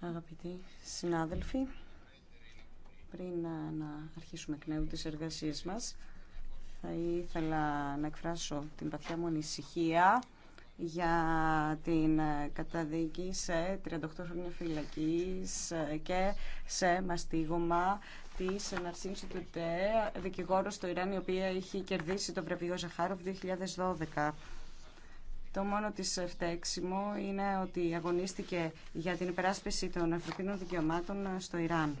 Αγαπητοί συνάδελφοι, πριν να αρχίσουμε εκ νέου τις εργασίες μας, θα ήθελα να εκφράσω την παθιά μου ανησυχία για την καταδίκη σε 38 χρόνια φυλακής και σε μαστίγωμα της του Σουτουτέ, δικηγόρο στο Ιράν, η οποία είχε κερδίσει το βραβείο Ζαχάροφ 2012. Το μόνο της φταίξιμο είναι ότι αγωνίστηκε για την υπεράσπιση των ανθρωπίνων δικαιωμάτων στο Ιράν.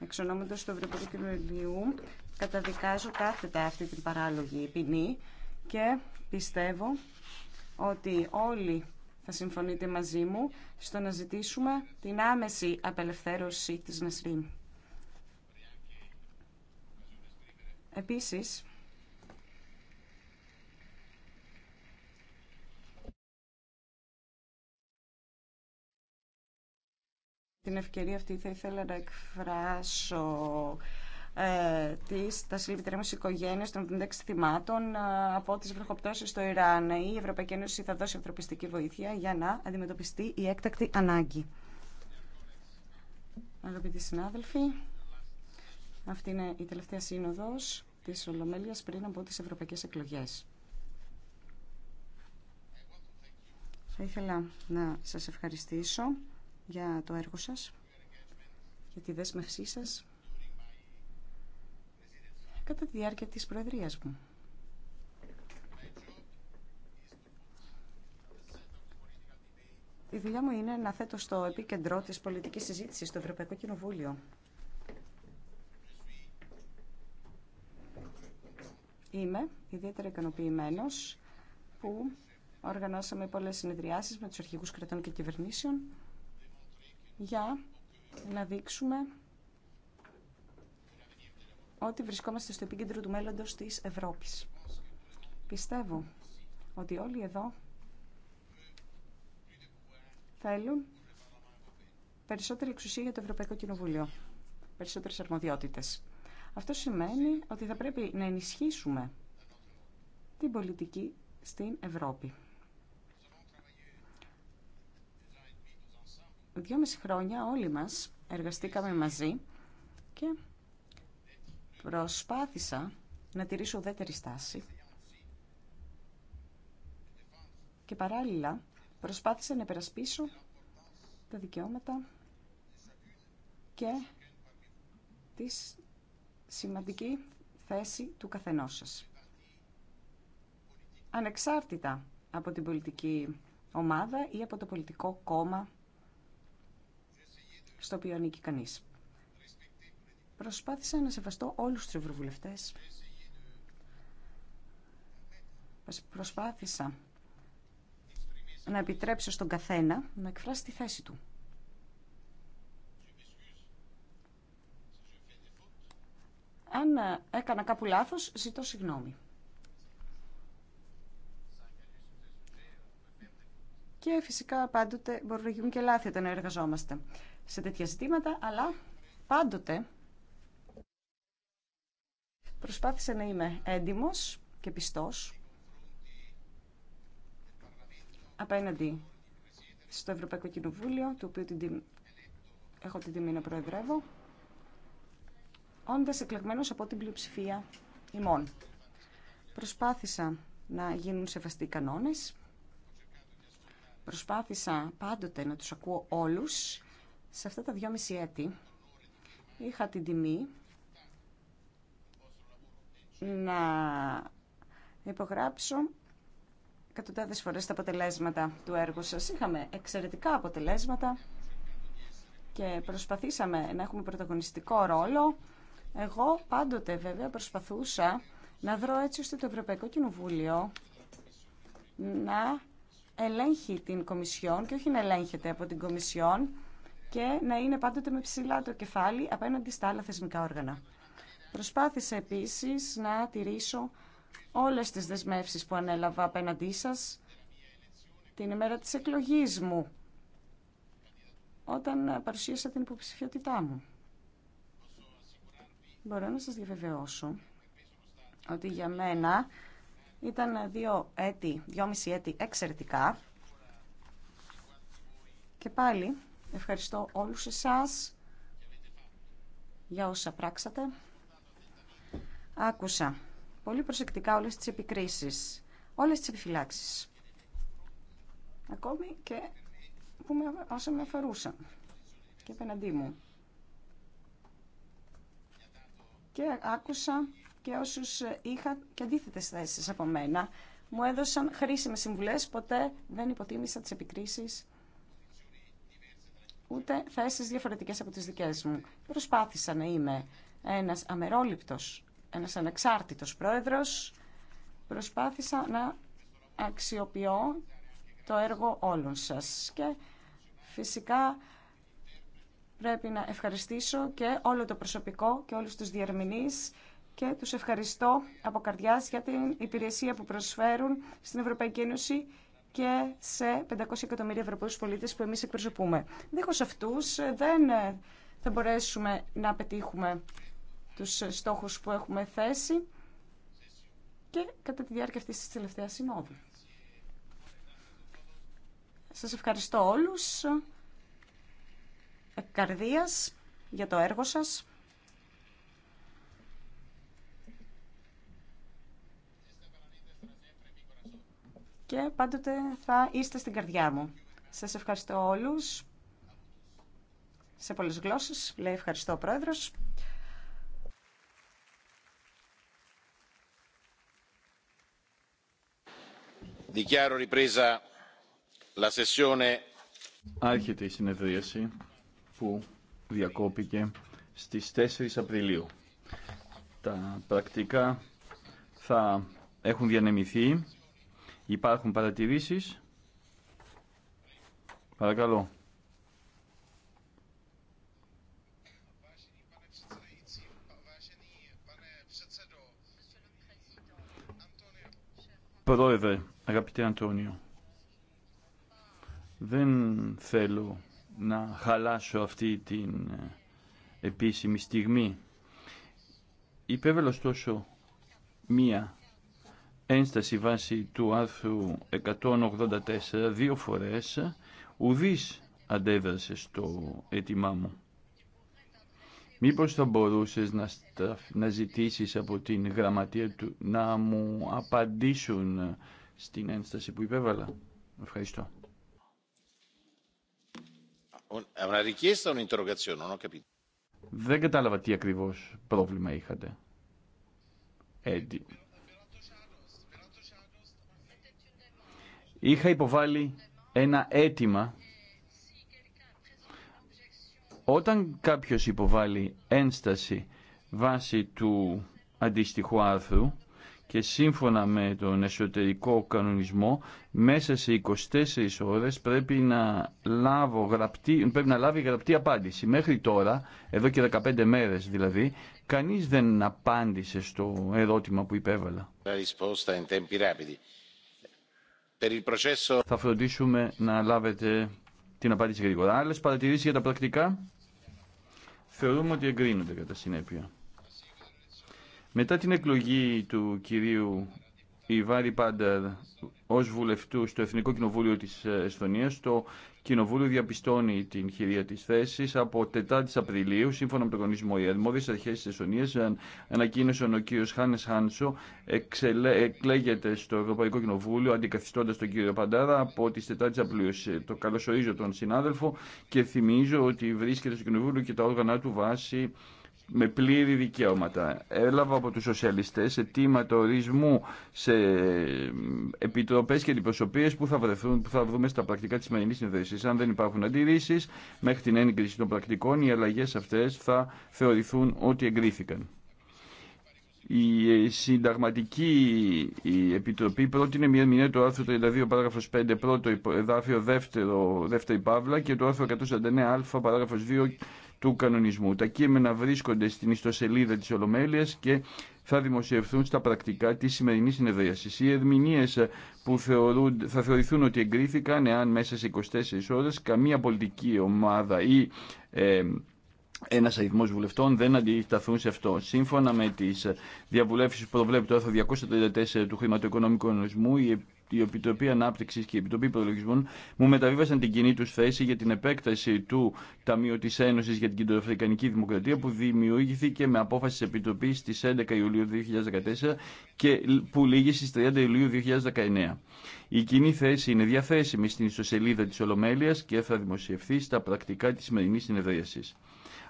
Εξ ονόματος του Ευρωπαϊκού Κοινωνιού καταδικάζω κάθετα αυτή την παράλογη ποινή και πιστεύω ότι όλοι θα συμφωνείτε μαζί μου στο να ζητήσουμε την άμεση απελευθέρωση της νεσρή. Επίσης, την ευκαιρία αυτή θα ήθελα να εκφράσω ε, τα συλληπιτήρια μας οικογένειας των 76 θυμάτων ε, από τις βροχοπτώσεις στο Ιράν. Η Ευρωπαϊκή Ένωση θα δώσει ανθρωπιστική βοήθεια για να αντιμετωπιστεί η έκτακτη ανάγκη. Αγαπητοί συνάδελφοι, αυτή είναι η τελευταία σύνοδος της Ολομέλειας πριν από τις ευρωπαϊκές εκλογές. Θα ήθελα να σας ευχαριστήσω για το έργο σας, για τη δέσμευσή σας κατά τη διάρκεια της Προεδρίας μου. Η δουλειά μου είναι να θέτω στο επίκεντρο της πολιτικής συζήτησης στο Ευρωπαϊκό Κοινοβούλιο. Είμαι ιδιαίτερα ικανοποιημένο που οργανώσαμε πολλές συνεδριάσεις με τους αρχηγούς κρατών και κυβερνήσεων για να δείξουμε ότι βρισκόμαστε στο επίκεντρο του μέλλοντος της Ευρώπης. Πιστεύω ότι όλοι εδώ θέλουν περισσότερη εξουσία για το Ευρωπαϊκό Κοινοβούλιο, περισσότερες αρμοδιότητες. Αυτό σημαίνει ότι θα πρέπει να ενισχύσουμε την πολιτική στην Ευρώπη. δυόμιση χρόνια όλοι μας εργαστήκαμε μαζί και προσπάθησα να τηρήσω ουδέτερη στάση και παράλληλα προσπάθησα να επερασπίσω τα δικαιώματα και τη σημαντική θέση του καθενός σας. Ανεξάρτητα από την πολιτική ομάδα ή από το πολιτικό κόμμα στο οποίο ανήκει κανεί. Προσπάθησα να σεβαστώ όλους του ευρωβουλευτέ. Προσπάθησα να επιτρέψω στον καθένα να εκφράσει τη θέση του. Αν έκανα κάπου λάθος, ζητώ συγγνώμη. Και φυσικά πάντοτε μπορούν να γίνουν και λάθη όταν εργαζόμαστε σε τέτοια ζητήματα, αλλά πάντοτε προσπάθησε να είμαι έντιμος και πιστός απέναντι στο Ευρωπαϊκό Κοινοβούλιο, το οποίο την... έχω την τιμή να προεδρεύω, όντας εκλεγμένος από την πλειοψηφία ημών. Προσπάθησα να γίνουν σεβαστοί κανόνες, προσπάθησα πάντοτε να τους ακούω όλους σε αυτά τα δυόμιση έτη είχα την τιμή να υπογράψω εκατοντάδες φορές τα αποτελέσματα του έργου σας. Είχαμε εξαιρετικά αποτελέσματα και προσπαθήσαμε να έχουμε πρωταγωνιστικό ρόλο. Εγώ πάντοτε βέβαια προσπαθούσα να δρω έτσι ώστε το Ευρωπαϊκό Κοινοβούλιο να ελέγχει την Κομισιόν και όχι να ελέγχεται από την Κομισιόν και να είναι πάντοτε με ψηλά το κεφάλι απέναντι στα άλλα θεσμικά όργανα. Προσπάθησα επίσης να τηρήσω όλες τις δεσμεύσεις που ανέλαβα απέναντί σας την ημέρα της εκλογής μου, όταν παρουσίασα την υποψηφιότητά μου. Μπορώ να σας διαβεβαιώσω ότι για μένα ήταν δύο έτη, δυόμιση έτη εξαιρετικά και πάλι Ευχαριστώ όλους εσάς για όσα πράξατε. Άκουσα πολύ προσεκτικά όλες τις επικρίσεις, όλες τις επιφυλάξεις. Ακόμη και που με, όσα με αφορούσαν και απέναντί μου. Και άκουσα και όσους είχα και αντίθετες θέσεις από μένα. Μου έδωσαν χρήσιμες συμβουλές, ποτέ δεν υποτίμησα τις επικρίσεις ούτε θέσεις διαφορετικές από τις δικές μου. Προσπάθησα να είμαι ένας αμερόληπτος, ένας ανεξάρτητος πρόεδρος. Προσπάθησα να αξιοποιώ το έργο όλων σας. Και φυσικά πρέπει να ευχαριστήσω και όλο το προσωπικό και όλους τους διερμηνείς και τους ευχαριστώ από καρδιάς για την υπηρεσία που προσφέρουν στην Ευρωπαϊκή Ένωση και σε 500 εκατομμύρια Ευρωπαίους πολίτες που εμείς εκπροσωπούμε. Δίχως αυτούς ε, δεν ε, θα μπορέσουμε να πετύχουμε τους ε, στόχους που έχουμε θέσει και κατά τη διάρκεια αυτής της τελευταίας συνόδου. Σας ευχαριστώ όλους, καρδίας, για το έργο σας. και πάντοτε θα είστε στην καρδιά μου. Σας ευχαριστώ όλους. Σε πολλές γλώσσες. Λέει ευχαριστώ πρόεδρος. Dichiaro Άρχεται η συνεδρίαση που διακόπηκε στις 4 Απριλίου. Τα πρακτικά θα έχουν διανεμηθεί Υπάρχουν παρατηρήσεις. Παρακαλώ. Πρόεδρε, αγαπητέ Αντώνιο, δεν θέλω να χαλάσω αυτή την ε, επίσημη στιγμή. Υπέβαλε ωστόσο μία ένσταση βάση του άρθρου 184 δύο φορές ουδής αντέδρασε στο αίτημά μου. Μήπως θα μπορούσες να, να ζητήσεις από την γραμματεία του να μου απαντήσουν στην ένσταση που υπέβαλα. Ευχαριστώ. Δεν κατάλαβα τι ακριβώς πρόβλημα είχατε. Έτσι. Ε, είχα υποβάλει ένα αίτημα όταν κάποιος υποβάλει ένσταση βάσει του αντίστοιχου άρθρου και σύμφωνα με τον εσωτερικό κανονισμό μέσα σε 24 ώρες πρέπει να, λάβω γραπτή, πρέπει να λάβει γραπτή απάντηση. Μέχρι τώρα, εδώ και 15 μέρες δηλαδή, κανείς δεν απάντησε στο ερώτημα που υπέβαλα. Θα φροντίσουμε να λάβετε την απάντηση γρήγορα. Άλλε παρατηρήσει για τα πρακτικά. Θεωρούμε ότι εγκρίνονται κατά συνέπεια. Μετά την εκλογή του κυρίου Ιβάρη Πάνταρ ως βουλευτού στο Εθνικό Κοινοβούλιο της Εσθονία, το Κοινοβούλιο διαπιστώνει την χειρία τη θέση από 4η Απριλίου, σύμφωνα με τον κονισμό Οι αρμόδιε αρχέ τη Εστονία ανακοίνωσαν ο κ. Χάνε Χάνσο εκλέγεται στο Ευρωπαϊκό Κοινοβούλιο, αντικαθιστώντα τον κ. Παντάρα από τι 4η Απριλίου. Το καλωσορίζω τον συνάδελφο και θυμίζω ότι βρίσκεται στο Κοινοβούλιο και τα όργανα του βάση με πλήρη δικαιώματα. Έλαβα από τους σοσιαλιστές αιτήματα ορισμού σε επιτροπές και αντιπροσωπείες που θα, βρεθούν, που θα βρούμε στα πρακτικά της σημερινής συνεδρίασης. Αν δεν υπάρχουν αντιρρήσεις, μέχρι την έγκριση των πρακτικών, οι αλλαγές αυτές θα θεωρηθούν ότι εγκρίθηκαν. Η ε, συνταγματική επιτροπή πρότεινε μια μηνέα του άρθρου 32 παράγραφος 5 πρώτο εδάφιο δεύτερο, δεύτερη παύλα και το άρθρο 149 149α παράγραφος 2 του κανονισμού. Τα κείμενα βρίσκονται στην ιστοσελίδα της Ολομέλειας και θα δημοσιευθούν στα πρακτικά της σημερινή συνεδρίασης. Οι ερμηνείε που θεωρούν, θα θεωρηθούν ότι εγκρίθηκαν εάν μέσα σε 24 ώρες καμία πολιτική ομάδα ή ε, ένα αριθμό βουλευτών δεν αντισταθούν σε αυτό. Σύμφωνα με τι διαβουλεύσει που προβλέπει το άρθρο 234 του Χρηματοοικονομικού Ενωσμού, η η Επιτροπή Ανάπτυξη και η Επιτροπή Προλογισμών μου μεταβίβασαν την κοινή του θέση για την επέκταση του Ταμείου τη Ένωση για την Κεντροαφρικανική Δημοκρατία που δημιουργήθηκε με απόφαση τη Επιτροπή στι 11 Ιουλίου 2014 και που λήγει στι 30 Ιουλίου 2019. Η κοινή θέση είναι διαθέσιμη στην ιστοσελίδα τη Ολομέλεια και θα δημοσιευθεί στα πρακτικά τη σημερινή συνεδρίαση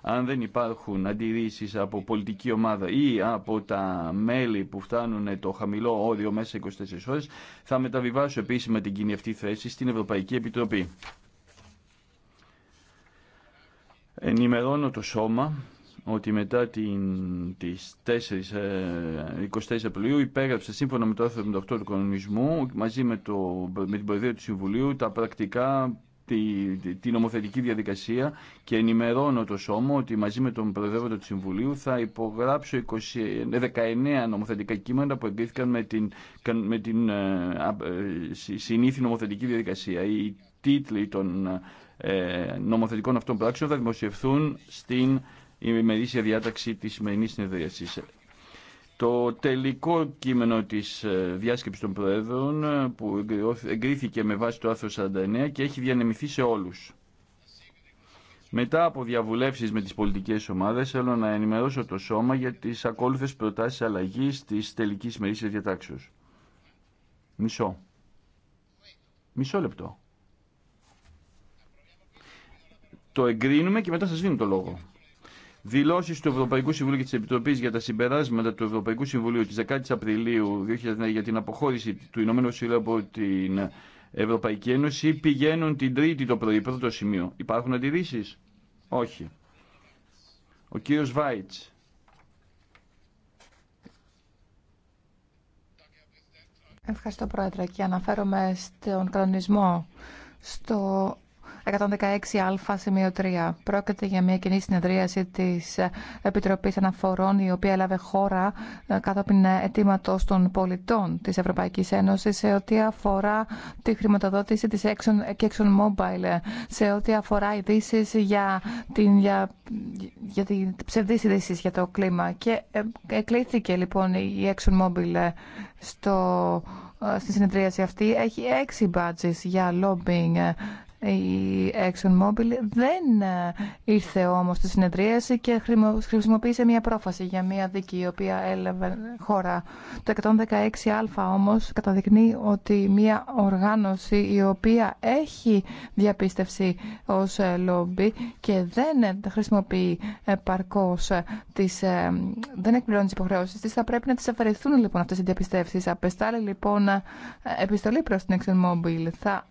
αν δεν υπάρχουν αντιρρήσει από πολιτική ομάδα ή από τα μέλη που φτάνουν το χαμηλό όριο μέσα 24 ώρε, θα μεταβιβάσω επίσημα την κοινή αυτή θέση στην Ευρωπαϊκή Επιτροπή. Ενημερώνω το σώμα ότι μετά την, τις 4, 24 ε, Απριλίου υπέγραψε σύμφωνα με το άρθρο 78 του κανονισμού μαζί με, το, με την Προεδρία του Συμβουλίου τα πρακτικά τη, τη νομοθετική διαδικασία και ενημερώνω το Σώμα ότι μαζί με τον Προεδρεύοντα του Συμβουλίου θα υπογράψω 19 νομοθετικά κείμενα που εγκρίθηκαν με την, με την ε, ε, συνήθη νομοθετική διαδικασία. Οι τίτλοι των ε, νομοθετικών αυτών πράξεων θα δημοσιευθούν στην ημερήσια διάταξη της σημερινής συνεδρίασης. Το τελικό κείμενο της ε, διάσκεψης των Προέδρων ε, που εγκρίθηκε με βάση το άρθρο 49 και έχει διανεμηθεί σε όλους. Μετά από διαβουλεύσεις με τις πολιτικές ομάδες θέλω να ενημερώσω το Σώμα για τις ακόλουθες προτάσεις αλλαγής της τελικής μερίσης διατάξεως. Μισό. Μισό λεπτό. Το εγκρίνουμε και μετά σας δίνω το λόγο. Δηλώσει του Ευρωπαϊκού Συμβουλίου και τη Επιτροπή για τα συμπεράσματα του Ευρωπαϊκού Συμβουλίου τη 10η Απριλίου 2009 για την αποχώρηση του Ηνωμένου Βασιλείου από την Ευρωπαϊκή Ένωση πηγαίνουν την Τρίτη το πρωί, πρώτο σημείο. Υπάρχουν αντιρρήσει, Όχι. Ο κύριος Βάιτ. Ευχαριστώ Πρόεδρε και αναφέρομαι στον κανονισμό στο 116α 3. Πρόκειται για μια κοινή συνεδρίαση τη επιτροπή Αναφορών η οποία έλαβε χώρα ε, κατόπιν αιτήματο των πολιτών τη Ευρωπαϊκή Ένωση, σε ό,τι αφορά τη χρηματοδότηση τη Exxon, ε, Mobile, ε, σε ό,τι αφορά ειδήσει για, την, για, για ψευδείς ειδήσει για το κλίμα. Και εκλήθηκε λοιπόν η Exxon Mobile στο, στη συνεδρίαση αυτή. Έχει έξι μπάτζες για λόμπινγκ. Η Mobile δεν ε, ήρθε όμως στη συνεδρίαση και χρησιμοποίησε μια πρόφαση για μια δίκη η οποία έλαβε χώρα. Το 116α όμως καταδεικνύει ότι μια οργάνωση η οποία έχει διαπίστευση ως ε, λόμπι και δεν ε, χρησιμοποιεί παρκώς τις, δεν εκπληρώνει τις υποχρεώσεις της, θα πρέπει να τις αφαιρεθούν λοιπόν αυτές οι διαπιστεύσεις. Απεστάλλει λοιπόν επιστολή προς την Mobile Θα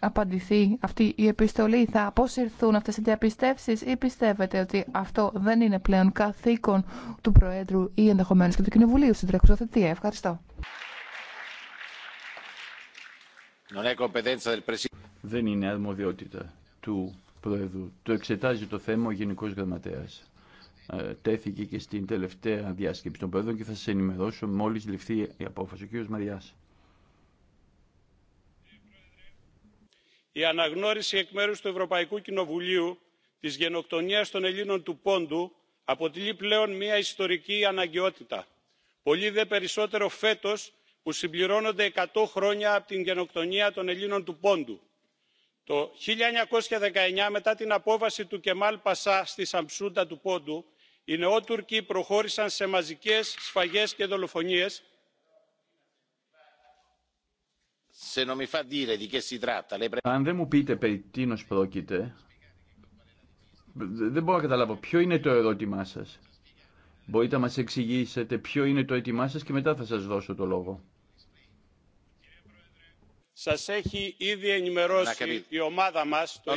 απαντηθεί αυτή, η επιστολή, θα αποσυρθούν αυτές οι διαπιστεύσεις ή πιστεύετε ότι αυτό δεν είναι πλέον καθήκον του Προέδρου ή ενδεχομένως και του Κοινοβουλίου στην τρέχουσα θετία. Ευχαριστώ. Δεν είναι αρμοδιότητα του Προέδρου. Το εξετάζει το θέμα ο Γενικός Γραμματέας. Ε, τέθηκε και στην τελευταία διάσκεψη των Πρόεδρων και θα σα ενημερώσω μόλι ληφθεί η απόφαση. Ο κ. Μαριάς. η αναγνώριση εκ μέρου του ευρωπαϊκού κοινοβουλίου της γενοκτονίας των ελλήνων του πόντου αποτελεί πλέον μια ιστορική αναγκαιότητα πολύ δε περισσότερο φέτος που συμπληρώνονται 100 χρόνια από την γενοκτονία των ελλήνων του πόντου. το 1919 μετά την απόβαση του κεμάλ πασά στη Σαμψούντα του πόντου οι νεότουρκοι προχώρησαν σε μαζικές σφαγές και δολοφονίες Αν δεν μου πείτε περί τίνος πρόκειται, δεν μπορώ να καταλάβω ποιο είναι το ερώτημά σας. Μπορείτε να μας εξηγήσετε ποιο είναι το έτοιμά σας και μετά θα σας δώσω το λόγο. Σας έχει ήδη ενημερώσει η ομάδα μας. Το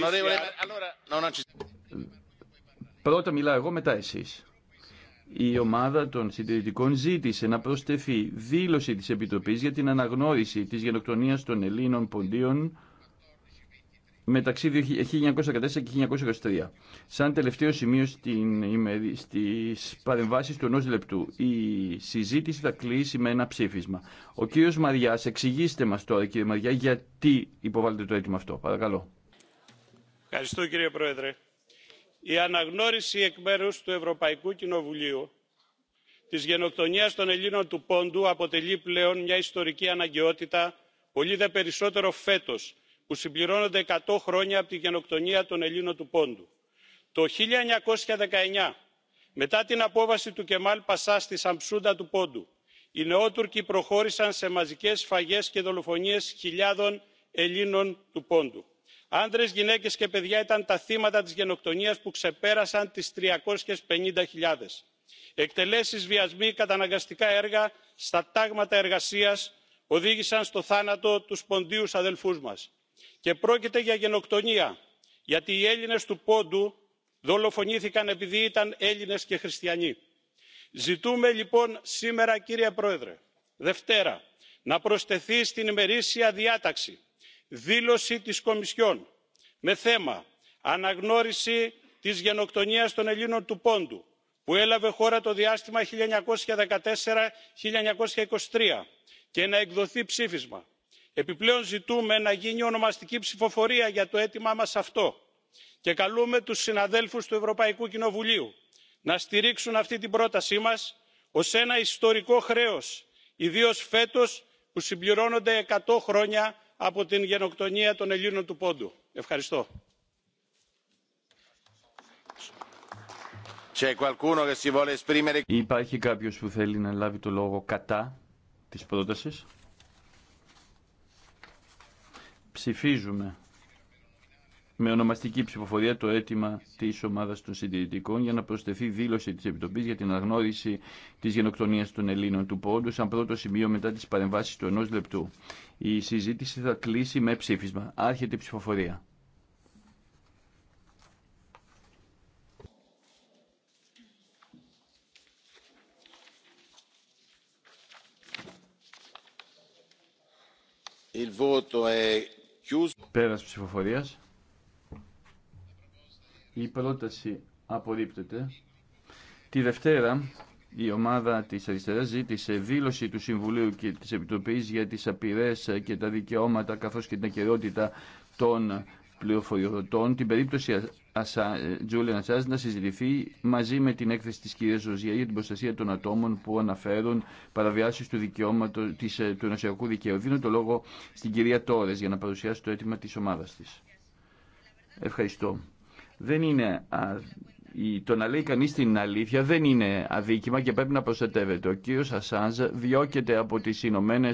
Πρώτα μιλάω εγώ, μετά εσείς η ομάδα των συντηρητικών ζήτησε να προστεθεί δήλωση της Επιτροπής για την αναγνώριση της γενοκτονίας των Ελλήνων ποντίων μεταξύ 1914 και 1923. Σαν τελευταίο σημείο στην, στις παρεμβάσεις του ενός λεπτού, η συζήτηση θα κλείσει με ένα ψήφισμα. Ο κύριος Μαριάς, εξηγήστε μας τώρα κύριε Μαριά, γιατί υποβάλλετε το αίτημα αυτό. Παρακαλώ. Ευχαριστώ κύριε Πρόεδρε η αναγνώριση εκ μέρους του ευρωπαϊκού κοινοβουλίου της γενοκτονίας των ελλήνων του πόντου αποτελεί πλέον μια ιστορική αναγκαιότητα πολύ δε περισσότερο φέτος που συμπληρώνονται 100 χρόνια από τη γενοκτονία των ελλήνων του πόντου. το 1919 μετά την απόβαση του κεμάλ πασά στη σαμψούντα του πόντου οι νεότουρκοι προχώρησαν σε μαζικές σφαγές και δολοφονίες χιλιάδων ελλήνων του πόντου άνδρες γυναίκες και παιδιά ήταν τα θύματα της γενοκτονίας που ξεπέρασαν τις. τριακόσια πενήντα χιλιάδες. εκτελέσεις βιασμοί καταναγκαστικά έργα στα τάγματα εργασίας οδήγησαν στο θάνατο τους ποντίους αδελφούς μας. και πρόκειται για γενοκτονία γιατί οι έλληνες του πόντου δολοφονήθηκαν επειδή ήταν έλληνες και χριστιανοί. ζητούμε λοιπόν σήμερα κύριε πρόεδρε δευτέρα να προσθεθεί στην ημερήσια διάταξη δήλωση της κομισιόν με θέμα αναγνώριση της γενοκτονίας των ελλήνων του πόντου που έλαβε χώρα το διάστημα 1914 1923 και να εκδοθεί ψήφισμα. επιπλέον ζητούμε να γίνει ονομαστική ψηφοφορία για το αίτημά μας αυτό και καλούμε τους συναδέλφους του ευρωπαϊκού κοινοβουλίου να στηρίξουν αυτή την πρότασή μας ως ένα ιστορικό χρέος ιδίως φέτος που συμπληρώνονται 100 χρόνια από την γενοκτονία των ελλήνων του πόντου. ευχαριστώ. Υπάρχει κάποιος που θέλει να λάβει το λόγο κατά της πρότασης. Ψηφίζουμε με ονομαστική ψηφοφορία το αίτημα τη ομάδα των συντηρητικών για να προσθεθεί δήλωση τη Επιτροπή για την αναγνώριση τη γενοκτονία των Ελλήνων του Πόντου, σαν πρώτο σημείο μετά τι παρεμβάσει του ενό λεπτού. Η συζήτηση θα κλείσει με ψήφισμα. Άρχεται η ψηφοφορία. Il voto Πέρας ψηφοφορίας. Η πρόταση απορρίπτεται. Τη Δευτέρα η ομάδα της αριστεράς ζήτησε δήλωση του Συμβουλίου και της Επιτροπής για τις απειρές και τα δικαιώματα καθώς και την ακαιρεότητα των πληροφοριοδοτών την περίπτωση Τζούλιαν Ασάζ να συζητηθεί μαζί με την έκθεση της κυρία Ζωζία για την προστασία των ατόμων που αναφέρουν παραβιάσεις του δικαιώματος της, του νοσιακού δικαίου. Δίνω το λόγο στην κυρία Τόρες για να παρουσιάσει το αίτημα της ομάδας της. Ευχαριστώ δεν είναι το να λέει κανείς την αλήθεια δεν είναι αδίκημα και πρέπει να προστατεύεται. Ο κύριος Ασάνζ διώκεται από τις Ηνωμένε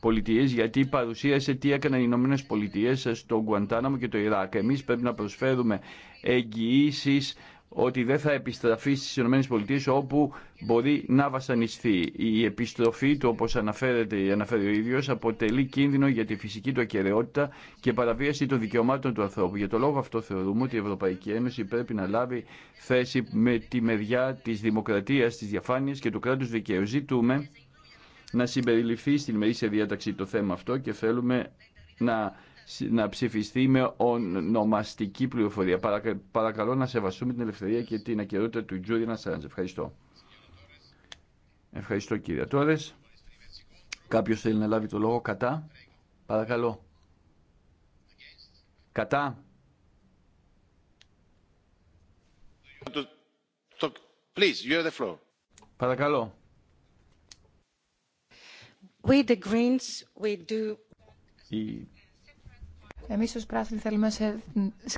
Πολιτείε γιατί παρουσίασε τι έκαναν οι Ηνωμένε Πολιτείε στο Γκουαντάναμο και το Ιράκ. Εμείς πρέπει να προσφέρουμε εγγυήσεις ότι δεν θα επιστραφεί στι ΗΠΑ όπου μπορεί να βασανιστεί. Η επιστροφή του, όπω αναφέρεται, αναφέρει ο ίδιο, αποτελεί κίνδυνο για τη φυσική του ακαιρεότητα και παραβίαση των δικαιωμάτων του ανθρώπου. Για το λόγο αυτό θεωρούμε ότι η Ευρωπαϊκή Ένωση πρέπει να λάβει θέση με τη μεριά τη δημοκρατία, τη διαφάνεια και του κράτου δικαίου. Ζητούμε να συμπεριληφθεί στην μερίσια διάταξη το θέμα αυτό και θέλουμε να να ψηφιστεί με ονομαστική πληροφορία. Παρακαλώ να σεβαστούμε την ελευθερία και την ακαιρότητα του Τζούρινα Σάραντζ. Ευχαριστώ. Ευχαριστώ κύριε Τόρες. Κάποιος θέλει να λάβει το λόγο κατά. Παρακαλώ. Κατά. Please, you the floor. Παρακαλώ. the Greens, we do... Οι εμείς ω πράσινοι θέλουμε σε,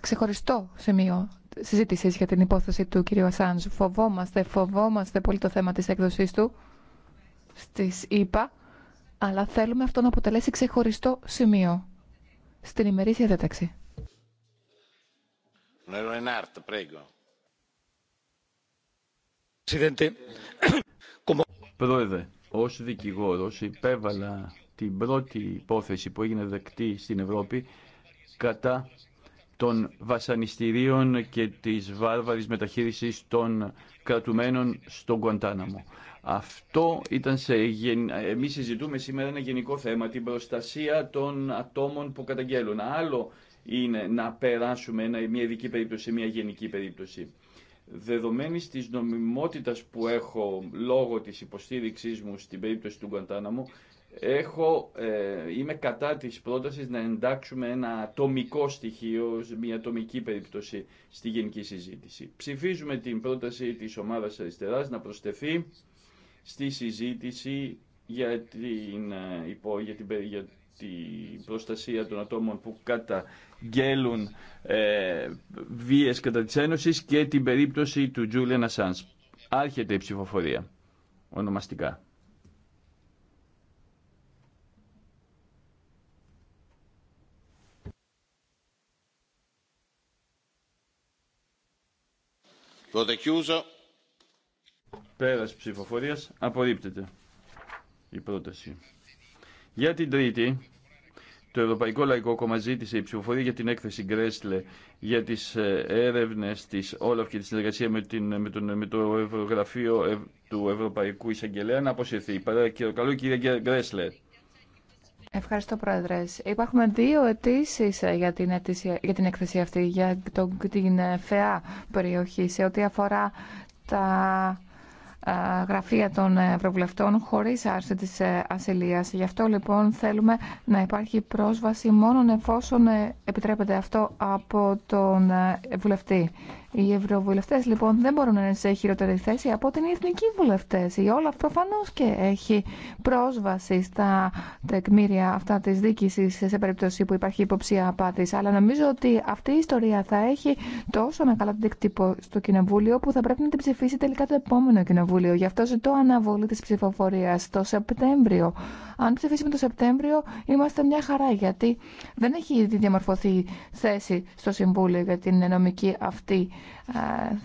ξεχωριστό σημείο συζήτηση για την υπόθεση του κυρίου Ασάντζ. Φοβόμαστε, φοβόμαστε πολύ το θέμα της έκδοσής του στις ΗΠΑ, αλλά θέλουμε αυτό να αποτελέσει ξεχωριστό σημείο στην ημερήσια διάταξη. Πρόεδρε, ω δικηγόρος υπέβαλα την πρώτη υπόθεση που έγινε δεκτή στην Ευρώπη κατά των βασανιστήριων και της βάρβαρης μεταχείρισης των κρατουμένων στον Κοντάναμο. Αυτό ήταν σε... Εμείς συζητούμε σήμερα ένα γενικό θέμα, την προστασία των ατόμων που καταγγέλουν. Άλλο είναι να περάσουμε μια ειδική περίπτωση μια γενική περίπτωση. Δεδομένης της νομιμότητας που έχω λόγω της υποστήριξής μου στην περίπτωση του Γκαντάναμου, Έχω, ε, είμαι κατά της πρότασης να εντάξουμε ένα ατομικό στοιχείο, μια ατομική περίπτωση στη γενική συζήτηση. Ψηφίζουμε την πρόταση της ομάδας αριστεράς να προστεθεί στη συζήτηση για την, ε, υπό, για την, για προστασία των ατόμων που καταγγέλουν ε, βίες κατά της Ένωσης και την περίπτωση του Julian Assange. Άρχεται η ψηφοφορία, ονομαστικά. Πέρας ψηφοφορία απορρίπτεται η πρόταση. Για την Τρίτη, το Ευρωπαϊκό Λαϊκό Κόμμα ζήτησε η ψηφοφορία για την έκθεση Γκρέσλε για τι ε, έρευνε τη Όλαφ και τη συνεργασία με, τον, με το Ευρωγραφείο του Ευρωπαϊκού Εισαγγελέα να αποσυρθεί. Παρακαλώ, κύριε Γκρέσλε. Ευχαριστώ, Πρόεδρε. Υπάρχουν δύο αιτήσει ε, για, την για την έκθεση αυτή, για το, την ε, ΦΕΑ περιοχή, σε ό,τι αφορά τα ε, γραφεία των ευρωβουλευτών χωρί άρση τη ασυλίας. Γι' αυτό λοιπόν θέλουμε να υπάρχει πρόσβαση μόνο εφόσον επιτρέπεται αυτό από τον βουλευτή. Οι ευρωβουλευτέ λοιπόν δεν μπορούν να είναι σε χειρότερη θέση από την εθνική εθνικοί βουλευτέ. Η Όλαφ προφανώ και έχει πρόσβαση στα τεκμήρια αυτά τη δίκηση σε περίπτωση που υπάρχει υποψία απάτη. Αλλά νομίζω ότι αυτή η ιστορία θα έχει τόσο μεγάλο αντίκτυπο στο Κοινοβούλιο που θα πρέπει να την ψηφίσει τελικά το επόμενο Κοινοβούλιο. Γι' αυτό ζητώ αναβολή τη ψηφοφορία το Σεπτέμβριο. Αν ψηφίσουμε το Σεπτέμβριο, είμαστε μια χαρά γιατί δεν έχει διαμορφωθεί θέση στο Συμβούλιο για την νομική αυτή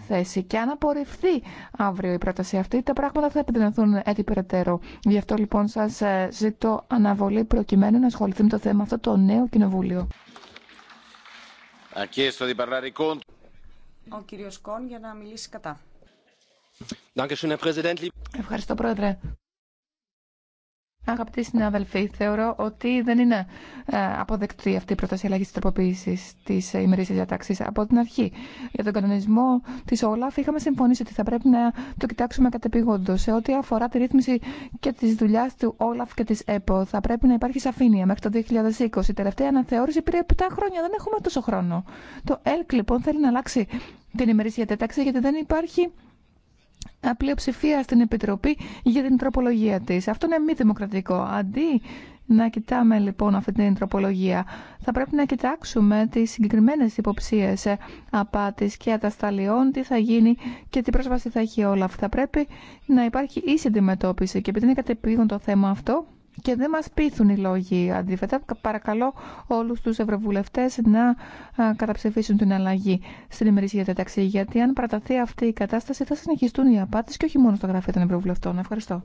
θέση. Και αν απορριφθεί αύριο η πρόταση αυτή, τα πράγματα θα επιδεινωθούν έτσι περαιτέρω. Γι' αυτό λοιπόν σας ε, ζητώ αναβολή προκειμένου να ασχοληθεί με το θέμα αυτό το νέο κοινοβούλιο. Ο για να μιλήσει κατά. Ευχαριστώ πρόεδρε. Αγαπητοί συναδελφοί, θεωρώ ότι δεν είναι ε, αποδεκτή αυτή η πρόταση αλλαγή τη τροποποίηση τη ημερήσια διατάξη από την αρχή. Για τον κανονισμό τη ΟΛΑΦ είχαμε συμφωνήσει ότι θα πρέπει να το κοιτάξουμε κατεπηγόντω. Σε ό,τι αφορά τη ρύθμιση και τη δουλειά του ΟΛΑΦ και τη ΕΠΟ, θα πρέπει να υπάρχει σαφήνεια μέχρι το 2020. Η τελευταία αναθεώρηση πήρε 7 χρόνια, δεν έχουμε τόσο χρόνο. Το ΕΛΚ λοιπόν θέλει να αλλάξει την ημερήσια διατάξη γιατί δεν υπάρχει πλειοψηφία στην Επιτροπή για την τροπολογία της. Αυτό είναι μη δημοκρατικό. Αντί να κοιτάμε λοιπόν αυτή την τροπολογία, θα πρέπει να κοιτάξουμε τις συγκεκριμένες υποψίες απάτης και ατασταλιών, τι θα γίνει και τι πρόσβαση θα έχει όλα αυτά. Θα πρέπει να υπάρχει ίση αντιμετώπιση και επειδή είναι κατεπήγον το θέμα αυτό, και δεν μας πείθουν οι λόγοι αντίθετα. Παρακαλώ όλους τους ευρωβουλευτές να καταψηφίσουν την αλλαγή στην ημερήσια τέταξη. γιατί αν παραταθεί αυτή η κατάσταση θα συνεχιστούν οι απάτες και όχι μόνο στο γραφείο των ευρωβουλευτών. Ευχαριστώ.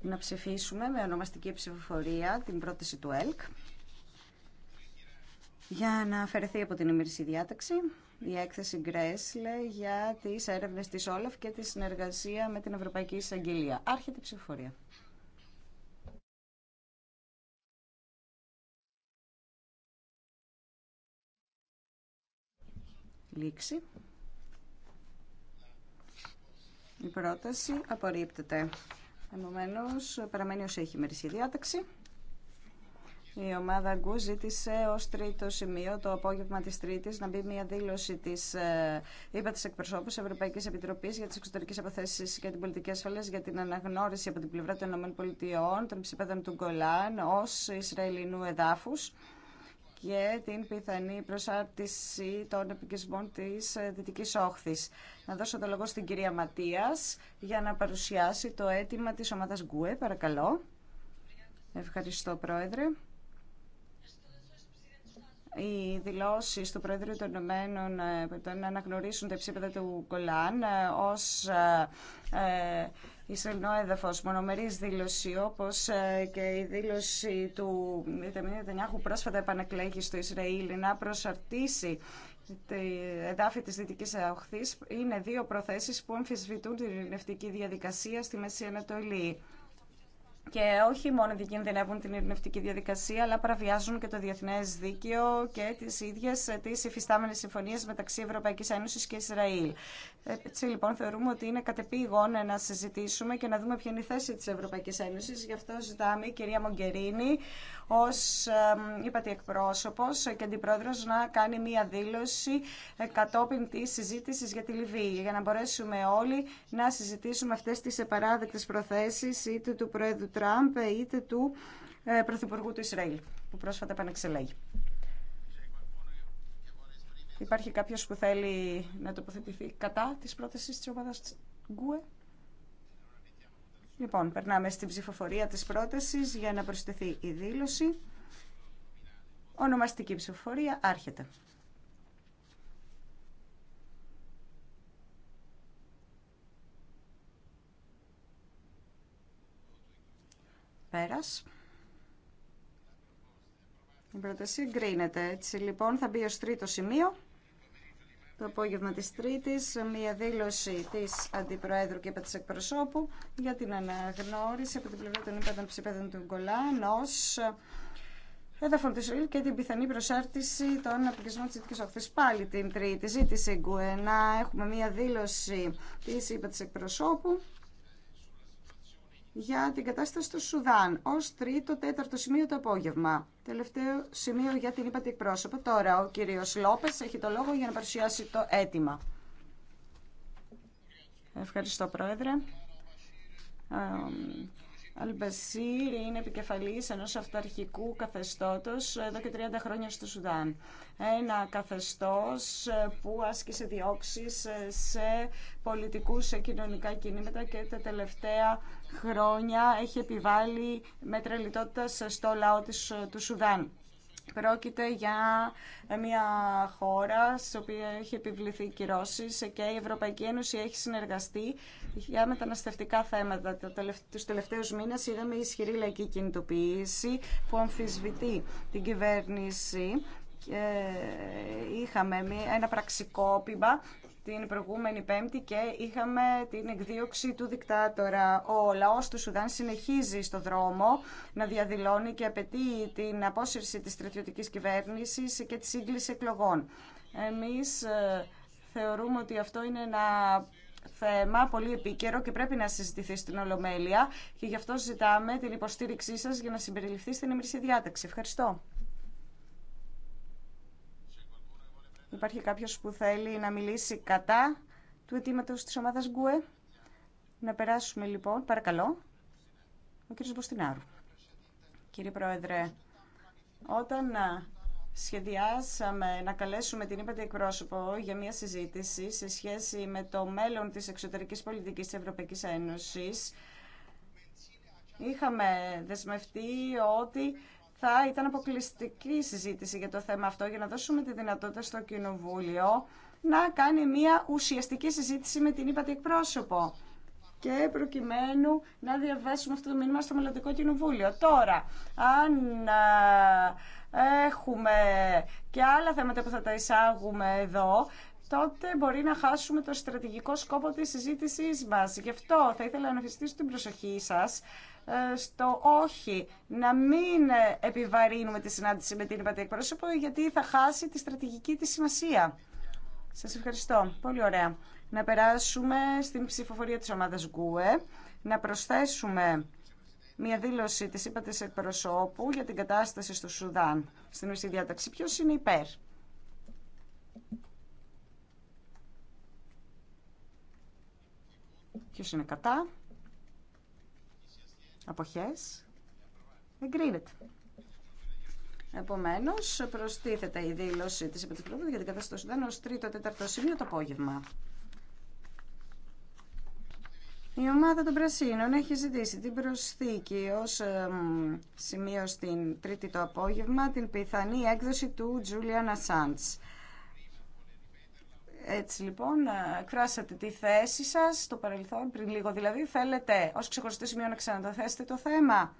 Να ψηφίσουμε με ονομαστική ψηφοφορία την πρόταση του ΕΛΚ για να αφαιρεθεί από την ημερησή διάταξη η έκθεση Γκρέσλε για τις έρευνε τη Όλαφ και τη συνεργασία με την Ευρωπαϊκή Εισαγγελία. Άρχεται η ψηφοφορία. Λήξη. Η πρόταση απορρίπτεται. Επομένω, παραμένει ω έχει η διάταξη. Η ομάδα Γκου ζήτησε ω τρίτο σημείο το απόγευμα τη Τρίτη να μπει μια δήλωση τη ΥΠΑ ε, τη εκπροσώπου Ευρωπαϊκή Επιτροπή για τι Εξωτερικέ Αποθέσει και την Πολιτική Ασφαλεία για την αναγνώριση από την πλευρά των ΗΠΑ των ψηπέδων του Γκολάν ω Ισραηλινού εδάφου και την πιθανή προσάρτηση των επικισμών της ε, Δυτικής Όχθης. Να δώσω το λόγο στην κυρία Ματίας για να παρουσιάσει το αίτημα της ομάδας Γκουέ. Παρακαλώ. Ευχαριστώ, Πρόεδρε οι δηλώσει του Πρόεδρου των Ηνωμένων ε, το να αναγνωρίσουν τα υψίπεδα του Κολάν ε, ω ε, ε, Ισραηλινό έδαφο. Μονομερή δήλωση, όπω και η δήλωση του Ιταμίνη Τενιάχου πρόσφατα επανεκλέγει στο Ισραήλ να προσαρτήσει τη εδάφη της δυτική Αοχθής είναι δύο προθέσεις που αμφισβητούν την ειρηνευτική διαδικασία στη Μέση Ανατολή και όχι μόνο διακινδυνεύουν την ειρηνευτική διαδικασία, αλλά παραβιάζουν και το διεθνέ δίκαιο και τι ίδιε τι υφιστάμενε συμφωνίε μεταξύ Ευρωπαϊκή Ένωση και Ισραήλ. Έτσι λοιπόν θεωρούμε ότι είναι κατεπήγον να συζητήσουμε και να δούμε ποια είναι η θέση της Ευρωπαϊκής Ένωσης. Γι' αυτό ζητάμε η κυρία Μογκερίνη ως είπατε εκπρόσωπος και αντιπρόεδρος να κάνει μία δήλωση κατόπιν της συζήτησης για τη Λιβύη για να μπορέσουμε όλοι να συζητήσουμε αυτές τις επαράδεκτες προθέσεις είτε του Πρόεδρου Τραμπ είτε του ε, Πρωθυπουργού του Ισραήλ που πρόσφατα επανεξελέγει. Υπάρχει κάποιος που θέλει να τοποθετηθεί κατά της πρότασης της ομάδας Γκουε. Λοιπόν, περνάμε στην ψηφοφορία της πρότασης για να προσθεθεί η δήλωση. Ονομαστική ψηφοφορία άρχεται. Πέρας. Η πρόταση εγκρίνεται. Έτσι λοιπόν θα μπει ως τρίτο σημείο το απόγευμα της Τρίτης μια δήλωση της Αντιπροέδρου και της Εκπροσώπου για την αναγνώριση από την πλευρά των ύπατων ψηπέδων του Γκολάν ως έδαφων της ΟΗΛ και την πιθανή προσάρτηση των αποκλεισμών της Δυτικής Οχθής. Πάλι την Τρίτη ζήτησε η Γκουέ έχουμε μια δήλωση της ΥΠΑ της Εκπροσώπου για την κατάσταση του Σουδάν Ω τρίτο τέταρτο σημείο το απόγευμα. Τελευταίο σημείο για την είπατε εκπρόσωπο. Τώρα ο κύριο Λόπες έχει το λόγο για να παρουσιάσει το αίτημα. Ευχαριστώ Πρόεδρε. Αλμπασίρ είναι επικεφαλής ενός αυταρχικού καθεστώτος εδώ και 30 χρόνια στο Σουδάν. Ένα καθεστώς που άσκησε διώξεις σε πολιτικού, σε κοινωνικά κινήματα και τα τελευταία χρόνια έχει επιβάλει μέτρα λιτότητα στο λαό της, του Σουδάν. Πρόκειται για μια χώρα στην οποία έχει επιβληθεί κυρώσει και η Ευρωπαϊκή Ένωση έχει συνεργαστεί για μεταναστευτικά θέματα. Του τελευταίου μήνε είδαμε ισχυρή λαϊκή κινητοποίηση που αμφισβητεί την κυβέρνηση ε, είχαμε ένα πραξικόπημα την προηγούμενη Πέμπτη και είχαμε την εκδίωξη του δικτάτορα. Ο λαό του Σουδάν συνεχίζει στο δρόμο να διαδηλώνει και απαιτεί την απόσυρση της στρατιωτικής κυβέρνησης και τη σύγκληση εκλογών. Εμείς ε, θεωρούμε ότι αυτό είναι ένα θέμα πολύ επίκαιρο και πρέπει να συζητηθεί στην Ολομέλεια και γι' αυτό ζητάμε την υποστήριξή σας για να συμπεριληφθεί στην ημερήσια διάταξη. Ευχαριστώ. Υπάρχει κάποιος που θέλει να μιλήσει κατά του αιτήματο της ομάδας Γκουε. Να περάσουμε λοιπόν, παρακαλώ, ο κύριος Μποστινάρου. Κύριε Πρόεδρε, όταν σχεδιάσαμε να καλέσουμε την ύπατη εκπρόσωπο για μια συζήτηση σε σχέση με το μέλλον της εξωτερικής πολιτικής της Ευρωπαϊκής Ένωσης, είχαμε δεσμευτεί ότι θα ήταν αποκλειστική συζήτηση για το θέμα αυτό για να δώσουμε τη δυνατότητα στο Κοινοβούλιο να κάνει μια ουσιαστική συζήτηση με την ύπατη εκπρόσωπο και προκειμένου να διαβάσουμε αυτό το μήνυμα στο Μελλοντικό Κοινοβούλιο. Τώρα, αν έχουμε και άλλα θέματα που θα τα εισάγουμε εδώ, τότε μπορεί να χάσουμε το στρατηγικό σκόπο της συζήτησής μας. Γι' αυτό θα ήθελα να ευχαριστήσω την προσοχή σας ε, στο όχι, να μην επιβαρύνουμε τη συνάντηση με την υπατή εκπρόσωπο γιατί θα χάσει τη στρατηγική της σημασία. Σας ευχαριστώ. Πολύ ωραία. Να περάσουμε στην ψηφοφορία της ομάδας ΓΚΟΕ, να προσθέσουμε μια δήλωση της ύπατης εκπροσώπου για την κατάσταση στο Σουδάν. Στην ουσία διάταξη ποιος είναι υπέρ. Ποιος είναι κατά. Αποχές. Εγκρίνεται. Επομένω, προστίθεται η δήλωση τη Επιτροπή για την κατάσταση του Σουδάν ω τρίτο τέταρτο σημείο το απόγευμα. Η ομάδα των Πρασίνων έχει ζητήσει την προσθήκη ω σημείο στην τρίτη το απόγευμα την πιθανή έκδοση του Τζούλιαν Ασάντς. Έτσι λοιπόν, ε, εκφράσατε τη θέση σα στο παρελθόν, πριν λίγο δηλαδή, θέλετε ω ξεχωριστό σημείο να ξαναθέσετε το θέμα.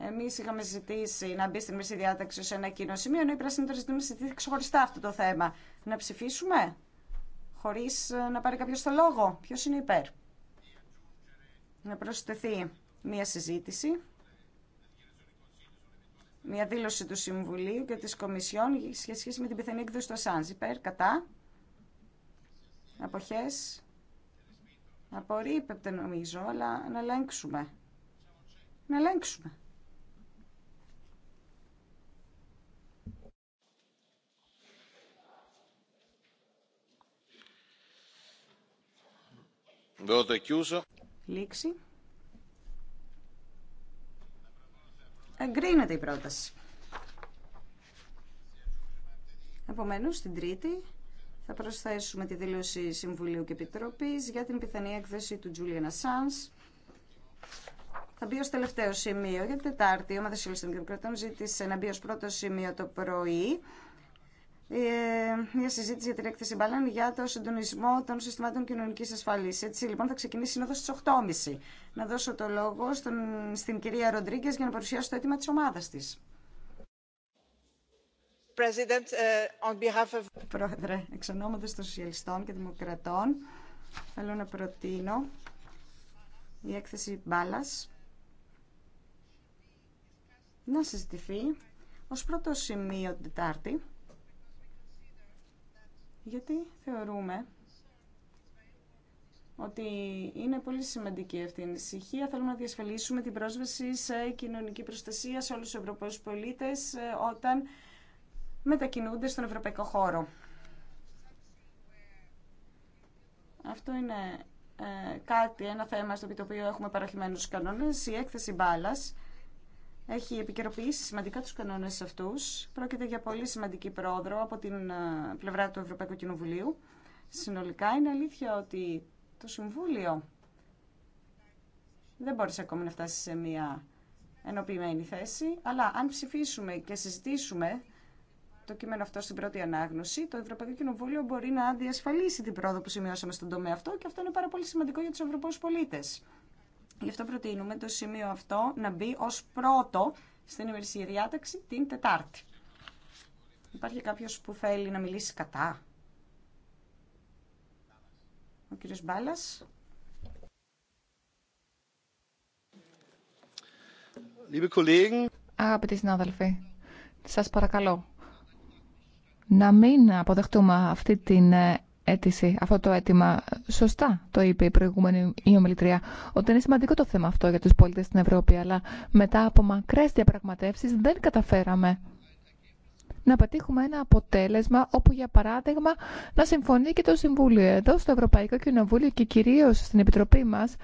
Εμεί είχαμε ζητήσει να μπει στην μέση διάταξη ως ένα κοινό σημείο, ενώ οι πράσινοι τώρα ζητούν να ξεχωριστά αυτό το θέμα. Να ψηφίσουμε, Χωρί ε, να πάρει κάποιο το λόγο. Ποιο είναι υπέρ. Να προσθεθεί μία συζήτηση μια δήλωση του Συμβουλίου και τη Κομισιόν σε σχέση με την πιθανή έκδοση του Ασάνζ. Υπέρ, κατά. Αποχές. Απορρίπεται νομίζω, αλλά να ελέγξουμε. Να ελέγξουμε. Λήξη. Εγκρίνεται η πρόταση. Επομένως, την Τρίτη θα προσθέσουμε τη δήλωση Συμβουλίου και Επιτροπή για την πιθανή έκθεση του Julian Assange. Θα μπει ω τελευταίο σημείο για την Τετάρτη. Η ομάδα των Δημοκρατών ζήτησε να μπει ω πρώτο σημείο το πρωί ε, μια συζήτηση για την έκθεση Μπαλάν για το συντονισμό των συστημάτων κοινωνική ασφαλή. Έτσι λοιπόν θα ξεκινήσει η σύνοδο στι 8.30. Να δώσω το λόγο στον, στην κυρία Ροντρίγκε για να παρουσιάσει το αίτημα τη ομάδα τη. Uh, Πρόεδρε, εξ ονόματος των Σοσιαλιστών και Δημοκρατών, θέλω να προτείνω η έκθεση μπάλα να συζητηθεί ως πρώτο σημείο την Τετάρτη, γιατί θεωρούμε ότι είναι πολύ σημαντική αυτή η ανησυχία. Θέλουμε να διασφαλίσουμε την πρόσβαση σε κοινωνική προστασία σε όλους τους Ευρωπαίους πολίτες ε, όταν μετακινούνται στον ευρωπαϊκό χώρο. Αυτό είναι ε, κάτι, ένα θέμα στο οποίο έχουμε παραχημένους κανόνες. Η έκθεση μπάλα έχει επικαιροποιήσει σημαντικά τους κανόνες αυτούς. Πρόκειται για πολύ σημαντική πρόοδρο από την ε, πλευρά του Ευρωπαϊκού Κοινοβουλίου. Συνολικά είναι αλήθεια ότι το Συμβούλιο δεν μπόρεσε ακόμη να φτάσει σε μια ενοποιημένη θέση, αλλά αν ψηφίσουμε και συζητήσουμε το κείμενο αυτό στην πρώτη ανάγνωση, το Ευρωπαϊκό Κοινοβούλιο μπορεί να διασφαλίσει την πρόοδο που σημειώσαμε στον τομέα αυτό και αυτό είναι πάρα πολύ σημαντικό για του Ευρωπαίους πολίτε. Γι' αυτό προτείνουμε το σημείο αυτό να μπει ω πρώτο στην ημερησία διάταξη την Τετάρτη. Υπάρχει κάποιο που θέλει να μιλήσει κατά. Ο κύριος Αγαπητοί συνάδελφοι, σας παρακαλώ, να μην αποδεχτούμε αυτή την ε, αίτηση, αυτό το αίτημα. Σωστά το είπε η προηγούμενη η ομιλητρία, ότι είναι σημαντικό το θέμα αυτό για τους πολίτες στην Ευρώπη, αλλά μετά από μακρές διαπραγματεύσεις δεν καταφέραμε να πετύχουμε ένα αποτέλεσμα όπου, για παράδειγμα, να συμφωνεί και το Συμβούλιο. Εδώ στο Ευρωπαϊκό Κοινοβούλιο και κυρίως στην Επιτροπή μας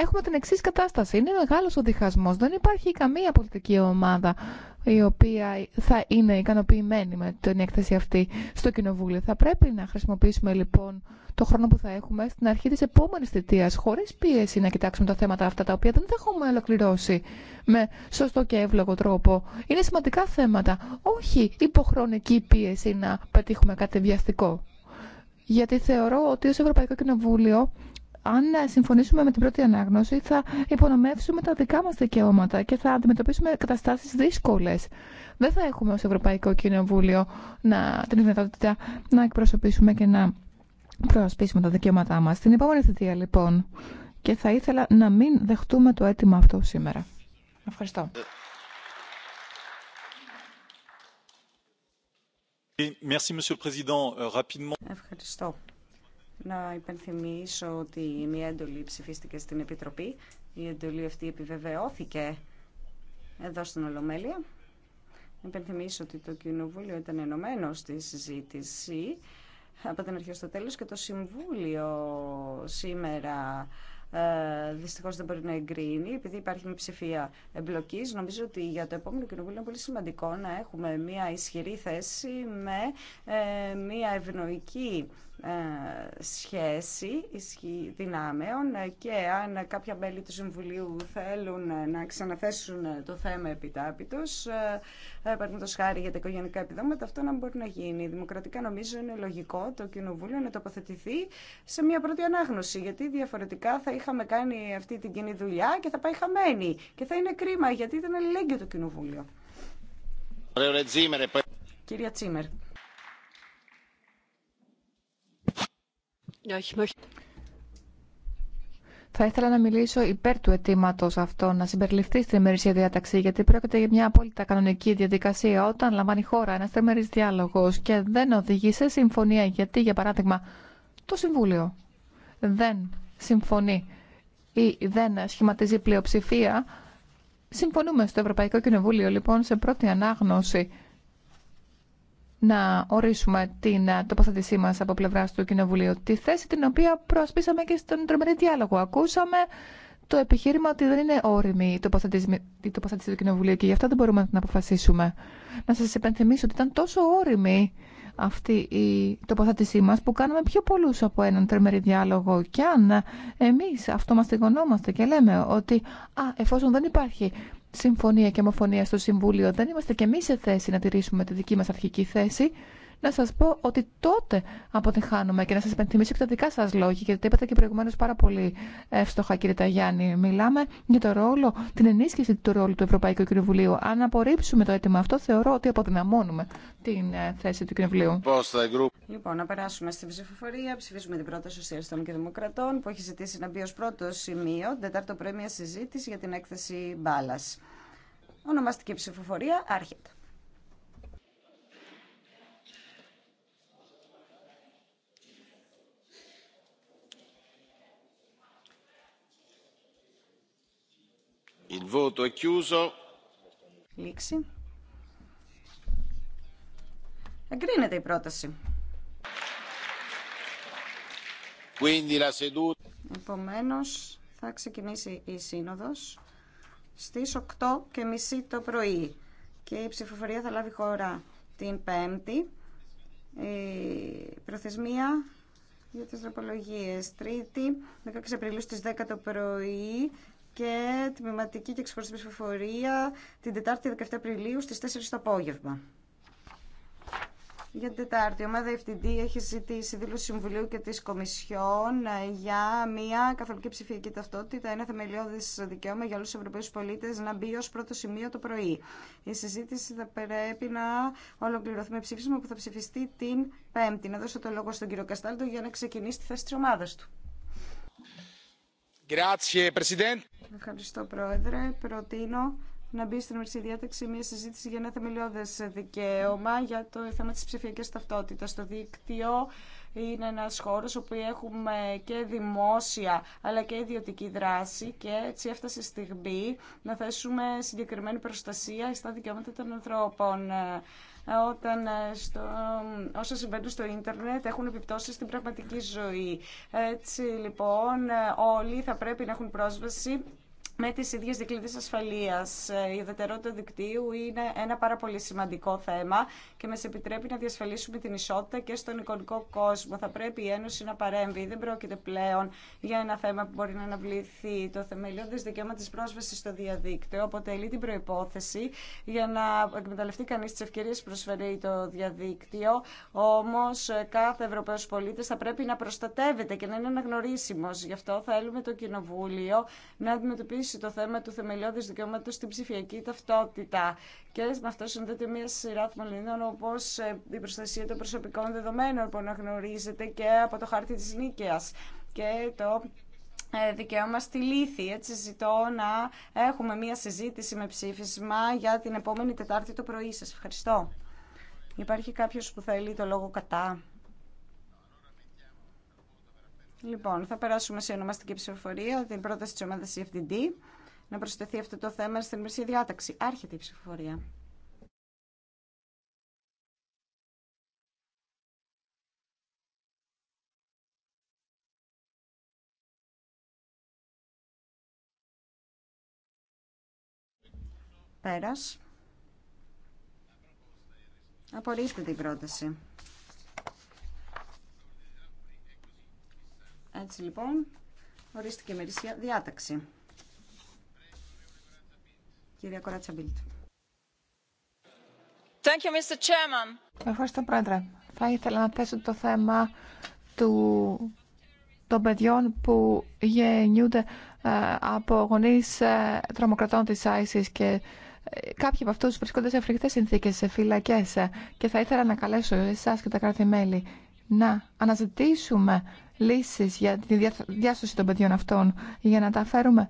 έχουμε την εξή κατάσταση. Είναι μεγάλο ο διχασμό. Δεν υπάρχει καμία πολιτική ομάδα η οποία θα είναι ικανοποιημένη με την έκθεση αυτή στο Κοινοβούλιο. Θα πρέπει να χρησιμοποιήσουμε λοιπόν το χρόνο που θα έχουμε στην αρχή τη επόμενη θητεία, χωρί πίεση να κοιτάξουμε τα θέματα αυτά τα οποία δεν τα έχουμε ολοκληρώσει με σωστό και εύλογο τρόπο. Είναι σημαντικά θέματα, όχι υποχρονική πίεση να πετύχουμε κάτι βιαστικό. Γιατί θεωρώ ότι ως Ευρωπαϊκό Κοινοβούλιο αν συμφωνήσουμε με την πρώτη ανάγνωση θα υπονομεύσουμε τα δικά μας δικαιώματα και θα αντιμετωπίσουμε καταστάσεις δύσκολε. Δεν θα έχουμε ως Ευρωπαϊκό Κοινοβούλιο να, την δυνατότητα να εκπροσωπήσουμε και να προασπίσουμε τα δικαιώματά μας. Την επόμενη θητεία λοιπόν και θα ήθελα να μην δεχτούμε το αίτημα αυτό σήμερα. Ευχαριστώ. Euh, Ευχαριστώ. Να υπενθυμίσω ότι μια εντολή ψηφίστηκε στην Επιτροπή. Η εντολή αυτή επιβεβαιώθηκε εδώ στην Ολομέλεια. Υπενθυμίσω ότι το Κοινοβούλιο ήταν ενωμένο στη συζήτηση από την αρχή στο τέλος και το Συμβούλιο σήμερα ε, Δυστυχώ δεν μπορεί να εγκρίνει, επειδή υπάρχει μια ψηφία εμπλοκής. Νομίζω ότι για το επόμενο κοινοβούλιο είναι πολύ σημαντικό να έχουμε μια ισχυρή θέση με ε, μια ευνοϊκή ε, σχέση ισχύ δυνάμεων ε, και αν κάποια μέλη του Συμβουλίου θέλουν ε, να ξαναθέσουν το θέμα επιτάπητος, παραδείγματος χάρη για τα οικογενειακά επιδόματα, αυτό να μπορεί να γίνει. Δημοκρατικά νομίζω είναι λογικό το Κοινοβούλιο να τοποθετηθεί σε μια πρώτη ανάγνωση, γιατί διαφορετικά θα είχαμε κάνει αυτή την κοινή δουλειά και θα πάει χαμένη και θα είναι κρίμα γιατί ήταν αλληλέγγυο το Κοινοβούλιο. Κυρία Τσίμερ. Θα ήθελα να μιλήσω υπέρ του αιτήματο αυτό να συμπεριληφθεί στην ημερήσια διάταξη, γιατί πρόκειται για μια απόλυτα κανονική διαδικασία. Όταν λαμβάνει η χώρα ένα τριμερή διάλογο και δεν οδηγεί σε συμφωνία, γιατί, για παράδειγμα, το Συμβούλιο δεν συμφωνεί ή δεν σχηματίζει πλειοψηφία, συμφωνούμε στο Ευρωπαϊκό Κοινοβούλιο, λοιπόν, σε πρώτη ανάγνωση να ορίσουμε την ε, τοποθέτησή μας από πλευρά του Κοινοβουλίου. Τη θέση την οποία προασπίσαμε και στον τρομερή διάλογο. Ακούσαμε το επιχείρημα ότι δεν είναι όριμη η τοποθέτηση του Κοινοβουλίου και γι' αυτό δεν μπορούμε να την αποφασίσουμε. Να σας υπενθυμίσω ότι ήταν τόσο όριμη αυτή η τοποθέτησή μας που κάναμε πιο πολλούς από έναν τρεμερή διάλογο και αν εμείς αυτό και λέμε ότι α, εφόσον δεν υπάρχει συμφωνία και ομοφωνία στο Συμβούλιο δεν είμαστε κι εμεί σε θέση να τηρήσουμε τη δική μας αρχική θέση, να σας πω ότι τότε αποτυχάνουμε και να σας υπενθυμίσω και τα δικά σας λόγια, γιατί τα είπατε και προηγουμένω πάρα πολύ εύστοχα κύριε Ταγιάννη. Μιλάμε για το ρόλο, την ενίσχυση του ρόλου του Ευρωπαϊκού Κοινοβουλίου. Αν απορρίψουμε το αίτημα αυτό, θεωρώ ότι αποδυναμώνουμε την ε, θέση του Κοινοβουλίου. Λοιπόν, να περάσουμε στην ψηφοφορία. Ψηφίζουμε την πρώτη Σοσιαλιστών και Δημοκρατών που έχει ζητήσει να μπει ω πρώτο σημείο, τετάρτο πρέμια συζήτηση για την έκθεση μπάλα. Ονομαστική ψηφοφορία άρχεται. η πρόταση. Επομένως, θα ξεκινήσει η σύνοδος στις 8 και μισή το πρωί και η ψηφοφορία θα λάβει χώρα την Πέμπτη. Η προθεσμία για τις δροπολογίες Τρίτη, 16 Απριλίου στις 10 το πρωί και τμηματική και ξεχωριστή ψηφοφορία την Τετάρτη 17 Απριλίου στις 4 το απόγευμα. Για την Τετάρτη, η ομάδα FTD έχει ζητήσει δήλωση Συμβουλίου και τη Κομισιόν ε, για μια καθολική ψηφιακή ταυτότητα. Ένα θεμελιώδη δικαίωμα για όλου του Ευρωπαίου πολίτε να μπει ω πρώτο σημείο το πρωί. Η συζήτηση θα πρέπει να ολοκληρωθεί με ψήφισμα που θα ψηφιστεί την Πέμπτη. Να δώσω το λόγο στον κύριο Καστάλτο για να ξεκινήσει τη θέση τη ομάδα του. Ευχαριστώ, Πρόεδρε. Προτείνω να μπει στην ημερησία διάταξη μια συζήτηση για ένα θεμελιώδε δικαίωμα για το θέμα τη ψηφιακή ταυτότητα. Το δίκτυο είναι ένα χώρο όπου έχουμε και δημόσια αλλά και ιδιωτική δράση και έτσι έφτασε η στιγμή να θέσουμε συγκεκριμένη προστασία στα δικαιώματα των ανθρώπων όταν ε, στο, όσα συμβαίνουν στο ίντερνετ έχουν επιπτώσει στην πραγματική ζωή. Έτσι λοιπόν ε, όλοι θα πρέπει να έχουν πρόσβαση με τις ίδιες δικλείδες ασφαλείας. Ε, η ιδιαιτερότητα δικτύου είναι ένα πάρα πολύ σημαντικό θέμα και μας επιτρέπει να διασφαλίσουμε την ισότητα και στον εικονικό κόσμο. Θα πρέπει η Ένωση να παρέμβει. Δεν πρόκειται πλέον για ένα θέμα που μπορεί να αναβληθεί. Το θεμελιώδες δικαίωμα της πρόσβασης στο διαδίκτυο αποτελεί την προϋπόθεση για να εκμεταλλευτεί κανείς τις ευκαιρίες που προσφέρει το διαδίκτυο. Όμως ε, κάθε Ευρωπαίος πολίτης θα πρέπει να προστατεύεται και να είναι αναγνωρίσιμος. Γι' αυτό θέλουμε το Κοινοβούλιο να αντιμετωπίσει στο το θέμα του θεμελιώδη δικαιώματο στην ψηφιακή ταυτότητα. Και με αυτό συνδέεται μια σειρά θεμελιωδών όπω ε, η προστασία των προσωπικών δεδομένων που αναγνωρίζεται και από το χάρτη τη νίκαια και το ε, δικαίωμα στη λύθη. Έτσι ζητώ να έχουμε μια συζήτηση με ψήφισμα για την επόμενη Τετάρτη το πρωί σα. Ευχαριστώ. Υπάρχει κάποιος που θέλει το λόγο κατά. Λοιπόν, θα περάσουμε σε ονομαστική ψηφοφορία την πρόταση της ομάδας CFDD να προσθεθεί αυτό το θέμα στην μισή διάταξη. Άρχεται η ψηφοφορία. Πέρας. Απορρίσκεται η πρόταση. Έτσι λοιπόν, ορίστηκε η μερισία διάταξη. Κυρία Κοράτσα Μπίλτ. Ευχαριστώ, Πρόεδρε. Θα ήθελα να θέσω το θέμα του, των παιδιών που γεννιούνται ε, από γονείς ε, τρομοκρατών της ISIS και ε, κάποιοι από αυτούς βρισκόνται σε φρικτές συνθήκες, σε φυλακές και θα ήθελα να καλέσω εσάς και τα κράτη-μέλη να αναζητήσουμε λύσεις για τη διάσωση των παιδιών αυτών, για να τα φέρουμε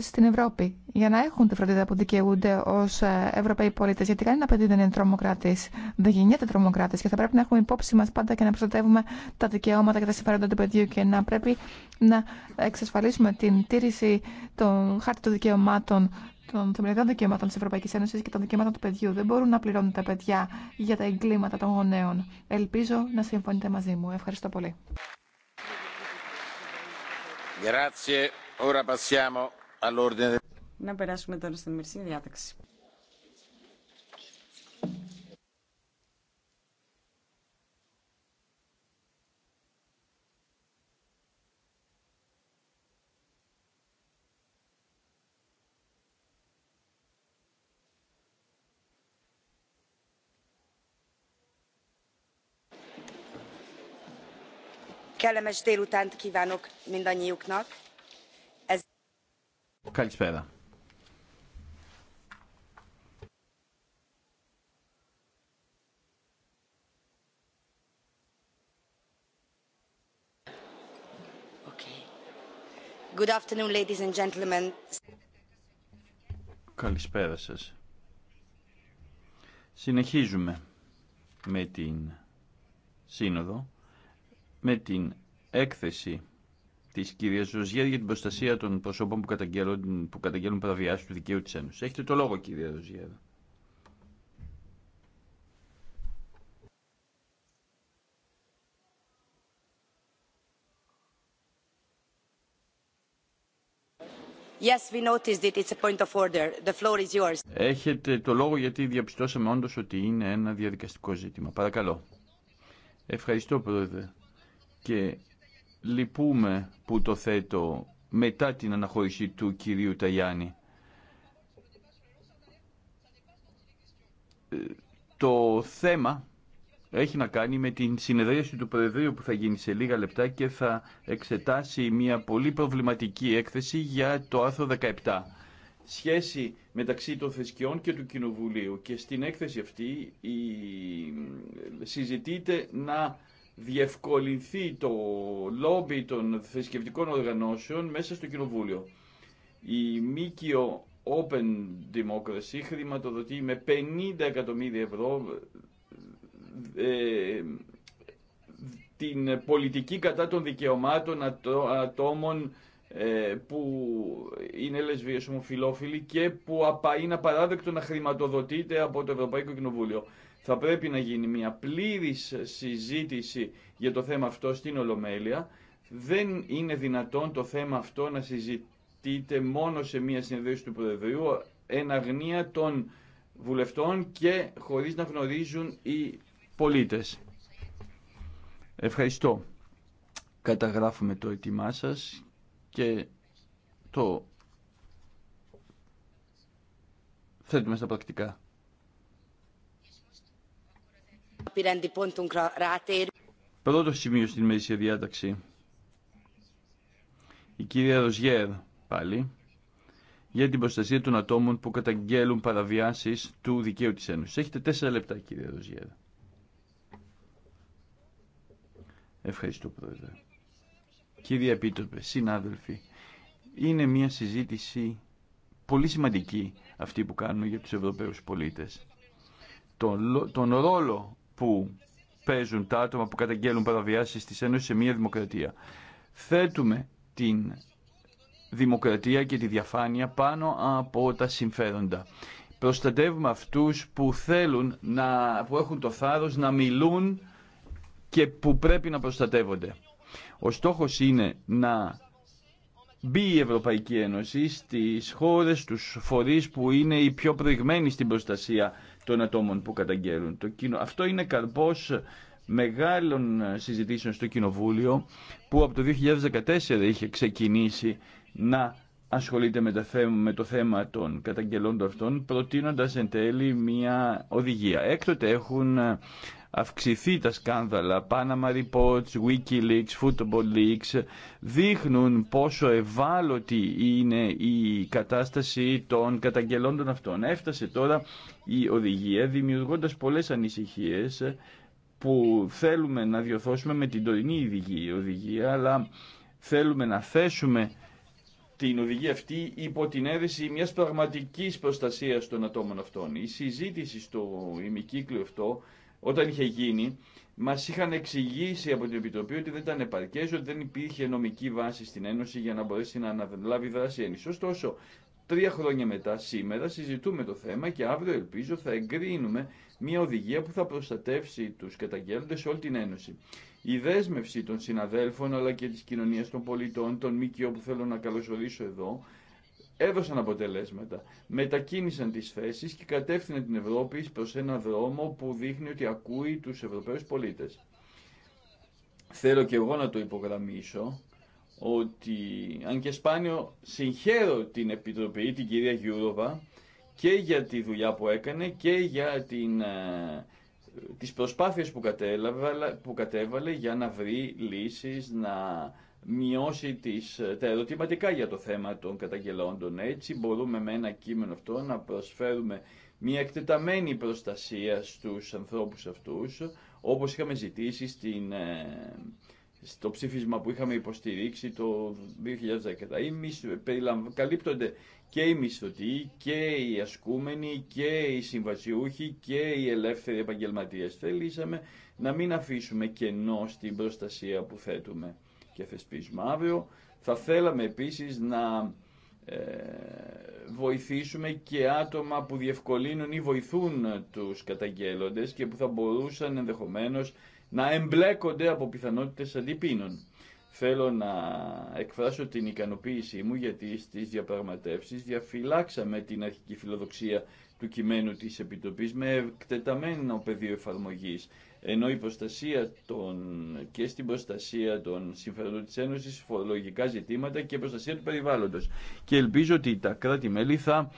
στην Ευρώπη, για να έχουν τη φροντίδα που δικαιούνται ω ε, Ευρωπαίοι πολίτε. Γιατί κανένα παιδί δεν είναι τρομοκράτη, δεν γεννιέται τρομοκράτη και θα πρέπει να έχουμε υπόψη μα πάντα και να προστατεύουμε τα δικαιώματα και τα συμφέροντα του παιδιού και να πρέπει να εξασφαλίσουμε την τήρηση των χάρτη των δικαιωμάτων των θεμελιωδών δικαιωμάτων τη Ευρωπαϊκή Ένωση και των δικαιωμάτων του παιδιού. Δεν μπορούν να πληρώνουν τα παιδιά για τα εγκλήματα των γονέων. Ελπίζω να συμφωνείτε μαζί μου. Ευχαριστώ πολύ. Να περάσουμε τώρα στην ημερησία διάταξη. Kellemes délutánt kívánok mindannyiuknak. Ez... Καλησπέρα. Okay. Good afternoon, ladies and gentlemen. Καλησπέρα σας. Συνεχίζουμε με την σύνοδο με την έκθεση της κυρίας Ροζιέρ για την προστασία των προσώπων που καταγγέλουν, που παραβιάσεις του δικαίου της Ένωσης. Έχετε το λόγο κυρία Ροζιέρ. Yes, we noticed it. It's a point of order. The floor is yours. Έχετε το λόγο γιατί διαπιστώσαμε όντως ότι είναι ένα διαδικαστικό ζήτημα. Παρακαλώ. Ευχαριστώ, Πρόεδρε και λυπούμε που το θέτω μετά την αναχώρηση του κυρίου Ταγιάννη. Ε, το θέμα έχει να κάνει με την συνεδρίαση του Προεδρείου που θα γίνει σε λίγα λεπτά και θα εξετάσει μια πολύ προβληματική έκθεση για το άρθρο 17. Σχέση μεταξύ των θρησκειών και του Κοινοβουλίου. Και στην έκθεση αυτή η... Ε, συζητείται να διευκολυνθεί το λόμπι των θρησκευτικών οργανώσεων μέσα στο Κοινοβούλιο. Η Μίκιο Open Democracy χρηματοδοτεί με 50 εκατομμύρια ευρώ ε, την πολιτική κατά των δικαιωμάτων ατόμων ε, που είναι λεσβείε ομοφυλόφιλοι και που είναι απαράδεκτο να χρηματοδοτείται από το Ευρωπαϊκό Κοινοβούλιο. Θα πρέπει να γίνει μια πλήρης συζήτηση για το θέμα αυτό στην Ολομέλεια. Δεν είναι δυνατόν το θέμα αυτό να συζητείται μόνο σε μια συνεδρίαση του Προεδρείου εν αγνία των βουλευτών και χωρίς να γνωρίζουν οι πολίτες. Ευχαριστώ. Καταγράφουμε το έτοιμά σας και το θέτουμε στα πρακτικά. Πρώτο σημείο στην ημερήσια διάταξη. Η κυρία Ροζιέρ, πάλι, για την προστασία των ατόμων που καταγγέλουν παραβιάσεις του δικαίου της Ένωσης. Έχετε τέσσερα λεπτά, κυρία Ροζιέρ. Ευχαριστώ, Πρόεδρε. Κύριε Επίτροπε, συνάδελφοι, είναι μια συζήτηση πολύ σημαντική αυτή που κάνουμε για τους Ευρωπαίους πολίτες. Τον, ρόλο που παίζουν τα άτομα που καταγγέλουν παραβιάσεις της Ένωσης σε μια δημοκρατία. Θέτουμε την δημοκρατία και τη διαφάνεια πάνω από τα συμφέροντα. Προστατεύουμε αυτούς που θέλουν, να, που έχουν το θάρρος να μιλούν και που πρέπει να προστατεύονται. Ο στόχος είναι να μπει η Ευρωπαϊκή Ένωση στις χώρες, τους φορείς που είναι οι πιο προηγμένοι στην προστασία των ατόμων που καταγγέλουν. Το κοινο... Αυτό είναι καρπός μεγάλων συζητήσεων στο Κοινοβούλιο που από το 2014 είχε ξεκινήσει να ασχολείται με το θέμα των καταγγελών των αυτών προτείνοντας εν τέλει μια οδηγία. Έκτοτε έχουν αυξηθεί τα σκάνδαλα, Panama Reports, Wikileaks, Football Leaks, δείχνουν πόσο ευάλωτη είναι η κατάσταση των καταγγελόντων αυτών. Έφτασε τώρα η οδηγία δημιουργώντας πολλές ανησυχίες που θέλουμε να διορθώσουμε με την τωρινή οδηγία, αλλά θέλουμε να θέσουμε την οδηγία αυτή υπό την αίρεση μιας πραγματικής προστασίας των ατόμων αυτών. Η συζήτηση στο ημικύκλιο αυτό όταν είχε γίνει, Μα είχαν εξηγήσει από την Επιτροπή ότι δεν ήταν επαρκέ, ότι δεν υπήρχε νομική βάση στην Ένωση για να μπορέσει να αναλάβει δράση η Ένωση. Ωστόσο, τρία χρόνια μετά, σήμερα, συζητούμε το θέμα και αύριο, ελπίζω, θα εγκρίνουμε μια οδηγία που θα προστατεύσει του καταγγέλλοντε σε όλη την Ένωση. Η δέσμευση των συναδέλφων αλλά και τη κοινωνία των πολιτών, των ΜΚΟ που θέλω να καλωσορίσω εδώ, έδωσαν αποτελέσματα. Μετακίνησαν τις θέσεις και κατεύθυνε την Ευρώπη προς ένα δρόμο που δείχνει ότι ακούει τους Ευρωπαίους πολίτες. Θέλω και εγώ να το υπογραμμίσω ότι αν και σπάνιο συγχαίρω την Επιτροπή, την κυρία Γιούροβα και για τη δουλειά που έκανε και για την, ε, τις προσπάθειες που, που κατέβαλε για να βρει λύσεις, να μειώσει τις, ε, τα ερωτηματικά για το θέμα των καταγγελόντων. Έτσι μπορούμε με ένα κείμενο αυτό να προσφέρουμε μια εκτεταμένη προστασία στους ανθρώπους αυτούς, όπως είχαμε ζητήσει στην, ε, στο ψήφισμα που είχαμε υποστηρίξει το 2010. Καλύπτονται και οι μισθωτοί και οι ασκούμενοι και οι συμβασιούχοι και οι ελεύθεροι επαγγελματίες. Θέλησαμε να μην αφήσουμε κενό στην προστασία που θέτουμε και θεσπίζουμε αύριο. Θα θέλαμε επίσης να ε, βοηθήσουμε και άτομα που διευκολύνουν ή βοηθούν τους καταγγέλλοντες και που θα μπορούσαν ενδεχομένως να εμπλέκονται από πιθανότητες αντιπίνων. Θέλω να εκφράσω την ικανοποίησή μου γιατί στις διαπραγματεύσεις διαφυλάξαμε την αρχική φιλοδοξία του κειμένου της Επιτροπής με εκτεταμένο πεδίο εφαρμογής ενώ η προστασία των, και στην προστασία των συμφερόντων της Ένωσης, φορολογικά ζητήματα και προστασία του περιβάλλοντος. Και ελπίζω ότι τα κράτη-μέλη θα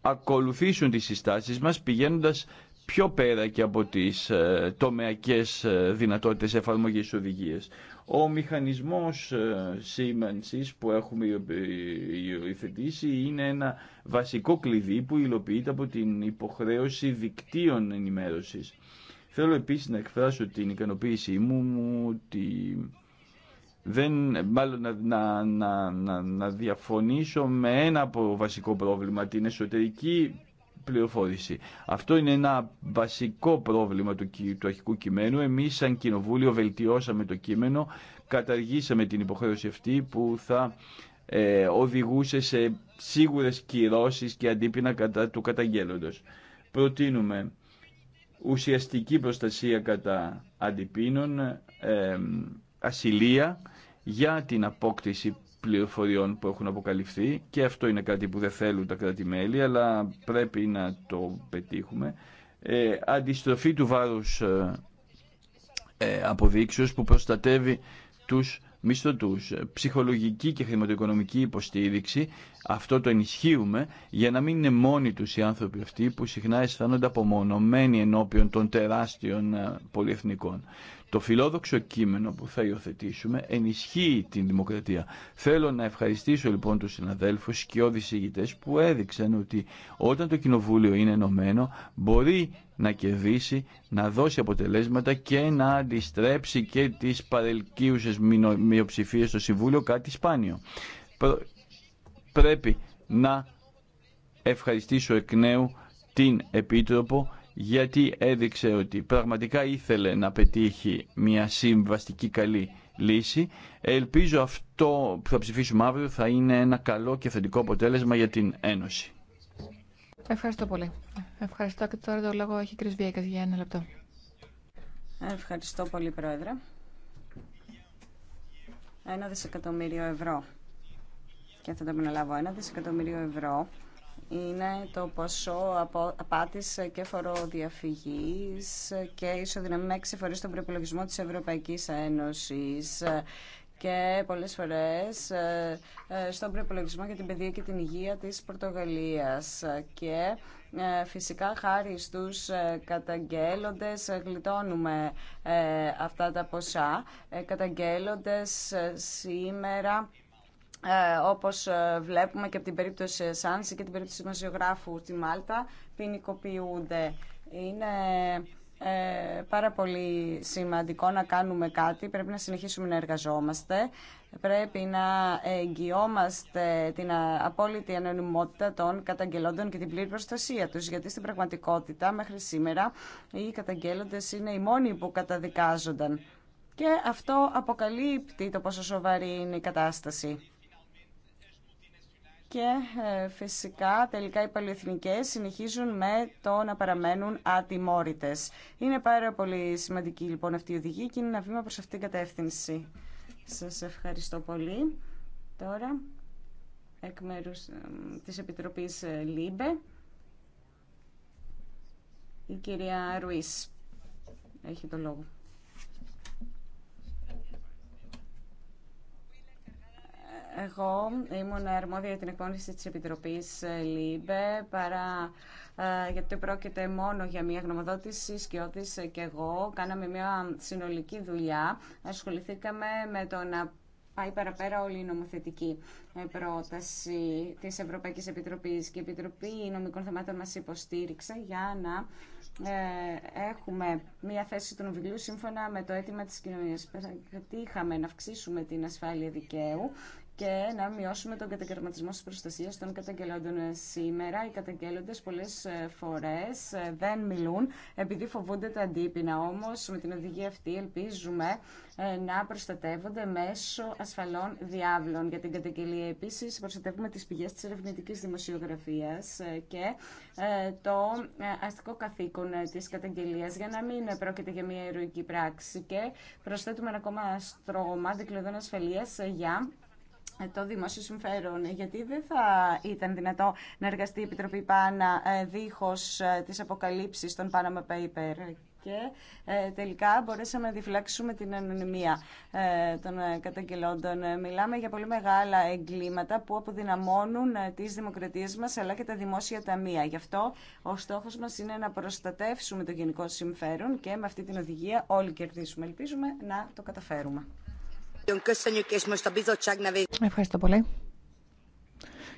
ακολουθήσουν τις συστάσεις μας πηγαίνοντας πιο πέρα και από τις ε, τομεακές ε, δυνατότητες εφαρμογής οδηγίες. Ο μηχανισμός ε, σήμανσης που έχουμε υιοθετήσει είναι ένα βασικό κλειδί που υλοποιείται από την υποχρέωση δικτύων ενημέρωσης. Θέλω επίσης να εκφράσω την ικανοποίησή μου ότι δεν, μάλλον να, διαφωνήσω με ένα από βασικό πρόβλημα, την εσωτερική πληροφόρηση. Αυτό είναι ένα βασικό πρόβλημα του, του αρχικού κειμένου. Εμείς σαν Κοινοβούλιο βελτιώσαμε το κείμενο, καταργήσαμε την υποχρέωση αυτή που θα ε, οδηγούσε σε σίγουρες κυρώσεις και αντίπεινα κατά, του καταγγέλλοντος. Προτείνουμε ουσιαστική προστασία κατά αντιπίνων, ε, ασυλία για την απόκτηση πληροφοριών που έχουν αποκαλυφθεί και αυτό είναι κάτι που δεν θέλουν τα κράτη-μέλη αλλά πρέπει να το πετύχουμε. Ε, αντιστροφή του βάρους ε, ε αποδείξεως που προστατεύει τους τους, ψυχολογική και χρηματοοικονομική υποστήριξη. Αυτό το ενισχύουμε για να μην είναι μόνοι τους οι άνθρωποι αυτοί που συχνά αισθάνονται απομονωμένοι ενώπιον των τεράστιων ε, πολυεθνικών. Το φιλόδοξο κείμενο που θα υιοθετήσουμε ενισχύει την δημοκρατία. Θέλω να ευχαριστήσω λοιπόν τους συναδέλφους και ηγητές που έδειξαν ότι όταν το Κοινοβούλιο είναι ενωμένο μπορεί να κερδίσει, να δώσει αποτελέσματα και να αντιστρέψει και τις παρελκύουσες μειοψηφίες στο Συμβούλιο, κάτι σπάνιο. Πρέπει να ευχαριστήσω εκ νέου την Επίτροπο γιατί έδειξε ότι πραγματικά ήθελε να πετύχει μια συμβαστική καλή λύση. Ελπίζω αυτό που θα ψηφίσουμε αύριο θα είναι ένα καλό και θετικό αποτέλεσμα για την Ένωση. Ευχαριστώ πολύ. Ευχαριστώ και τώρα το λόγο έχει κ. Βιέκας για ένα λεπτό. Ευχαριστώ πολύ, Πρόεδρε. Ένα δισεκατομμύριο ευρώ. Και θα το επαναλάβω. Ένα δισεκατομμύριο ευρώ είναι το ποσό απάτης και φοροδιαφυγής και ισοδυναμεί έξι φορές τον προπολογισμό της Ευρωπαϊκής Ένωσης και πολλές φορές ε, ε, στον προπολογισμό για την παιδεία και την υγεία της Πορτογαλίας και ε, φυσικά χάρη στους καταγγέλλοντες γλιτώνουμε αυτά τα ποσά καταγγέλλοντες σήμερα ε, όπως ε, βλέπουμε και από την περίπτωση Σάνση και την περίπτωση μαζιογράφου στη Μάλτα, ποινικοποιούνται. Είναι ε, πάρα πολύ σημαντικό να κάνουμε κάτι. Πρέπει να συνεχίσουμε να εργαζόμαστε. Πρέπει να εγγυόμαστε την απόλυτη ανωνυμότητα των καταγγελόντων και την πλήρη προστασία τους. Γιατί στην πραγματικότητα μέχρι σήμερα οι καταγγέλλοντες είναι οι μόνοι που καταδικάζονταν. Και αυτό αποκαλύπτει το πόσο σοβαρή είναι η κατάσταση και ε, φυσικά τελικά οι παλιοεθνικές συνεχίζουν με το να παραμένουν ατιμόρυτες. Είναι πάρα πολύ σημαντική λοιπόν αυτή η οδηγία και είναι ένα βήμα προς αυτήν την κατεύθυνση. Σας ευχαριστώ πολύ. Τώρα, εκ μέρους ε, της Επιτροπής ε, ΛΥΜΠΕ, η κυρία Ρουίς έχει το λόγο. Εγώ ήμουν αρμόδια για την εκπόνηση της Επιτροπής ε, ΛΥΜΠΕ παρά ε, γιατί πρόκειται μόνο για μια γνωμοδότηση, Σκιώτης ε, και εγώ. Κάναμε μια συνολική δουλειά. Ασχοληθήκαμε με το να πάει παραπέρα όλη η νομοθετική πρόταση της Ευρωπαϊκής Επιτροπής και η Επιτροπή Νομικών Θεμάτων μας υποστήριξε για να έχουμε μία θέση του νομιλού σύμφωνα με το αίτημα της κοινωνίας. είχαμε να αυξήσουμε την ασφάλεια δικαίου και να μειώσουμε τον κατακαιρματισμό τη προστασία των καταγγελόντων. Σήμερα οι καταγγέλλοντε πολλές ε, φορές ε, δεν μιλούν επειδή φοβούνται τα αντίπεινα. Όμω με την οδηγία αυτή ελπίζουμε ε, να προστατεύονται μέσω ασφαλών διάβλων για την καταγγελία. Επίση προστατεύουμε τις πηγές της ερευνητική δημοσιογραφίας και το αστικό καθήκον της καταγγελία για να μην πρόκειται για μια ηρωική πράξη. Και προσθέτουμε ένα ακόμα στρώμα δικλειδών ασφαλεία για ε, το δημόσιο συμφέρον, ε, γιατί δεν θα ήταν δυνατό να εργαστεί η Επιτροπή Πάνα ε, δίχως τις αποκαλύψεις των Panama Paper και τελικά μπορέσαμε να διφυλάξουμε την ανωνυμία των καταγγελόντων. Μιλάμε για πολύ μεγάλα εγκλήματα που αποδυναμώνουν τις δημοκρατίες μας αλλά και τα δημόσια ταμεία. Γι' αυτό ο στόχος μας είναι να προστατεύσουμε το γενικό συμφέρον και με αυτή την οδηγία όλοι κερδίσουμε. Ελπίζουμε να το καταφέρουμε. Ευχαριστώ πολύ.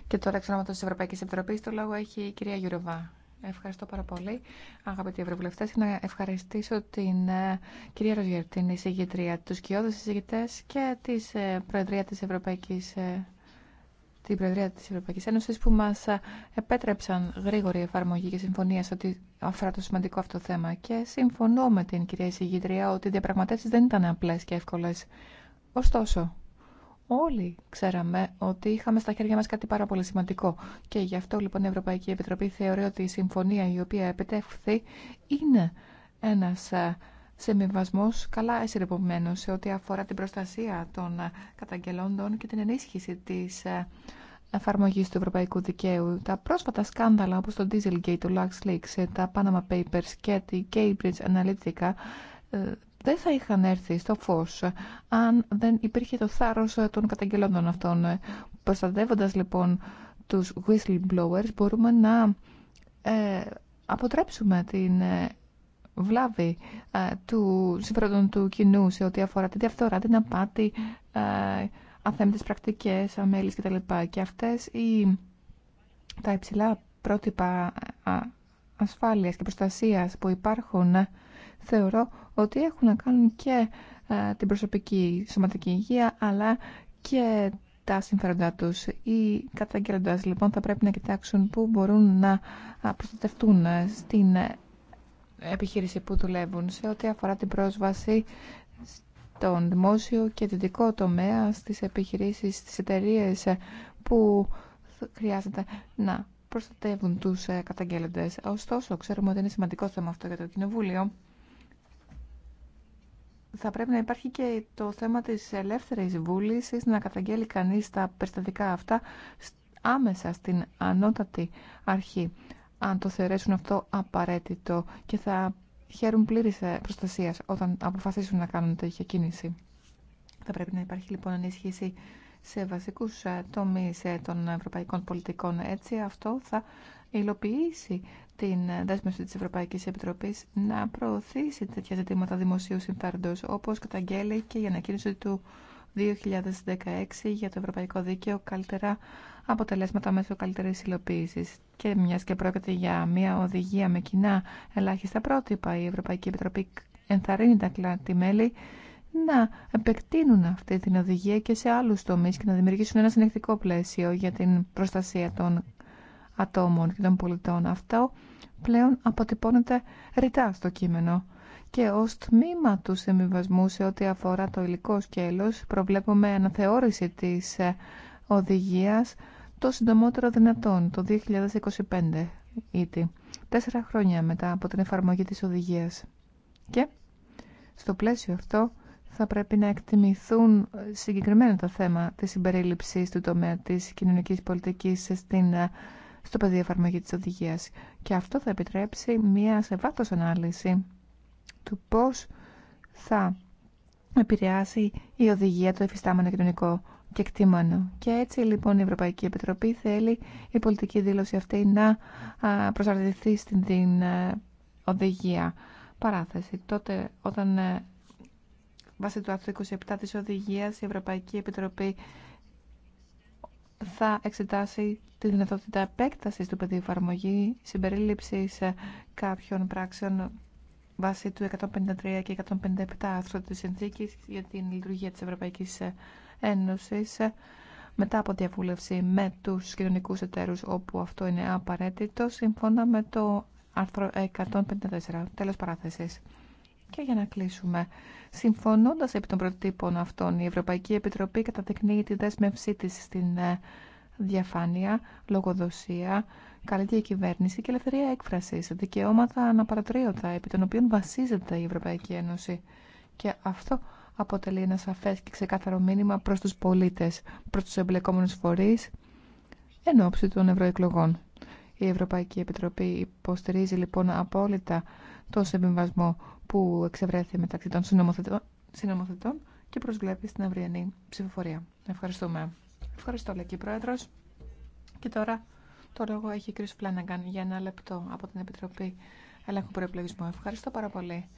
Και τώρα εξ ονόματο τη Ευρωπαϊκή Επιτροπή, το λόγο έχει η κυρία Γιουροβά. Ευχαριστώ πάρα πολύ, αγαπητοί Ευρωβουλευτέ. Να ευχαριστήσω την ε, κυρία Ροζιέρ, την εισηγητρία, του κοιόδου εισηγητέ και ε, της Προεδρία τη Ευρωπαϊκή ε, την Προεδρία της Ευρωπαϊκής Ένωσης που μας επέτρεψαν γρήγορη εφαρμογή και συμφωνία σε ό,τι αφορά το σημαντικό αυτό θέμα. Και συμφωνώ με την κυρία εισηγητρία ότι οι διαπραγματεύσει δεν ήταν απλέ και εύκολε. Ωστόσο, όλοι ξέραμε ότι είχαμε στα χέρια μας κάτι πάρα πολύ σημαντικό και γι' αυτό λοιπόν η Ευρωπαϊκή Επιτροπή θεωρεί ότι η συμφωνία η οποία επιτεύχθη είναι ένας ε, σεμιβασμός καλά εσυρεπομένος σε ό,τι αφορά την προστασία των ε, καταγγελόντων και την ενίσχυση της ε, εφαρμογή του ευρωπαϊκού δικαίου. Τα πρόσφατα σκάνδαλα όπως το Dieselgate, το LuxLeaks, τα Panama Papers και τη Cambridge Analytica δεν θα είχαν έρθει στο φως αν δεν υπήρχε το θάρρος των καταγγελόντων αυτών. προστατεύοντα λοιπόν τους whistleblowers μπορούμε να ε, αποτρέψουμε την ε, βλάβη ε, του συμφέροντων του κοινού σε ό,τι αφορά την διαφθορά, την απάτη, αθέμητες πρακτικές, αμέλειες κτλ. Και αυτές οι, τα υψηλά πρότυπα ασφάλειας και προστασίας που υπάρχουν θεωρώ ότι έχουν να κάνουν και ε, την προσωπική σωματική υγεία αλλά και τα συμφέροντά τους. Οι καταγγέλλοντας λοιπόν θα πρέπει να κοιτάξουν πού μπορούν να προστατευτούν ε, στην ε, επιχείρηση που δουλεύουν σε ό,τι αφορά την πρόσβαση στον δημόσιο και δυτικό τομέα, στις επιχειρήσεις, στις εταιρείε που χρειάζεται να προστατεύουν τους καταγγέλλοντες. Ωστόσο, ξέρουμε ότι είναι σημαντικό θέμα αυτό για το Κοινοβούλιο θα πρέπει να υπάρχει και το θέμα της ελεύθερης βούλησης να καταγγέλει κανείς τα περιστατικά αυτά άμεσα στην ανώτατη αρχή αν το θεωρέσουν αυτό απαραίτητο και θα χαίρουν πλήρη ε, προστασία όταν αποφασίσουν να κάνουν τέτοια κίνηση. Θα πρέπει να υπάρχει λοιπόν ενίσχυση σε βασικούς ε, τομείς ε, των ευρωπαϊκών πολιτικών. Έτσι αυτό θα υλοποιήσει την δέσμευση της Ευρωπαϊκής Επιτροπής να προωθήσει τέτοια ζητήματα δημοσίου συμφέροντος, όπως καταγγέλει και η ανακοίνωση του 2016 για το Ευρωπαϊκό Δίκαιο καλύτερα αποτελέσματα μέσω καλύτερη υλοποίηση. Και μια και πρόκειται για μια οδηγία με κοινά ελάχιστα πρότυπα, η Ευρωπαϊκή Επιτροπή ενθαρρύνει τα κλάτη μελη να επεκτείνουν αυτή την οδηγία και σε άλλους τομείς και να δημιουργήσουν ένα συνεχτικό πλαίσιο για την προστασία των ατόμων και των πολιτών. Αυτό πλέον αποτυπώνεται ρητά στο κείμενο. Και ως τμήμα του συμβιβασμού σε ό,τι αφορά το υλικό σκέλος προβλέπουμε αναθεώρηση της ε, οδηγίας το συντομότερο δυνατόν, το 2025 ήτι, τέσσερα χρόνια μετά από την εφαρμογή της οδηγίας. Και στο πλαίσιο αυτό θα πρέπει να εκτιμηθούν ε, συγκεκριμένα τα θέμα της συμπερίληψης του τομέα της κοινωνικής πολιτικής στην ε, στο πεδίο εφαρμογή της οδηγίας. Και αυτό θα επιτρέψει μία σε βάθος ανάλυση του πώς θα επηρεάσει η οδηγία το εφιστάμενο κοινωνικό και Και έτσι λοιπόν η Ευρωπαϊκή Επιτροπή θέλει η πολιτική δήλωση αυτή να προσαρτηθεί στην την ε, οδηγία. Παράθεση. Τότε όταν ε, βάσει του άρθρου 27 της οδηγίας η Ευρωπαϊκή Επιτροπή θα εξετάσει τη δυνατότητα επέκταση του πεδίου εφαρμογή συμπερίληψη ε, κάποιων πράξεων βάσει του 153 και 157 άρθρου της συνθήκης για την λειτουργία της Ευρωπαϊκής ε, Ένωσης ε, μετά από διαβούλευση με τους κοινωνικού εταίρους όπου αυτό είναι απαραίτητο σύμφωνα με το άρθρο 154 τέλος παράθεσης. Και για να κλείσουμε, συμφωνώντα επί των προτύπων αυτών, η Ευρωπαϊκή Επιτροπή καταδεικνύει τη δέσμευσή τη στην ε, διαφάνεια, λογοδοσία, καλή διακυβέρνηση και ελευθερία έκφραση, δικαιώματα αναπαρατρίωτα, επί των οποίων βασίζεται η Ευρωπαϊκή Ένωση. Και αυτό αποτελεί ένα σαφέ και ξεκάθαρο μήνυμα προ του πολίτε, προ του εμπλεκόμενου φορεί, εν ώψη των ευρωεκλογών. Η Ευρωπαϊκή Επιτροπή υποστηρίζει λοιπόν απόλυτα το συμβιβασμό που εξευρέθη μεταξύ των συνομοθετών και προσβλέπει στην αυριανή ψηφοφορία. Ευχαριστούμε. Ευχαριστώ, Λεκή Πρόεδρο. Και τώρα το λόγο έχει η κ. Φλάνναγκαν για ένα λεπτό από την Επιτροπή Ελέγχου Προεπλογισμού. Ευχαριστώ πάρα πολύ.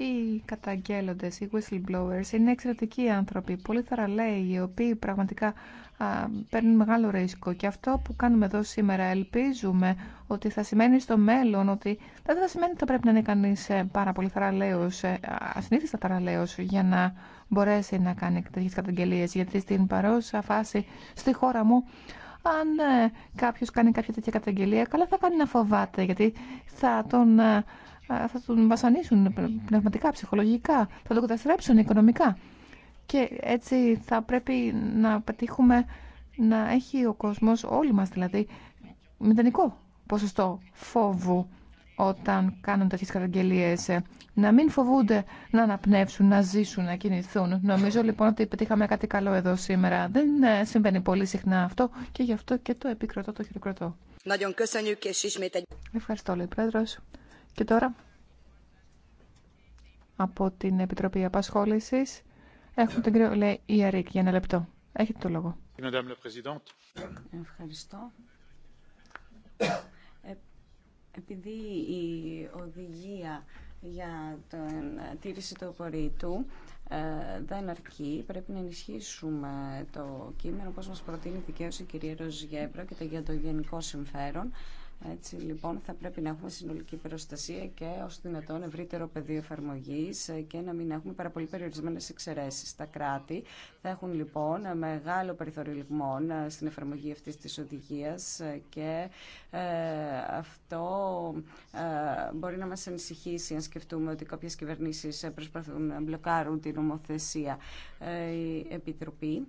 Οι καταγγέλλοντες, οι whistleblowers είναι εξαιρετικοί άνθρωποι, πολύ θαραλέοι, οι οποίοι πραγματικά α, παίρνουν μεγάλο ρίσκο. Και αυτό που κάνουμε εδώ σήμερα ελπίζουμε ότι θα σημαίνει στο μέλλον ότι δεν θα σημαίνει ότι θα πρέπει να είναι κανείς ε, πάρα πολύ θαραλέος, ε, ασυνήθιστα θαραλέος, για να μπορέσει να κάνει τέτοιες καταγγελίες. Γιατί στην παρόσα φάση στη χώρα μου αν ε, κάποιο κάνει κάποια τέτοια καταγγελία, καλά θα κάνει να φοβάται, γιατί θα τον θα τον βασανίσουν πνευματικά, ψυχολογικά, θα τον καταστρέψουν οικονομικά. Και έτσι θα πρέπει να πετύχουμε να έχει ο κόσμος, όλοι μας δηλαδή, μηδενικό ποσοστό φόβου όταν κάνουν τέτοιες καταγγελίες. Να μην φοβούνται να αναπνεύσουν, να ζήσουν, να κινηθούν. Νομίζω λοιπόν ότι πετύχαμε κάτι καλό εδώ σήμερα. Δεν ε, συμβαίνει πολύ συχνά αυτό και γι' αυτό και το επικροτώ, το χειροκροτώ. Ευχαριστώ, λέει Πρόεδρος. Και τώρα, από την Επιτροπή Απασχόλησης, έχουμε τον κύριο Λέι Ιαρίκ για ένα λεπτό. Έχετε το λόγο. Ευχαριστώ. Ε, επειδή η οδηγία για την τήρηση του απορρίτου ε, δεν αρκεί. Πρέπει να ενισχύσουμε το κείμενο, όπως μας προτείνει δικαίως η κυρία Ροζιέμπρο και για το γενικό συμφέρον έτσι λοιπόν θα πρέπει να έχουμε συνολική προστασία και ω δυνατόν ευρύτερο πεδίο εφαρμογή ε, και να μην έχουμε πάρα πολύ περιορισμένε εξαιρέσει. Τα κράτη θα έχουν λοιπόν μεγάλο περιθώριο ε, στην εφαρμογή αυτή τη οδηγία, ε, και αυτό μπορεί να μα ανησυχήσει αν σκεφτούμε ότι κάποιε κυβερνήσει προσπαθούν να μπλοκάρουν την νομοθεσία. η Επιτροπή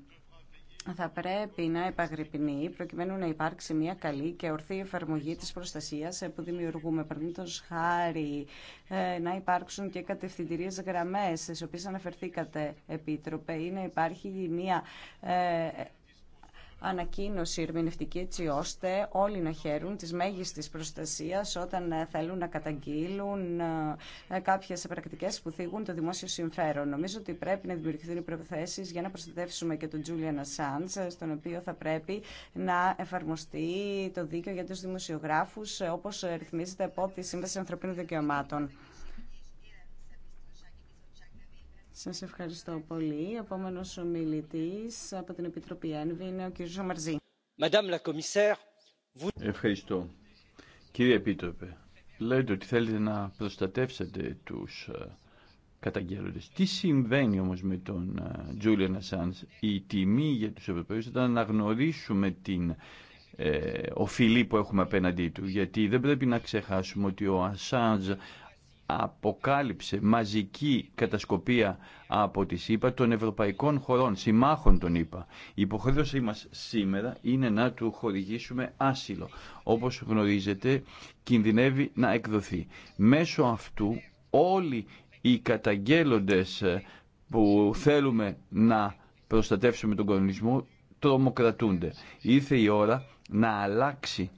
θα πρέπει να επαγρυπνεί προκειμένου να υπάρξει μια καλή και ορθή εφαρμογή της προστασίας που δημιουργούμε. Παραδείγματος χάρη ε, να υπάρξουν και κατευθυντηρίες γραμμές στις οποίες αναφερθήκατε, Επίτροπε, ή να υπάρχει μια ε, ανακοίνωση ερμηνευτική έτσι ώστε όλοι να χαίρουν της μέγιστης προστασίας όταν ε, θέλουν να καταγγείλουν ε, ε, κάποιες πρακτικές που θίγουν το δημόσιο συμφέρον. Νομίζω ότι πρέπει να δημιουργηθούν οι προποθέσει για να προστατεύσουμε και τον Τζούλιαν Ασάντς, στον οποίο θα πρέπει να εφαρμοστεί το δίκαιο για τους δημοσιογράφους όπως ρυθμίζεται από τη Σύμβαση Ανθρωπίνων Δικαιωμάτων. Σας ευχαριστώ πολύ. ο ομιλητή από την Επιτροπή Ένβη είναι ο κ. Ζωμαρζή. Ευχαριστώ. Κύριε Επίτροπε, λέτε ότι θέλετε να προστατεύσετε τους ε, καταγγέλλοντες. Τι συμβαίνει όμως με τον Τζούλιαν ε, Assange. Η τιμή για τους Ευρωπαίους ήταν να γνωρίσουμε την ε, οφειλή που έχουμε απέναντί του. Γιατί δεν πρέπει να ξεχάσουμε ότι ο Ασάντζ αποκάλυψε μαζική κατασκοπία από τις ΗΠΑ των ευρωπαϊκών χωρών, συμμάχων των ΗΠΑ. Η υποχρέωσή μας σήμερα είναι να του χορηγήσουμε άσυλο. Όπως γνωρίζετε, κινδυνεύει να εκδοθεί. Μέσω αυτού όλοι οι καταγγέλλοντες ε, που θέλουμε να προστατεύσουμε τον κορονισμό τρομοκρατούνται. Ήρθε η ώρα να αλλάξει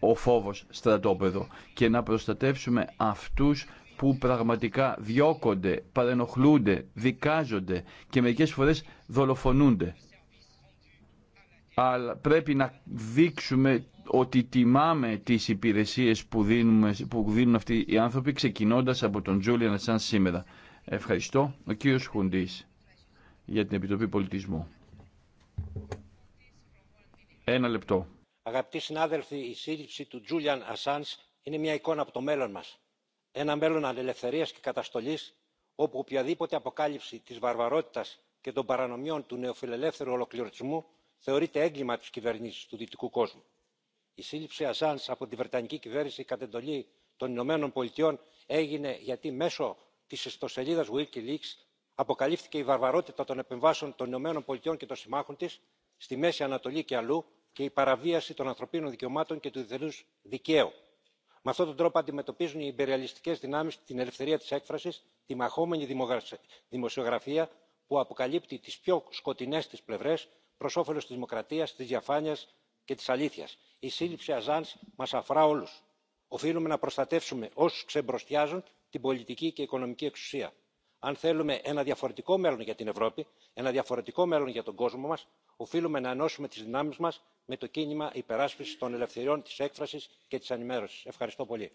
ο φόβος στρατόπεδο και να προστατεύσουμε αυτούς που πραγματικά διώκονται, παρενοχλούνται, δικάζονται και μερικές φορές δολοφονούνται. Αλλά πρέπει να δείξουμε ότι τιμάμε τις υπηρεσίες που, δίνουμε, που δίνουν αυτοί οι άνθρωποι ξεκινώντας από τον Τζούλιαν Ασάν σήμερα. Ευχαριστώ. Ο κύριος Χουντής για την Επιτροπή Πολιτισμού. Ένα λεπτό αγαπητοί συνάδελφοι η σύλληψη του τζούλιαν ασάντζ είναι μια εικόνα από το μέλλον μας ένα μέλλον ανελευθερίας και καταστολής όπου οποιαδήποτε αποκάλυψη της βαρβαρότητας και των παρανομιών του νεοφιλελεύθερου ολοκληρωτισμού θεωρείται έγκλημα της κυβέρνησης του δυτικού κόσμου. η σύλληψη ασάντζ από τη βρετανική κυβέρνηση κατ' εντολή των ηνωμένων πολιτειών έγινε γιατί μέσω της ιστοσελίδας wikileaks αποκαλύφθηκε η βαρβαρότητα των επεμβάσεων των ηνωμένων πολιτειών και των συμμάχων της στη μέση ανατολή και αλλού και η παραβίαση των ανθρωπίνων δικαιωμάτων και του διεθνού δικαίου. με αυτόν τον τρόπο αντιμετωπίζουν οι υπεριαλιστικέ δυνάμει την ελευθερία τη έκφραση τη μαχόμενη δημοσιογραφία που αποκαλύπτει τι πιο σκοτεινέ τη πλευρέ προ όφελο τη δημοκρατία τη διαφάνεια και τη αλήθεια. η σύλληψη αζάν μα αφορά όλου. οφείλουμε να προστατεύσουμε όσου ξεμπροστιάζουν την πολιτική και οικονομική εξουσία αν θέλουμε ένα διαφορετικό μέλλον για την ευρώπη ένα διαφορετικό μέλλον για τον κόσμο μας οφείλουμε να ενώσουμε τις δυνάμεις μας με το κίνημα υπεράσπισης των ελευθεριών της έκφρασης και της ενημέρωσης. ευχαριστώ πολύ.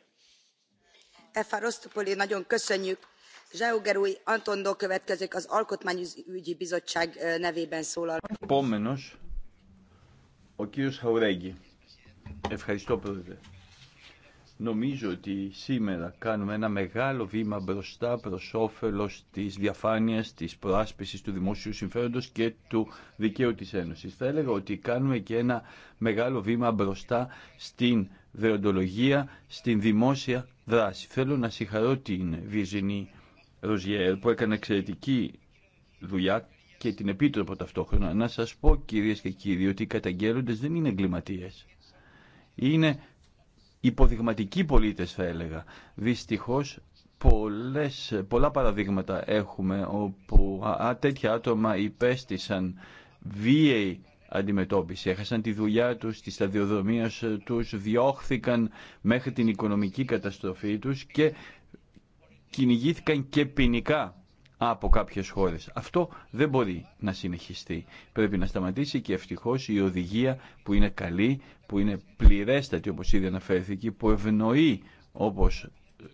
Νομίζω ότι σήμερα κάνουμε ένα μεγάλο βήμα μπροστά προς όφελος της διαφάνειας, της προάσπισης του δημόσιου συμφέροντος και του δικαίου της Ένωσης. Θα έλεγα ότι κάνουμε και ένα μεγάλο βήμα μπροστά στην δεοντολογία, στην δημόσια δράση. Θέλω να συγχαρώ την Βιζινή Ροζιέρ που έκανε εξαιρετική δουλειά και την Επίτροπο ταυτόχρονα. Να σας πω κυρίες και κύριοι ότι οι καταγγέλλοντες δεν είναι εγκληματίες. Είναι υποδειγματικοί πολίτες θα έλεγα. Δυστυχώς πολλές, πολλά παραδείγματα έχουμε όπου α, τέτοια άτομα υπέστησαν βίαιη αντιμετώπιση. Έχασαν τη δουλειά τους, τη σταδιοδρομία τους, διώχθηκαν μέχρι την οικονομική καταστροφή τους και κυνηγήθηκαν και ποινικά από κάποιες χώρες. Αυτό δεν μπορεί να συνεχιστεί. Πρέπει να σταματήσει και ευτυχώς η οδηγία που είναι καλή, που είναι πληρέστατη όπως ήδη αναφέρθηκε, που ευνοεί όπως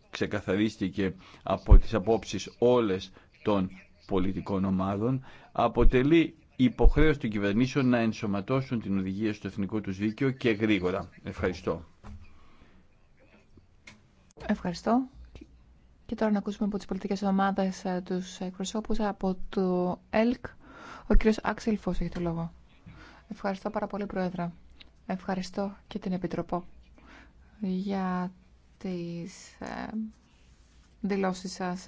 ξεκαθαρίστηκε από τις απόψεις όλες των πολιτικών ομάδων, αποτελεί υποχρέωση των κυβερνήσεων να ενσωματώσουν την οδηγία στο εθνικό του δίκαιο και γρήγορα. Ευχαριστώ. Ευχαριστώ. Και τώρα να ακούσουμε από τις πολιτικές ομάδες ε, τους εκπροσώπους από το ΕΛΚ. Ο κύριος Άξελ Φως έχει το λόγο. Ευχαριστώ πάρα πολύ, Πρόεδρα. Ευχαριστώ και την Επιτροπό για τις ε, δηλώσεις σας.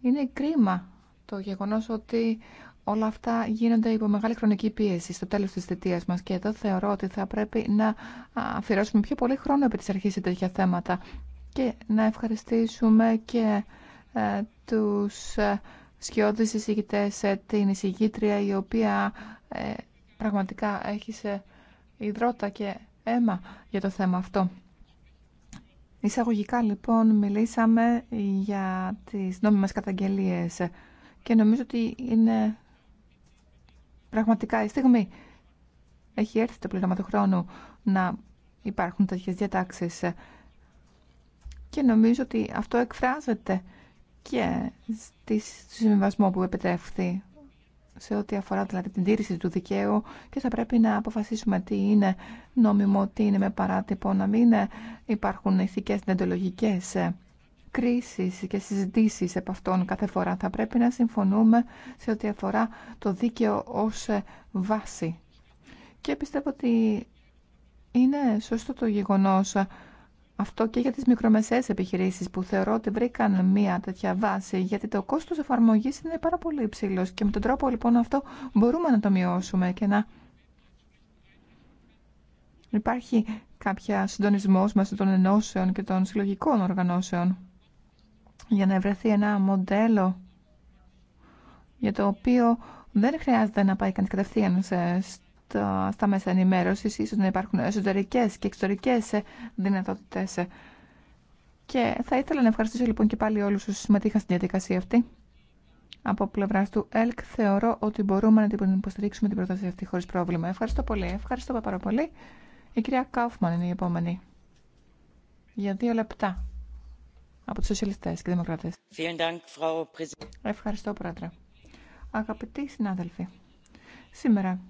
Είναι κρίμα το γεγονός ότι όλα αυτά γίνονται υπό μεγάλη χρονική πίεση στο τέλος της θετίας μας και εδώ θεωρώ ότι θα πρέπει να αφιερώσουμε πιο πολύ χρόνο επί της αρχής σε τέτοια θέματα και να ευχαριστήσουμε και ε, τους ε, σκιώδεις εισηγητές, ε, την εισηγήτρια η οποία πραγματικά έχει σε υδρότα και αίμα για το θέμα αυτό. Εισαγωγικά λοιπόν μιλήσαμε για τις νόμιμες καταγγελίες και νομίζω ότι είναι πραγματικά η στιγμή. Έχει έρθει το πλήρωμα του χρόνου να υπάρχουν τέτοιες διατάξεις και νομίζω ότι αυτό εκφράζεται και στο συμβιβασμό που επιτρέφθη σε ό,τι αφορά δηλαδή, την τήρηση του δικαίου και θα πρέπει να αποφασίσουμε τι είναι νόμιμο, τι είναι με παράτυπο, να μην υπάρχουν ηθικές δεντολογικές κρίσεις και συζητήσεις από αυτόν κάθε φορά. Θα πρέπει να συμφωνούμε σε ό,τι αφορά το δίκαιο ως βάση. Και πιστεύω ότι είναι σωστό το γεγονός αυτό και για τις μικρομεσαίες επιχειρήσεις που θεωρώ ότι βρήκαν μια τέτοια βάση γιατί το κόστος εφαρμογής είναι πάρα πολύ υψηλός και με τον τρόπο λοιπόν αυτό μπορούμε να το μειώσουμε και να υπάρχει κάποια συντονισμός μέσα των ενώσεων και των συλλογικών οργανώσεων για να βρεθεί ένα μοντέλο για το οποίο δεν χρειάζεται να πάει κανείς κατευθείαν σε στα, μέσα ενημέρωση ίσω να υπάρχουν εσωτερικέ και εξωτερικέ δυνατότητε. Και θα ήθελα να ευχαριστήσω λοιπόν και πάλι όλου όσου συμμετείχαν στην διαδικασία αυτή. Από πλευρά του ΕΛΚ θεωρώ ότι μπορούμε να την υποστηρίξουμε την πρόταση αυτή χωρί πρόβλημα. Ευχαριστώ πολύ. Ευχαριστώ πάρα πολύ. Η κυρία Κάουφμαν είναι η επόμενη. Για δύο λεπτά. Από του Σοσιαλιστέ και δημοκρατές. Ευχαριστώ, Πρόεδρε. Αγαπητοί συνάδελφοι, σήμερα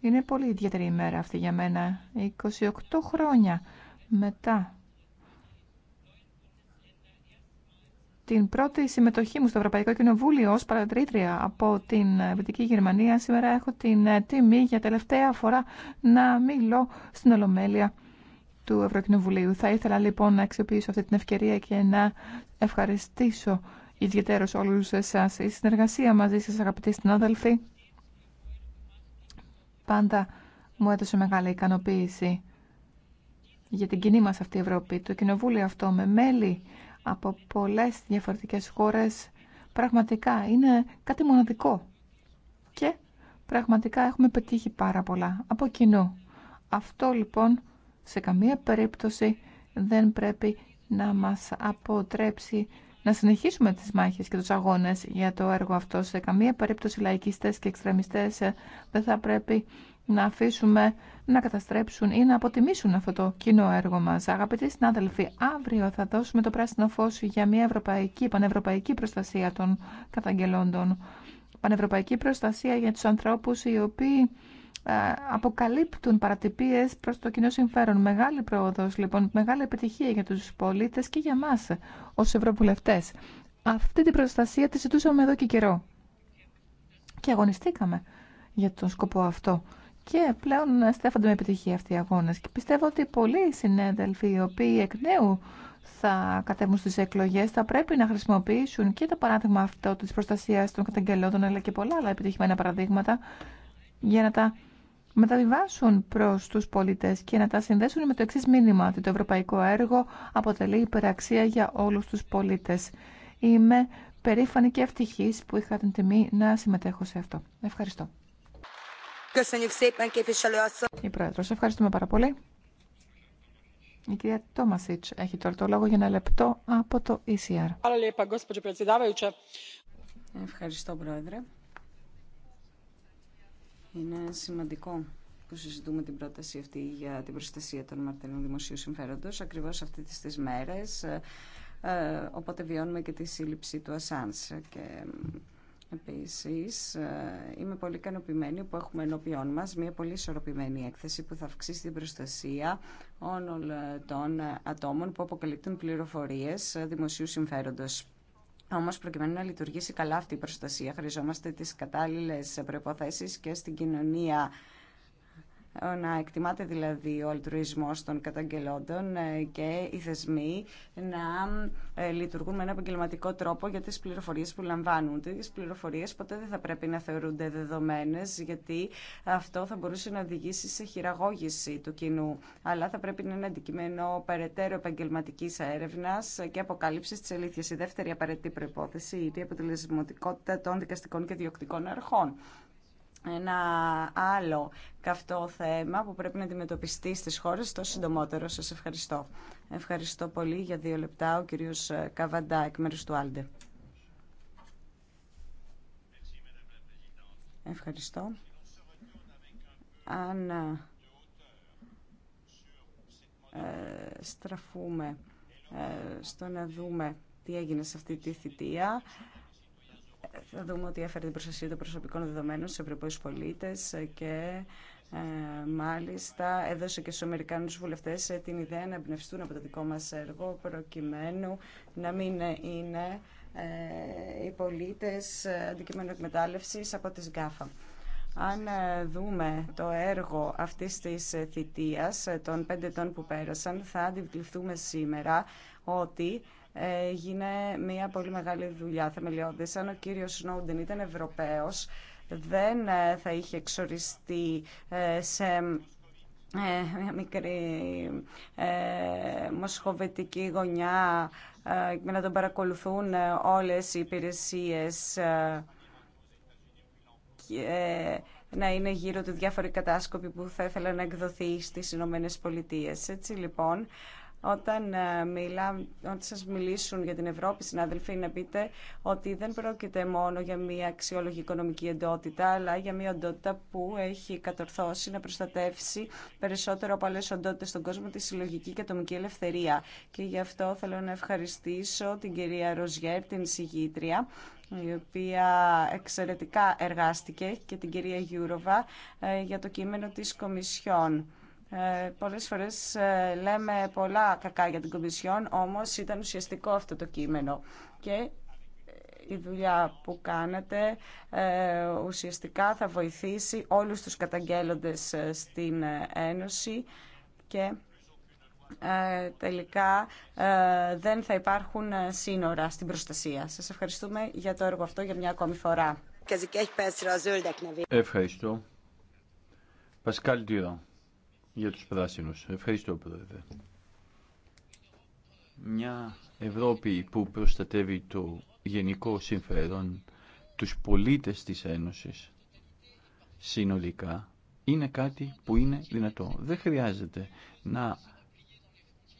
είναι πολύ ιδιαίτερη ημέρα αυτή για μένα. 28 χρόνια μετά την πρώτη συμμετοχή μου στο Ευρωπαϊκό Κοινοβούλιο ως παρατρίτρια από την Βυτική Γερμανία. Σήμερα έχω την ε, τιμή για τελευταία φορά να μιλώ στην Ολομέλεια του Ευρωκοινοβουλίου. Θα ήθελα λοιπόν να αξιοποιήσω αυτή την ευκαιρία και να ευχαριστήσω ιδιαίτερως όλους εσάς. Η συνεργασία μαζί σας αγαπητοί συνάδελφοι πάντα μου έδωσε μεγάλη ικανοποίηση για την κοινή μας αυτή η Ευρώπη. Το κοινοβούλιο αυτό με μέλη από πολλές διαφορετικές χώρες πραγματικά είναι κάτι μοναδικό. Και πραγματικά έχουμε πετύχει πάρα πολλά από κοινού. Αυτό λοιπόν σε καμία περίπτωση δεν πρέπει να μας αποτρέψει να συνεχίσουμε τις μάχες και τους αγώνες για το έργο αυτό. Σε καμία περίπτωση λαϊκιστές και εξτρεμιστές δεν θα πρέπει να αφήσουμε να καταστρέψουν ή να αποτιμήσουν αυτό το κοινό έργο μας. Αγαπητοί συνάδελφοι, αύριο θα δώσουμε το πράσινο φως για μια ευρωπαϊκή, πανευρωπαϊκή προστασία των καταγγελόντων. Πανευρωπαϊκή προστασία για τους ανθρώπους οι οποίοι ε, αποκαλύπτουν παρατυπίες προς το κοινό συμφέρον. Μεγάλη πρόοδος, λοιπόν, μεγάλη επιτυχία για τους πολίτες και για μας ως ευρωβουλευτές. Αυτή την προστασία τη ζητούσαμε εδώ και καιρό. Και αγωνιστήκαμε για τον σκοπό αυτό. Και πλέον στέφονται με επιτυχία αυτοί οι αγώνες. Και πιστεύω ότι πολλοί συνέδελφοι οι οποίοι εκ νέου θα κατέβουν στις εκλογές θα πρέπει να χρησιμοποιήσουν και το παράδειγμα αυτό της προστασίας των καταγγελόντων αλλά και πολλά άλλα επιτυχημένα παραδείγματα για να τα μεταβιβάσουν προς τους πολίτες και να τα συνδέσουν με το εξής μήνυμα ότι το ευρωπαϊκό έργο αποτελεί υπεραξία για όλους τους πολίτες. Είμαι περήφανη και ευτυχή που είχα την τιμή να συμμετέχω σε αυτό. Ευχαριστώ. Η πρόεδρο, ευχαριστούμε πάρα πολύ. Η κυρία Τόμασιτς έχει τώρα το λόγο για ένα λεπτό από το ECR. Ευχαριστώ, Πρόεδρε. Είναι σημαντικό που συζητούμε την πρόταση αυτή για την προστασία των μαρτυρών δημοσίου συμφέροντος ακριβώς αυτές τις μέρες ε, ε, οπότε βιώνουμε και τη σύλληψη του Ασάνς και ε, επίσης είμαι πολύ ικανοποιημένη που έχουμε ενώπιόν μας μια πολύ ισορροπημένη έκθεση που θα αυξήσει την προστασία όλων των ατόμων που αποκαλύπτουν πληροφορίες δημοσίου συμφέροντος Όμω προκειμένου να λειτουργήσει καλά αυτή η προστασία χρειαζόμαστε τις κατάλληλε προποθέσει και στην κοινωνία να εκτιμάται δηλαδή ο αλτρουισμός των καταγγελόντων ε, και οι θεσμοί να ε, λειτουργούν με ένα επαγγελματικό τρόπο για τις πληροφορίες που λαμβάνουν. Τις πληροφορίες ποτέ δεν θα πρέπει να θεωρούνται δεδομένες γιατί αυτό θα μπορούσε να οδηγήσει σε χειραγώγηση του κοινού. Αλλά θα πρέπει να είναι αντικείμενο περαιτέρω επαγγελματική έρευνα και αποκάλυψη τη αλήθεια. Η δεύτερη απαραίτητη προπόθεση είναι η αποτελεσματικότητα των δικαστικών και διοκτικών αρχών ένα άλλο καυτό θέμα που πρέπει να αντιμετωπιστεί στις χώρες το συντομότερο. Σας ευχαριστώ. Ευχαριστώ πολύ για δύο λεπτά ο κύριος ε, Καβαντά εκ μέρους του Άλντε. Ευχαριστώ. Αν ε, ε, στραφούμε στο να δούμε τι έγινε σε αυτή τη θητεία, θα δούμε ότι έφερε την προστασία των προσωπικών δεδομένων σε ευρωπαίους πολίτες και ε, μάλιστα έδωσε και στους Αμερικάνους βουλευτές ε, την ιδέα να εμπνευστούν από το δικό μας έργο προκειμένου να μην ε, είναι ε, οι πολίτες ε, αντικείμενο εκμετάλλευση από τις ΓΚΑΦΑ. Αν δούμε το έργο αυτής της θητείας των πέντε ετών που πέρασαν, θα αντιληφθούμε σήμερα ότι έγινε μια πολύ μεγάλη δουλειά θεμελιώδης. Αν ο κύριος Σνόντεν ήταν Ευρωπαίος, δεν ε, θα είχε εξοριστεί ε, σε ε, μια μικρή μοσχοβετική γωνιά με να τον παρακολουθούν όλες οι υπηρεσίες να είναι γύρω του διάφοροι κατάσκοποι που θα ήθελαν να εκδοθεί στις Ηνωμένε Πολιτείε. Έτσι λοιπόν, όταν, ε, μιλά, όταν σας μιλήσουν για την Ευρώπη, συνάδελφοι, να πείτε ότι δεν πρόκειται μόνο για μια αξιόλογη οικονομική εντότητα, αλλά για μια οντότητα που έχει κατορθώσει να προστατεύσει περισσότερο από άλλες οντότητες στον κόσμο τη συλλογική και ατομική ελευθερία. Και γι' αυτό θέλω να ευχαριστήσω την κυρία Ροζιέρ, την συγγήτρια, η οποία εξαιρετικά εργάστηκε και την κυρία Γιούροβα ε, για το κείμενο της Κομισιόν ε, πολλές φορές ε, λέμε πολλά κακά για την Κομισιόν, όμως ήταν ουσιαστικό αυτό το κείμενο. Και ε, η δουλειά που κάνετε ε, ουσιαστικά θα βοηθήσει όλους τους καταγγέλλοντες στην Ένωση και τελικά δεν θα υπάρχουν σύνορα στην προστασία. Σας ευχαριστούμε για το έργο αυτό για μια ακόμη φορά. Ευχαριστώ. Πασκάλ για τους πράσινους. Ευχαριστώ πρόεδρε. Μια Ευρώπη που προστατεύει το γενικό συμφέρον τους πολίτες της Ένωσης συνολικά είναι κάτι που είναι δυνατό. Δεν χρειάζεται να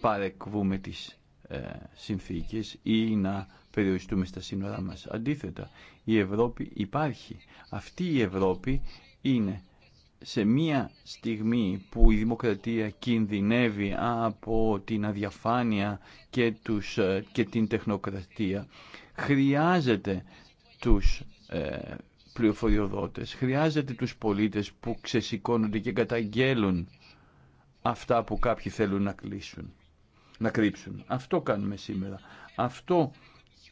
παρεκβούμε τις ε, συνθήκες ή να περιοριστούμε στα σύνορά μας. Αντίθετα, η Ευρώπη υπάρχει. Αυτή η Ευρώπη είναι σε μία στιγμή που η δημοκρατία κινδυνεύει από την αδιαφάνεια και, τους, ε, και την τεχνοκρατία, χρειάζεται τους ε, πληροφοριοδότες, χρειάζεται τους πολίτες που ξεσηκώνονται και καταγγέλουν αυτά που κάποιοι θέλουν να κλείσουν, να κρύψουν. Αυτό κάνουμε σήμερα. Αυτό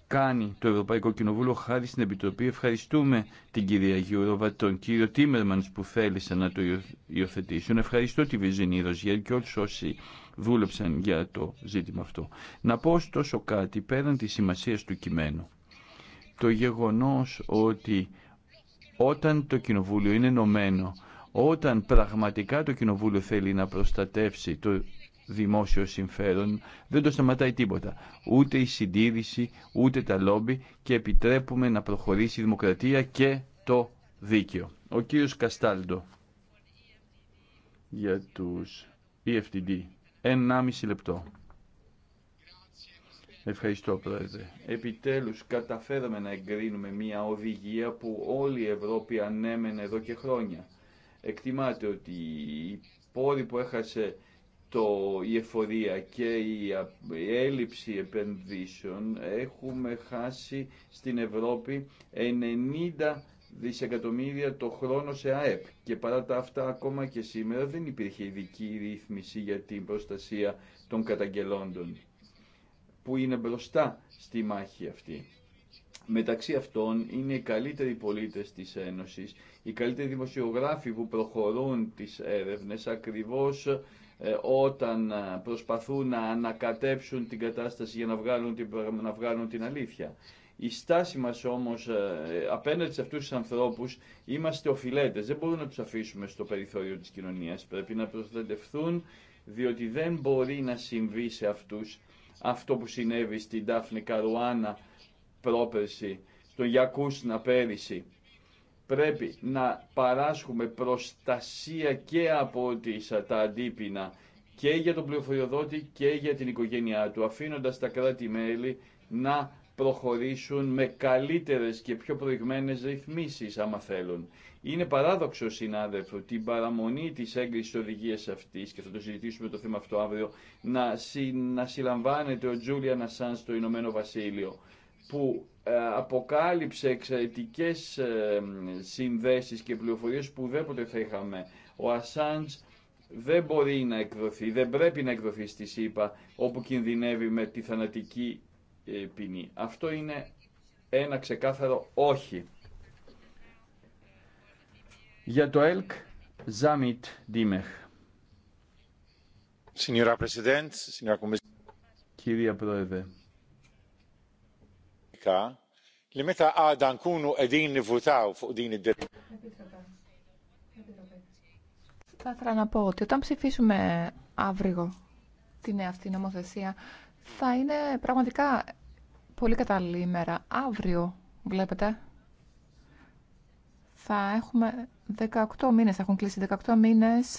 κάνει το Ευρωπαϊκό Κοινοβούλιο χάρη στην Επιτροπή. Ευχαριστούμε την κυρία Γιούροβα, τον κύριο Τίμερμαν που θέλησαν να το υιοθετήσουν. Ευχαριστώ τη Βιζινή Ροζιέλ και όλου όσοι δούλεψαν για το ζήτημα αυτό. Να πω ωστόσο κάτι πέραν τη σημασία του κειμένου. Το γεγονός ότι όταν το Κοινοβούλιο είναι ενωμένο, όταν πραγματικά το Κοινοβούλιο θέλει να προστατεύσει το δημόσιο συμφέρον, δεν το σταματάει τίποτα. Ούτε η συντήρηση, ούτε τα λόμπι και επιτρέπουμε να προχωρήσει η δημοκρατία και το δίκαιο. Ο κύριος Καστάλντο για τους EFTD. 1,5 λεπτό. Ευχαριστώ πρόεδρε. Επιτέλους καταφέραμε να εγκρίνουμε μια οδηγία που όλη η Ευρώπη ανέμενε εδώ και χρόνια. Εκτιμάται ότι οι πόροι που έχασε το, η εφορία και η, η έλλειψη επενδύσεων έχουμε χάσει στην Ευρώπη 90 δισεκατομμύρια το χρόνο σε ΑΕΠ και παρά τα αυτά ακόμα και σήμερα δεν υπήρχε ειδική ρύθμιση για την προστασία των καταγγελόντων που είναι μπροστά στη μάχη αυτή. Μεταξύ αυτών είναι οι καλύτεροι πολίτες της Ένωσης, οι καλύτεροι δημοσιογράφοι που προχωρούν τις έρευνες ακριβώς ε, όταν ε, προσπαθούν να ανακατέψουν την κατάσταση για να βγάλουν την, να την αλήθεια. Η στάση μας όμως ε, απέναντι σε αυτούς τους ανθρώπους είμαστε οφειλέτες. Δεν μπορούμε να τους αφήσουμε στο περιθώριο της κοινωνίας. Πρέπει να προστατευθούν διότι δεν μπορεί να συμβεί σε αυτούς αυτό που συνέβη στην Τάφνη Καρουάνα πρόπερση, στον Γιακούσνα πέρυσι πρέπει να παράσχουμε προστασία και από τις, τα αντίπεινα και για τον πληροφοριοδότη και για την οικογένειά του, αφήνοντας τα κράτη-μέλη να προχωρήσουν με καλύτερες και πιο προηγμένες ρυθμίσεις, άμα θέλουν. Είναι παράδοξο, συνάδελφο, την παραμονή της έγκρισης οδηγίας αυτής, και θα το συζητήσουμε το θέμα αυτό αύριο, να, να συλλαμβάνεται ο Τζούλιαν Ασάν στο Ηνωμένο Βασίλειο, που ε, αποκάλυψε εξαιρετικές ε, συνδέσεις και πληροφορίες που ουδέποτε θα είχαμε. Ο Ασάνς δεν μπορεί να εκδοθεί, δεν πρέπει να εκδοθεί στη ΣΥΠΑ όπου κινδυνεύει με τη θανατική ε, ποινή. Αυτό είναι ένα ξεκάθαρο όχι. Για το ΕΛΚ, Ζάμιτ Ντίμεχ. Κυρία Πρόεδρε, θα ήθελα να πω ότι όταν ψηφίσουμε αύριο την αυτή νομοθεσία θα είναι πραγματικά πολύ κατάλληλη ημέρα. Αύριο, βλέπετε, θα έχουμε 18 μήνες, έχουν κλείσει 18 μήνες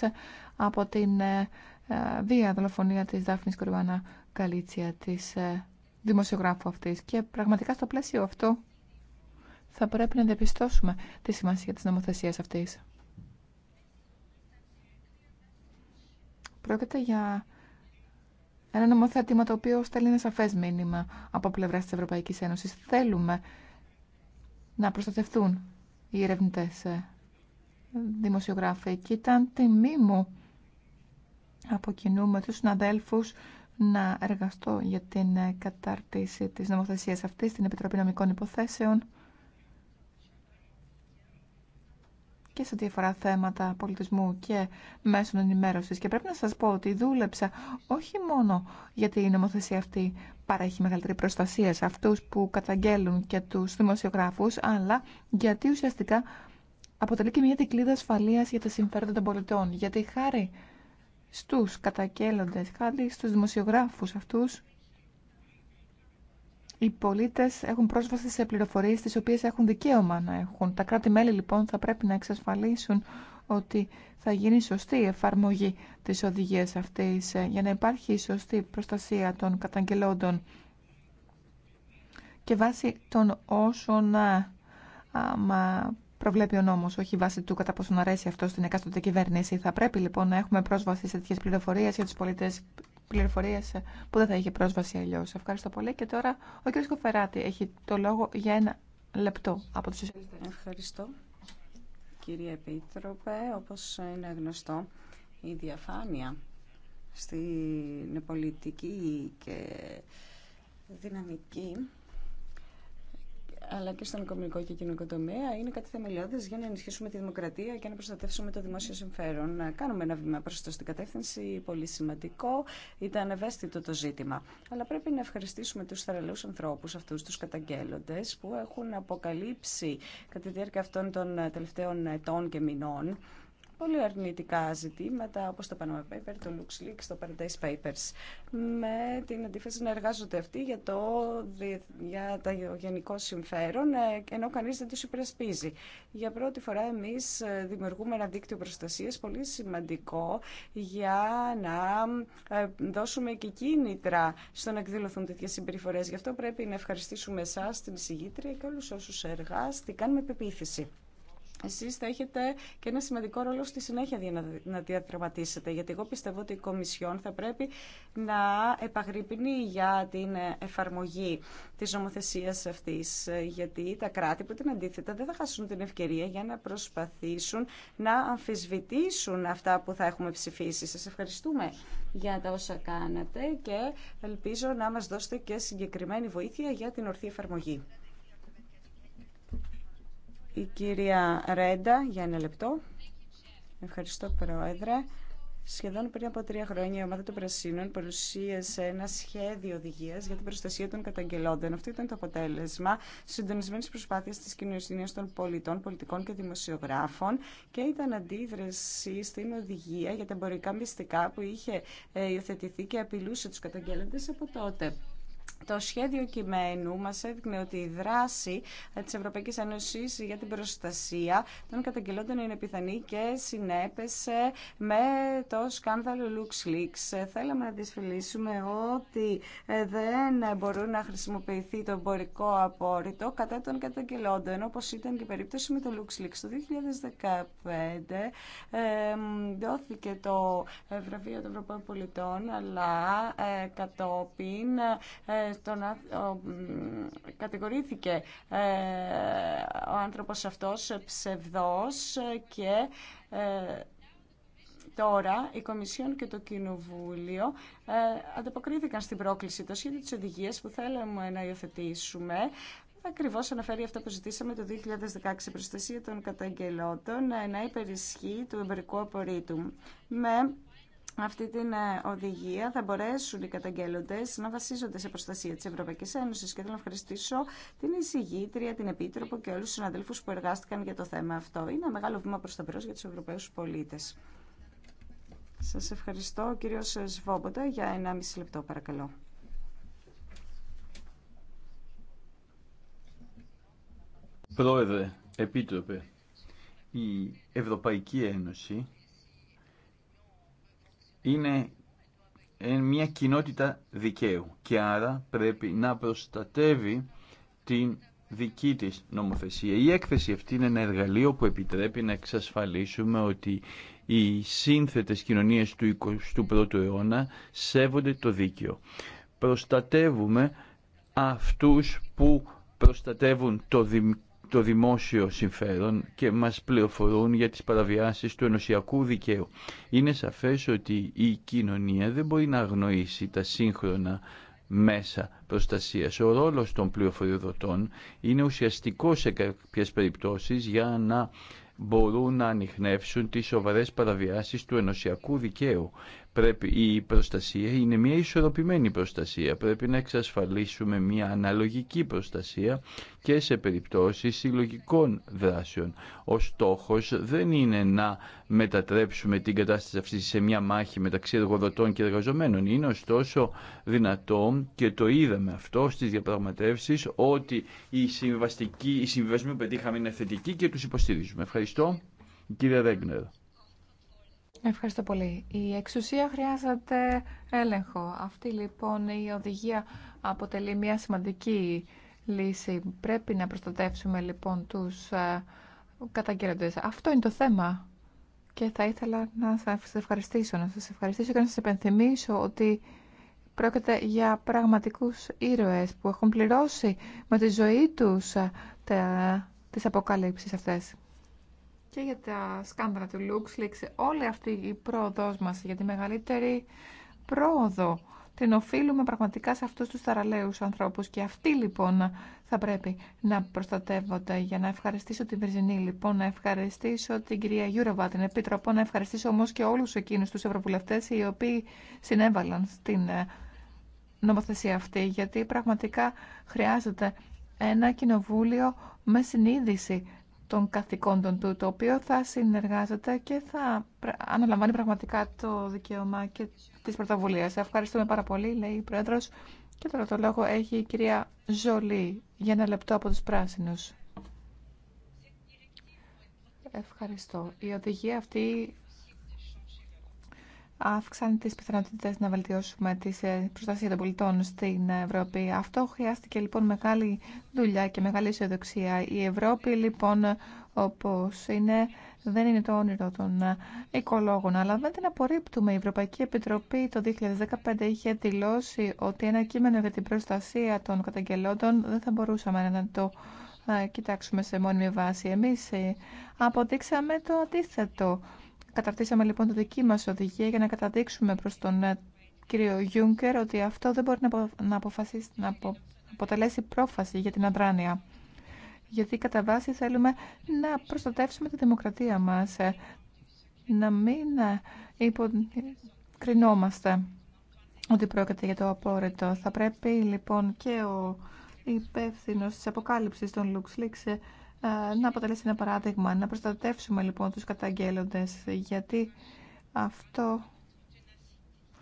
από την ε, ε, βία δολοφονία της Δάφνης Κορυβάνα Καλίτσια, της ε, δημοσιογράφου αυτή. και πραγματικά στο πλαίσιο αυτό θα πρέπει να διαπιστώσουμε τη σημασία της νομοθεσίας αυτής. Πρόκειται για ένα νομοθέτημα το οποίο στέλνει ένα σαφές μήνυμα από πλευράς της Ευρωπαϊκής Ένωσης. Θέλουμε να προστατευτούν οι ερευνητέ ε, δημοσιογράφοι και ήταν τιμή μου από κοινού με τους συναδέλφους να εργαστώ για την ε, κατάρτιση της νομοθεσίας αυτής στην Επιτροπή Νομικών Υποθέσεων και σε διάφορα θέματα πολιτισμού και μέσων ενημέρωσης. Και πρέπει να σας πω ότι δούλεψα όχι μόνο γιατί η νομοθεσία αυτή παρέχει μεγαλύτερη προστασία σε αυτούς που καταγγέλουν και τους δημοσιογράφους, αλλά γιατί ουσιαστικά αποτελεί και μια δικλίδα ασφαλείας για τα συμφέροντα των πολιτών. Γιατί χάρη στους κατακέλλοντες, χάρη στους δημοσιογράφους αυτούς. Οι πολίτες έχουν πρόσβαση σε πληροφορίες τις οποίες έχουν δικαίωμα να έχουν. Τα κράτη-μέλη λοιπόν θα πρέπει να εξασφαλίσουν ότι θα γίνει σωστή εφαρμογή της οδηγίας αυτής ε, για να υπάρχει σωστή προστασία των καταγγελόντων και βάσει των όσων ε, α, προβλέπει ο νόμος, όχι βάσει του κατά πόσον αρέσει αυτό στην εκάστοτε κυβέρνηση. Θα πρέπει λοιπόν να έχουμε πρόσβαση σε τέτοιες πληροφορίες για τους πολίτες πληροφορίες που δεν θα είχε πρόσβαση αλλιώ. Ευχαριστώ πολύ. Και τώρα ο κ. Κοφεράτη έχει το λόγο για ένα λεπτό από τους Ευχαριστώ. Κύριε Επίτροπε, όπως είναι γνωστό, η διαφάνεια στην πολιτική και δυναμική αλλά και στον οικονομικό και κοινωνικό τομέα είναι κάτι θεμελιώδες για να ενισχύσουμε τη δημοκρατία και να προστατεύσουμε το δημόσιο συμφέρον. Να κάνουμε ένα βήμα προς το στην κατεύθυνση, πολύ σημαντικό, ήταν ευαίσθητο το ζήτημα. Αλλά πρέπει να ευχαριστήσουμε τους θεραλέους ανθρώπους, αυτούς τους καταγγέλλοντες που έχουν αποκαλύψει κατά τη διάρκεια αυτών των ε, τελευταίων ετών και μηνών πολύ αρνητικά ζητήματα όπως το Panama Paper, το LuxLeaks, το Paradise Papers με την αντίθεση να εργάζονται αυτοί για το, για το γενικό συμφέρον ε, ενώ κανείς δεν τους υπερασπίζει. Για πρώτη φορά εμείς ε, δημιουργούμε ένα δίκτυο προστασίας πολύ σημαντικό για να ε, δώσουμε και κίνητρα στο να εκδηλωθούν τέτοιες συμπεριφορές. Γι' αυτό πρέπει να ευχαριστήσουμε εσά την συγγήτρια και όλους όσους εργάστηκαν με πεποίθηση εσείς θα έχετε και ένα σημαντικό ρόλο στη συνέχεια να διαδραματίσετε, γιατί εγώ πιστεύω ότι η Κομισιόν θα πρέπει να επαγρυπνεί για την εφαρμογή της νομοθεσίας αυτής, γιατί τα κράτη που την αντίθετα δεν θα χάσουν την ευκαιρία για να προσπαθήσουν να αμφισβητήσουν αυτά που θα έχουμε ψηφίσει. Σας ευχαριστούμε για τα όσα κάνατε και ελπίζω να μας δώσετε και συγκεκριμένη βοήθεια για την ορθή εφαρμογή. Η κυρία Ρέντα, για ένα λεπτό. Ευχαριστώ, Πρόεδρε. Σχεδόν πριν από τρία χρόνια η ομάδα των Πρασίνων παρουσίασε ένα σχέδιο οδηγία για την προστασία των καταγγελόντων. Αυτό ήταν το αποτέλεσμα συντονισμένη προσπάθεια τη κοινωνία των πολιτών, πολιτικών και δημοσιογράφων και ήταν αντίδραση στην οδηγία για τα εμπορικά μυστικά που είχε ε, υιοθετηθεί και απειλούσε του καταγγέλλοντε από τότε το σχέδιο κειμένου μας έδειχνε ότι η δράση της Ευρωπαϊκής Ένωσης για την προστασία των καταγγελόντων είναι πιθανή και συνέπεσε με το σκάνδαλο LuxLeaks. Θέλαμε να δυσφυλίσουμε ότι δεν μπορούν να χρησιμοποιηθεί το εμπορικό απόρριτο κατά των καταγγελόντων, όπως ήταν και η περίπτωση με το LuxLeaks. Το 2015 δόθηκε το βραβείο των Ευρωπαϊκών Πολιτών, αλλά ε, κατόπιν ε, τον, ο, κατηγορήθηκε ε, ο άνθρωπος αυτός ψευδός και ε, Τώρα, η Κομισιόν και το Κοινοβούλιο ε, ανταποκρίθηκαν στην πρόκληση το σχέδιο της οδηγίας που θέλαμε να υιοθετήσουμε Ακριβώ αναφέρει αυτό που ζητήσαμε το 2016, προστασία των καταγγελώτων να υπερισχύει του εμπερικού απορρίτου. Με αυτή την ε, οδηγία θα μπορέσουν οι καταγγέλλοντε να βασίζονται σε προστασία της Ευρωπαϊκής Ένωσης και θέλω να ευχαριστήσω την εισηγήτρια, την Επίτροπο και όλους τους συναδέλφου που εργάστηκαν για το θέμα αυτό. Είναι ένα μεγάλο βήμα προς τα μπρο για τους Ευρωπαίους πολίτες. Σας ευχαριστώ κύριο Σβόμποτα για 1,5 λεπτό παρακαλώ. Πρόεδρε, Επίτροπε, η Ευρωπαϊκή Ένωση είναι ε, μια κοινότητα δικαίου και άρα πρέπει να προστατεύει την δική της νομοθεσία. Η έκθεση αυτή είναι ένα εργαλείο που επιτρέπει να εξασφαλίσουμε ότι οι σύνθετες κοινωνίες του 21ου αιώνα σέβονται το δίκαιο. Προστατεύουμε αυτούς που προστατεύουν το το δημόσιο συμφέρον και μας πληροφορούν για τις παραβιάσεις του ενωσιακού δικαίου. Είναι σαφές ότι η κοινωνία δεν μπορεί να αγνοήσει τα σύγχρονα μέσα προστασίας. Ο ρόλος των πληροφοριοδοτών είναι ουσιαστικό σε κάποιες περιπτώσεις για να μπορούν να ανοιχνεύσουν τις σοβαρές παραβιάσεις του ενωσιακού δικαίου πρέπει, η προστασία είναι μια ισορροπημένη προστασία. Πρέπει να εξασφαλίσουμε μια αναλογική προστασία και σε περιπτώσεις συλλογικών δράσεων. Ο στόχος δεν είναι να μετατρέψουμε την κατάσταση αυτή σε μια μάχη μεταξύ εργοδοτών και εργαζομένων. Είναι ωστόσο δυνατό και το είδαμε αυτό στις διαπραγματεύσεις ότι η συμβαστική, που πετύχαμε είναι θετική και τους υποστηρίζουμε. Ευχαριστώ. Κύριε Ρέγνερ. Ευχαριστώ πολύ. Η εξουσία χρειάζεται έλεγχο. Αυτή λοιπόν η οδηγία αποτελεί μια σημαντική λύση. Πρέπει να προστατεύσουμε λοιπόν τους ε, καταγγέλλοντες. Αυτό είναι το θέμα. Και θα ήθελα να σας ευχαριστήσω, να σας ευχαριστήσω και να σας επενθυμίσω ότι πρόκειται για πραγματικούς ήρωες που έχουν πληρώσει με τη ζωή τους ε, τα, τις αποκαλύψεις αυτές και για τα σκάνδαλα του LuxLeaks. Όλη αυτή η πρόοδο μα για τη μεγαλύτερη πρόοδο την οφείλουμε πραγματικά σε αυτούς τους θαραλέους ανθρώπους και αυτοί λοιπόν θα πρέπει να προστατεύονται για να ευχαριστήσω την Βερζινή λοιπόν, να ευχαριστήσω την κυρία Γιούρεβα, την Επίτροπο, να ευχαριστήσω όμως και όλους εκείνους τους ευρωβουλευτές οι οποίοι συνέβαλαν στην ε, νομοθεσία αυτή γιατί πραγματικά χρειάζεται ένα κοινοβούλιο με συνείδηση των καθηκόντων του, το οποίο θα συνεργάζεται και θα αναλαμβάνει πραγματικά το δικαίωμα και της πρωτοβουλίας. Ευχαριστούμε πάρα πολύ, λέει η Πρόεδρος. Και τώρα το λόγο έχει η κυρία Ζολή για ένα λεπτό από τους πράσινους. Ευχαριστώ. Η οδηγία αυτή αύξαν τις πιθανότητες να βελτιώσουμε τη ε, προστασία των πολιτών στην Ευρώπη. Αυτό χρειάστηκε λοιπόν μεγάλη δουλειά και μεγάλη αισιοδοξία. Η Ευρώπη λοιπόν όπως είναι δεν είναι το όνειρο των οικολόγων, αλλά δεν την απορρίπτουμε. Η Ευρωπαϊκή Επιτροπή το 2015 είχε δηλώσει ότι ένα κείμενο για την προστασία των καταγγελόντων δεν θα μπορούσαμε να το ε, κοιτάξουμε σε μόνιμη βάση. Εμείς ε, αποδείξαμε το αντίθετο. Καταρτήσαμε λοιπόν τη δική μας οδηγία για να καταδείξουμε προς τον ε, κύριο Γιούγκερ ότι αυτό δεν μπορεί να, αποφασίσει, να αποτελέσει πρόφαση για την αδράνεια. Γιατί κατά βάση θέλουμε να προστατεύσουμε τη δημοκρατία μας, ε, να μην ε, υποκρινόμαστε ότι πρόκειται για το απόρριτο. Θα πρέπει λοιπόν και ο υπεύθυνο τη αποκάλυψη των LuxLeaks ε, να αποτελέσει ένα παράδειγμα. Να προστατεύσουμε λοιπόν τους καταγγέλλοντες, γιατί αυτό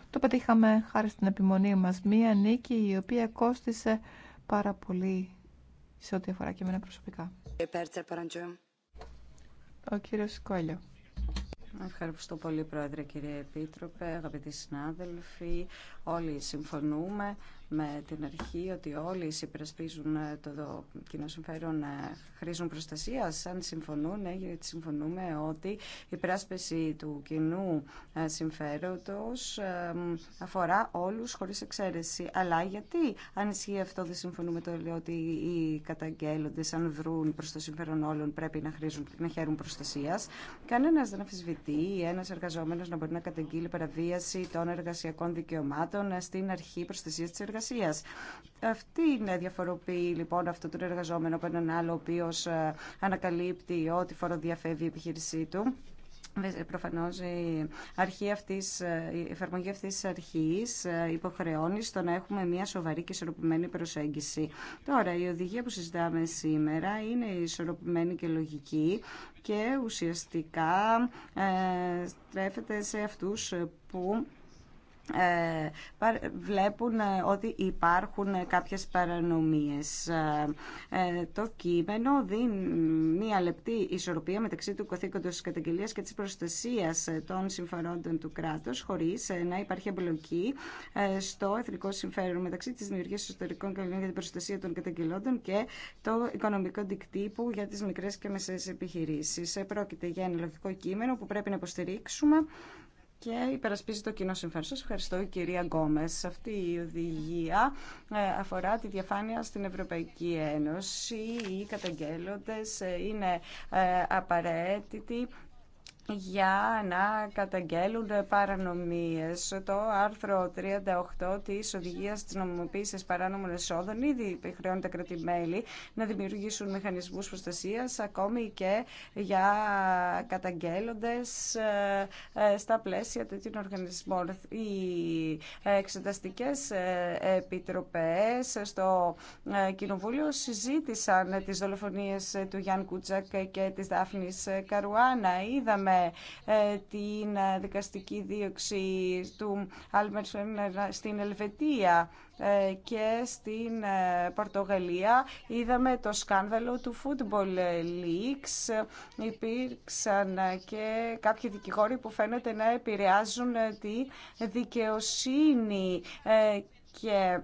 το πετύχαμε χάρη στην επιμονή μας. Μία νίκη η οποία κόστισε πάρα πολύ σε ό,τι αφορά και εμένα προσωπικά. Ο κύριος Ευχαριστώ πολύ, Πρόεδρε, κύριε Επίτροπε, αγαπητοί συνάδελφοι. Όλοι συμφωνούμε με την αρχή ότι όλοι συμπερασπίζουν ε, το κοινό συμφέρον ε, χρήζουν προστασία. Αν συμφωνούν, ε, γιατί συμφωνούμε ότι η πράσπιση του κοινού συμφέροντος αφορά όλους χωρίς εξαίρεση. Αλλά γιατί αν ισχύει αυτό δεν συμφωνούμε το λέω ότι οι καταγγέλλοντες αν βρουν προς το συμφέρον όλων πρέπει να, χρήζουν, να χαίρουν προστασία. Κανένας δεν αμφισβητεί ένα εργαζόμενο να μπορεί να καταγγείλει παραβίαση των εργασιακών δικαιωμάτων στην αρχή προστασία τη εργασία. Αυτή είναι διαφοροποιεί λοιπόν αυτό τον εργαζόμενο από έναν άλλο ο οποίο ε, ανακαλύπτει ότι φοροδιαφεύγει η επιχείρησή του. Ε, Προφανώ η, αρχή αυτής, ε, η εφαρμογή αυτή τη αρχή υποχρεώνει στο να έχουμε μια σοβαρή και ισορροπημένη προσέγγιση. Τώρα, η οδηγία που συζητάμε σήμερα είναι ισορροπημένη και λογική και ουσιαστικά στρέφεται σε αυτούς που ε, βλέπουν ε, ότι υπάρχουν ε, κάποιες παρανομίες. Το κείμενο δίνει μία λεπτή ισορροπία μεταξύ του καθήκοντος της καταγγελίας και της προστασίας των συμφερόντων του κράτους χωρίς να υπάρχει εμπλοκή στο εθνικό συμφέρον μεταξύ της δημιουργίας ιστορικών καλλιών για την προστασία των καταγγελόντων και το οικονομικό δικτύπου για τις μικρές και μεσαίες επιχειρήσεις. Πρόκειται για ένα λογικό κείμενο που πρέπει να υποστηρίξουμε και υπερασπίζει το κοινό συμφέρον. Σας ευχαριστώ κυρία Γκόμε. Αυτή η οδηγία ε, αφορά τη διαφάνεια στην Ευρωπαϊκή Ένωση. Οι καταγγέλλοντες ε, είναι ε, απαραίτητοι για να καταγγέλουν παρανομίες. Το άρθρο 38 της Οδηγίας της νομιμοποίηση Παράνομων Εσόδων ήδη επιχρεώνει τα κρατημέλη να δημιουργήσουν μηχανισμούς προστασίας ακόμη και για καταγγέλλοντες ε, στα πλαίσια τέτοιων οργανισμών. Οι εξεταστικές ε, επιτροπές στο ε, Κοινοβούλιο συζήτησαν τις δολοφονίες του Γιάνν Κούτσακ και της Δάφνης Καρουάνα. Είδαμε ε, την ε, δικαστική δίωξη του Άλμερ στην Ελβετία ε, και στην Πορτογαλία είδαμε το σκάνδαλο του Football Leaks. Υπήρξαν και κάποιοι δικηγόροι που φαίνεται να επηρεάζουν τη δικαιοσύνη και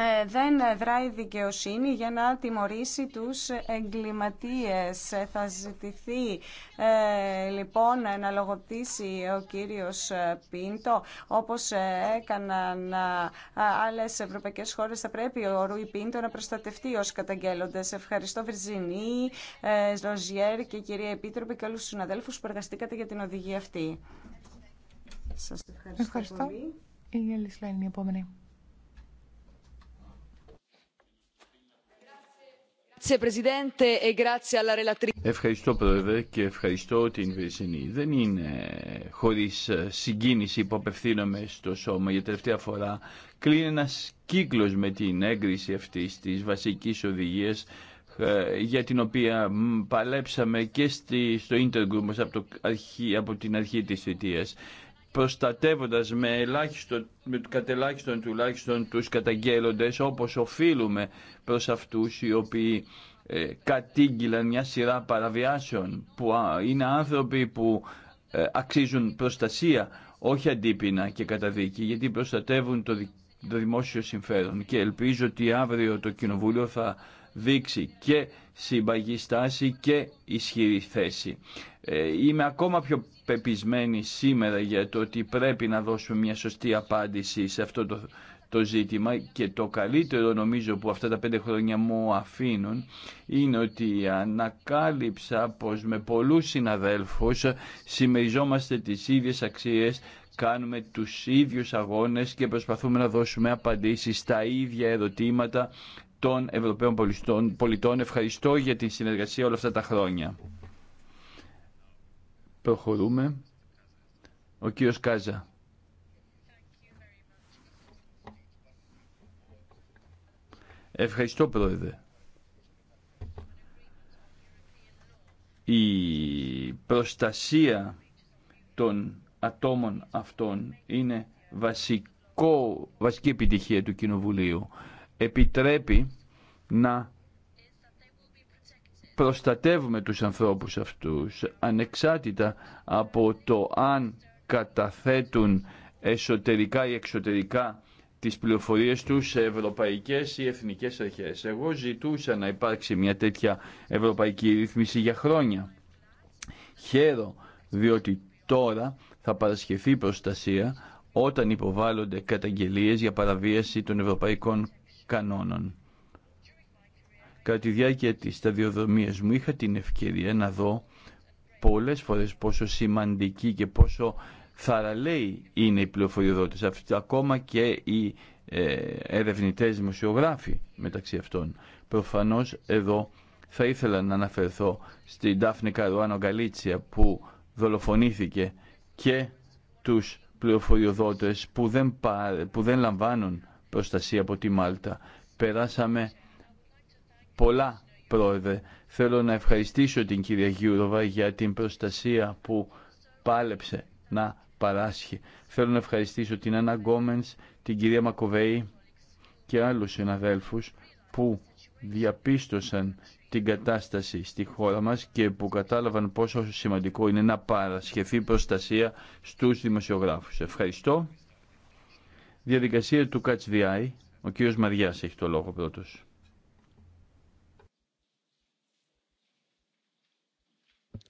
ε, δεν δράει δικαιοσύνη για να τιμωρήσει τους εγκληματίες. Ε, θα ζητηθεί ε, λοιπόν να λογοτήσει ο κύριος Πίντο, όπως έκαναν άλλες ευρωπαϊκές χώρες. Θα πρέπει ο Ρουι Πίντο να προστατευτεί ως καταγγέλλοντες. Ευχαριστώ Βερζινή, Ροζιέρ και κυρία Επίτροπε και όλους τους συναδέλφους που εργαστήκατε για την οδηγία αυτή. Σας ευχαριστώ, ευχαριστώ. πολύ. Η η επόμενη. E ευχαριστώ Πρόεδρε και ευχαριστώ την Βερσινή. Δεν είναι χωρίς ε, συγκίνηση που απευθύνομαι στο σώμα για τελευταία φορά. Κλείνει ένας κύκλος με την έγκριση αυτής της βασικής οδηγίας ε, για την οποία παλέψαμε και στο ίντερνετ από, από την αρχή της θητείας προστατεύοντας με, ελάχιστο, με κατελάχιστον τουλάχιστον τους καταγγέλλοντες όπως οφείλουμε προς αυτούς οι οποίοι ε, κατήγγυλαν μια σειρά παραβιάσεων που είναι άνθρωποι που ε, αξίζουν προστασία όχι αντίπεινα και καταδίκη γιατί προστατεύουν το, το δημόσιο συμφέρον και ελπίζω ότι αύριο το Κοινοβούλιο θα δείξει και συμπαγή στάση και ισχυρή θέση. Ε, είμαι ακόμα πιο πεπισμένη σήμερα για το ότι πρέπει να δώσουμε μια σωστή απάντηση σε αυτό το, ζήτημα και το καλύτερο νομίζω που αυτά τα πέντε χρόνια μου αφήνουν είναι ότι ανακάλυψα πως με πολλούς συναδέλφους συμμεριζόμαστε τις ίδιες αξίες, κάνουμε τους ίδιους αγώνες και προσπαθούμε να δώσουμε απαντήσεις στα ίδια ερωτήματα των Ευρωπαίων πολιτών. Ευχαριστώ για τη συνεργασία όλα αυτά τα χρόνια. Προχωρούμε. Ο κύριος Κάζα. Ευχαριστώ, Πρόεδρε. Η προστασία των ατόμων αυτών είναι βασικό, βασική επιτυχία του Κοινοβουλίου επιτρέπει να προστατεύουμε τους ανθρώπους αυτούς ανεξάρτητα από το αν καταθέτουν εσωτερικά ή εξωτερικά τις πληροφορίες τους σε ευρωπαϊκές ή εθνικές αρχές. Εγώ ζητούσα να υπάρξει μια τέτοια ευρωπαϊκή ρύθμιση για χρόνια. Χαίρο διότι τώρα θα παρασχεθεί προστασία όταν υποβάλλονται καταγγελίες για παραβίαση των ευρωπαϊκών κανόνων. Κατά τη διάρκεια της σταδιοδρομίας μου είχα την ευκαιρία να δω πολλές φορές πόσο σημαντική και πόσο θαραλέοι είναι οι πληροφοριοδότες, ακόμα και οι ε, ερευνητές δημοσιογράφοι μεταξύ αυτών. Προφανώς εδώ θα ήθελα να αναφερθώ στην Ντάφνη Καρουάνο Γκαλίτσια που δολοφονήθηκε και τους πληροφοριοδότες που δεν, που δεν λαμβάνουν προστασία από τη Μάλτα. Περάσαμε πολλά, πρόεδρε. Θέλω να ευχαριστήσω την κυρία Γιούροβα για την προστασία που πάλεψε να παράσχει. Θέλω να ευχαριστήσω την Άννα Γκόμενς, την κυρία Μακοβέη και άλλους συναδέλφους που διαπίστωσαν την κατάσταση στη χώρα μας και που κατάλαβαν πόσο σημαντικό είναι να παρασχεθεί προστασία στους δημοσιογράφους. Ευχαριστώ διαδικασία του Catch Ο κύριος Μαριάς έχει το λόγο πρώτος.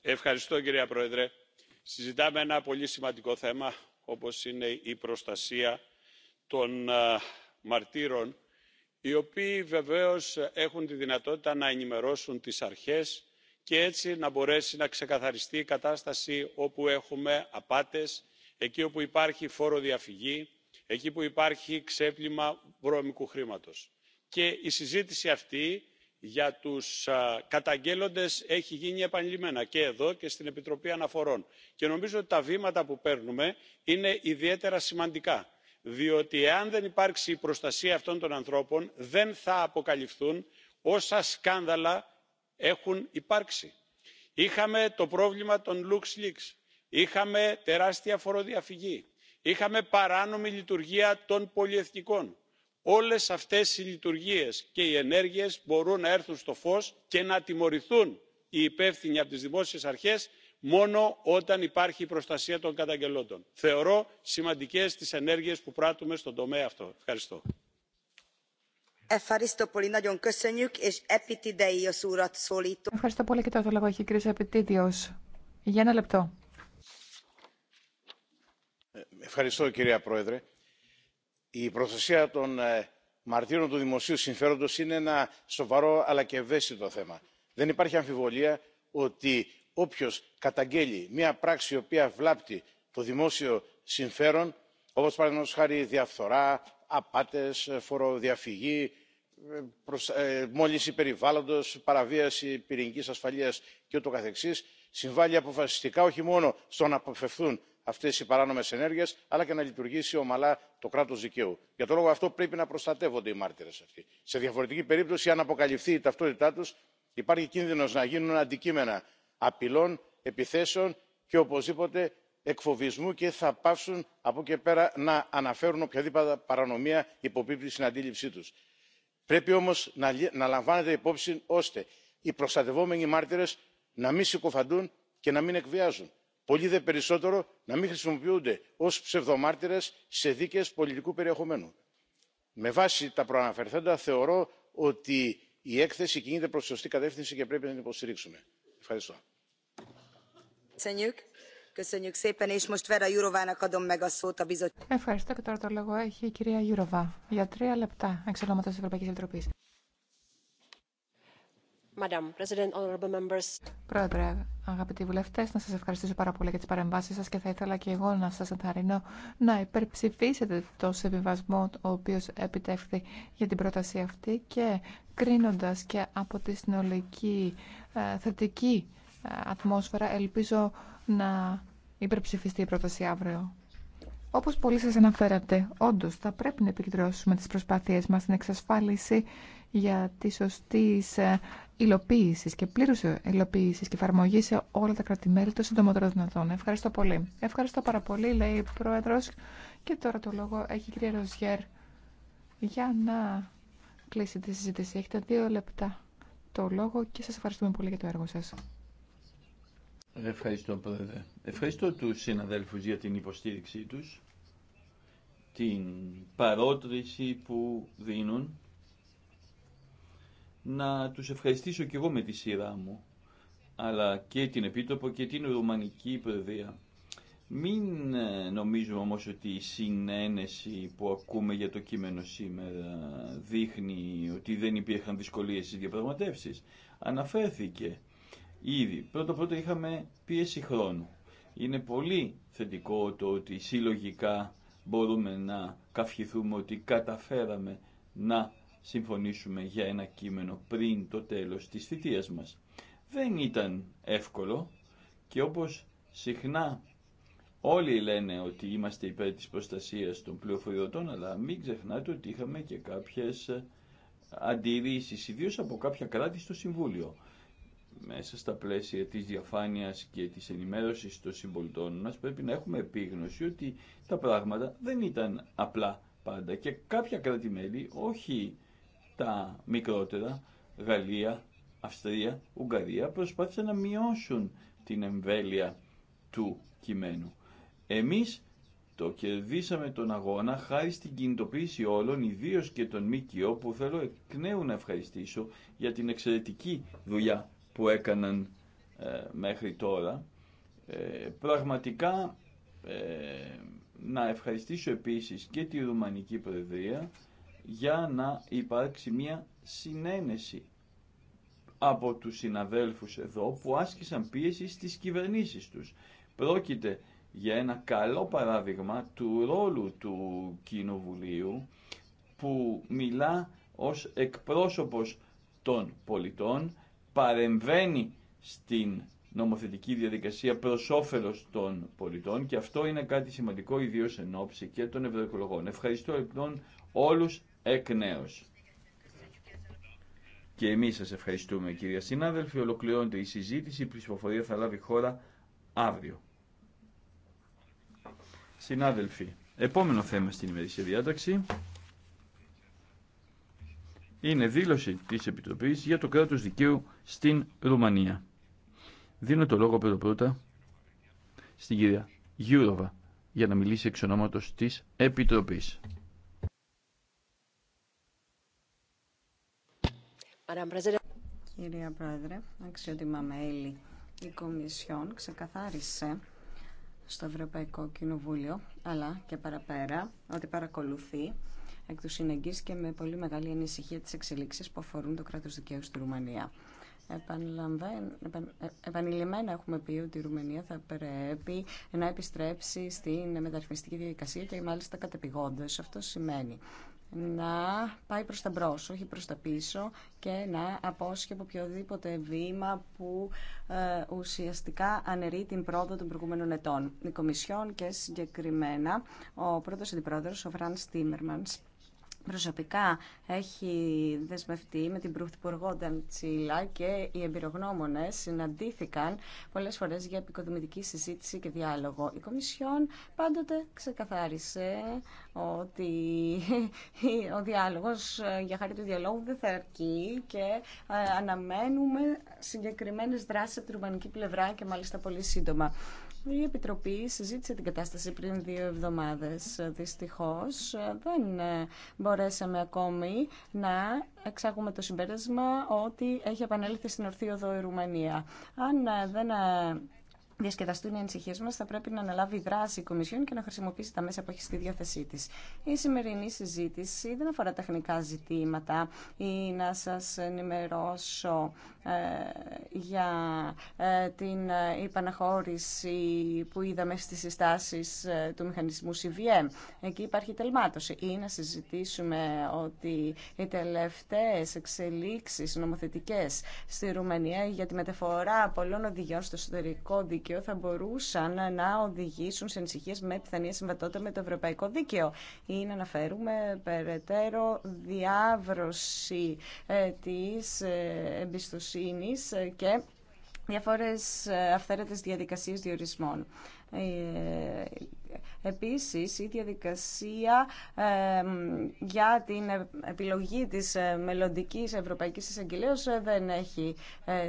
Ευχαριστώ κύριε Πρόεδρε. Συζητάμε ένα πολύ σημαντικό θέμα όπως είναι η προστασία των ε, μαρτύρων οι οποίοι βεβαίως έχουν τη δυνατότητα να ενημερώσουν τις αρχές και έτσι να μπορέσει να ξεκαθαριστεί η κατάσταση όπου έχουμε απάτες εκεί όπου υπάρχει φόρο διαφυγή εκεί που υπάρχει ξέπλυμα βρώμικου χρήματος. και η συζήτηση αυτή για τους καταγγέλλοντες έχει γίνει επανειλημμένα και εδώ και στην επιτροπή αναφορών και νομίζω ότι τα βήματα που παίρνουμε είναι ιδιαίτερα σημαντικά διότι εάν δεν υπάρξει η προστασία αυτών των ανθρώπων δεν θα αποκαλυφθούν όσα σκάνδαλα έχουν υπάρξει. είχαμε το πρόβλημα των luxleaks είχαμε τεράστια φοροδιαφυγή είχαμε παράνομη λειτουργία των πολυεθνικών. όλες αυτές οι λειτουργίες και οι ενέργειες μπορούν να έρθουν στο φως και να τιμωρηθούν οι υπεύθυνοι από τις δημόσιες αρχές μόνο όταν υπάρχει η προστασία των καταγγελόντων. θεωρώ σημαντικές τις ενέργειες που πράττουμε στον τομέα αυτό. ευχαριστώ. Ευχαριστώ πολύ και Ευχαριστώ, κυρία Πρόεδρε. Η προστασία των ε, μαρτύρων του δημοσίου συμφέροντος είναι ένα σοβαρό αλλά και ευαίσθητο θέμα. Δεν υπάρχει αμφιβολία ότι όποιος καταγγέλει μια πράξη η οποία βλάπτει το δημόσιο συμφέρον όπως παραδείγματος χάρη διαφθορά, απάτες, ε, φοροδιαφυγή, ε, μόλυνση περιβάλλοντος, παραβίαση πυρηνικής ασφαλείας και ούτω καθεξής, συμβάλλει αποφασιστικά όχι μόνο στο να αποφευθούν αυτέ οι παράνομε ενέργειε αλλά και να λειτουργήσει ομαλά το κράτο δικαίου. για τον λόγο αυτό πρέπει να προστατεύονται οι μάρτυρε αυτοί. σε διαφορετική περίπτωση αν αποκαλυφθεί η ταυτότητά του υπάρχει κίνδυνο να γίνουν αντικείμενα απειλών επιθέσεων και οπωσδήποτε εκφοβισμού και θα πάψουν από εκεί και πέρα να αναφέρουν οποιαδήποτε παρανομία υποπίπτει στην αντίληψή του. πρέπει όμω να, να λαμβάνεται υπόψη ώστε οι προστατευόμενοι μάρτυρε να μην συκοφαντούν και να μην εκβιάζουν πολύ δε περισσότερο να μην χρησιμοποιούνται ως ψευδομάρτυρες σε δίκες πολιτικού περιεχομένου. με βάση τα προαναφερθέντα θεωρώ ότι η έκθεση κινείται προς τη σωστή κατεύθυνση και πρέπει να την υποστηρίξουμε. ευχαριστώ. Ευχαριστώ και τώρα το λόγο έχει η κυρία Γιούροβα για τρία λεπτά εξ της Ευρωπαϊκής Επιτροπής. Πρόεδρε, Αγαπητοί βουλευτέ, να σα ευχαριστήσω πάρα πολύ για τι παρεμβάσει σα και θα ήθελα και εγώ να σα ενθαρρύνω να υπερψηφίσετε το συμβιβασμό ο οποίο επιτεύχθη για την πρόταση αυτή και κρίνοντα και από τη συνολική ε, θετική ε, ατμόσφαιρα, ελπίζω να υπερψηφιστεί η πρόταση αύριο. Όπως πολλοί σας αναφέρατε, όντως θα πρέπει να επικεντρώσουμε τις προσπάθειές μας στην εξασφάλιση για τη σωστή υλοποίησης και πλήρους υλοποίησης και εφαρμογή σε όλα τα κράτη-μέλη το συντομότερο δυνατόν. Ευχαριστώ πολύ. Ευχαριστώ πάρα πολύ, λέει ο Πρόεδρος. Και τώρα το λόγο έχει η κυρία Ροζιέρ για να κλείσει τη συζήτηση. Έχετε δύο λεπτά το λόγο και σας ευχαριστούμε πολύ για το έργο σας. Ευχαριστώ, Πρόεδρε. Ευχαριστώ τους συναδέλφους για την υποστήριξή τους, την παρότριση που δίνουν να τους ευχαριστήσω και εγώ με τη σειρά μου, αλλά και την Επίτροπο και την Ρουμανική Προεδρία. Μην ε, νομίζουμε όμως ότι η συνένεση που ακούμε για το κείμενο σήμερα δείχνει ότι δεν υπήρχαν δυσκολίες στις διαπραγματεύσεις. Αναφέρθηκε ήδη. Πρώτα πρώτα είχαμε πίεση χρόνου. Είναι πολύ θετικό το ότι συλλογικά μπορούμε να καυχηθούμε ότι καταφέραμε να συμφωνήσουμε για ένα κείμενο πριν το τέλος της θητείας μας. Δεν ήταν εύκολο και όπως συχνά όλοι λένε ότι είμαστε υπέρ της προστασίας των πληροφοριωτών, αλλά μην ξεχνάτε ότι είχαμε και κάποιες ε, αντιρρήσεις, ιδίως από κάποια κράτη στο Συμβούλιο. Μέσα στα πλαίσια της διαφάνειας και της ενημέρωσης των συμπολιτών μας πρέπει να έχουμε επίγνωση ότι τα πράγματα δεν ήταν απλά πάντα και κάποια κράτη-μέλη όχι τα μικρότερα, Γαλλία, Αυστρία, Ουγγαρία, προσπάθησαν να μειώσουν την εμβέλεια του κειμένου. Εμείς το κερδίσαμε τον αγώνα χάρη στην κινητοποίηση όλων, ιδίω και των ΜΚΟ, που θέλω εκ νέου να ευχαριστήσω για την εξαιρετική δουλειά που έκαναν ε, μέχρι τώρα. Ε, πραγματικά ε, να ευχαριστήσω επίσης και τη Ρουμανική Προεδρία για να υπάρξει μια συνένεση από τους συναδέλφους εδώ που άσκησαν πίεση στις κυβερνήσεις τους. Πρόκειται για ένα καλό παράδειγμα του ρόλου του Κοινοβουλίου που μιλά ως εκπρόσωπος των πολιτών, παρεμβαίνει στην νομοθετική διαδικασία προς όφελος των πολιτών και αυτό είναι κάτι σημαντικό ιδίως εν ώψη και των ευρωεκλογών. Ευχαριστώ λοιπόν όλους εκ νέως. Και εμείς σας ευχαριστούμε κυρία συνάδελφοι. Ολοκληρώνεται η συζήτηση. Η ψηφοφορία θα λάβει χώρα αύριο. Συνάδελφοι, επόμενο θέμα στην ημερήσια διάταξη είναι δήλωση της Επιτροπής για το κράτος δικαίου στην Ρουμανία. Δίνω το λόγο πρώτα πρώτα στην κυρία Γιούροβα για να μιλήσει εξ ονόματος της Επιτροπής. Κυρία Πρόεδρε, αξιότιμα μέλη, η Κομισιόν ξεκαθάρισε στο Ευρωπαϊκό Κοινοβούλιο, αλλά και παραπέρα, ότι παρακολουθεί εκ του συνεγγύς και με πολύ μεγάλη ανησυχία τις εξελίξεις που αφορούν το κράτος δικαίου στη Ρουμανία. επανειλημμένα έχουμε πει ότι η Ρουμανία θα πρέπει να επιστρέψει στην μεταρρυθμιστική διαδικασία και μάλιστα κατεπηγόντως. Αυτό σημαίνει να πάει προς τα μπρος, όχι προς τα πίσω και να απόσχει από οποιοδήποτε βήμα που ε, ουσιαστικά αναιρεί την πρόοδο των προηγούμενων ετών. Η Κομισιόν και συγκεκριμένα ο πρώτος αντιπρόεδρος, ο Φρανς Τίμερμανς, προσωπικά έχει δεσμευτεί με την Πρωθυπουργό Νταντσίλα και οι εμπειρογνώμονε συναντήθηκαν πολλές φορές για επικοδομητική συζήτηση και διάλογο. Η Κομισιόν πάντοτε ξεκαθάρισε ότι ο διάλογος για χάρη του διαλόγου δεν θα αρκεί και ε, αναμένουμε συγκεκριμένε δράσεις από την ρουμανική πλευρά και μάλιστα πολύ σύντομα. Η Επιτροπή συζήτησε την κατάσταση πριν δύο εβδομάδες. Δυστυχώς δεν ε, μπορέσαμε ακόμη να εξάγουμε το συμπέρασμα ότι έχει επανέλθει στην ορθή οδό η Ρουμανία. Αν ε, δεν ε, διασκεδαστούν οι ανησυχίε μα, θα πρέπει να αναλάβει δράση η Κομισιόν και να χρησιμοποιήσει τα μέσα που έχει στη διάθεσή τη. Η σημερινή συζήτηση δεν αφορά τεχνικά ζητήματα ή να σα ενημερώσω ε, για ε, την ε, υπαναχώρηση που είδαμε στι συστάσει του μηχανισμού CVM. Εκεί υπάρχει τελμάτωση. Ή να συζητήσουμε ότι οι τελευταίε εξελίξει νομοθετικέ στη Ρουμανία για τη μεταφορά πολλών οδηγιών στο εσωτερικό δικαίωμα δίκαιο θα μπορούσαν να οδηγήσουν σε ανησυχίε με πιθανή συμβατότητα με το ευρωπαϊκό δίκαιο ή να αναφέρουμε περαιτέρω διάβρωση ε, της ε, εμπιστοσύνης ε, και διαφόρες αυθαίρετες διαδικασίες διορισμών. Ε, επίσης, η διαδικασία για την επιλογή της ε, μελλοντική Ευρωπαϊκής Εισαγγελίας ε, δεν έχει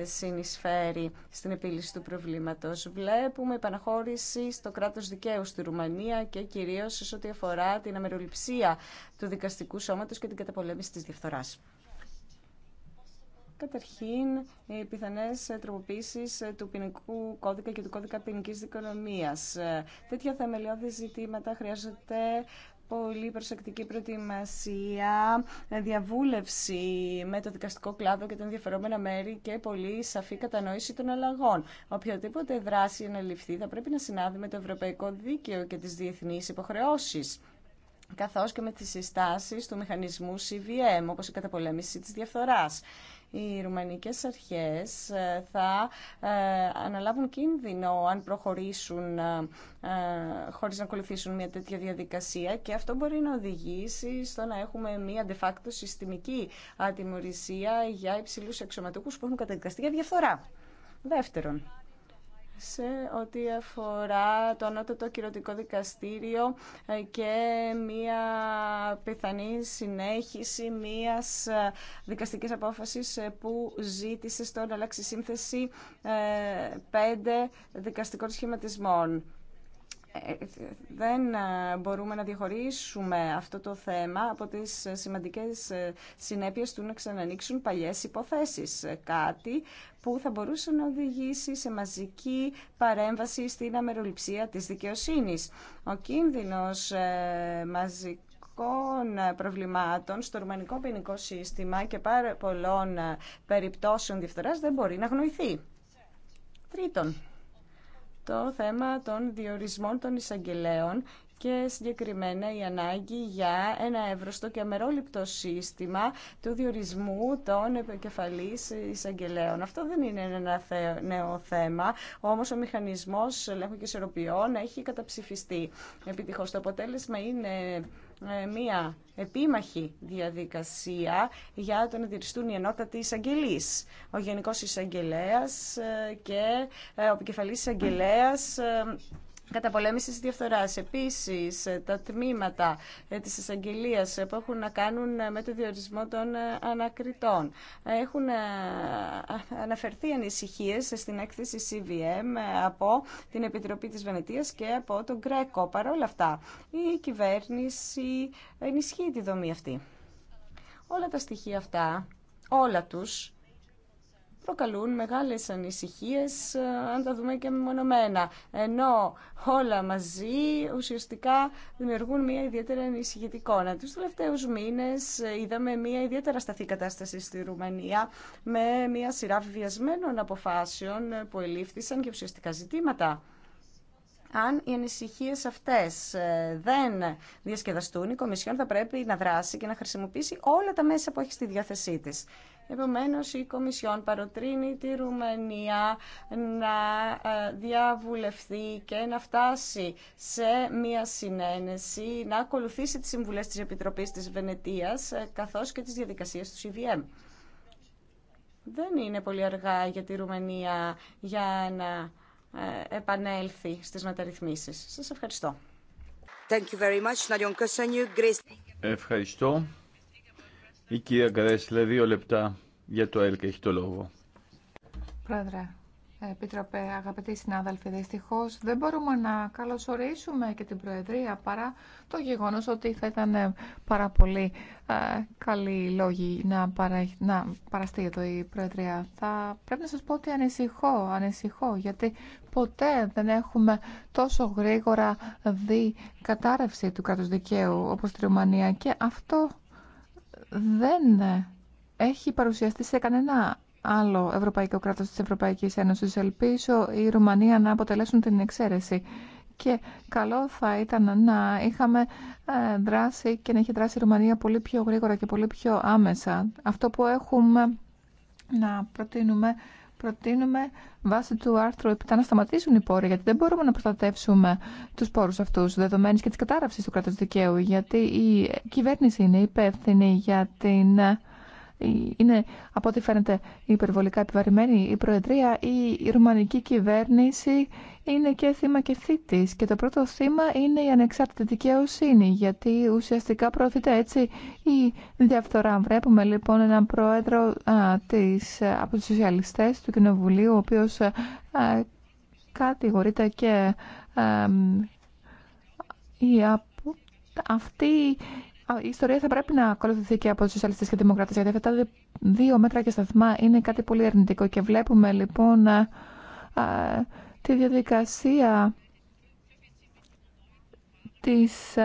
συνεισφέρει στην επίλυση του προβλήματος. Βλέπουμε επαναχώρηση στο κράτος δικαίου στη Ρουμανία και κυρίως σε ό,τι αφορά την αμεροληψία του δικαστικού σώματος και την καταπολέμηση της διαφθοράς. Καταρχήν, οι πιθανέ τροποποίησει του ποινικού κώδικα και του κώδικα ποινική δικονομία. Τέτοια θεμελιώδη ζητήματα χρειάζονται πολύ προσεκτική προετοιμασία, διαβούλευση με το δικαστικό κλάδο και τα ενδιαφερόμενα μέρη και πολύ σαφή κατανόηση των αλλαγών. οποιοδήποτε δράση αναλυφθεί θα πρέπει να συνάδει με το ευρωπαϊκό δίκαιο και τις διεθνείς υποχρεώσεις καθώς και με τις συστάσεις του μηχανισμού CVM, όπως η καταπολέμηση της διαφθοράς οι ρουμανικές αρχές ε, θα ε, αναλάβουν κίνδυνο αν προχωρήσουν ε, χωρίς να ακολουθήσουν μια τέτοια διαδικασία και αυτό μπορεί να οδηγήσει στο να έχουμε μια de facto συστημική ατιμορρησία για υψηλούς εξωματικούς που έχουν καταδικαστεί για διαφθορά. Δεύτερον, σε ό,τι αφορά το ανώτατο κυρωτικό δικαστήριο ε, και μία πιθανή συνέχιση μίας ε, δικαστικής απόφασης ε, που ζήτησε στον να αλλάξει σύνθεση πέντε δικαστικών σχηματισμών δεν ε, μπορούμε να διαχωρίσουμε αυτό το θέμα από τις ε, σημαντικές ε, συνέπειες του να ξανανοίξουν παλιές υποθέσεις. Κάτι που θα μπορούσε να οδηγήσει σε μαζική παρέμβαση στην αμεροληψία της δικαιοσύνης. Ο κίνδυνος μαζικών προβλημάτων στο ρουμανικό ποινικό σύστημα και πάρα πολλών περιπτώσεων διαφθοράς δεν μπορεί να γνωριθεί. Τρίτον, το θέμα των διορισμών των εισαγγελέων και συγκεκριμένα η ανάγκη για ένα εύρωστο και αμερόληπτο σύστημα του διορισμού των επικεφαλής εισαγγελέων. Αυτό δεν είναι ένα νέο θέμα, όμως ο μηχανισμός ελέγχου και ισορροπιών έχει καταψηφιστεί επιτυχώς. Το αποτέλεσμα είναι ε, μία επίμαχη διαδικασία για το να διεριστούν οι ενότατοι εισαγγελεί. Ο Γενικός Εισαγγελέας ε, και ε, ο επικεφαλής εισαγγελέας καταπολέμησης της διαφθοράς. Επίσης, τα τμήματα ε, της εισαγγελία που έχουν να κάνουν ε, με το διορισμό των ε, ανακριτών. Έχουν αναφερθεί ανησυχίε στην έκθεση CVM από την Επιτροπή της Βενετίας και από τον Γκρέκο. Παρ' όλα αυτά, η κυβέρνηση ενισχύει τη δομή αυτή. Όλα τα στοιχεία αυτά, όλα τους, προκαλούν μεγάλες ανησυχίες ε, αν τα δούμε και μονομένα. Ενώ όλα μαζί ουσιαστικά δημιουργούν μια ιδιαίτερα ανησυχητικό. Να τους τελευταίους μήνες ε, είδαμε μια ιδιαίτερα σταθή κατάσταση στη Ρουμανία με μια σειρά βιασμένων αποφάσεων ε, που ελήφθησαν και ουσιαστικά ζητήματα. Αν οι ανησυχίε αυτέ δεν διασκεδαστούν, η Κομισιόν θα πρέπει να δράσει και να χρησιμοποιήσει όλα τα μέσα που έχει στη διάθεσή τη. Επομένω, η Κομισιόν παροτρύνει τη Ρουμανία να ε, διαβουλευθεί και να φτάσει σε μία συνένεση, να ακολουθήσει τις συμβουλές της Επιτροπής της Βενετίας, ε, καθώς και τις διαδικασίε του CVM. Δεν είναι πολύ αργά για τη Ρουμανία για να ε, επανέλθει στις μεταρρυθμίσεις. Σας ευχαριστώ. Thank you Ευχαριστώ. Η κυρία Γκρέσλε, δύο λεπτά για το ΕΛΚ έχει το λόγο. Πρόεδρε, Επίτροπε, αγαπητοί συνάδελφοι, δυστυχώ δεν μπορούμε να καλωσορίσουμε και την Προεδρία παρά το γεγονό ότι θα ήταν ε, πάρα πολύ ε, καλή λόγη να, παρα, να παραστεί εδώ η Προεδρία. Θα πρέπει να σα πω ότι ανησυχώ, ανησυχώ, γιατί ποτέ δεν έχουμε τόσο γρήγορα δει κατάρρευση του κράτου δικαίου όπω στη Ρουμανία και αυτό δεν έχει παρουσιαστεί σε κανένα άλλο ευρωπαϊκό κράτος της Ευρωπαϊκής Ένωσης. Ελπίζω η Ρουμανία να αποτελέσουν την εξαίρεση. Και καλό θα ήταν να είχαμε ε, δράσει και να έχει δράσει η Ρουμανία πολύ πιο γρήγορα και πολύ πιο άμεσα. Αυτό που έχουμε να προτείνουμε προτείνουμε βάσει του άρθρου 7 να σταματήσουν οι πόροι, γιατί δεν μπορούμε να προστατεύσουμε του πόρου αυτού δεδομένη και τη κατάρρευση του κράτου δικαίου, γιατί η κυβέρνηση είναι υπεύθυνη για την είναι από ό,τι φαίνεται υπερβολικά επιβαρημένη η Προεδρία ή η ρουμανικη κυβέρνηση είναι και θύμα και θήτης. Και το πρώτο θύμα είναι η ανεξάρτητη δικαιοσύνη, γιατί ουσιαστικά προωθείται έτσι η διαφθορά. βλέπουμε λοιπόν έναν πρόεδρο α, της, από τους σοσιαλιστές του Κοινοβουλίου, ο οποίος α, κατηγορείται και α, η, αυτή η ιστορία θα πρέπει να ακολουθηθεί και από του σοσιαλιστέ και δημοκράτε, γιατί αυτά τα δύο μέτρα και σταθμά είναι κάτι πολύ αρνητικό. Και βλέπουμε λοιπόν α, α, τη διαδικασία της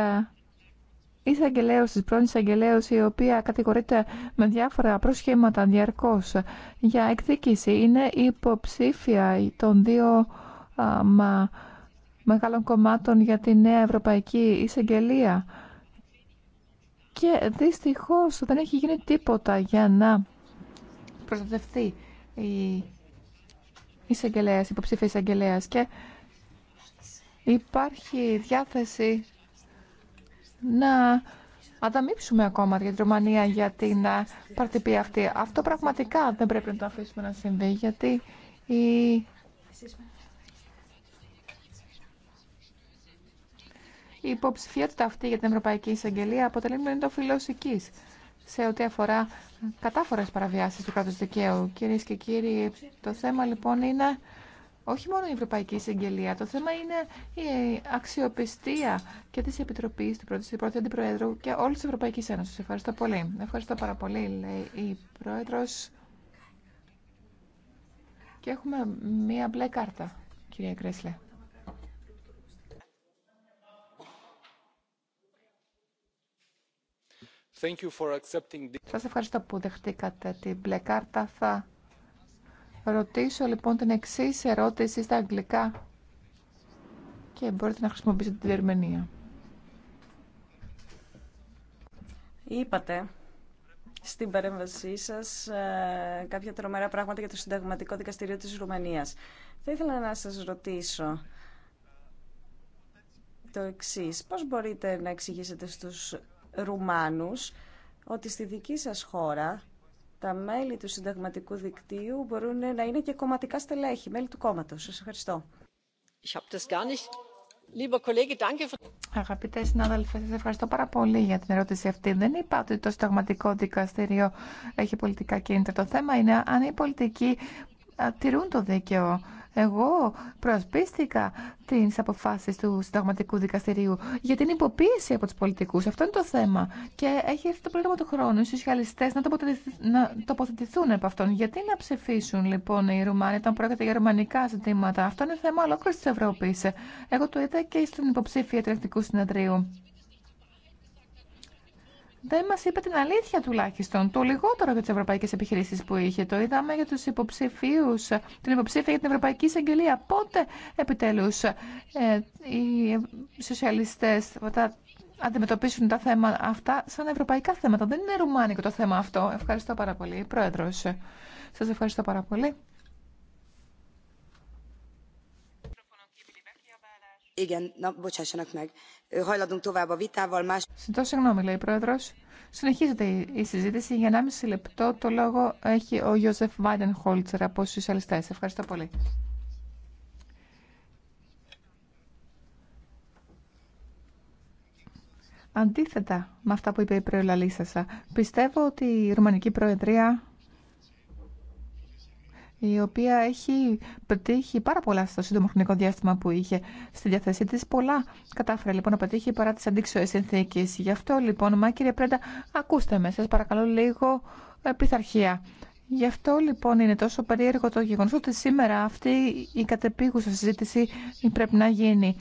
εισαγγελέως, της πρώην εισαγγελέως, η οποία κατηγορείται με διάφορα προσχήματα διαρκώς για εκδίκηση. Είναι υποψήφια των δύο α, μα, μεγάλων κομμάτων για τη νέα Ευρωπαϊκή Εισαγγελία και δυστυχώς δεν έχει γίνει τίποτα για να προστατευτεί η εισαγγελέας, υποψήφια εισαγγελέας και υπάρχει διάθεση να ανταμείψουμε ακόμα για την Ρουμανία για την παρτυπή αυτή. Αυτό πραγματικά δεν πρέπει να το αφήσουμε να συμβεί γιατί η Η υποψηφιότητα αυτή για την Ευρωπαϊκή Εισαγγελία αποτελεί μήνυμα φιλοσοφική σε ό,τι αφορά κατάφορες παραβιάσεις του κράτους δικαίου. Κυρίε και κύριοι, το θέμα λοιπόν είναι όχι μόνο η Ευρωπαϊκή Εισαγγελία, το θέμα είναι η αξιοπιστία και της Επιτροπής, του πρώτου, πρώτη Αντιπροέδρου και όλη της Ευρωπαϊκής Ένωσης. Ευχαριστώ πολύ. Ευχαριστώ πάρα πολύ, λέει η Πρόεδρος. Και έχουμε μία μπλε κάρτα, κυρία Κρέσλε. Σας ευχαριστώ που δεχτήκατε την μπλε κάρτα. Θα ρωτήσω λοιπόν την εξή ερώτηση στα αγγλικά και μπορείτε να χρησιμοποιήσετε την Ερμενία. Είπατε στην παρέμβασή σας ε, κάποια τρομερά πράγματα για το Συνταγματικό Δικαστήριο της Ρουμανίας. Θα ήθελα να σας ρωτήσω το εξής. Πώς μπορείτε να εξηγήσετε στους Ρουμάνους ότι στη δική σας χώρα τα μέλη του συνταγματικού δικτύου μπορούν να είναι και κομματικά στελέχη, μέλη του κόμματος. Σας ευχαριστώ. Αγαπητέ συνάδελφε, σα ευχαριστώ πάρα πολύ για την ερώτηση αυτή. Δεν είπα ότι το συνταγματικό δικαστήριο έχει πολιτικά κίνητρα. Το θέμα είναι αν οι πολιτικοί τηρούν το δίκαιο εγώ προασπίστηκα τι αποφάσει του συνταγματικού δικαστηρίου για την υποποίηση από του πολιτικού. Αυτό είναι το θέμα. Και έχει έρθει το πρόβλημα του χρόνου οι σοσιαλιστέ να, να τοποθετηθούν από αυτόν. Γιατί να ψηφίσουν λοιπόν οι Ρουμάνοι όταν πρόκειται για ρουμανικά ζητήματα. Αυτό είναι θέμα ολόκληρη τη Ευρώπη. Εγώ το είδα και στην υποψήφια του Εθνικού Συνεδρίου δεν μας είπε την αλήθεια τουλάχιστον. Το λιγότερο για τις ευρωπαϊκές επιχειρήσεις που είχε. Το είδαμε για τους υποψηφίους, την υποψήφια για την Ευρωπαϊκή Εισαγγελία. Πότε επιτέλους ε, οι σοσιαλιστές θα αντιμετωπίσουν τα θέματα αυτά σαν ευρωπαϊκά θέματα. Δεν είναι ρουμάνικο το θέμα αυτό. Ευχαριστώ πάρα πολύ. Πρόεδρος, σας ευχαριστώ πάρα πολύ. Συντό συγγνώμη, λέει η πρόεδρο. Συνεχίζεται η συζήτηση. Για 1,5 λεπτό το λόγο έχει ο Ιωζεφ Βάιντεν Χόλτσερ από του Σοσιαλιστέ. Ευχαριστώ πολύ. Αντίθετα με αυτά που είπε η προελαλήσασα, πιστεύω ότι η Ρουμανική Προεδρία η οποία έχει πετύχει πάρα πολλά στο σύντομο χρονικό διάστημα που είχε στη διαθέσή τη. Πολλά κατάφερε λοιπόν να πετύχει παρά τις αντίξωε συνθήκε. Γι' αυτό λοιπόν, μα κύριε Πρέντα, ακούστε με, σας παρακαλώ λίγο ε, πειθαρχία. Γι' αυτό λοιπόν είναι τόσο περίεργο το γεγονός ότι σήμερα αυτή η κατεπίγουσα συζήτηση πρέπει να γίνει.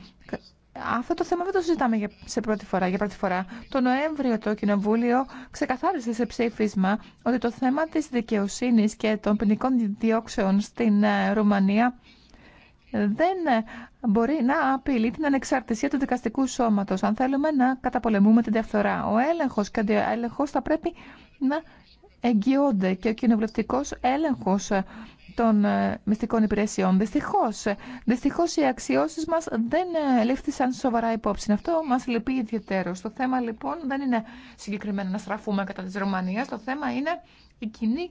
Αυτό το θέμα δεν το συζητάμε για, σε πρώτη φορά, για πρώτη φορά. Το Νοέμβριο το Κοινοβούλιο ξεκαθάρισε σε ψήφισμα ότι το θέμα της δικαιοσύνης και των ποινικών διώξεων στην ε, Ρουμανία δεν ε, μπορεί να απειλεί την ανεξαρτησία του δικαστικού σώματος αν θέλουμε να καταπολεμούμε την διαφθορά. Ο έλεγχος και ο έλεγχος θα πρέπει να εγγυώνται και ο κοινοβουλευτικό έλεγχος ε, των ε, μυστικών υπηρεσιών. Δυστυχώ, ε, οι αξιώσει μα δεν ε, λήφθησαν σοβαρά υπόψη. Αυτό μα λυπεί ιδιαίτερω. Το θέμα λοιπόν δεν είναι συγκεκριμένα να στραφούμε κατά τη Ρωμανία. Το θέμα είναι η κοινή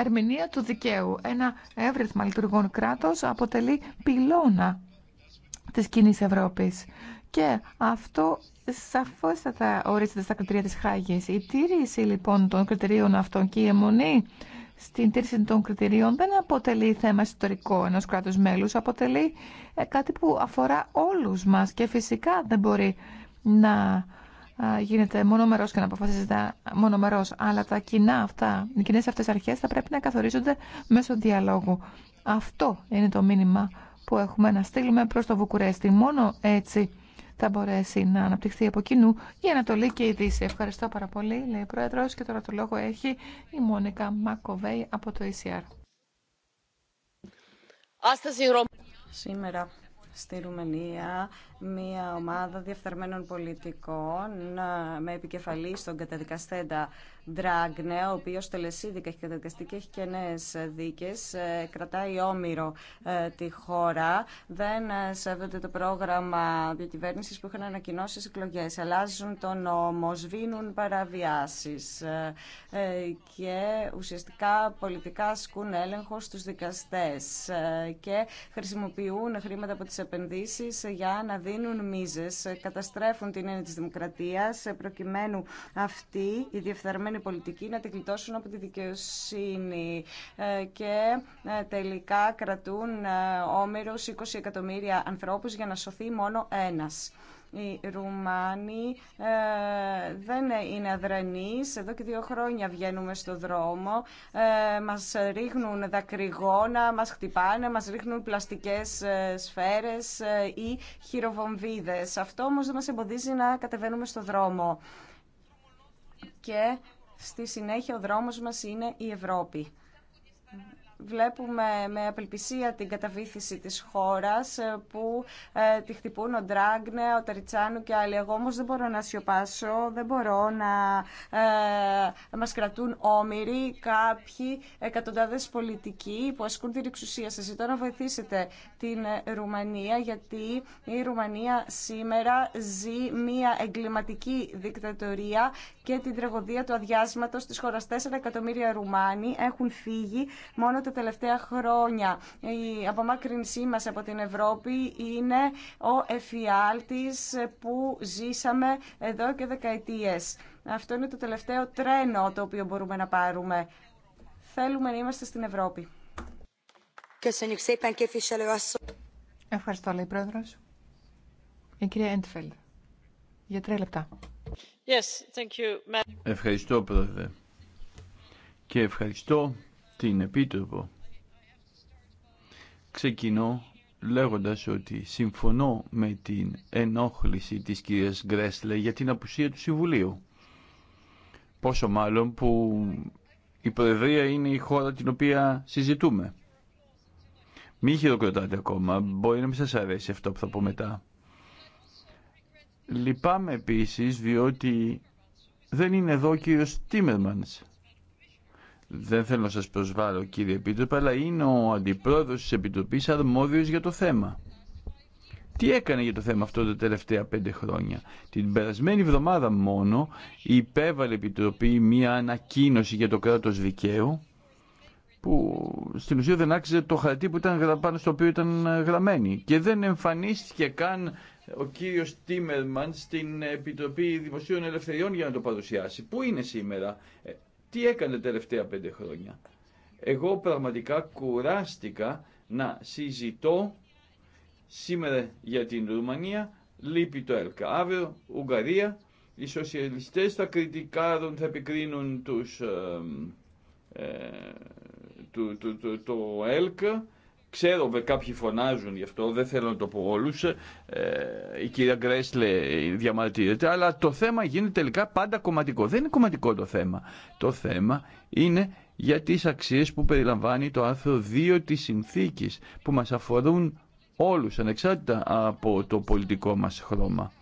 ερμηνεία του δικαίου. Ένα εύρυθμα λειτουργών κράτο αποτελεί πυλώνα τη κοινή Ευρώπη. Και αυτό σαφώς θα τα ορίζεται στα κριτήρια της Χάγης. Η τήρηση λοιπόν των κριτηρίων αυτών και η αιμονή στην τήρηση των κριτηρίων δεν αποτελεί θέμα ιστορικό ενό κράτου μέλους, αποτελεί ε, κάτι που αφορά όλους μας και φυσικά δεν μπορεί να γίνεται μονομερός και να αποφασίζεται μονομερός, αλλά τα κοινά αυτά, οι κοινέ αυτές αρχές θα πρέπει να καθορίζονται μέσω διαλόγου. Αυτό είναι το μήνυμα που έχουμε να στείλουμε προ το Βουκουρέστι. Μόνο έτσι θα μπορέσει να αναπτυχθεί από κοινού η Ανατολή και η Δύση. Ευχαριστώ πάρα πολύ, λέει ο πρόεδρο, και τώρα το λόγο έχει η Μόνικα Μακοβέη από το ECR. Σήμερα στη Ρουμανία μια ομάδα διαφθαρμένων πολιτικών ε, με επικεφαλή στον καταδικαστέντα Ντράγκνε, ο οποίο τελεσίδικα έχει καταδικαστεί και έχει και νέε δίκε. Ε, κρατάει όμοιρο ε, τη χώρα. Δεν σέβεται το πρόγραμμα διακυβέρνηση που είχαν ανακοινώσει στι εκλογέ. Αλλάζουν τον νόμο, σβήνουν παραβιάσει και ουσιαστικά πολιτικά ασκούν έλεγχο στου δικαστέ και χρησιμοποιούν χρήματα από τι επενδύσει για να δίνουν μίζες, καταστρέφουν την έννοια τη δημοκρατία. προκειμένου αυτή η διεφθαρμένη πολιτική να την κλειτώσουν από τη δικαιοσύνη ε, και ε, τελικά κρατούν ε, όμοιρο 20 εκατομμύρια ανθρώπους για να σωθεί μόνο ένας οι Ρουμάνοι ε, δεν είναι αδρανείς. Εδώ και δύο χρόνια βγαίνουμε στο δρόμο, ε, μας ρίχνουν δακρυγόνα, μας χτυπάνε, μας ρίχνουν πλαστικές ε, σφαίρες ή χειροβομβίδες. Αυτό όμως δεν μας εμποδίζει να κατεβαίνουμε στο δρόμο. Και στη συνέχεια ο δρόμος μας είναι η Ευρώπη βλέπουμε με απελπισία την καταβήθηση της χώρας ε, που ε, τη χτυπούν ο Ντράγνε, ο Ταριτσάνου και άλλοι. Εγώ όμως δεν μπορώ να σιωπάσω, δεν μπορώ να ε, μας κρατούν όμοιροι κάποιοι εκατοντάδες πολιτικοί που ασκούν την εξουσία σας. Ζητώ να βοηθήσετε την ε, Ρουμανία γιατί η Ρουμανία σήμερα ζει μια εγκληματική δικτατορία και την τραγωδία του αδειάσματος της χώρας. 4 εκατομμύρια Ρουμάνοι έχουν φύγει τα τελευταία χρόνια. Η απομάκρυνσή μας από την Ευρώπη είναι ο εφιάλτης που ζήσαμε εδώ και δεκαετίες. Αυτό είναι το τελευταίο τρένο το οποίο μπορούμε να πάρουμε. Θέλουμε να είμαστε στην Ευρώπη. Ευχαριστώ, λέει πρόεδρος. Η κυρία Έντφελ. Για τρία λεπτά. Yes, thank you. Ευχαριστώ, πρόεδρε. Και ευχαριστώ την Επίτροπο. Ξεκινώ λέγοντας ότι συμφωνώ με την ενόχληση της κυρίας Γκρέσλε για την απουσία του Συμβουλίου. Πόσο μάλλον που η Προεδρία είναι η χώρα την οποία συζητούμε. Μην χειροκροτάτε ακόμα, μπορεί να μην σας αρέσει αυτό που θα πω μετά. Λυπάμαι επίσης διότι δεν είναι εδώ ο κύριος Τίμερμανς δεν θέλω να σας προσβάλλω κύριε Επίτροπε, αλλά είναι ο αντιπρόεδρος της Επιτροπής αρμόδιος για το θέμα. Τι έκανε για το θέμα αυτό τα τελευταία πέντε χρόνια. Την περασμένη εβδομάδα μόνο υπέβαλε η Επιτροπή μία ανακοίνωση για το κράτος δικαίου που στην ουσία δεν άξιζε το χαρτί που ήταν πάνω στο οποίο ήταν ε, γραμμένη και δεν εμφανίστηκε καν ο κύριος Τίμερμαν στην Επιτροπή Δημοσίων Ελευθεριών για να το παρουσιάσει. Πού είναι σήμερα. Ε, τι έκανε τελευταία πέντε χρόνια. Εγώ πραγματικά κουράστηκα να συζητώ σήμερα για την Ρουμανία, λείπει το ΕΛΚΑ. Αύριο Ουγγαρία, οι σοσιαλιστές θα κριτικάρουν, θα επικρίνουν τους, ε, το, ε, το, το, το ΕΛΚΑ Ξέρω, κάποιοι φωνάζουν γι' αυτό, δεν θέλω να το πω όλου. Ε, η κυρία Γκρέσλε διαμαρτύρεται, αλλά το θέμα γίνεται τελικά πάντα κομματικό. Δεν είναι κομματικό το θέμα. Το θέμα είναι για τις αξίες που περιλαμβάνει το άρθρο 2 της συνθήκης, που μας αφορούν όλους, ανεξάρτητα από το πολιτικό μας χρώμα.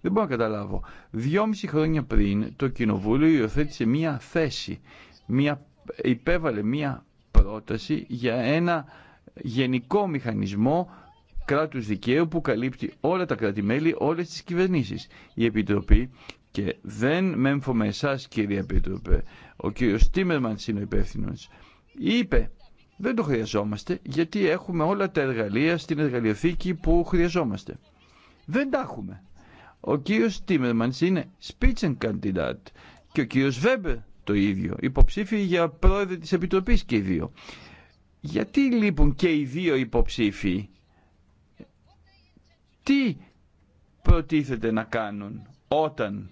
Δεν μπορώ να καταλάβω. Δυόμιση χρόνια πριν το Κοινοβούλιο υιοθέτησε μία θέση, μία, υπέβαλε μία πρόταση για ένα γενικό μηχανισμό κράτους δικαίου που καλύπτει όλα τα κράτη-μέλη, όλες τις κυβερνήσεις. Η Επιτροπή και δεν με με εσά, κύριε Επίτροπε, ο κύριος Τίμερμανς είναι ο υπεύθυνο. είπε δεν το χρειαζόμαστε γιατί έχουμε όλα τα εργαλεία στην εργαλειοθήκη που χρειαζόμαστε. Δεν τα έχουμε. Ο κύριος Τίμερμανς είναι Spitzenkandidat και ο κύριος Βέμπερ το ίδιο, υποψήφιοι για πρόεδρο της Επιτροπής και οι δύο. Γιατί λείπουν και οι δύο υποψήφοι. Τι προτίθεται να κάνουν όταν,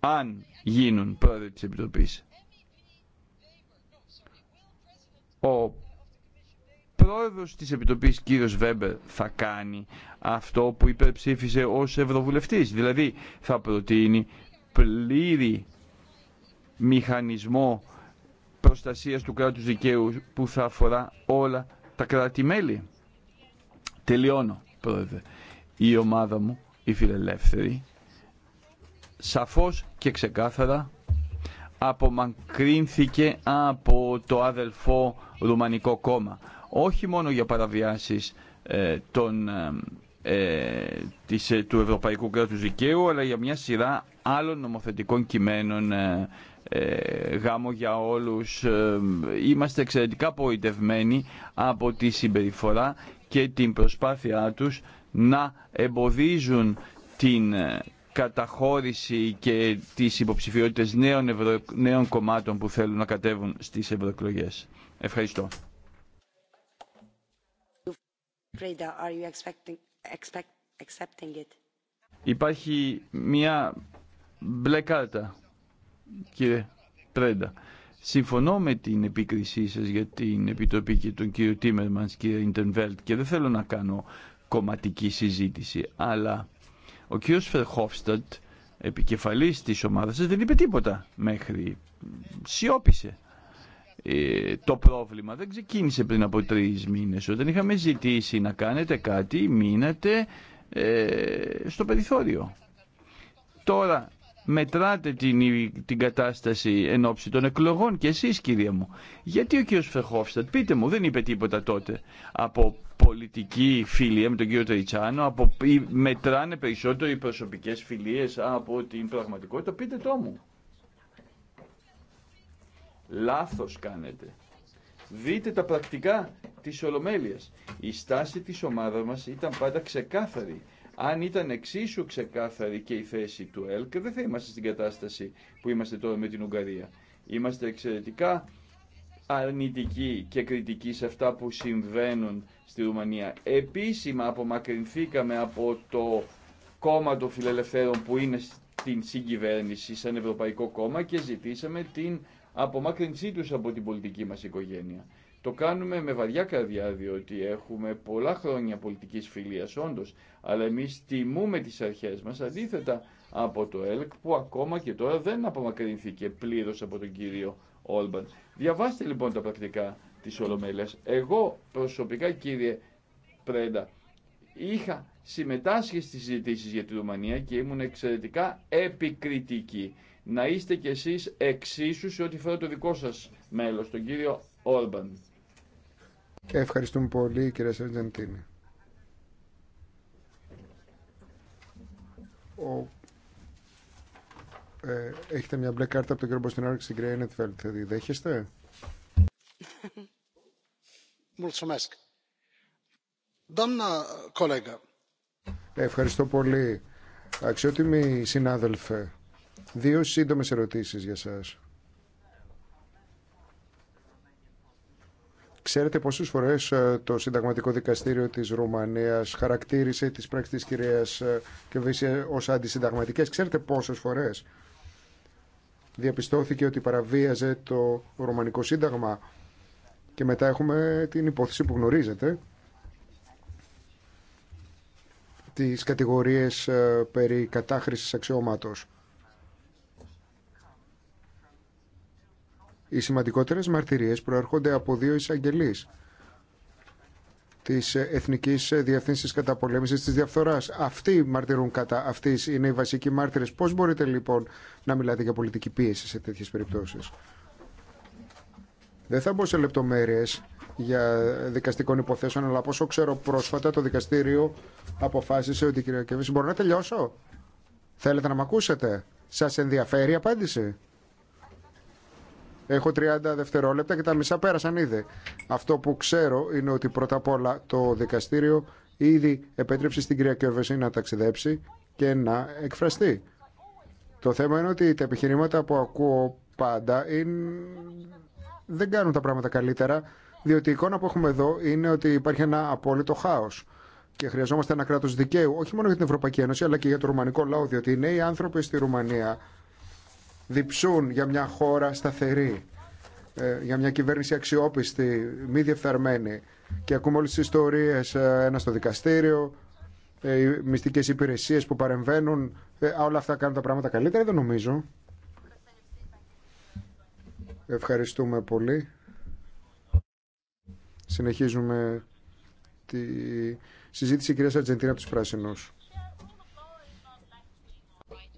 αν γίνουν πρόεδροι της Επιτροπής. Ο πρόεδρος της Επιτροπής κύριος Βέμπερ θα κάνει αυτό που υπερψήφισε ως ευρωβουλευτής. Δηλαδή θα προτείνει πλήρη μηχανισμό προστασίας του κράτους δικαίου που θα αφορά όλα τα κράτη-μέλη. Τελειώνω, πρόεδρε. Η ομάδα μου, η φιλελεύθερη, σαφώς και ξεκάθαρα απομακρύνθηκε από το αδελφό Ρουμανικό κόμμα. Όχι μόνο για παραβιάσεις ε, των, ε, της, ε, του Ευρωπαϊκού Κράτους Δικαίου, αλλά για μια σειρά άλλων νομοθετικών κειμένων ε, γάμο για όλους. Ε, είμαστε εξαιρετικά απογοητευμένοι από τη συμπεριφορά και την προσπάθειά τους να εμποδίζουν την ε, καταχώρηση και τις υποψηφιότητες νέων, ευρω... νέων κομμάτων που θέλουν να κατέβουν στις ευρωεκλογέ. Ευχαριστώ. Υπάρχει μια μπλε κάρτα κύριε Πρέντα. Συμφωνώ με την επίκρισή σας για την Επιτροπή και τον κύριο Τίμερμανς, κύριε Ιντερνβέλτ, και δεν θέλω να κάνω κομματική συζήτηση, αλλά ο κύριος Φερχόφστατ, επικεφαλής της ομάδας σας, δεν είπε τίποτα μέχρι. Σιώπησε. Ε, το πρόβλημα δεν ξεκίνησε πριν από τρεις μήνες. Όταν είχαμε ζητήσει να κάνετε κάτι, μείνατε ε, στο περιθώριο. Τώρα μετράτε την, κατάσταση εν ώψη των εκλογών και εσείς κυρία μου. Γιατί ο κύριος Φεχόφστατ, πείτε μου, δεν είπε τίποτα τότε από πολιτική φιλία ε, με τον κύριο Τριτσάνο, από, μετράνε περισσότερο οι προσωπικές φιλίες από την πραγματικότητα, πείτε το μου. Λάθος κάνετε. Δείτε τα πρακτικά της Ολομέλειας. Η στάση της ομάδας μας ήταν πάντα ξεκάθαρη. Αν ήταν εξίσου ξεκάθαρη και η θέση του ΕΛΚ, δεν θα είμαστε στην κατάσταση που είμαστε τώρα με την Ουγγαρία. Είμαστε εξαιρετικά αρνητικοί και κριτικοί σε αυτά που συμβαίνουν στη Ρουμανία. Επίσημα απομακρυνθήκαμε από το κόμμα των φιλελευθέρων που είναι στην συγκυβέρνηση σαν Ευρωπαϊκό Κόμμα και ζητήσαμε την απομάκρυνσή τους από την πολιτική μας οικογένεια. Το κάνουμε με βαριά καρδιά διότι έχουμε πολλά χρόνια πολιτικής φιλίας όντως, αλλά εμείς τιμούμε τις αρχές μας αντίθετα από το ΕΛΚ που ακόμα και τώρα δεν απομακρυνθήκε πλήρως από τον κύριο Όλμπαν. Διαβάστε λοιπόν τα πρακτικά της Ολομέλειας. Εγώ προσωπικά κύριε Πρέντα είχα συμμετάσχει στις συζητήσεις για τη Ρουμανία και ήμουν εξαιρετικά επικριτική. Να είστε κι εσείς εξίσου σε ό,τι φέρω το δικό σας μέλος, τον κύριο Όρμπαν. Ευχαριστούμε πολύ κυρία Σερτζαντίνη. Ο... Ε, έχετε μια μπλε κάρτα από τον κύριο Μποστινάρο και στην κυρία Ενετφέλτ. Θα δέχεστε. Ευχαριστώ πολύ. Αξιότιμη συνάδελφε, δύο σύντομες ερωτήσεις για σας. Ξέρετε πόσες φορές ε, το Συνταγματικό Δικαστήριο της Ρουμανίας χαρακτήρισε τις πράξεις της κυρίας ε, Κεβίση ως αντισυνταγματικέ. Ξέρετε πόσες φορές διαπιστώθηκε ότι παραβίαζε το Ρουμανικό Σύνταγμα και μετά έχουμε την υπόθεση που γνωρίζετε τις κατηγορίες ε, περί κατάχρησης αξιώματος. Οι σημαντικότερε μαρτυρίε προέρχονται από δύο εισαγγελείς τη εθνική Διευθύνσης Καταπολέμηση τη διαφθορά. Αυτοί μαρτυρούν κατά αυτή, είναι οι βασικοί μάρτυρε. Πώ μπορείτε λοιπόν να μιλάτε για πολιτική πίεση σε τέτοιε περιπτώσει. Δεν θα μπω σε λεπτομέρειες για δικαστικών υποθέσεων, αλλά πόσο ξέρω πρόσφατα το δικαστήριο αποφάσισε ότι η κυρία Κεβίση, μπορεί να τελειώσω. Θέλετε να με ακούσετε. Σας ενδιαφέρει η απάντηση. Έχω 30 δευτερόλεπτα και τα μισά πέρασαν ήδη. Αυτό που ξέρω είναι ότι πρώτα απ' όλα το δικαστήριο ήδη επέτρεψε στην κυρία Κιόβεση να ταξιδέψει και να εκφραστεί. Το θέμα είναι ότι τα επιχειρήματα που ακούω πάντα είναι... δεν κάνουν τα πράγματα καλύτερα, διότι η εικόνα που έχουμε εδώ είναι ότι υπάρχει ένα απόλυτο χάο. Και χρειαζόμαστε ένα κράτο δικαίου, όχι μόνο για την Ευρωπαϊκή Ένωση, αλλά και για το ρουμανικό λαό, διότι οι νέοι άνθρωποι στη Ρουμανία διψούν για μια χώρα σταθερή, ε, για μια κυβέρνηση αξιόπιστη, μη διεφθαρμένη. Και ακούμε όλες τις ιστορίες, ε, ένα στο δικαστήριο, ε, οι μυστικές υπηρεσίες που παρεμβαίνουν. Όλα αυτά κάνουν τα πράγματα καλύτερα, δεν νομίζω. Ευχαριστούμε πολύ. Συνεχίζουμε τη συζήτηση κυρίας Αρτζεντίνα από τους Πράσινους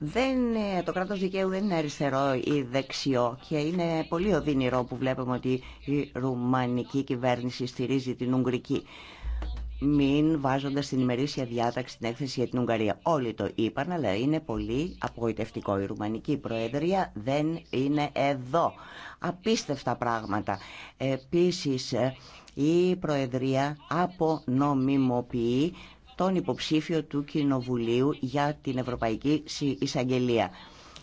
δεν, το κράτος δικαίου δεν είναι αριστερό ή δεξιό και είναι πολύ οδυνηρό που βλέπουμε ότι η ρουμανική κυβέρνηση στηρίζει την Ουγγρική μην βάζοντα στην ημερήσια διάταξη στην έκθεση για την Ουγγαρία. Όλοι το είπαν, αλλά είναι πολύ απογοητευτικό. Η Ρουμανική Προεδρία δεν είναι εδώ. Απίστευτα πράγματα. Επίση, η Προεδρία απονομιμοποιεί τον υποψήφιο του Κοινοβουλίου για την Ευρωπαϊκή Εισαγγελία.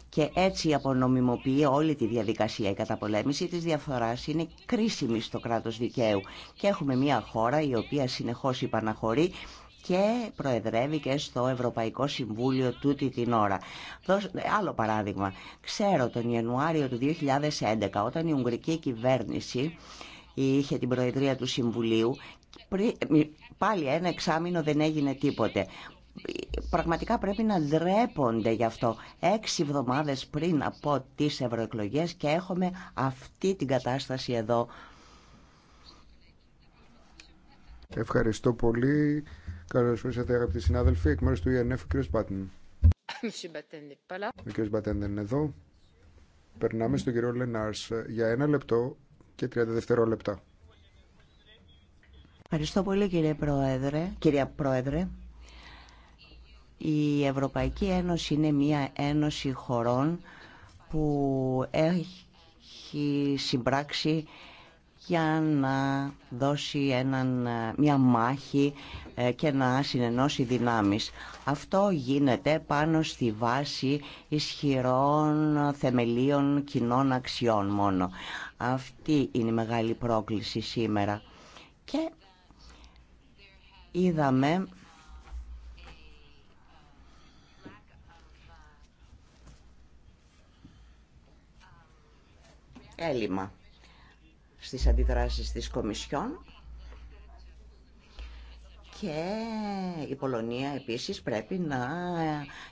Και έτσι απονομιμοποιεί όλη τη διαδικασία. Η καταπολέμηση της διαφθοράς είναι κρίσιμη στο κράτος δικαίου. Και έχουμε μια χώρα η οποία συνεχώς υπαναχωρεί και προεδρεύει και στο Ευρωπαϊκό Συμβούλιο τούτη την ώρα. Άλλο παράδειγμα. Ξέρω τον Ιανουάριο του 2011 όταν η Ουγγρική κυβέρνηση είχε την προεδρία του Συμβουλίου Πάλι ένα εξάμεινο δεν έγινε τίποτε. Πραγματικά πρέπει να ντρέπονται γι' αυτό. Έξι εβδομάδες πριν από τις ευρωεκλογέ και έχουμε αυτή την κατάσταση εδώ. Ευχαριστώ πολύ. Καλώ ήρθατε αγαπητοί συνάδελφοι. Εκ μέρου του ΙΕΝΕΦ, ο κ. Μπάτεν. Ο κ. Μπάτεν δεν είναι εδώ. Περνάμε στον κύριο Λενάρ για ένα λεπτό και 30 δευτερόλεπτα. Ευχαριστώ πολύ κύριε Πρόεδρε, κυρία Πρόεδρε. Η Ευρωπαϊκή Ένωση είναι μια ένωση χωρών που έχει συμπράξει για να δώσει έναν, μια μάχη ε, και να συνενώσει δυνάμεις. Αυτό γίνεται πάνω στη βάση ισχυρών θεμελίων κοινών αξιών μόνο. Αυτή είναι η μεγάλη πρόκληση σήμερα. Και είδαμε έλλειμμα στις αντιδράσεις της Κομισιόν και η Πολωνία επίσης πρέπει να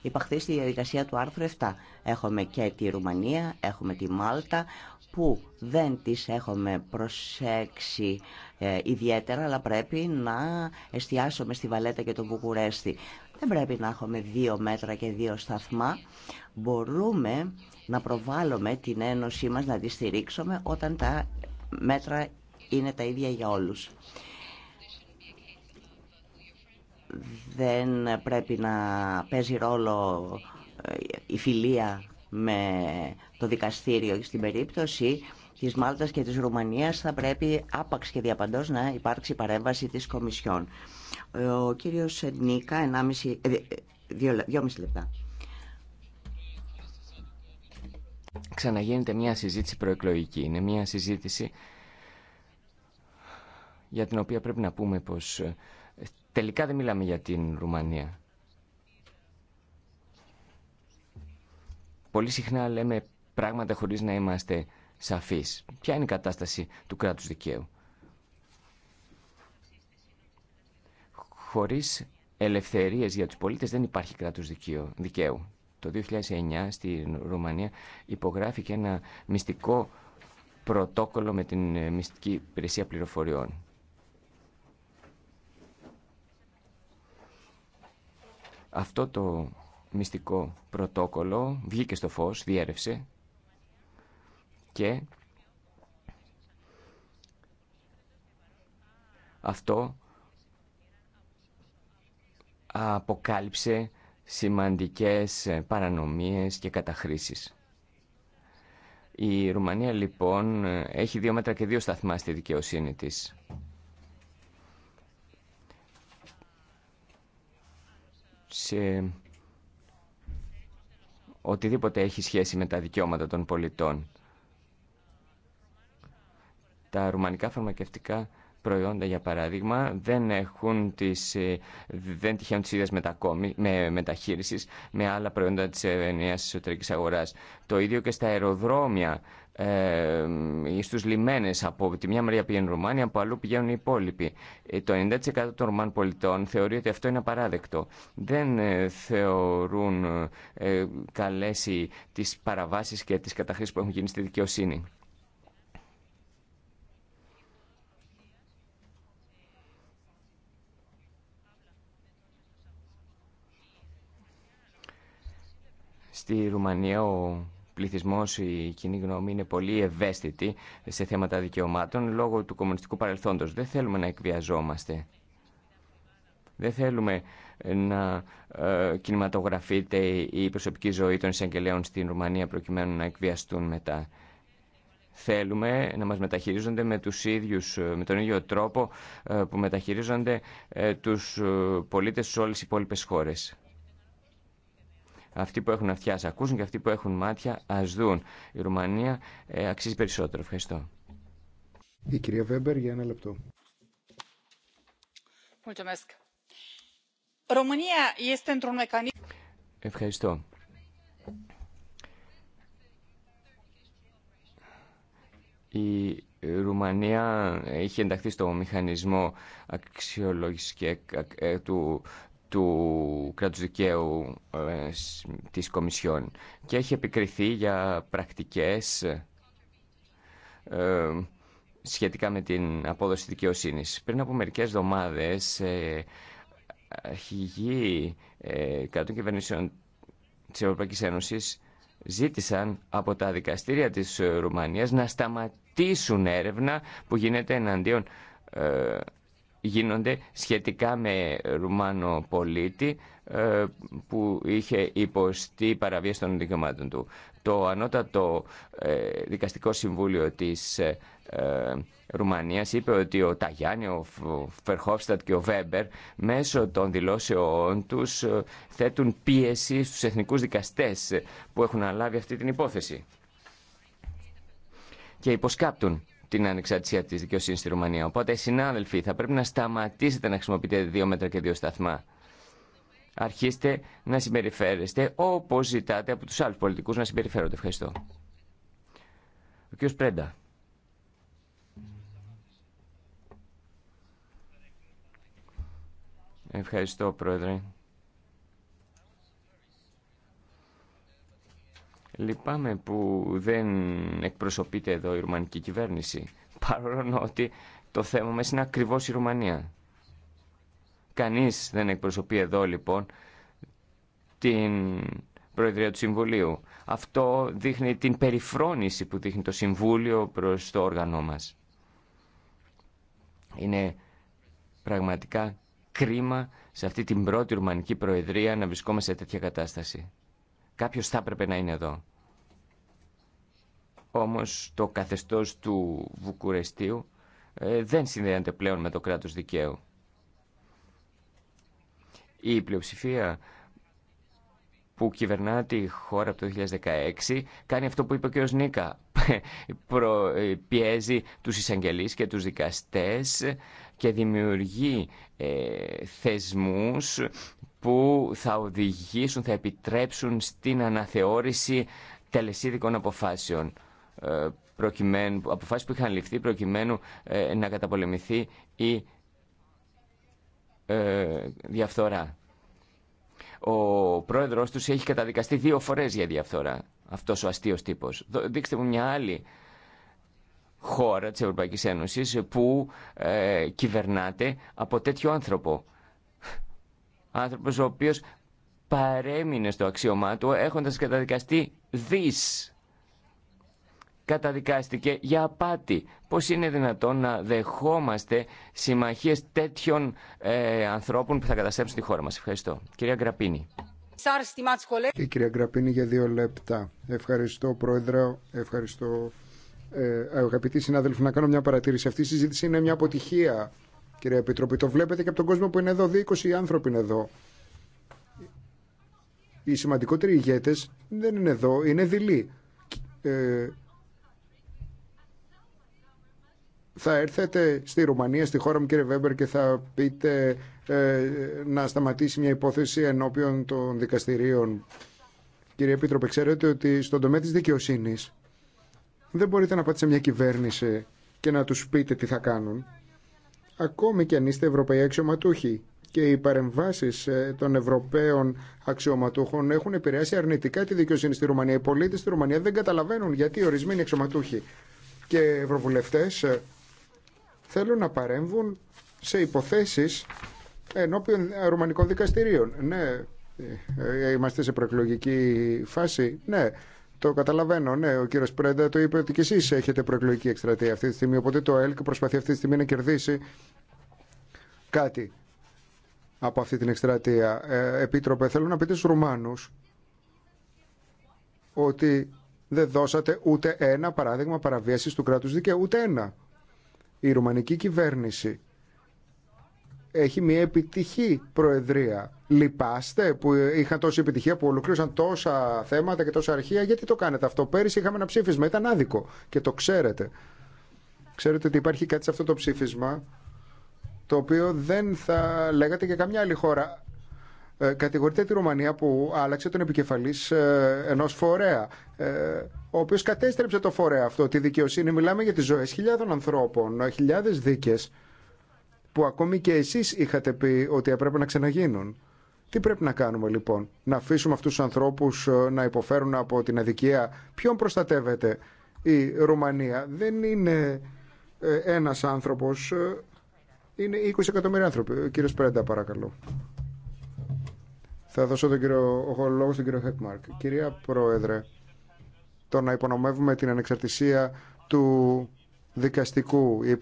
υπαχθεί στη διαδικασία του άρθρου 7. Έχουμε και τη Ρουμανία, έχουμε τη Μάλτα που δεν τις έχουμε προσέξει ε, ιδιαίτερα, αλλά πρέπει να εστιάσουμε στη Βαλέτα και τον Βουκουρέστι. Δεν πρέπει να έχουμε δύο μέτρα και δύο σταθμά. Μπορούμε να προβάλλουμε την ένωσή μας, να τη στηρίξουμε όταν τα μέτρα είναι τα ίδια για όλους. Δεν πρέπει να παίζει ρόλο ε, η φιλία με το δικαστήριο στην περίπτωση της Μάλτας και της Ρουμανίας θα πρέπει άπαξ και διαπαντός να υπάρξει παρέμβαση της Κομισιόν. Ο κύριος Νίκα, 1,5, 2,5 ε, ε, λεπτά. Ξαναγίνεται μια συζήτηση προεκλογική. Είναι μια συζήτηση για την οποία πρέπει να πούμε πως ε, τελικά δεν μιλάμε για την Ρουμανία. Πολύ συχνά λέμε πράγματα χωρίς να είμαστε σαφής. Ποια είναι η κατάσταση του κράτους δικαίου. Χωρίς ελευθερίες για τους πολίτες δεν υπάρχει κράτος δικαίου. Το 2009 στη Ρουμανία υπογράφηκε ένα μυστικό πρωτόκολλο με την ε, μυστική υπηρεσία πληροφοριών. Αυτό το μυστικό πρωτόκολλο βγήκε στο φως, διέρευσε και αυτό αποκάλυψε σημαντικές παρανομίες και καταχρήσεις. Η Ρουμανία λοιπόν έχει δύο μέτρα και δύο σταθμά στη δικαιοσύνη της. Σε οτιδήποτε έχει σχέση με τα δικαιώματα των πολιτών. Τα ρουμανικά φαρμακευτικά προϊόντα, για παράδειγμα, δεν, έχουν τις, ε, δεν τυχαίνουν τις ίδιες μετακόμι, με, μεταχείρισης με άλλα προϊόντα της νέας εσωτερικής αγοράς. Το ίδιο και στα αεροδρόμια, ε, στους λιμένες από τη μια μεριά πηγαίνουν Ρουμάνοι, από αλλού πηγαίνουν οι υπόλοιποι. Ε, το 90% των Ρουμάν πολιτών θεωρεί ότι αυτό είναι απαράδεκτο. Δεν ε, θεωρούν ε, τις παραβάσεις και τις καταχρήσεις που έχουν γίνει στη δικαιοσύνη. Στη Ρουμανία ο πληθυσμό, η κοινή γνώμη είναι πολύ ευαίσθητη σε θέματα δικαιωμάτων λόγω του κομμουνιστικού παρελθόντος. Δεν θέλουμε να εκβιαζόμαστε. Δεν θέλουμε να ε, κινηματογραφείται η προσωπική ζωή των εισαγγελέων στην Ρουμανία προκειμένου να εκβιαστούν μετά. Θέλουμε να μας μεταχειρίζονται με, τους ίδιους, ε, με τον ίδιο τρόπο ε, που μεταχειρίζονται τους πολίτες σε όλες οι υπόλοιπες χώρες. Αυτοί που έχουν αυτιά ας ακούσουν και αυτοί που έχουν μάτια α δουν. Η Ρουμανία ε, αξίζει περισσότερο. Ευχαριστώ. Η κυρία Βέμπερ για ένα λεπτό. Ευχαριστώ. Η Ρουμανία είχε ενταχθεί στο μηχανισμό αξιολόγηση και ε, του, του κράτους δικαίου ε, της Κομισιόν και έχει επικριθεί για πρακτικές ε, σχετικά με την απόδοση δικαιοσύνης. Πριν από μερικές εβδομάδες, ε, αρχηγοί ε, των κυβερνήσεων της Ευρωπαϊκής Ένωσης ζήτησαν από τα δικαστήρια της Ρουμανίας να σταματήσουν έρευνα που γίνεται εναντίον ε, γίνονται σχετικά με Ρουμάνο πολίτη ε, που είχε υποστεί παραβίαση των δικαιωμάτων του. Το Ανώτατο ε, Δικαστικό Συμβούλιο της ε, Ρουμανίας είπε ότι ο Ταγιάννη, ο Φερχόφστατ και ο Βέμπερ μέσω των δηλώσεών τους θέτουν πίεση στους εθνικούς δικαστές που έχουν αναλάβει αυτή την υπόθεση και υποσκάπτουν την ανεξαρτησία τη δικαιοσύνη στη Ρουμανία. Οπότε, συνάδελφοι, θα πρέπει να σταματήσετε να χρησιμοποιείτε δύο μέτρα και δύο σταθμά. Αρχίστε να συμπεριφέρεστε όπως ζητάτε από τους άλλου πολιτικούς να συμπεριφέρονται. Ευχαριστώ. Ο κ. Πρέντα. Ευχαριστώ, Πρόεδρε. Λυπάμαι που δεν εκπροσωπείται εδώ η ρουμανική κυβέρνηση, παρόλο ότι το θέμα μας είναι ακριβώς η Ρουμανία. Κανείς δεν εκπροσωπεί εδώ λοιπόν την Προεδρία του Συμβουλίου. Αυτό δείχνει την περιφρόνηση που δείχνει το Συμβούλιο προς το όργανο μας. Είναι πραγματικά κρίμα σε αυτή την πρώτη Ρουμανική Προεδρία να βρισκόμαστε σε τέτοια κατάσταση. Κάποιος θα έπρεπε να είναι εδώ. Όμως το καθεστώς του Βουκουρεστίου ε, δεν συνδέεται πλέον με το κράτος δικαίου. Η πλειοψηφία που κυβερνά τη χώρα από το 2016 κάνει αυτό που είπε ο κ. Νίκα. Ε, πιέζει τους εισαγγελείς και τους δικαστές και δημιουργεί ε, θεσμούς που θα οδηγήσουν, θα επιτρέψουν στην αναθεώρηση τελεσίδικων αποφάσεων ε, αποφάσεις που είχαν ληφθεί προκειμένου ε, να καταπολεμηθεί η ε, διαφθορά. Ο πρόεδρος τους έχει καταδικαστεί δύο φορές για διαφθορά, αυτός ο αστείος τύπος. Δείξτε μου μια άλλη χώρα της Ευρωπαϊκής Ένωσης που ε, κυβερνάται από τέτοιο άνθρωπο. Άνθρωπος ο οποίος παρέμεινε στο αξίωμά του έχοντας καταδικαστεί δις. Καταδικάστηκε για απάτη. Πώς είναι δυνατόν να δεχόμαστε συμμαχίες τέτοιων ε, ανθρώπων που θα καταστρέψουν τη χώρα μας. Ευχαριστώ. Κυρία Γκραπίνη. Και κυρία Γκραπίνη για δύο λεπτά. Ευχαριστώ πρόεδρε, ευχαριστώ ε, αγαπητοί συνάδελφοι, να κάνω μια παρατήρηση. Αυτή η συζήτηση είναι μια αποτυχία, κύριε Επιτροπή. Το βλέπετε και από τον κόσμο που είναι εδώ. Δύο άνθρωποι είναι εδώ. Οι σημαντικότεροι ηγέτε δεν είναι εδώ, είναι δειλοί. Ε, θα έρθετε στη Ρουμανία, στη χώρα μου κύριε Βέμπερ και θα πείτε ε, να σταματήσει μια υπόθεση ενώπιον των δικαστηρίων. Κύριε Επίτροπε, ξέρετε ότι στον τομέα της δικαιοσύνης δεν μπορείτε να πάτε σε μια κυβέρνηση και να τους πείτε τι θα κάνουν. Ακόμη και αν είστε Ευρωπαίοι αξιωματούχοι και οι παρεμβάσει ε, των Ευρωπαίων αξιωματούχων έχουν επηρεάσει αρνητικά τη δικαιοσύνη στη Ρουμανία. Οι πολίτε στη Ρουμανία δεν καταλαβαίνουν γιατί ορισμένοι αξιωματούχοι και ευρωβουλευτέ ε, θέλουν να παρέμβουν σε υποθέσει ενώπιον ρουμανικών δικαστηρίων. Ναι, ε, είμαστε σε προεκλογική φάση. Ναι, το καταλαβαίνω, ναι. Ο κύριο Πρέντα το είπε ότι και εσεί έχετε προεκλογική εκστρατεία αυτή τη στιγμή. Οπότε το ΕΛΚ προσπαθεί αυτή τη στιγμή να κερδίσει κάτι από αυτή την εκστρατεία. Ε, Επίτροπε, θέλω να πείτε στου Ρουμάνου ότι δεν δώσατε ούτε ένα παράδειγμα παραβίαση του κράτου δικαίου. Ούτε ένα. Η ρουμανική κυβέρνηση έχει μια επιτυχή προεδρία. Λυπάστε που είχαν τόση επιτυχία, που ολοκλήρωσαν τόσα θέματα και τόσα αρχεία. Γιατί το κάνετε αυτό. Πέρυσι είχαμε ένα ψήφισμα, ήταν άδικο και το ξέρετε. Ξέρετε ότι υπάρχει κάτι σε αυτό το ψήφισμα το οποίο δεν θα λέγατε και καμιά άλλη χώρα. Ε, κατηγορείται τη Ρουμανία που άλλαξε τον επικέφαλή ε, ενός φορέα, ε, ο οποίο κατέστρεψε το φορέα αυτό, τη δικαιοσύνη. Μιλάμε για τι ζωέ χιλιάδων ανθρώπων, χιλιάδε δίκε που ακόμη και εσείς είχατε πει ότι έπρεπε να ξαναγίνουν. Τι πρέπει να κάνουμε λοιπόν, να αφήσουμε αυτούς τους ανθρώπους ε, να υποφέρουν από την αδικία. Ποιον προστατεύεται η Ρουμανία. Δεν είναι ε, ένας άνθρωπος, ε, είναι 20 εκατομμύρια άνθρωποι. Ο κύριος Πρέντα παρακαλώ. Θα δώσω τον κύριο, λόγο στον κύριο Χεκμάρκ. Κυρία Πρόεδρε, το να υπονομεύουμε την ανεξαρτησία του δικαστικού, η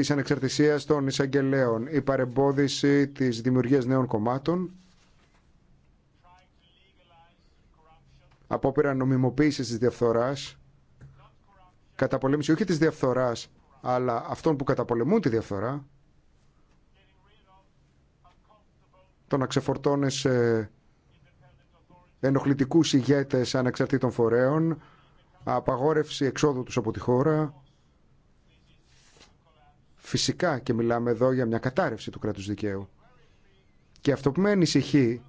Τη ανεξαρτησία των εισαγγελέων, η παρεμπόδιση της δημιουργία νέων κομμάτων, απόπειρα νομιμοποίηση της διαφθορά, καταπολέμηση όχι της διαφθορά, αλλά αυτών που καταπολεμούν τη διαφθορά, το να σε ενοχλητικού ηγέτε ανεξαρτήτων φορέων, απαγόρευση εξόδου τους από τη χώρα, Φυσικά και μιλάμε εδώ για μια κατάρρευση του κράτους δικαίου. Και αυτό που με ανησυχεί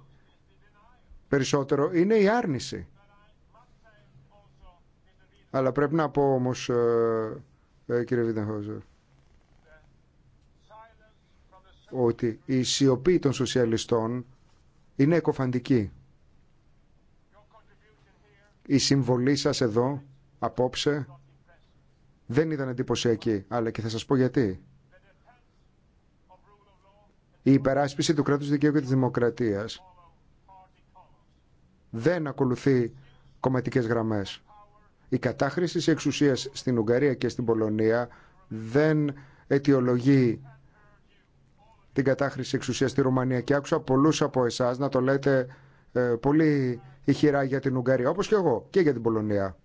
περισσότερο είναι η άρνηση. Αλλά πρέπει να πω όμως, ε, ε, κύριε Βιντεχόζερ, ότι η σιωπή των σοσιαλιστών είναι εκοφαντική. Η συμβολή σας εδώ, απόψε, δεν ήταν εντυπωσιακή, αλλά και θα σας πω γιατί. Η υπεράσπιση του κράτους δικαίου και της δημοκρατίας δεν ακολουθεί κομματικές γραμμές. Η κατάχρηση της εξουσίας στην Ουγγαρία και στην Πολωνία δεν αιτιολογεί την κατάχρηση εξουσίας στη Ρουμανία και άκουσα πολλούς από εσάς να το λέτε ε, πολύ ηχηρά για την Ουγγαρία όπως και εγώ και για την Πολωνία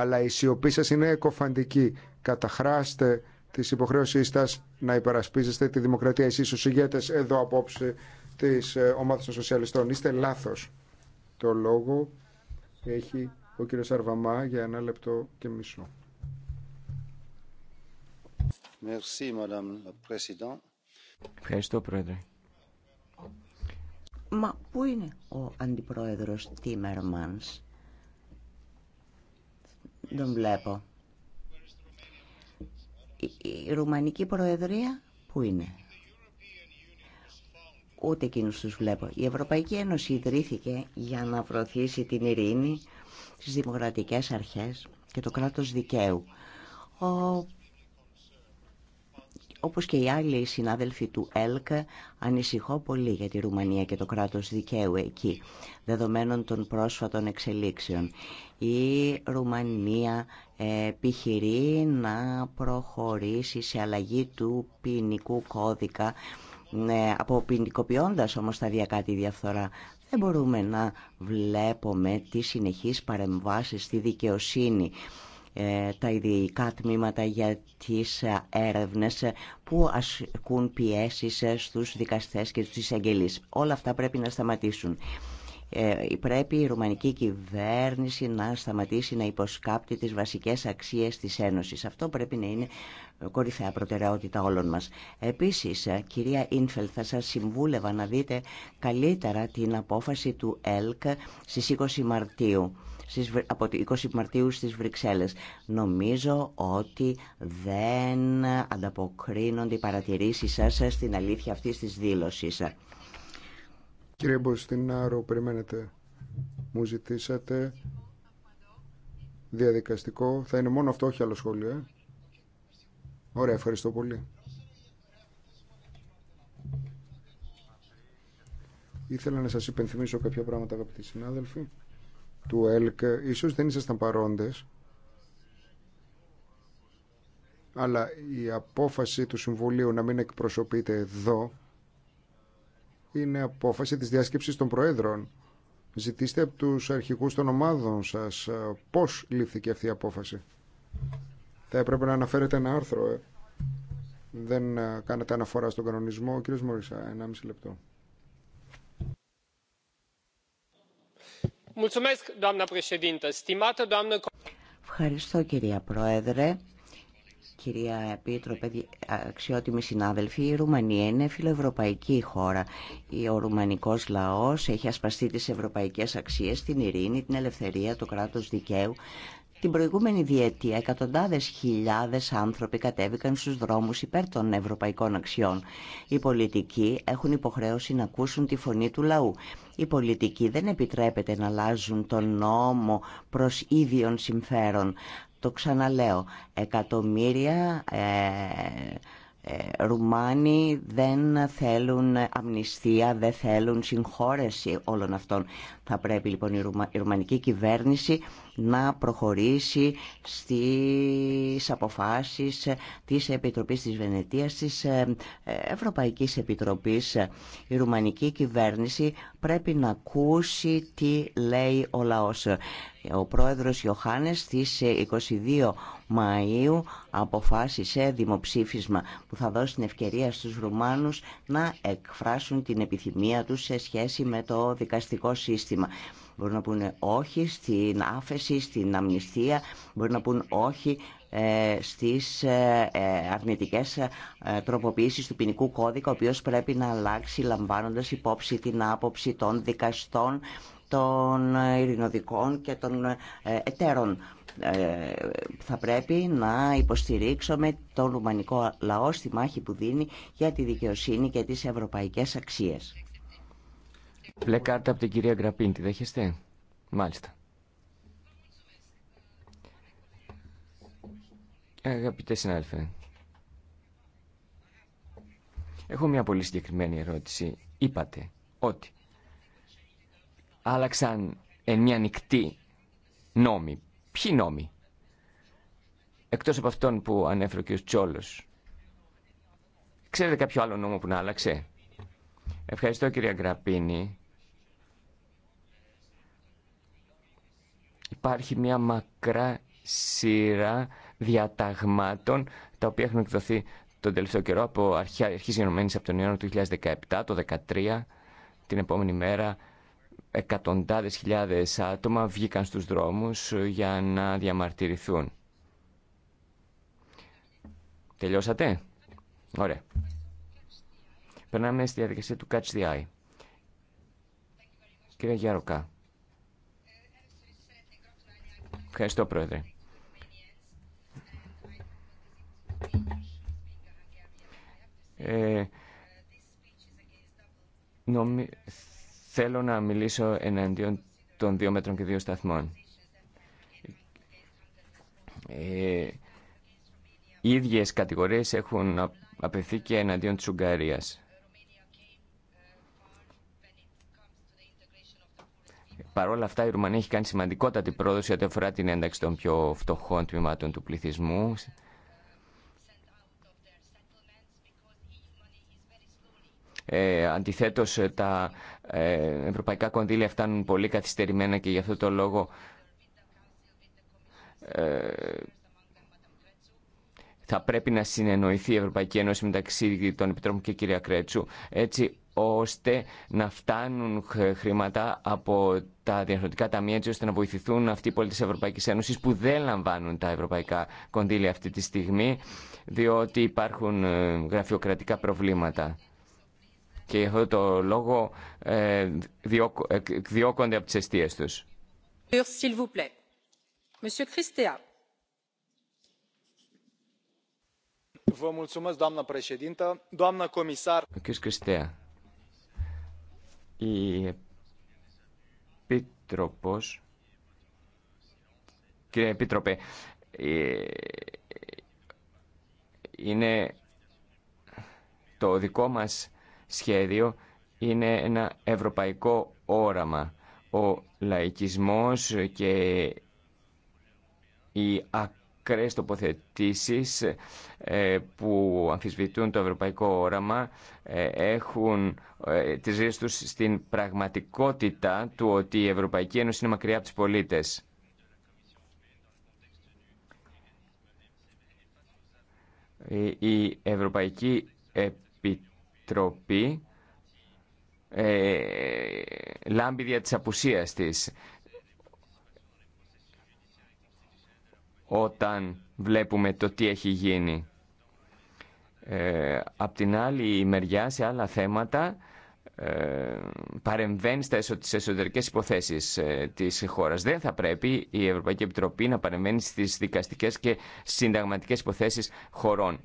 αλλά η σιωπή σας είναι εκοφαντική. Καταχράστε τις υποχρέωσή σα να υπερασπίζεστε τη δημοκρατία. Εσείς ως ηγέτες εδώ απόψε της ε, ομάδας των σοσιαλιστών. Είστε λάθος. Το λόγο έχει ο κύριος Αρβαμά για ένα λεπτό και μισό. Ευχαριστώ, Πρόεδρε. Μα πού είναι ο Αντιπρόεδρος Τίμερμανς δεν βλέπω. Η Ρουμανική Προεδρία πού είναι. Ούτε εκείνους τους βλέπω. Η Ευρωπαϊκή Ένωση ιδρύθηκε για να προωθήσει την ειρήνη, στις δημοκρατικές αρχές και το κράτος δικαίου. Όπως και οι άλλοι συνάδελφοι του ΕΛΚ, ανησυχώ πολύ για τη Ρουμανία και το κράτος δικαίου εκεί, δεδομένων των πρόσφατων εξελίξεων. Η Ρουμανία επιχειρεί να προχωρήσει σε αλλαγή του ποινικού κώδικα, ναι, αποποινικοποιώντας όμως τα τη διαφθορά. Δεν μπορούμε να βλέπουμε τις συνεχείς παρεμβάσεις στη δικαιοσύνη ε, τα ειδικά τμήματα για τις ε, έρευνες ε, που ασκούν πιέσεις στους δικαστές και στους εισαγγελείς. Όλα αυτά πρέπει να σταματήσουν. Πρέπει η ρουμανική κυβέρνηση να σταματήσει να υποσκάπτει τις βασικές αξίες της Ένωσης. Αυτό πρέπει να είναι κορυφαία προτεραιότητα όλων μας. Επίσης, κυρία Ίνφελ, θα σας συμβούλευα να δείτε καλύτερα την απόφαση του ΕΛΚ στις 20 Μαρτίου από 20 Μαρτίου στις Βρυξέλλες. Νομίζω ότι δεν ανταποκρίνονται οι παρατηρήσεις σας στην αλήθεια αυτής της δήλωσης. Κύριε Μποστινάρο, περιμένετε. Μου ζητήσατε διαδικαστικό. Θα είναι μόνο αυτό, όχι άλλο σχόλιο. Ε? Ωραία, ευχαριστώ πολύ. Ήθελα να σας υπενθυμίσω κάποια πράγματα, αγαπητοί συνάδελφοι του ΕΛΚ ίσως δεν ήσασταν παρόντες αλλά η απόφαση του Συμβουλίου να μην εκπροσωπείται εδώ είναι απόφαση της διάσκεψης των Προέδρων. Ζητήστε από τους αρχηγούς των ομάδων σας ε, πώς λήφθηκε αυτή η απόφαση. Θα έπρεπε να αναφέρετε ένα άρθρο. Ε. Δεν ε, κάνετε αναφορά στον κανονισμό. Ο Μωρίς, Μωρίσα, 1,5 λεπτό. Ευχαριστώ κυρία Πρόεδρε. Κυρία Επίτροπε, αξιότιμοι συνάδελφοι, η Ρουμανία είναι φιλοευρωπαϊκή χώρα. Ο ρουμανικός λαός έχει ασπαστεί τις ευρωπαϊκές αξίες, την ειρήνη, την ελευθερία, το κράτος δικαίου, την προηγούμενη διετία εκατοντάδες χιλιάδες άνθρωποι κατέβηκαν στους δρόμους υπέρ των ευρωπαϊκών αξιών. Οι πολιτικοί έχουν υποχρέωση να ακούσουν τη φωνή του λαού. Οι πολιτικοί δεν επιτρέπεται να αλλάζουν τον νόμο προς ίδιων συμφέρον. Το ξαναλέω, εκατομμύρια ε, ε, Ρουμάνοι δεν θέλουν αμνηστία, δεν θέλουν συγχώρεση όλων αυτών. Θα πρέπει λοιπόν η, η ρουμανική κυβέρνηση να προχωρήσει στις αποφάσεις της Επιτροπής της Βενετίας, της ε, Ευρωπαϊκής Επιτροπής. Η Ρουμανική κυβέρνηση πρέπει να ακούσει τι λέει ο λαός. Ο πρόεδρος Ιωάννης στις 22 Μαΐου αποφάσισε δημοψήφισμα που θα δώσει την ευκαιρία στους Ρουμάνους να εκφράσουν την επιθυμία τους σε σχέση με το δικαστικό σύστημα. Μπορεί να πούνε όχι στην άφεση, στην αμνηστία, Μπορεί να πούνε όχι ε, στις ε, ε, αρνητικές τροποποιήσεις του ποινικού κώδικα, ο οποίος πρέπει να αλλάξει λαμβάνοντας υπόψη την άποψη των δικαστών, των ειρηνοδικών και των εταίρων. Θα πρέπει να υποστηρίξουμε τον ρουμανικό λαό στη μάχη που δίνει για τη δικαιοσύνη και τις ευρωπαϊκές αξίες. Πλέκαρτα από την κυρία Γκραπίν, τη δέχεστε. Μάλιστα. Αγαπητέ συνάδελφε, έχω μια πολύ συγκεκριμένη ερώτηση. Είπατε ότι άλλαξαν εν μια νυχτή νόμοι. Ποιοι νόμοι? Εκτός από αυτόν που ανέφερε και ο Τσόλος. Ξέρετε κάποιο άλλο νόμο που να άλλαξε? Ευχαριστώ κυρία Γκραπίνη. Υπάρχει μια μακρά σειρά διαταγμάτων τα οποία έχουν εκδοθεί τον τελευταίο καιρό από αρχή, αρχής γενομένης από τον Ιανουάριο του 2017, το 2013, την επόμενη μέρα εκατοντάδες χιλιάδες άτομα βγήκαν στους δρόμους ε, για να διαμαρτυρηθούν. Τελειώσατε? Ωραία. Περνάμε στη διαδικασία του Catch the Eye. Κύριε Γιάροκα. Ευχαριστώ, Πρόεδρε. Ε, θέλω να μιλήσω εναντίον των δύο μέτρων και δύο σταθμών. Ε, οι ίδιες κατηγορίες έχουν απευθεί και εναντίον της Ουγγαρίας. Παρ' όλα αυτά, η Ρουμανία έχει κάνει σημαντικότατη πρόοδο σε ό,τι αφορά την ένταξη των πιο φτωχών τμήματων του πληθυσμού. Ε, αντιθέτως, τα ε, ευρωπαϊκά κονδύλια φτάνουν πολύ καθυστερημένα και γι' αυτό το λόγο ε, θα πρέπει να συνεννοηθεί η Ευρωπαϊκή Ένωση μεταξύ των Επιτρόπων και κυρία Κρέτσου, έτσι ώστε να φτάνουν χρήματα από τα διαχρονικά ταμεία έτσι ώστε να βοηθηθούν αυτοί οι πολίτε τη Ευρωπαϊκής Ένωση που δεν λαμβάνουν τα ευρωπαϊκά κονδύλια αυτή τη στιγμή διότι υπάρχουν ε, γραφειοκρατικά προβλήματα. Και αυτό το λόγο ε, ε διώκονται από τις αιστείες τους η Επίτροπος κύριε Επίτροπε ε, είναι το δικό μας σχέδιο είναι ένα ευρωπαϊκό όραμα ο λαϊκισμός και η μικρές τοποθετήσεις ε, που αμφισβητούν το ευρωπαϊκό όραμα ε, έχουν ε, τις ρίες τους στην πραγματικότητα του ότι η Ευρωπαϊκή Ένωση είναι μακριά από τους πολίτες. Η Ευρωπαϊκή Επιτροπή λάμπει δια της απουσίας της. όταν βλέπουμε το τι έχει γίνει. Ε, απ' την άλλη μεριά, σε άλλα θέματα, ε, παρεμβαίνει στα εσω, εσωτερικές υποθέσεις ε, της χώρας. Δεν θα πρέπει η Ευρωπαϊκή Επιτροπή να παρεμβαίνει στις δικαστικές και συνταγματικές υποθέσεις χωρών.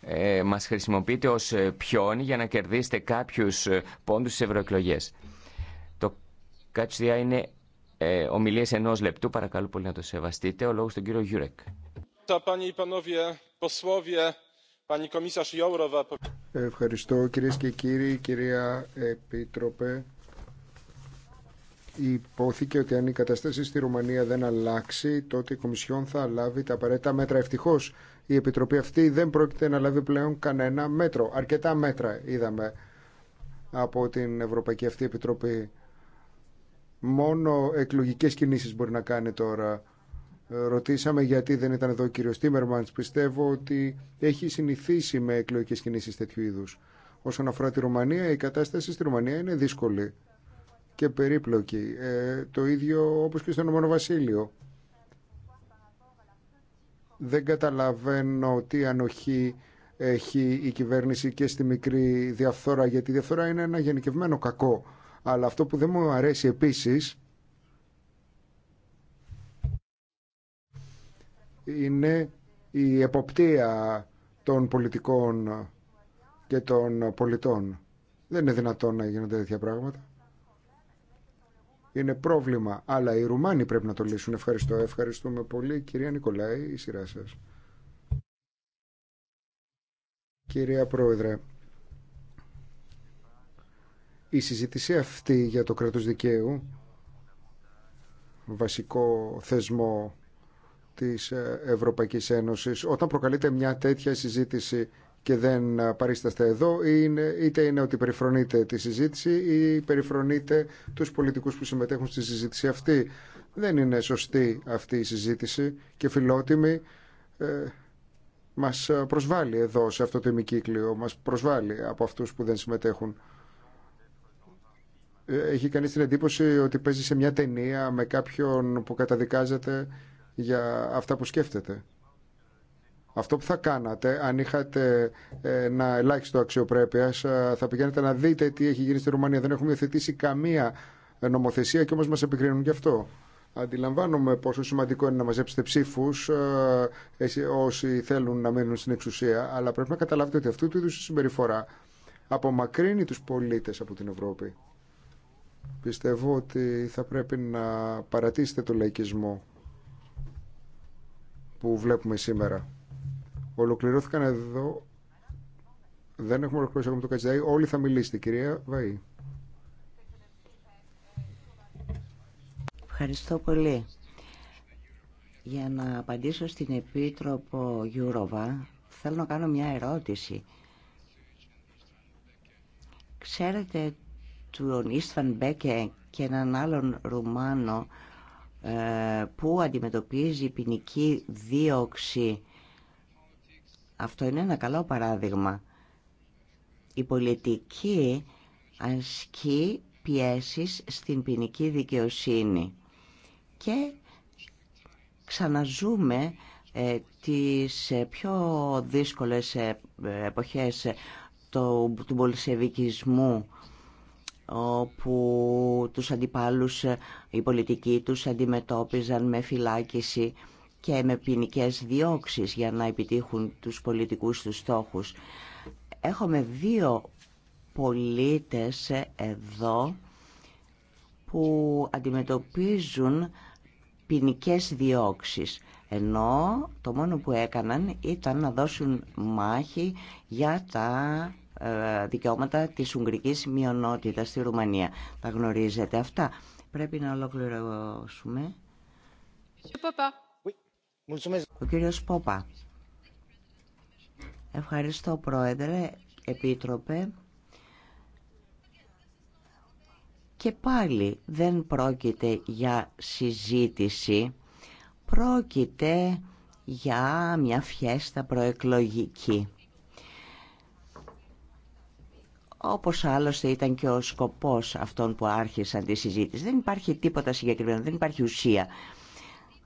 Ε, μας χρησιμοποιείτε ως ε, πιόνι για να κερδίσετε κάποιους ε, πόντους στις ευρωεκλογέ. Το ΚΑΤΣΔΙΑ είναι ε, ομιλίες ενός λεπτού. Παρακαλώ πολύ να το σεβαστείτε. Ο λόγο στον κύριο Γιούρεκ. Ευχαριστώ κύριε και κύριοι, κυρία Επίτροπε. Υπόθηκε ότι αν η κατάσταση στη Ρουμανία δεν αλλάξει, τότε η Κομισιόν θα λάβει τα απαραίτητα μέτρα. Ευτυχώ η Επιτροπή αυτή δεν πρόκειται να λάβει πλέον κανένα μέτρο. Αρκετά μέτρα είδαμε από την Ευρωπαϊκή αυτή Επιτροπή μόνο εκλογικές κινήσεις μπορεί να κάνει τώρα. Ε, ρωτήσαμε γιατί δεν ήταν εδώ ο κύριος Τίμερμαντς. Πιστεύω ότι έχει συνηθίσει με εκλογικές κινήσεις τέτοιου είδους. Όσον αφορά τη Ρουμανία, η κατάσταση στη Ρουμανία είναι δύσκολη και περίπλοκη. Ε, το ίδιο όπως και στο Ηνωμένο Δεν καταλαβαίνω τι ανοχή έχει η κυβέρνηση και στη μικρή διαφθορά, γιατί η διαφθορά είναι ένα γενικευμένο κακό αλλά αυτό που δεν μου αρέσει επίσης είναι η εποπτεία των πολιτικών και των πολιτών. Δεν είναι δυνατόν να γίνονται τέτοια πράγματα. Είναι πρόβλημα, αλλά οι Ρουμάνοι πρέπει να το λύσουν. Ευχαριστώ. Ευχαριστούμε πολύ. Κυρία Νικολάη, η σειρά σας. Κυρία Πρόεδρε, η συζήτηση αυτή για το κράτος δικαίου, βασικό θεσμό της ε, Ευρωπαϊκής Ένωσης, όταν προκαλείται μια τέτοια συζήτηση και δεν ε, παρίσταστε εδώ, είτε είναι ότι περιφρονείτε τη συζήτηση ή περιφρονείτε τους πολιτικούς που συμμετέχουν στη συζήτηση αυτή. Δεν είναι σωστή αυτή η συζήτηση και φιλότιμη ε, μας ε, προσβάλλει εδώ σε αυτό το ημικύκλιο, μας προσβάλλει από αυτούς που δεν συμμετέχουν έχει κανείς την εντύπωση ότι παίζει σε μια ταινία με κάποιον που καταδικάζεται για αυτά που σκέφτεται. Αυτό που θα κάνατε, αν είχατε ε, ένα ελάχιστο αξιοπρέπεια, ε, θα πηγαίνετε να δείτε τι έχει γίνει στη Ρουμανία. Δεν έχουμε υιοθετήσει καμία νομοθεσία και όμως μας επικρίνουν γι' αυτό. Αντιλαμβάνομαι πόσο σημαντικό είναι να μαζέψετε ψήφου ε, όσοι θέλουν να μείνουν στην εξουσία, αλλά πρέπει να καταλάβετε ότι αυτού του είδου συμπεριφορά απομακρύνει του πολίτε από την Ευρώπη. Πιστεύω ότι θα πρέπει να παρατήσετε το λαϊκισμό που βλέπουμε σήμερα. Ολοκληρώθηκαν εδώ. Δεν έχουμε ολοκληρώσει ακόμα το Κατζιάι. Όλοι θα μιλήσετε, κυρία Βαΐ. Ευχαριστώ πολύ. Για να απαντήσω στην Επίτροπο Γιούροβα, θέλω να κάνω μια ερώτηση. Ξέρετε του Ιστφαν Μπέκε και έναν άλλον Ρουμάνο ε, που αντιμετωπίζει ποινική δίωξη. Αυτό είναι ένα καλό παράδειγμα. Η πολιτική ασκεί πιέσεις στην ποινική δικαιοσύνη και ξαναζούμε ε, τις ε, πιο δύσκολες εποχές του, του όπου τους αντιπάλους οι πολιτικοί τους αντιμετώπιζαν με φυλάκιση και με ποινικέ διώξεις για να επιτύχουν τους πολιτικούς τους στόχους. Έχουμε δύο πολίτες εδώ που αντιμετωπίζουν ποινικέ διώξεις ενώ το μόνο που έκαναν ήταν να δώσουν μάχη για τα ε, δικαιώματα της ουγγρικής μειονότητας στη Ρουμανία. Τα γνωρίζετε αυτά. Πρέπει να ολοκληρώσουμε. Ο κύριος Πόπα. Ευχαριστώ Πρόεδρε, Επίτροπε. Και πάλι δεν πρόκειται για συζήτηση, πρόκειται για μια φιέστα προεκλογική. Όπως άλλωστε ήταν και ο σκοπός αυτών που άρχισαν τη συζήτηση. Δεν υπάρχει τίποτα συγκεκριμένο, δεν υπάρχει ουσία.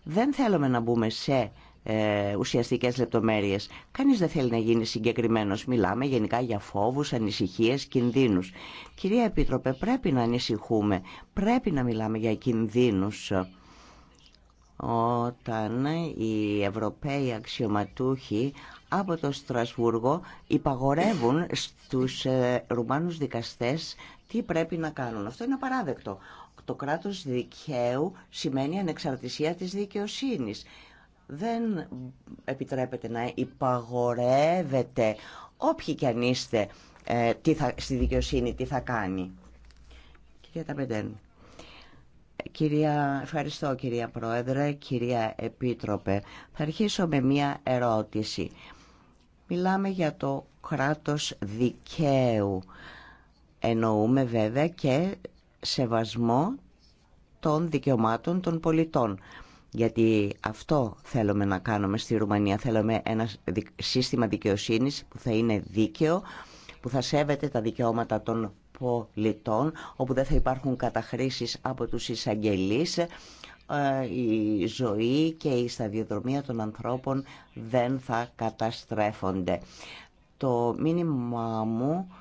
Δεν θέλουμε να μπούμε σε ε, ουσιαστικές λεπτομέρειες. Κανείς δεν θέλει να γίνει συγκεκριμένος. Μιλάμε γενικά για φόβους, ανησυχίες, κινδύνους. Κυρία Επίτροπε, πρέπει να ανησυχούμε. Πρέπει να μιλάμε για κινδύνους. Όταν οι Ευρωπαίοι αξιωματούχοι από το Στρασβούργο υπαγορεύουν στους ε, Ρουμάνους δικαστές τι πρέπει να κάνουν. Αυτό είναι απαράδεκτο. Το κράτος δικαίου σημαίνει ανεξαρτησία της δικαιοσύνης. Δεν επιτρέπεται να υπαγορεύεται όποιοι κι αν είστε ε, τι θα, στη δικαιοσύνη τι θα κάνει. Κυρία Ταπεντέν. Κυρία, ευχαριστώ κυρία Πρόεδρε, κυρία Επίτροπε. Θα αρχίσω με μία ερώτηση. Μιλάμε για το κράτος δικαίου. Εννοούμε βέβαια και σεβασμό των δικαιωμάτων των πολιτών. Γιατί αυτό θέλουμε να κάνουμε στη Ρουμανία. Θέλουμε ένα σύστημα δικαιοσύνης που θα είναι δίκαιο, που θα σέβεται τα δικαιώματα των πολιτών, όπου δεν θα υπάρχουν καταχρήσεις από τους εισαγγελείς, ε, η ζωή και η σταδιοδρομία των ανθρώπων δεν θα καταστρέφονται. Το μήνυμα μου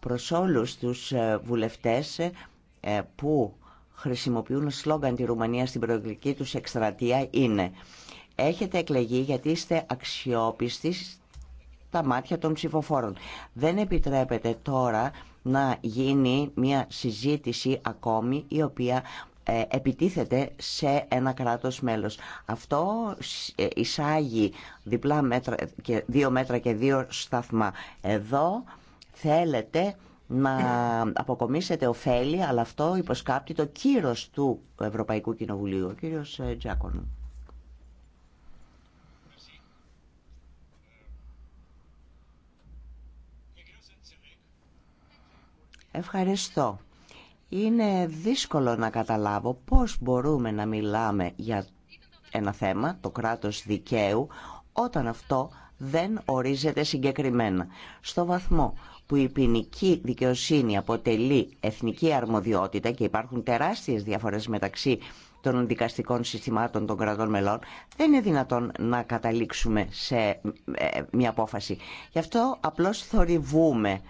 προς όλους τους ε, βουλευτές ε, που χρησιμοποιούν σλόγγαν τη Ρουμανία στην προεκλογική τους εκστρατεία είναι «Έχετε εκλεγεί γιατί είστε αξιόπιστοι στα μάτια των ψηφοφόρων». Δεν επιτρέπεται τώρα να γίνει μια συζήτηση ακόμη η οποία ε, επιτίθεται σε ένα κράτος μέλος. Αυτό ε, εισάγει διπλά μέτρα δύο μέτρα και δύο σταθμά. Εδώ θέλετε να αποκομίσετε ωφέλη, αλλά αυτό υποσκάπτει το κύρος του Ευρωπαϊκού Κοινοβουλίου. Ο κύριος ε, Τζάκον. Ευχαριστώ. Είναι δύσκολο να καταλάβω πώς μπορούμε να μιλάμε για ένα θέμα, το κράτος δικαίου, όταν αυτό δεν ορίζεται συγκεκριμένα. Στο βαθμό που η ποινική δικαιοσύνη αποτελεί εθνική αρμοδιότητα και υπάρχουν τεράστιες διαφορές μεταξύ των δικαστικών συστημάτων των κρατών μελών, δεν είναι δυνατόν να καταλήξουμε σε ε, μια απόφαση. Γι' αυτό απλώς θορυβούμε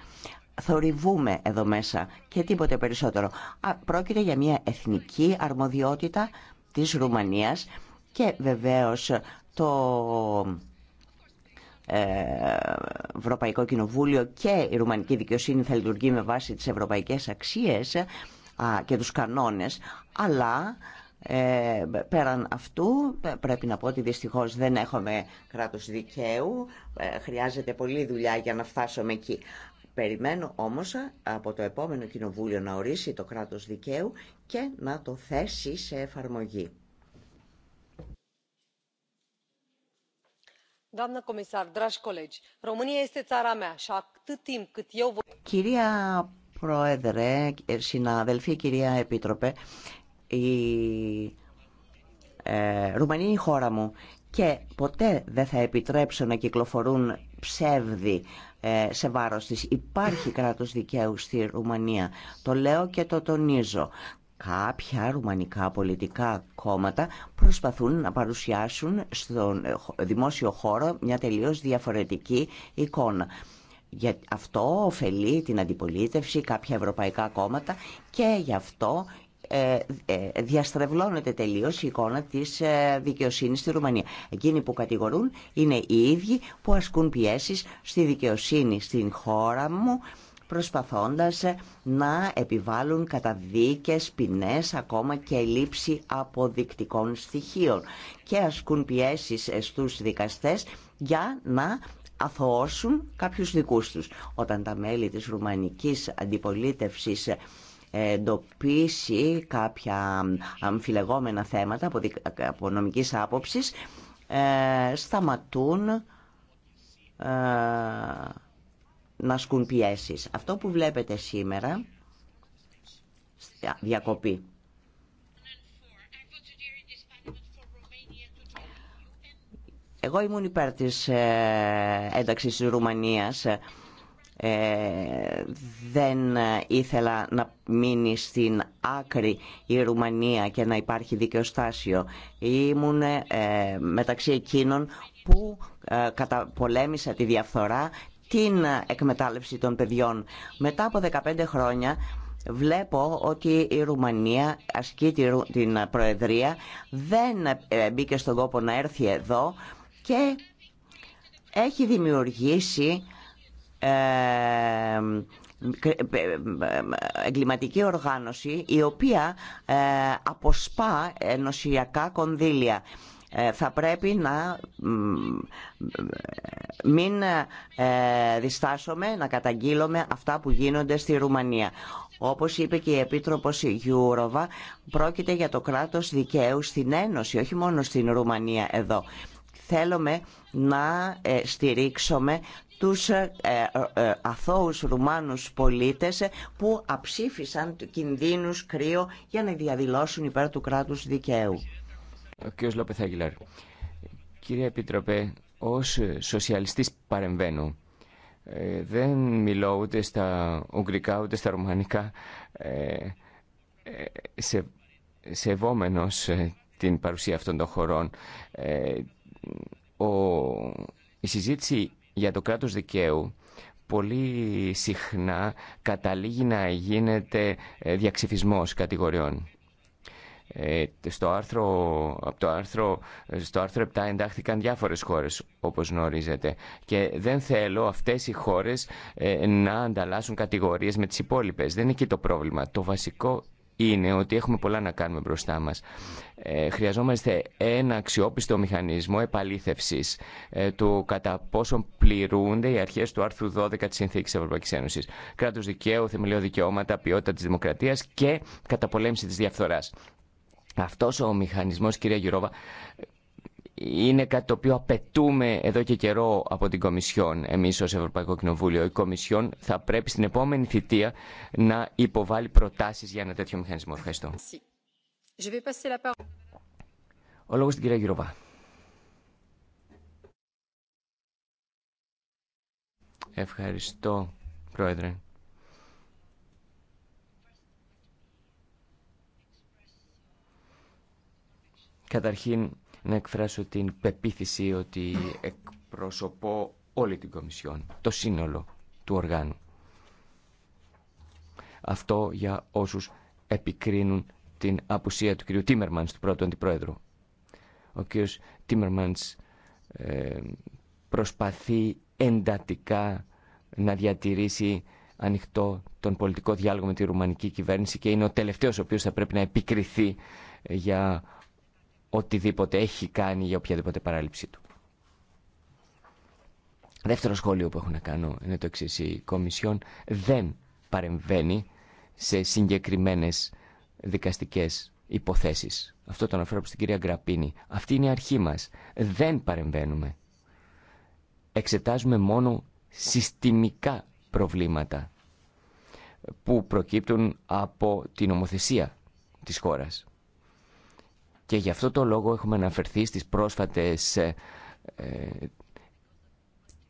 θορυβούμε εδώ μέσα και τίποτε περισσότερο. Πρόκειται για μια εθνική αρμοδιότητα της Ρουμανίας και βεβαίως το ε, Ευρωπαϊκό Κοινοβούλιο και η Ρουμανική Δικαιοσύνη θα λειτουργεί με βάση τις ευρωπαϊκές αξίες και τους κανόνες, αλλά ε, πέραν αυτού πρέπει να πω ότι δυστυχώς δεν έχουμε κράτος δικαίου, ε, χρειάζεται πολλή δουλειά για να φτάσουμε εκεί. Περιμένω όμως από το επόμενο κοινοβούλιο να ορίσει το κράτος δικαίου και να το θέσει σε εφαρμογή. Κυρία Πρόεδρε, συναδελφοί, κυρία Επίτροπε, η ε, Ρουμανία είναι η χώρα μου και ποτέ δεν θα επιτρέψω να κυκλοφορούν ψεύδι ε, σε βάρος της. Υπάρχει κράτος δικαίου στη Ρουμανία. Το λέω και το τονίζω. Κάποια ρουμανικά πολιτικά κόμματα προσπαθούν να παρουσιάσουν στον ε, δημόσιο χώρο μια τελείως διαφορετική εικόνα. Για αυτό ωφελεί την αντιπολίτευση, κάποια ευρωπαϊκά κόμματα και γι' αυτό ε, ε, διαστρεβλώνεται τελείως η εικόνα της ε, δικαιοσύνης στη Ρουμανία. Εκείνοι που κατηγορούν είναι οι ίδιοι που ασκούν πιέσεις στη δικαιοσύνη στην χώρα μου προσπαθώντας να επιβάλλουν καταδίκες, ποινές, ακόμα και λήψη αποδεικτικών στοιχείων και ασκούν πιέσεις στους δικαστές για να αθωώσουν κάποιους δικούς τους. Όταν τα μέλη της Ρουμανικής Αντιπολίτευσης εντοπίσει κάποια αμφιλεγόμενα θέματα από νομικής άποψης ε, σταματούν ε, να ασκούν πιέσεις. Αυτό που βλέπετε σήμερα διακοπή. Εγώ ήμουν υπέρ της ε, ένταξης της Ρουμανίας ε, δεν ήθελα να μείνει στην άκρη η Ρουμανία και να υπάρχει δικαιοστάσιο. Ήμουν ε, μεταξύ εκείνων που ε, καταπολέμησα τη διαφθορά, την εκμετάλλευση των παιδιών. Μετά από 15 χρόνια βλέπω ότι η Ρουμανία ασκεί την Προεδρία, δεν μπήκε στον κόπο να έρθει εδώ και έχει δημιουργήσει ε, ε, ε, εγκληματική οργάνωση η οποία αποσπά ενωσιακά κονδύλια. Θα πρέπει να μην διστάσουμε να καταγγείλουμε αυτά που γίνονται στη Ρουμανία. Όπως είπε και η Επίτροπος Γιούροβα, πρόκειται για το κράτος δικαίου στην Ένωση, όχι μόνο στην Ρουμανία εδώ. Θέλουμε να στηρίξουμε τους ε, ε, ε, αθώους Ρουμάνους πολίτες που αψήφισαν κινδύνους κρύο για να διαδηλώσουν υπέρ του κράτους δικαίου. Ο κ. Λόπεθ κύριε Επιτροπέ, ως σοσιαλιστής παρεμβαίνω. δεν μιλώ ούτε στα ουγγρικά ούτε στα ρουμανικά ε, σε, σεβόμενος την παρουσία αυτών των χωρών. ο, η συζήτηση για το κράτος δικαίου πολύ συχνά καταλήγει να γίνεται ε, διαξυφισμός κατηγοριών. Ε, στο άρθρο, από το άρθρο, στο άρθρο 7 εντάχθηκαν διάφορες χώρες όπως γνωρίζετε και δεν θέλω αυτές οι χώρες ε, να ανταλλάσσουν κατηγορίες με τις υπόλοιπες. Δεν είναι εκεί το πρόβλημα. Το βασικό είναι ότι έχουμε πολλά να κάνουμε μπροστά μα. Ε, χρειαζόμαστε ένα αξιόπιστο μηχανισμό επαλήθευση ε, του κατά πόσον πληρούνται οι αρχέ του άρθρου 12 της Συνθήκη Ευρωπαϊκή Ένωση. Κράτο δικαίου, θεμελιώδη δικαιώματα, ποιότητα τη δημοκρατία και καταπολέμηση τη διαφθορά. Αυτό ο μηχανισμό κυρία Γιουρόβα, είναι κάτι το οποίο απαιτούμε εδώ και καιρό από την Κομισιόν, εμείς ως Ευρωπαϊκό Κοινοβούλιο. Η Κομισιόν θα πρέπει στην επόμενη θητεία να υποβάλει προτάσεις για ένα τέτοιο μηχανισμό. Ευχαριστώ. Ο λόγος στην κυρία Γιουροβά. Ευχαριστώ, Πρόεδρε. Καταρχήν, να εκφράσω την πεποίθηση ότι εκπροσωπώ όλη την Κομισιόν, το σύνολο του οργάνου. Αυτό για όσους επικρίνουν την απουσία του κ. Τίμερμανς, του πρώτου αντιπρόεδρου. Ο κ. Τίμερμανς ε, προσπαθεί εντατικά να διατηρήσει ανοιχτό τον πολιτικό διάλογο με τη ρουμανική κυβέρνηση και είναι ο τελευταίος ο οποίος θα πρέπει να επικριθεί για οτιδήποτε έχει κάνει για οποιαδήποτε παράληψή του. Δεύτερο σχόλιο που έχω να κάνω είναι το εξή. Η Κομισιόν δεν παρεμβαίνει σε συγκεκριμένες δικαστικές υποθέσεις. Αυτό το αναφέρω στην κυρία Γκραπίνη. Αυτή είναι η αρχή μας. Δεν παρεμβαίνουμε. Εξετάζουμε μόνο συστημικά προβλήματα που προκύπτουν από την ομοθεσία της χώρας. Και γι' αυτό το λόγο έχουμε αναφερθεί στις πρόσφατες ε, ε,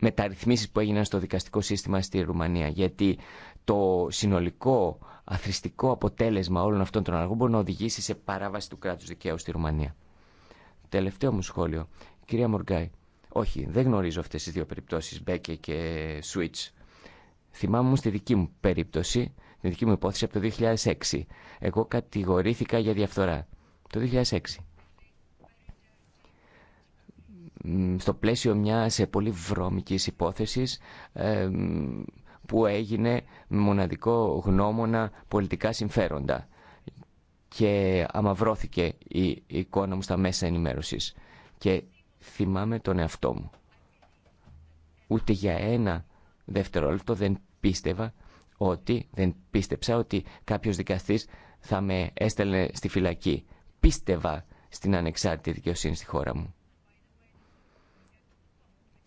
μεταρρυθμίσεις που έγιναν στο δικαστικό σύστημα στη Ρουμανία. Γιατί το συνολικό αθρηστικό αποτέλεσμα όλων αυτών των αργών μπορεί να οδηγήσει σε παράβαση του κράτους δικαίου στη Ρουμανία. Τελευταίο μου σχόλιο. Κυρία Μοργκάη, όχι, δεν γνωρίζω αυτές τις δύο περιπτώσεις, Μπέκε και Σουίτς. Θυμάμαι μου στη δική μου περίπτωση, τη δική μου υπόθεση από το 2006. Εγώ κατηγορήθηκα για διαφθορά το 2006. Στο πλαίσιο μιας πολύ βρώμικης υπόθεσης ε, που έγινε με μοναδικό γνώμονα πολιτικά συμφέροντα και αμαυρώθηκε η εικόνα μου στα μέσα ενημέρωσης και θυμάμαι τον εαυτό μου. Ούτε για ένα δευτερόλεπτο δεν πίστευα ότι, δεν πίστεψα ότι κάποιος δικαστής θα με έστελνε στη φυλακή πίστευα στην ανεξάρτητη δικαιοσύνη στη χώρα μου.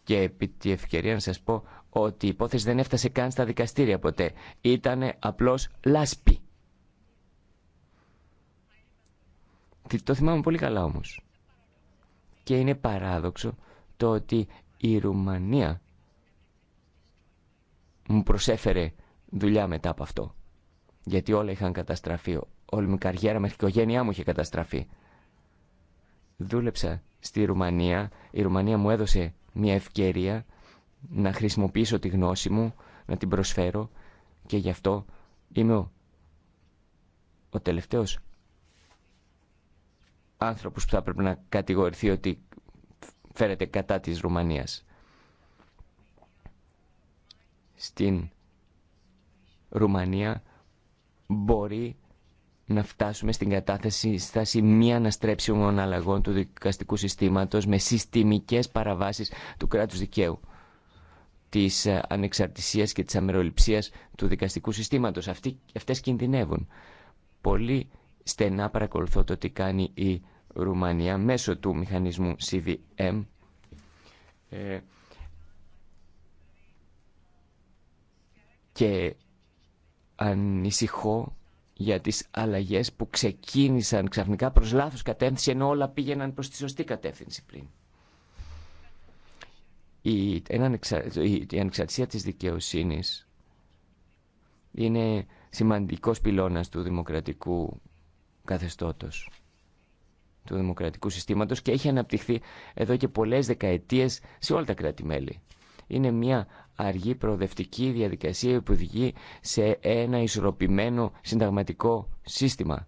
Και επί τη ευκαιρία να σας πω ότι η υπόθεση δεν έφτασε καν στα δικαστήρια ποτέ. Ήτανε απλώς λάσπη. Το θυμάμαι πολύ καλά όμως. Και είναι παράδοξο το ότι η Ρουμανία μου προσέφερε δουλειά μετά από αυτό. Γιατί όλα είχαν καταστραφεί όλη μου η καριέρα μέχρι η οικογένειά μου είχε καταστραφεί. Δούλεψα στη Ρουμανία. Η Ρουμανία μου έδωσε μια ευκαιρία να χρησιμοποιήσω τη γνώση μου, να την προσφέρω και γι' αυτό είμαι ο, ο τελευταίος άνθρωπος που θα πρέπει να κατηγορηθεί ότι φέρεται κατά της Ρουμανίας. Στην Ρουμανία μπορεί να φτάσουμε στην κατάθεση στάση μη αναστρέψιμων αλλαγών του δικαστικού συστήματος με συστημικές παραβάσεις του κράτους δικαίου της ε, ανεξαρτησίας και της αμεροληψίας του δικαστικού συστήματος. Αυτοί, αυτές κινδυνεύουν. Πολύ στενά παρακολουθώ το τι κάνει η Ρουμανία μέσω του μηχανισμού CVM. Ε, και ανησυχώ για τις αλλαγές που ξεκίνησαν ξαφνικά προς λάθος κατεύθυνση ενώ όλα πήγαιναν προς τη σωστή κατεύθυνση πριν. Η, η ανεξαρτησία της δικαιοσύνης είναι σημαντικός πυλώνας του δημοκρατικού καθεστώτος του δημοκρατικού συστήματος και έχει αναπτυχθεί εδώ και πολλές δεκαετίες σε όλα τα κράτη-μέλη. Είναι μια αργή προοδευτική διαδικασία που οδηγεί σε ένα ισορροπημένο συνταγματικό σύστημα.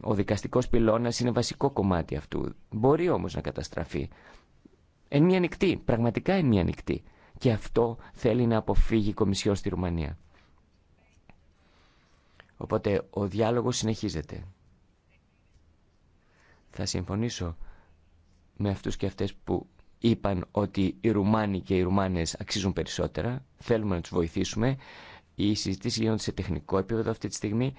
Ο δικαστικός πυλώνας είναι βασικό κομμάτι αυτού. Μπορεί όμως να καταστραφεί. Εν μία νυχτή, πραγματικά εν μία νυχτή. Και αυτό θέλει να αποφύγει η Κομισιόν στη Ρουμανία. Οπότε ο διάλογος συνεχίζεται. Θα συμφωνήσω με αυτούς και αυτές που είπαν ότι οι Ρουμάνοι και οι Ρουμάνες αξίζουν περισσότερα, θέλουμε να τους βοηθήσουμε. Οι συζητήσει γίνονται σε τεχνικό επίπεδο αυτή τη στιγμή.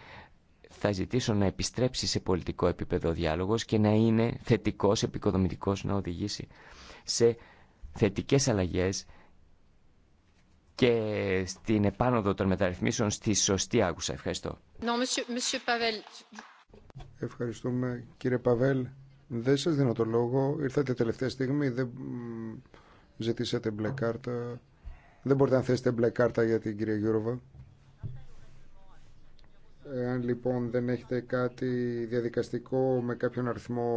Θα ζητήσω να επιστρέψει σε πολιτικό επίπεδο ο διάλογος και να είναι θετικός, επικοδομητικός, να οδηγήσει σε θετικές αλλαγές και στην επάνωδο των μεταρρυθμίσεων στη σωστή άκουσα. Ευχαριστώ. Ευχαριστούμε κύριε Παβέλ. Δεν σας δίνω το λόγο. Ήρθατε τελευταία στιγμή. Δεν ζητήσατε μπλε κάρτα. Δεν μπορείτε να θέσετε μπλε κάρτα για την κυρία Γιούροβα. Εάν λοιπόν δεν έχετε κάτι διαδικαστικό με κάποιον αριθμό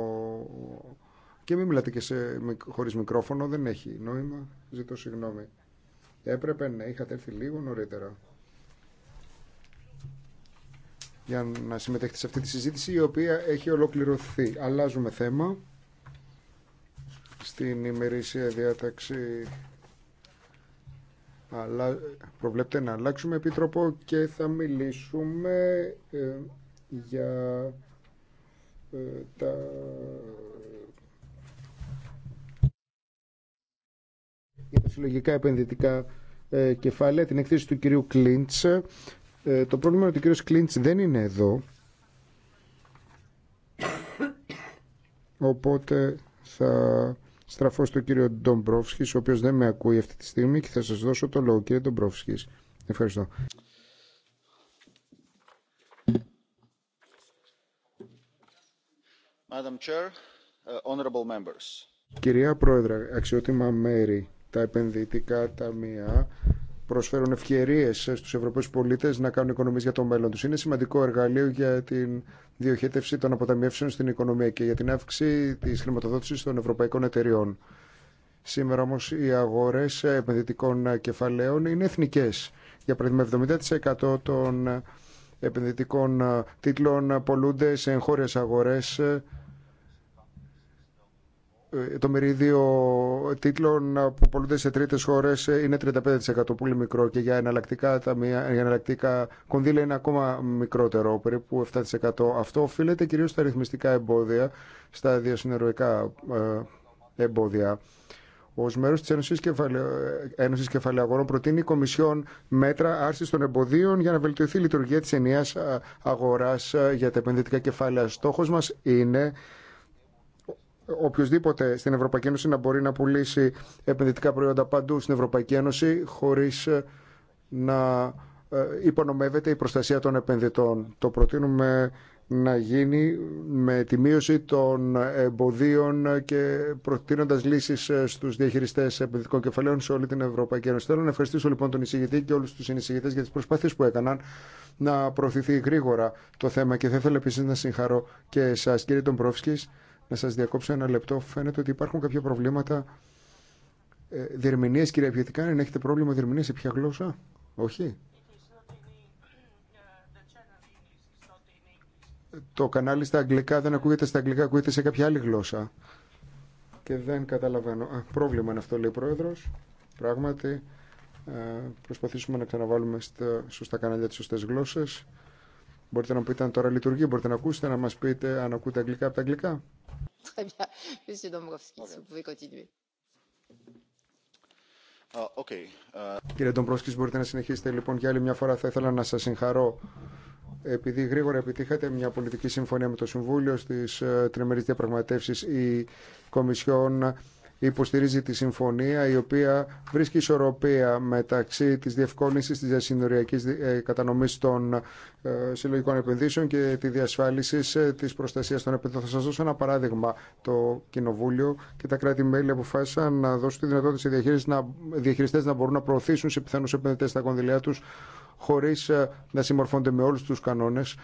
και μην μιλάτε και σε, χωρίς μικρόφωνο, δεν έχει νόημα. Ζητώ συγγνώμη. Έπρεπε να είχατε έρθει λίγο νωρίτερα για να συμμετέχετε σε αυτή τη συζήτηση η οποία έχει ολοκληρωθεί. Αλλάζουμε θέμα στην ημερήσια διάταξη αλλά προβλέπετε να αλλάξουμε επίτροπο και θα μιλήσουμε ε, για ε, τα για τα συλλογικά επενδυτικά ε, κεφάλαια, την εκθέση του κυρίου Κλίντσα. Ε, το πρόβλημα είναι ότι ο κύριος Κλίντς δεν είναι εδώ. Οπότε θα στραφώ στον κύριο Ντομπρόφσκης, ο οποίος δεν με ακούει αυτή τη στιγμή και θα σας δώσω το λόγο. Κύριε Ντομπρόφσκης, ευχαριστώ. Madam Chair, uh, honorable members. Κυρία Πρόεδρε, αξιότιμα μέρη, τα επενδυτικά ταμεία προσφέρουν ευκαιρίε ε, στου Ευρωπαίου πολίτε να κάνουν οικονομίε για το μέλλον του. Είναι σημαντικό εργαλείο για την διοχέτευση των αποταμιεύσεων στην οικονομία και για την αύξηση τη χρηματοδότηση των ευρωπαϊκών εταιριών. Σήμερα όμω οι αγορέ επενδυτικών κεφαλαίων είναι εθνικέ. Για παράδειγμα, 70% των επενδυτικών τίτλων πολλούνται σε εγχώριε αγορέ ε, το μερίδιο τίτλων που πολλούνται σε τρίτες χώρες ε, είναι 35% πολύ μικρό και για εναλλακτικά, μία, για εναλλακτικά κονδύλια είναι ακόμα μικρότερο, περίπου 7%. Αυτό οφείλεται κυρίως στα ρυθμιστικά εμπόδια, στα διασυνεροϊκά ε, εμπόδια. Ω μέρο τη Ένωση κεφαλαίου προτείνει η Κομισιόν μέτρα άρση των εμποδίων για να βελτιωθεί η λειτουργία τη ενιαία αγορά για τα επενδυτικά κεφάλαια. Στόχο μα είναι οποιοδήποτε στην Ευρωπαϊκή Ένωση να μπορεί να πουλήσει επενδυτικά προϊόντα παντού στην Ευρωπαϊκή Ένωση χωρίς ε, να ε, υπονομεύεται η προστασία των επενδυτών. Το προτείνουμε να γίνει με τη μείωση των εμποδίων και προτείνοντας λύσεις ε, στους διαχειριστές επενδυτικών κεφαλαίων σε όλη την Ευρωπαϊκή Ένωση. Θέλω να ευχαριστήσω λοιπόν τον εισηγητή και όλους τους συνεισηγητές για τις προσπάθειες που έκαναν να προωθηθεί γρήγορα το θέμα και θα ήθελα επίσης να συγχαρώ και εσάς κύριε Τομπρόφσκης να σας διακόψω ένα λεπτό. Φαίνεται ότι υπάρχουν κάποια προβλήματα ε, διερμηνίας, κυρία είναι αν έχετε πρόβλημα διερμηνίας σε ποια γλώσσα. Όχι. Το κανάλι στα αγγλικά δεν ακούγεται στα αγγλικά, ακούγεται σε κάποια άλλη γλώσσα. Και δεν καταλαβαίνω. Α, πρόβλημα είναι αυτό, λέει ο Πρόεδρος. Πράγματι, ε, προσπαθήσουμε να ξαναβάλουμε στα σωστά κανάλια τις σωστές γλώσσες. Μπορείτε να πείτε αν τώρα λειτουργεί, μπορείτε να ακούσετε, να μας πείτε αν ακούτε αγγλικά από τα αγγλικά. Κύριε Ντομπρόσκης, μπορείτε να συνεχίσετε. Λοιπόν, για άλλη μια φορά θα ήθελα να σας συγχαρώ επειδή γρήγορα επιτύχατε μια πολιτική συμφωνία με το Συμβούλιο στις ε, τριμερείς διαπραγματεύσεις η Κομισιόν υποστηρίζει τη συμφωνία η οποία βρίσκει ισορροπία μεταξύ της διευκόλυνσης της διασυνοριακής ε, κατανομής των ε, συλλογικών επενδύσεων και τη διασφάλιση ε, της προστασίας των επενδύσεων. Θα σας δώσω ένα παράδειγμα. Το Κοινοβούλιο και τα κράτη-μέλη αποφάσισαν να δώσουν τη δυνατότητα σε διαχειριστές να, μπορούν να προωθήσουν σε πιθανούς επενδυτές τα κονδυλιά τους χωρίς να συμμορφώνται με όλους τους κανόνες.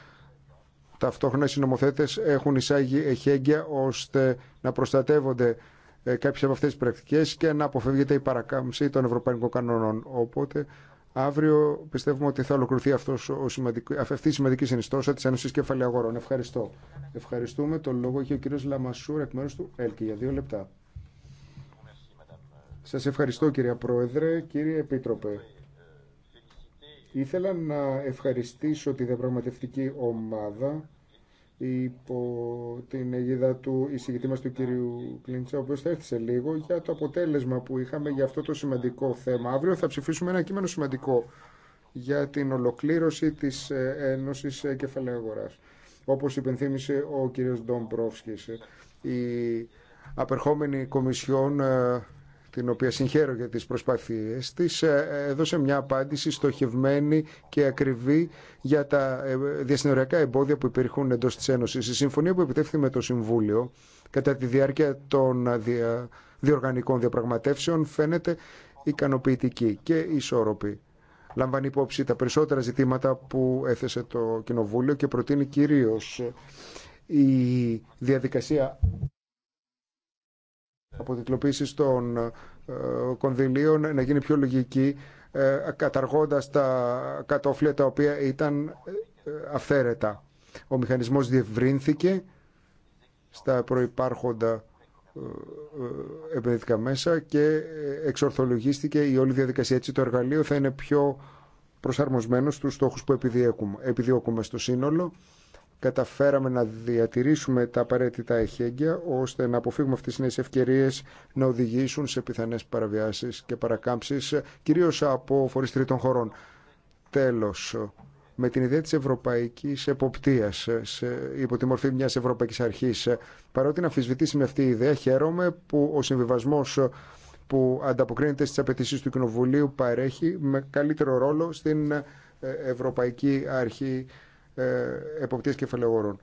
Ταυτόχρονα οι συνομοθέτες έχουν εισάγει εχέγγυα ώστε να προστατεύονται ε, κάποιες από αυτές τις πρακτικές και να αποφεύγεται η παρακάμψη των ευρωπαϊκών κανόνων. Οπότε αύριο πιστεύουμε ότι θα ολοκληρωθεί αυτός αυτή η σημαντική συνιστόσα της Ένωσης Κεφαλαίου Αγορών. Ευχαριστώ. Ευχαριστούμε. Το λόγο έχει ο κύριος Λαμασούρ εκ μέρους του ΕΛΚΙ για δύο λεπτά. Σας ευχαριστώ κύριε Πρόεδρε, κύριε Επίτροπε. Ήθελα να ευχαριστήσω τη διαπραγματευτική ομάδα υπό την αιγίδα του εισηγητή μας του κύριου Κλίντσα, ο οποίος θα έρθει σε λίγο, για το αποτέλεσμα που είχαμε για αυτό το σημαντικό θέμα. Αύριο θα ψηφίσουμε ένα κείμενο σημαντικό για την ολοκλήρωση της ε, Ένωσης Κεφαλαίου Αγοράς. Όπως υπενθύμησε ο κύριος Πρόφσκης, η απερχόμενη Κομισιόν ε, την οποία συγχαίρω για τις προσπάθειές της, ε, έδωσε μια απάντηση στοχευμένη και ακριβή για τα ε, διασυνοριακά εμπόδια που υπήρχουν εντός της Ένωσης. Η συμφωνία που επιτεύχθη με το Συμβούλιο κατά τη διάρκεια των δια... διοργανικών διαπραγματεύσεων φαίνεται ικανοποιητική και ισόρροπη. Λαμβάνει υπόψη τα περισσότερα ζητήματα που έθεσε το Κοινοβούλιο και προτείνει κυρίως η διαδικασία αποτιτλοποίησης των ε, κονδυλίων να γίνει πιο λογική ε, καταργώντας τα κατόφλια τα οποία ήταν ε, αυθαίρετα. Ο μηχανισμός διευρύνθηκε στα προϋπάρχοντα επενδυτικά μέσα και εξορθολογίστηκε η όλη διαδικασία. Έτσι το εργαλείο θα είναι πιο προσαρμοσμένο στους στόχους που επιδιώκουμε στο σύνολο καταφέραμε να διατηρήσουμε τα απαραίτητα εχέγγυα ώστε να αποφύγουμε αυτές τις νέες ευκαιρίες να οδηγήσουν σε πιθανές παραβιάσεις και παρακάμψεις κυρίως από φορείς τρίτων χωρών. Τέλος, με την ιδέα της ευρωπαϊκής εποπτείας σε, υπό τη μορφή μιας ευρωπαϊκής αρχής παρότι να με αυτή η ιδέα χαίρομαι που ο συμβιβασμός που ανταποκρίνεται στις απαιτήσει του Κοινοβουλίου παρέχει με καλύτερο ρόλο στην ε, Ευρωπαϊκή Αρχή ε, εποπτείας κεφαλαιόρων.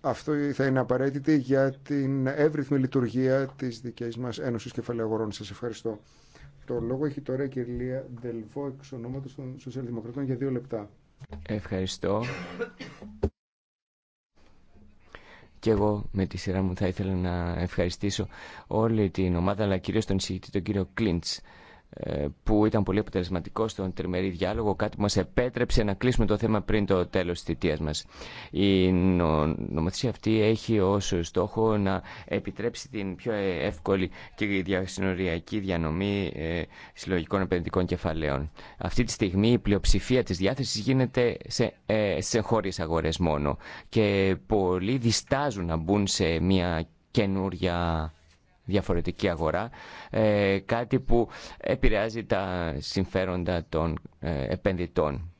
Αυτό θα είναι απαραίτητη για την εύρυθμη λειτουργία της δικής μας Ένωσης Κεφαλαιογορών. Σας ευχαριστώ. Το λόγο έχει τώρα η κυρία Ντελβό εξ ονόματος των Σοσιαλδημοκρατών για δύο λεπτά. Ευχαριστώ. Και εγώ με τη σειρά μου θα ήθελα να ευχαριστήσω όλη την ομάδα αλλά κυρίως τον εισηγητή τον κύριο Κλίντς που ήταν πολύ αποτελεσματικό στον τριμερή διάλογο, κάτι που μας επέτρεψε να κλείσουμε το θέμα πριν το τέλος της θητείας μας. Η νομοθεσία αυτή έχει ως στόχο να επιτρέψει την πιο εύκολη και διασυνοριακή διανομή ε, συλλογικών επενδυτικών κεφαλαίων. Αυτή τη στιγμή η πλειοψηφία της διάθεσης γίνεται σε, ε, σε αγορέ αγορές μόνο και πολλοί διστάζουν να μπουν σε μια καινούρια διαφορετική αγορά, ε, κάτι που επηρεάζει τα συμφέροντα των ε, επενδυτών.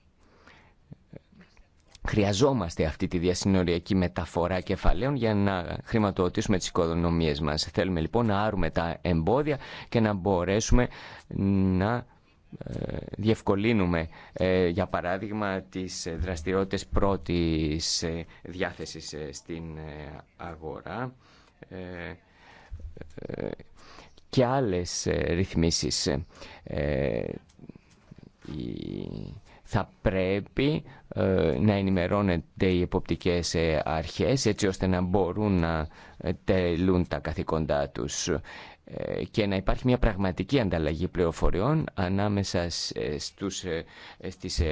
Χρειαζόμαστε αυτή τη διασυνοριακή μεταφορά κεφαλαίων για να χρηματοδοτήσουμε τις οικονομίες μας. Θέλουμε λοιπόν να άρουμε τα εμπόδια και να μπορέσουμε να ε, διευκολύνουμε για παράδειγμα τις δραστηριότητες πρώτης διάθεσης στην αγορά και άλλες ε, ρυθμίσεις. Ε, θα πρέπει ε, να ενημερώνεται οι εποπτικές αρχές έτσι ώστε να μπορούν να τελούν τα καθήκοντά τους. Ε, και να υπάρχει μια πραγματική ανταλλαγή πληροφοριών ανάμεσα ε, στους, ε, στις,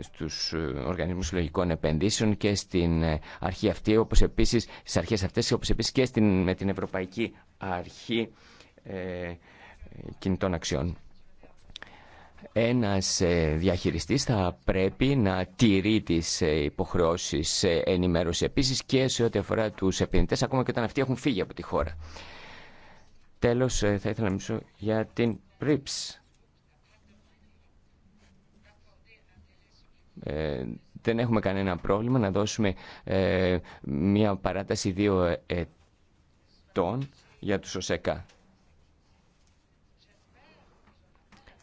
στους οργανισμούς συλλογικών επενδύσεων και στην αρχή αυτή, όπως επίσης, στις αρχές αυτές, όπως επίσης και στην, με την Ευρωπαϊκή Αρχή ε, Κινητών Αξιών. Ένας διαχειριστής θα πρέπει να τηρεί τις υποχρεώσεις ενημέρωση επίσης και σε ό,τι αφορά τους επενδυτές, ακόμα και όταν αυτοί έχουν φύγει από τη χώρα. Τέλος, ε, θα ήθελα να μιλήσω για την PRIPS. Ε, δεν έχουμε κανένα πρόβλημα να δώσουμε ε, μία παράταση δύο ε, ετών για τους ΟΣΕΚΑ.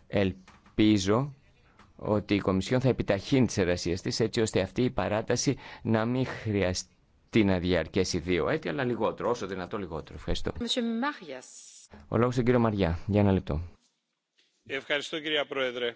Ελπίζω ότι η Κομισιόν θα επιταχύνει τις εργασίες της έτσι ώστε αυτή η παράταση να μην χρειαστεί να διαρκέσει δύο έτη αλλά λιγότερο, όσο δυνατό λιγότερο. Ευχαριστώ. Ο λόγος στον κύριο Μαριά. Για ένα λεπτό. Ευχαριστώ κυρία Πρόεδρε.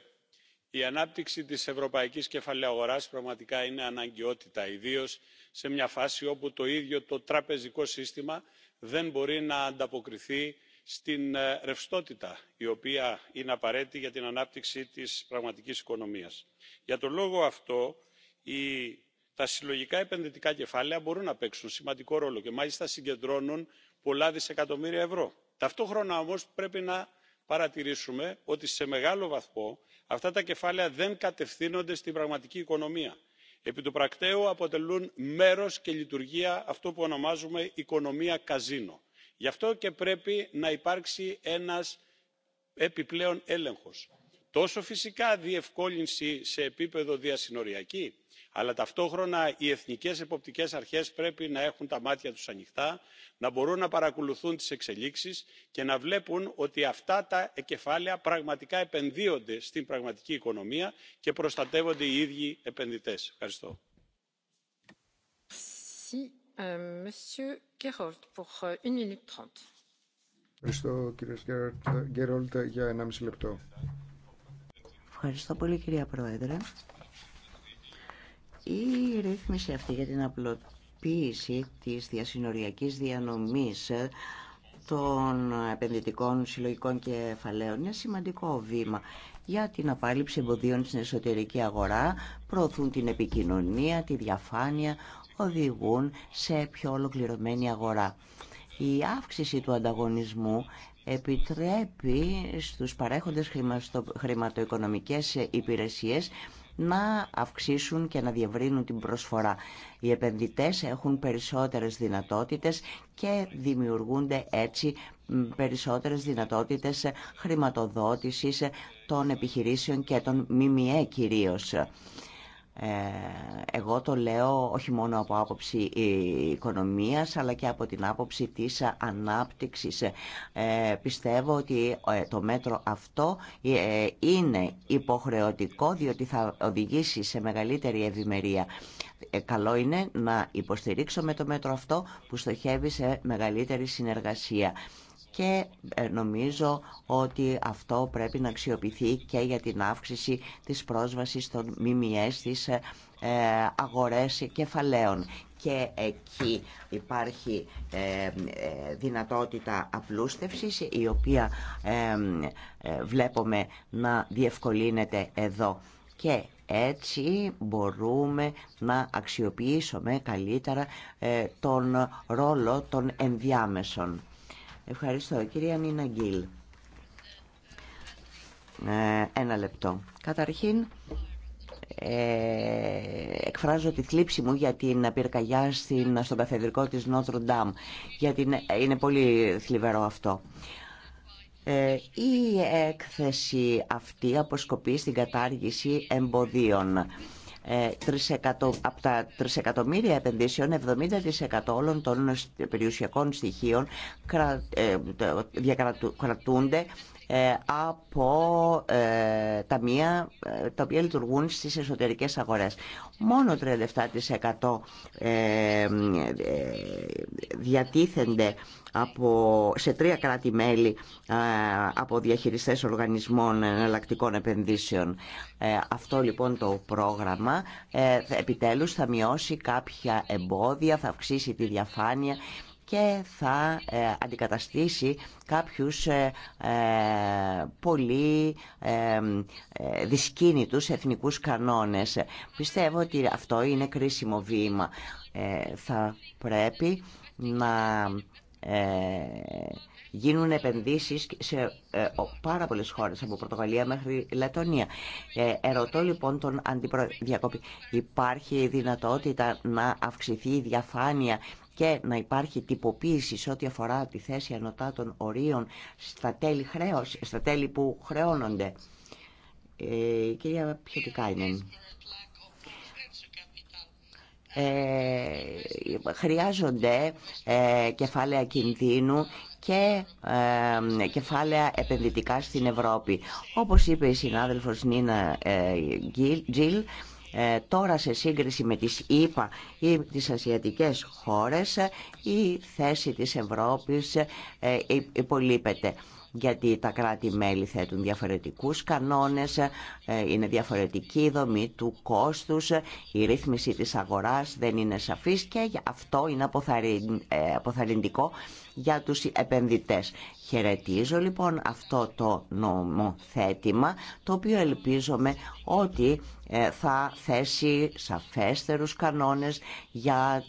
Η ανάπτυξη της ευρωπαϊκής κεφαλαίου αγοράς πραγματικά είναι αναγκαιότητα, ιδίως σε μια φάση όπου το ίδιο το τραπεζικό σύστημα δεν μπορεί να ανταποκριθεί στην ε, ρευστότητα η οποία είναι απαραίτητη για την ανάπτυξη της πραγματικής οικονομίας. Για τον λόγο αυτό η... τα συλλογικά επενδυτικά κεφάλαια μπορούν να παίξουν σημαντικό ρόλο και μάλιστα συγκεντρώνουν πολλά δισεκατομμύρια ευρώ ταυτόχρονα όμως πρέπει να παρατηρήσουμε ότι σε μεγάλο βαθμό αυτά τα κεφάλαια δεν κατευθύνονται στην πραγματική οικονομία. επί του πρακτέου αποτελούν μέρος και λειτουργία αυτού που ονομάζουμε οικονομία καζίνο. γι' αυτό και πρέπει να υπάρξει ένας επιπλέον έλεγχος τόσο φυσικά διευκόλυνση σε επίπεδο διασυνοριακή αλλά ταυτόχρονα οι εθνικές εποπτικές αρχές πρέπει να έχουν τα μάτια τους ανοιχτά να μπορούν να παρακολουθούν τις εξελίξεις και να βλέπουν ότι αυτά τα κεφάλαια πραγματικά επενδύονται στην πραγματική οικονομία και προστατεύονται οι ίδιοι επενδυτές. ευχαριστώ. Euh, η ρύθμιση αυτή για την απλοποίηση της διασυνοριακής διανομής των επενδυτικών συλλογικών κεφαλαίων είναι σημαντικό βήμα για την απάλληψη εμποδίων στην εσωτερική αγορά, προωθούν την επικοινωνία, τη διαφάνεια, οδηγούν σε πιο ολοκληρωμένη αγορά. Η αύξηση του ανταγωνισμού επιτρέπει στους παρέχοντες χρηματοοικονομικές υπηρεσίες να αυξήσουν και να διευρύνουν την προσφορά. Οι επενδυτές έχουν περισσότερες δυνατότητες και δημιουργούνται έτσι περισσότερες δυνατότητες χρηματοδότησης των επιχειρήσεων και των ΜΜΕ κυρίως. Ε, εγώ το λέω όχι μόνο από άποψη ε, οικονομίας αλλά και από την άποψη της ανάπτυξης. Ε, πιστεύω ότι ε, το μέτρο αυτό είναι υποχρεωτικό διότι θα οδηγήσει σε μεγαλύτερη ευημερία. καλό είναι να υποστηρίξουμε το μέτρο αυτό που στοχεύει σε μεγαλύτερη συνεργασία και ε, νομίζω ότι αυτό πρέπει να αξιοποιηθεί και για την αύξηση της πρόσβασης των ΜΜΕ στις ε, ε, αγορές κεφαλαίων. Και εκεί υπάρχει δυνατότητα απλούστευσης η οποία βλέπουμε να διευκολύνεται εδώ. Και έτσι μπορούμε να αξιοποιήσουμε καλύτερα τον ρόλο των ενδιάμεσων. Ευχαριστώ. Κυρία Νίνα Γκίλ. Ε, ένα λεπτό. Καταρχήν, ε, εκφράζω τη θλίψη μου για την πυρκαγιά στην, στον καθεδρικό της Νότρου Γιατί είναι, πολύ θλιβερό αυτό. Ε, η έκθεση αυτή αποσκοπεί στην κατάργηση εμποδίων. Ε, από τα τρισεκατομμύρια επενδύσεων, 70% όλων των περιουσιακών στοιχείων ε, διακρατούνται ε, από ε, μία ε, τα οποία λειτουργούν στις εσωτερικές αγορές. Μόνο 37% διατίθενται από, σε τρία κράτη-μέλη από διαχειριστές οργανισμών εναλλακτικών επενδύσεων. αυτό λοιπόν το πρόγραμμα επιτέλους θα μειώσει κάποια εμπόδια, θα αυξήσει τη διαφάνεια και θα ε, αντικαταστήσει κάποιους ε, ε, πολύ δυσκίνητους εθνικούς κανόνες. Πιστεύω ότι αυτό είναι κρίσιμο βήμα. Θα πρέπει να γίνουν επενδύσεις σε πάρα πολλές χώρες, από Πορτογαλία μέχρι Λετωνία. Ερωτώ λοιπόν τον Αντιπροδιακόπη, υπάρχει δυνατότητα να αυξηθεί η διαφάνεια και να υπάρχει τυποποίηση σε ό,τι αφορά τη θέση ανωτά των ορίων στα τέλη, χρέος, που χρεώνονται. Ε, κυρία είναι Ε, χρειάζονται ε, κεφάλαια κινδύνου και ε, κεφάλαια επενδυτικά στην Ευρώπη. Όπως είπε η συνάδελφος Νίνα ε, Τζιλ, ε, τώρα σε σύγκριση με τις ΗΠΑ ή τις ασιατικές χώρες η θέση της Ευρώπης ε, υπολείπεται γιατί τα κράτη-μέλη θέτουν διαφορετικούς κανόνες, ε, είναι διαφορετική η δομή του κόστους, η ρύθμιση της αγοράς δεν είναι σαφής και αυτό είναι αποθαρρυντικό για τους επενδυτές. Χαιρετίζω λοιπόν αυτό το νομοθέτημα, το οποίο ελπίζομαι ότι ε, θα θέσει σαφέστερους κανόνες για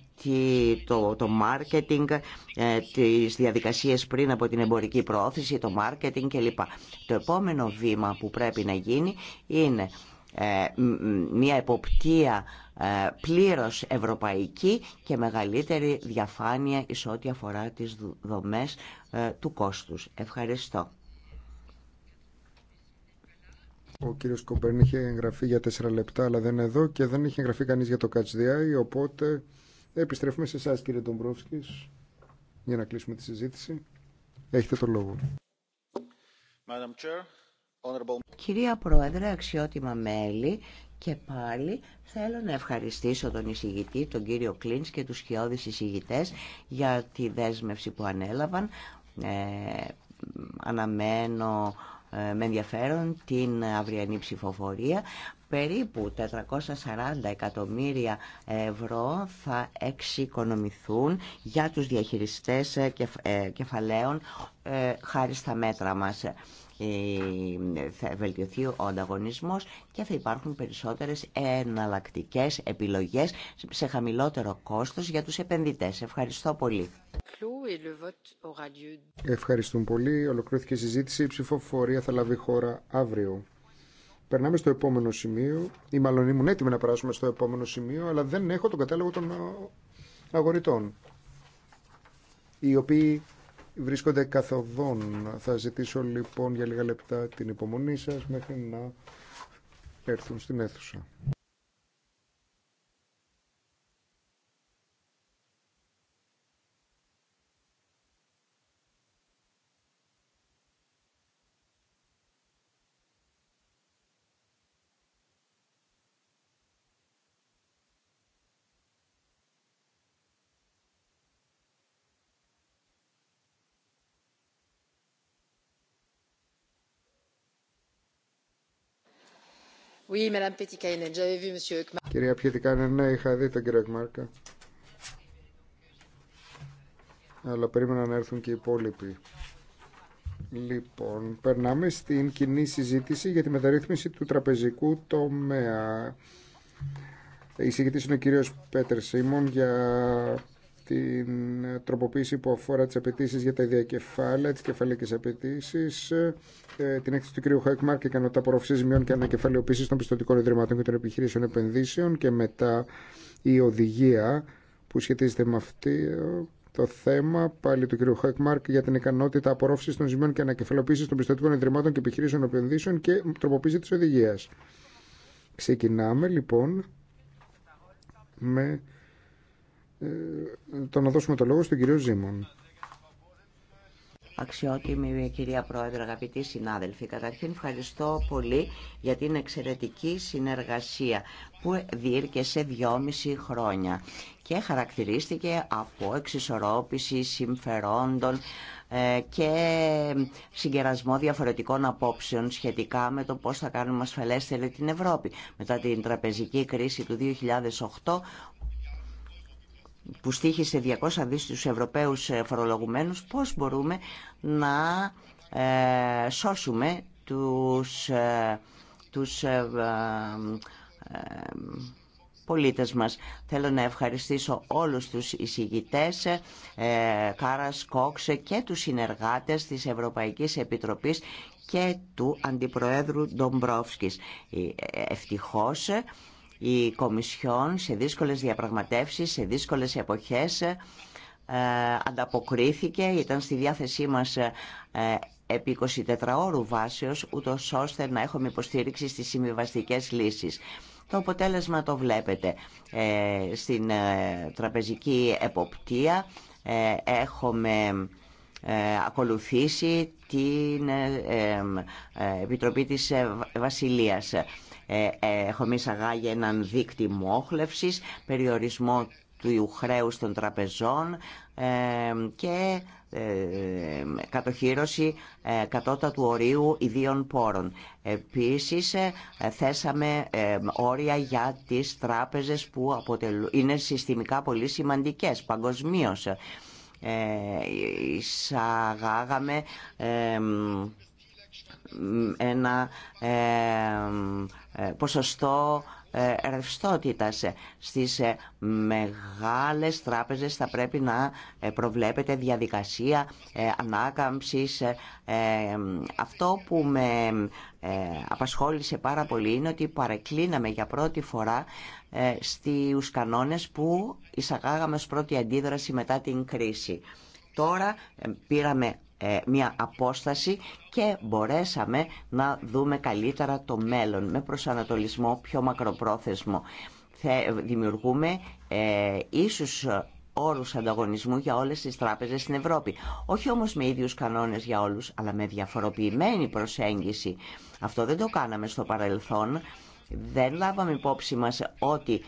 το, το marketing, ε, τις διαδικασίες πριν από την εμπορική προώθηση, το marketing κλπ. Το επόμενο βήμα που πρέπει να γίνει είναι ε, μια εποπτεία ε, πλήρως ευρωπαϊκή και μεγαλύτερη διαφάνεια εις ό,τι αφορά τις δομές ε, του κόστους. Ευχαριστώ. Ο κύριος Κομπέρν είχε εγγραφεί για τέσσερα λεπτά, αλλά δεν είναι εδώ και δεν είχε εγγραφεί κανείς για το ΚΑΤΣΔΙΑΙ, οπότε επιστρέφουμε σε εσά κύριε Ντομπρόφσκης για να κλείσουμε τη συζήτηση. Έχετε το λόγο. Κυρία Πρόεδρε, αξιότιμα μέλη, και πάλι θέλω να ευχαριστήσω τον εισηγητή, τον κύριο Κλίντς και τους χειώδεις εισηγητέ για τη δέσμευση που ανέλαβαν. Ε, αναμένω ε, με ενδιαφέρον την αυριανή ψηφοφορία. Περίπου 440 εκατομμύρια ευρώ θα εξοικονομηθούν για τους διαχειριστές ε, ε, κεφαλαίων ε, χάρη στα μέτρα μας. Ε, θα βελτιωθεί ο ανταγωνισμός και θα υπάρχουν περισσότερες εναλλακτικέ επιλογές σε χαμηλότερο κόστος για τους επενδυτές. Ευχαριστώ πολύ. Ευχαριστούμε πολύ. Ολοκληρώθηκε η συζήτηση. Η ψηφοφορία θα λάβει χώρα αύριο. Περνάμε στο επόμενο σημείο, ή μάλλον ήμουν έτοιμη να περάσουμε στο επόμενο σημείο, αλλά δεν έχω τον κατάλογο των ε, αγορητών, οι οποίοι βρίσκονται καθοδόν. Θα ζητήσω λοιπόν για λίγα λεπτά την υπομονή σας μέχρι να έρθουν στην αίθουσα. Κυρία Πιετικάνε, ναι, είχα δει τον κύριο Εκμάρκα. Ναι. Αλλά περίμενα να έρθουν και οι υπόλοιποι. Λοιπόν, περνάμε στην κοινή συζήτηση για τη μεταρρύθμιση του τραπεζικού τομέα. Η συζήτηση είναι ο κύριος Πέτερ Σίμων για την τροποποίηση που αφορά τις απαιτήσει για τα ίδια κεφάλαια, τις κεφαλαίκες απαιτήσει, ε, την έκθεση του κ. Χαϊκμάρ και ικανότητα απορροφή ζημιών και ανακεφαλαιοποίηση των πιστοτικών ιδρυμάτων και των επιχειρήσεων επενδύσεων και μετά η οδηγία που σχετίζεται με αυτή ε, το θέμα πάλι του κ. Χαϊκμάρκ για την ικανότητα απορρόφηση των ζημιών και ανακεφαλαιοποίηση των πιστοτικών ιδρυμάτων και επιχειρήσεων επενδύσεων και τροποποίηση τη οδηγία. Ξεκινάμε λοιπόν με ε, το να δώσουμε το λόγο στον κύριο Ζήμων. Αξιότιμη κυρία Πρόεδρε, αγαπητοί συνάδελφοι, καταρχήν ευχαριστώ πολύ για την εξαιρετική συνεργασία που διήρκεσε δυόμιση χρόνια και χαρακτηρίστηκε από εξισορρόπηση συμφερόντων ε, και συγκερασμό διαφορετικών απόψεων σχετικά με το πώς θα κάνουμε ασφαλέστερη την Ευρώπη. Μετά την τραπεζική κρίση του 2008 που στήχησε 200 δις τους Ευρωπαίους ε, φορολογουμένους, πώς μπορούμε να ε, σώσουμε τους, ε, τους πολίτες μας. Θέλω να ευχαριστήσω όλους τους εισηγητές, ε, Κάρας Κόξε και τους συνεργάτες της Ευρωπαϊκής Επιτροπής και του Αντιπροέδρου Ντομπρόφσκης. Ευτυχώς η Κομισιόν σε δύσκολες διαπραγματεύσεις, σε δύσκολες εποχές ε, ανταποκρίθηκε, ήταν στη διάθεσή μας ε, επί 24 ώρου βάσεως, ούτω ώστε να έχουμε υποστήριξη στις συμβιβαστικέ λύσεις. Το αποτέλεσμα το βλέπετε. Ε, στην τραπεζική εποπτεία έχουμε ακολουθήσει την Επιτροπή της Βασιλείας. Ε, ε, έχουμε εισαγάγει έναν δίκτυ μόχλευσης, περιορισμό του χρέου των τραπεζών ε, και κατοχύρωση κατώτατου ορίου ιδίων πόρων. Επίσης, θέσαμε όρια για τις τράπεζες που είναι συστημικά πολύ σημαντικές παγκοσμίως. Εισαγάγαμε ένα ε, ε, ποσοστό ε, ρευστότητας. Στις μεγάλες τράπεζες θα πρέπει να προβλέπεται διαδικασία ανάκαμψης. Αυτό που με απασχόλησε πάρα πολύ είναι ότι παρεκκλίναμε για πρώτη φορά στου κανόνες που εισαγάγαμε ως πρώτη αντίδραση μετά την κρίση. Τώρα πήραμε ε, μια απόσταση και μπορέσαμε να δούμε καλύτερα το μέλλον με προσανατολισμό πιο μακροπρόθεσμο. δημιουργούμε ε, ίσους όρους ανταγωνισμού για όλες τις τράπεζες στην Ευρώπη. Όχι όμως με ίδιους κανόνες για όλους, αλλά με διαφοροποιημένη προσέγγιση. Αυτό δεν το κάναμε στο παρελθόν δεν λάβαμε υπόψη μας ότι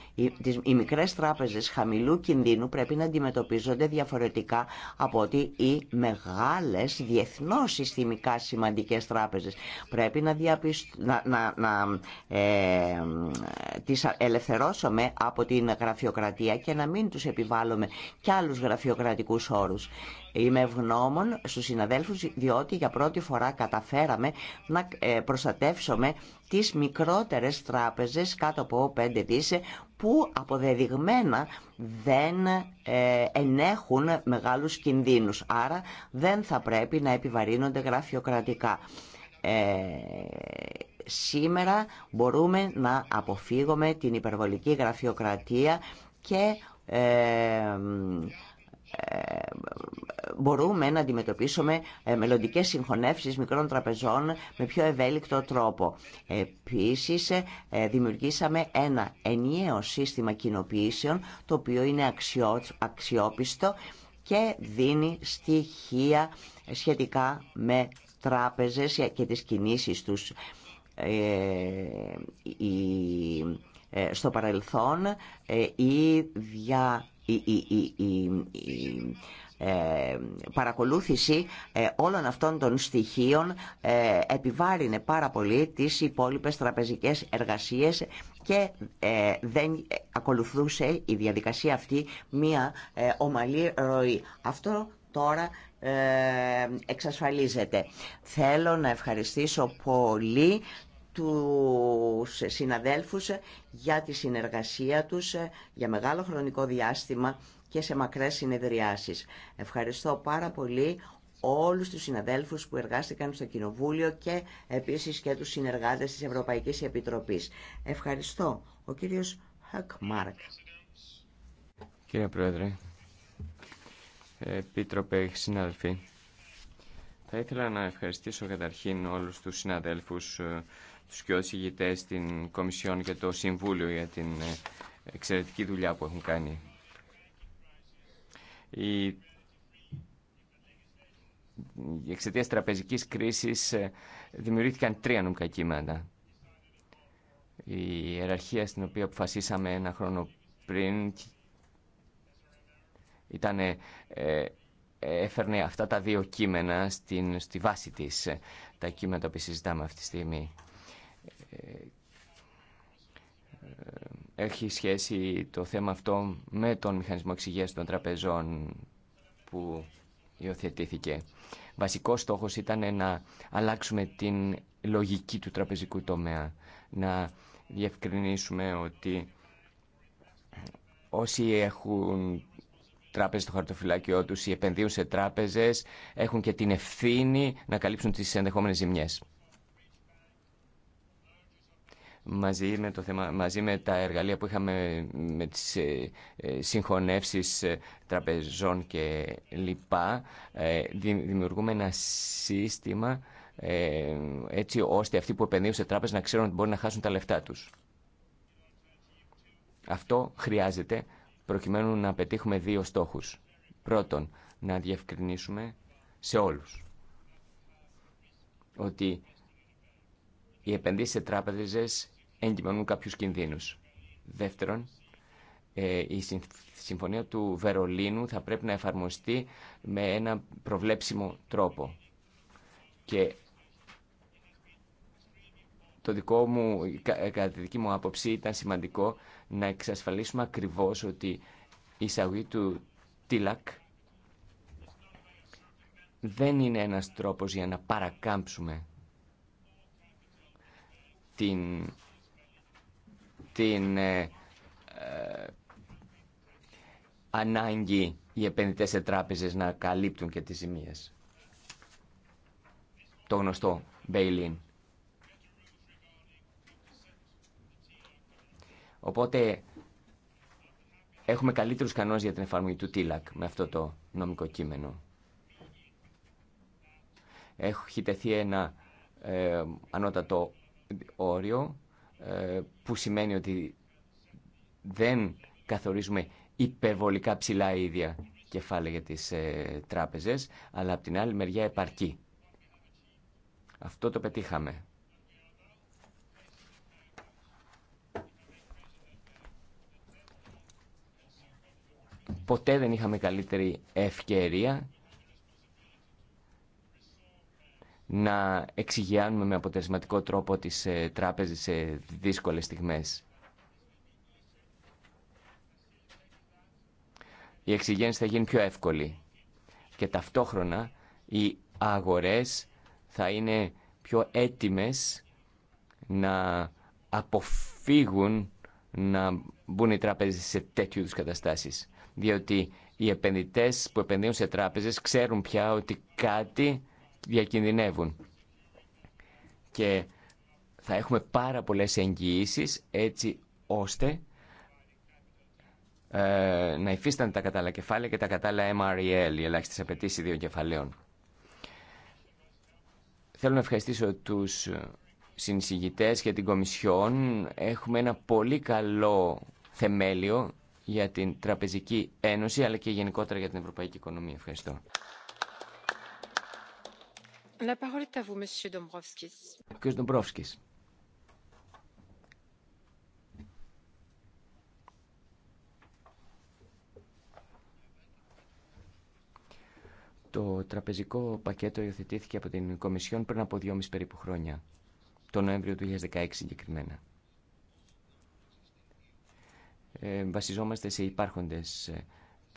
οι μικρές τράπεζες χαμηλού κινδύνου πρέπει να αντιμετωπίζονται διαφορετικά από ότι οι μεγάλες διεθνώς συστημικά σημαντικές τράπεζες. Πρέπει να, διαπιστ... να, να, να ε, τις ελευθερώσουμε από την γραφειοκρατία και να μην τους επιβάλλουμε κι άλλους γραφειοκρατικούς όρους. Είμαι ευγνώμων στους συναδέλφους διότι για πρώτη φορά καταφέραμε να ε, προστατεύσουμε τις μικρότερες τράπεζες κάτω από 5 δις που αποδεδειγμένα δεν ε, ενέχουν μεγάλους κινδύνους. Άρα δεν θα πρέπει να επιβαρύνονται γραφειοκρατικά. Ε, σήμερα μπορούμε να αποφύγουμε την υπερβολική γραφειοκρατία και ε, μπορούμε να αντιμετωπίσουμε ε, μελλοντικές συγχωνεύσεις μικρών τραπεζών με πιο ευέλικτο τρόπο. Επίσης, ε, δημιουργήσαμε ένα ενιαίο σύστημα κοινοποιήσεων, το οποίο είναι αξιόπιστο και δίνει στοιχεία σχετικά με τράπεζες και τις κινήσεις τους. Ε, στο παρελθόν, η δια η, ε, παρακολούθηση ε, όλων αυτών των στοιχείων ε, επιβάρυνε πάρα πολύ τις υπόλοιπες τραπεζικές εργασίες και ε, δεν ακολουθούσε η διαδικασία αυτή μία ομαλή ροή. Αυτό τώρα εξασφαλίζεται. Θέλω να ευχαριστήσω πολύ τους συναδέλφους για τη συνεργασία τους για μεγάλο χρονικό διάστημα και σε μακρές συνεδριάσεις. Ευχαριστώ πάρα πολύ όλους τους συναδέλφους που εργάστηκαν στο Κοινοβούλιο και επίσης και τους συνεργάτες της Ευρωπαϊκής Επιτροπής. Ευχαριστώ. Ο κύριος Χακμάρκ. Κύριε Πρόεδρε, Επίτροπε, συνάδελφοι, θα ήθελα να ευχαριστήσω καταρχήν όλους τους συναδέλφους τους και όσοι ηγητές στην Κομισιόν και το Συμβούλιο για την ε, εξαιρετική δουλειά που έχουν κάνει. Η... Εξαιτία τραπεζικής κρίσης ε, δημιουργήθηκαν τρία νομικά κείμενα. Η ιεραρχία στην οποία αποφασίσαμε ένα χρόνο πριν ήταν, ε, έφερνε αυτά τα δύο κείμενα στην, στη βάση της, τα κείμενα που συζητάμε αυτή τη στιγμή. Ε, έχει σχέση το θέμα αυτό με τον μηχανισμό εξυγείας των τραπεζών που υιοθετήθηκε. Βασικός στόχος ήταν να αλλάξουμε την λογική του τραπεζικού τομέα, να διευκρινίσουμε ότι όσοι έχουν τράπεζες στο χαρτοφυλάκιό τους ή επενδύουν σε τράπεζες έχουν και την ευθύνη να καλύψουν τις ενδεχόμενες ζημιές μαζί με, το θέμα, μαζί με τα εργαλεία που είχαμε με τις ε, ε, ε τραπεζών και λοιπά ε, δημιουργούμε ένα σύστημα έτσι ώστε αυτοί που επενδύουν σε τράπεζες να ξέρουν ότι μπορεί να χάσουν τα λεφτά τους. Αυτό χρειάζεται προκειμένου να πετύχουμε δύο στόχους. Πρώτον, να διευκρινίσουμε σε όλους ότι οι επενδύσεις σε τράπεζες εγκυμονούν κάποιους κινδύνους. Δεύτερον, ε, η συμφωνία του Βερολίνου θα πρέπει να εφαρμοστεί με ένα προβλέψιμο τρόπο. Και το δικό μου, ε, κατά τη δική μου άποψη ήταν σημαντικό να εξασφαλίσουμε ακριβώς ότι η εισαγωγή του τίλακ δεν είναι ένας τρόπος για να παρακάμψουμε την την ε, ε, ανάγκη οι επενδυτές σε τράπεζες να καλύπτουν και τις ζημίες. Το γνωστό bail-in. Οπότε έχουμε καλύτερους κανόνες για την εφαρμογή του TILAC με αυτό το νομικό κείμενο. Έχει τεθεί ένα ε, ανώτατο όριο ε, που σημαίνει ότι δεν καθορίζουμε υπερβολικά ψηλά ίδια κεφάλαια για τις ε, τράπεζες, αλλά από την άλλη μεριά επαρκεί. Αυτό το πετύχαμε. Ποτέ δεν είχαμε καλύτερη ευκαιρία να εξηγιάνουμε με αποτελεσματικό τρόπο τις ε, τράπεζες σε δύσκολες στιγμές. Η εξηγένση θα γίνει πιο εύκολη και ταυτόχρονα οι αγορές θα είναι πιο έτοιμες να αποφύγουν να μπουν οι τράπεζες σε τέτοιου είδους καταστάσεις. Διότι οι επενδυτές που επενδύουν σε τράπεζες ξέρουν πια ότι κάτι διακινδυνεύουν. Και θα έχουμε πάρα πολλές εγγυήσεις έτσι ώστε ε, να υφίστανται τα κατάλληλα κεφάλαια και τα κατάλληλα MREL, οι ελάχιστε απαιτήσει δύο κεφαλαίων. Θέλω να ευχαριστήσω τους συνεισηγητές και την Κομισιόν. Έχουμε ένα πολύ καλό θεμέλιο για την Τραπεζική Ένωση, αλλά και γενικότερα για την Ευρωπαϊκή Οικονομία. Ευχαριστώ. Το τραπεζικό πακέτο υιοθετήθηκε από την Κομισιόν πριν από δυόμιση περίπου χρόνια, το Νοέμβριο του 2016 συγκεκριμένα. Ε, βασιζόμαστε σε υπάρχοντες ε,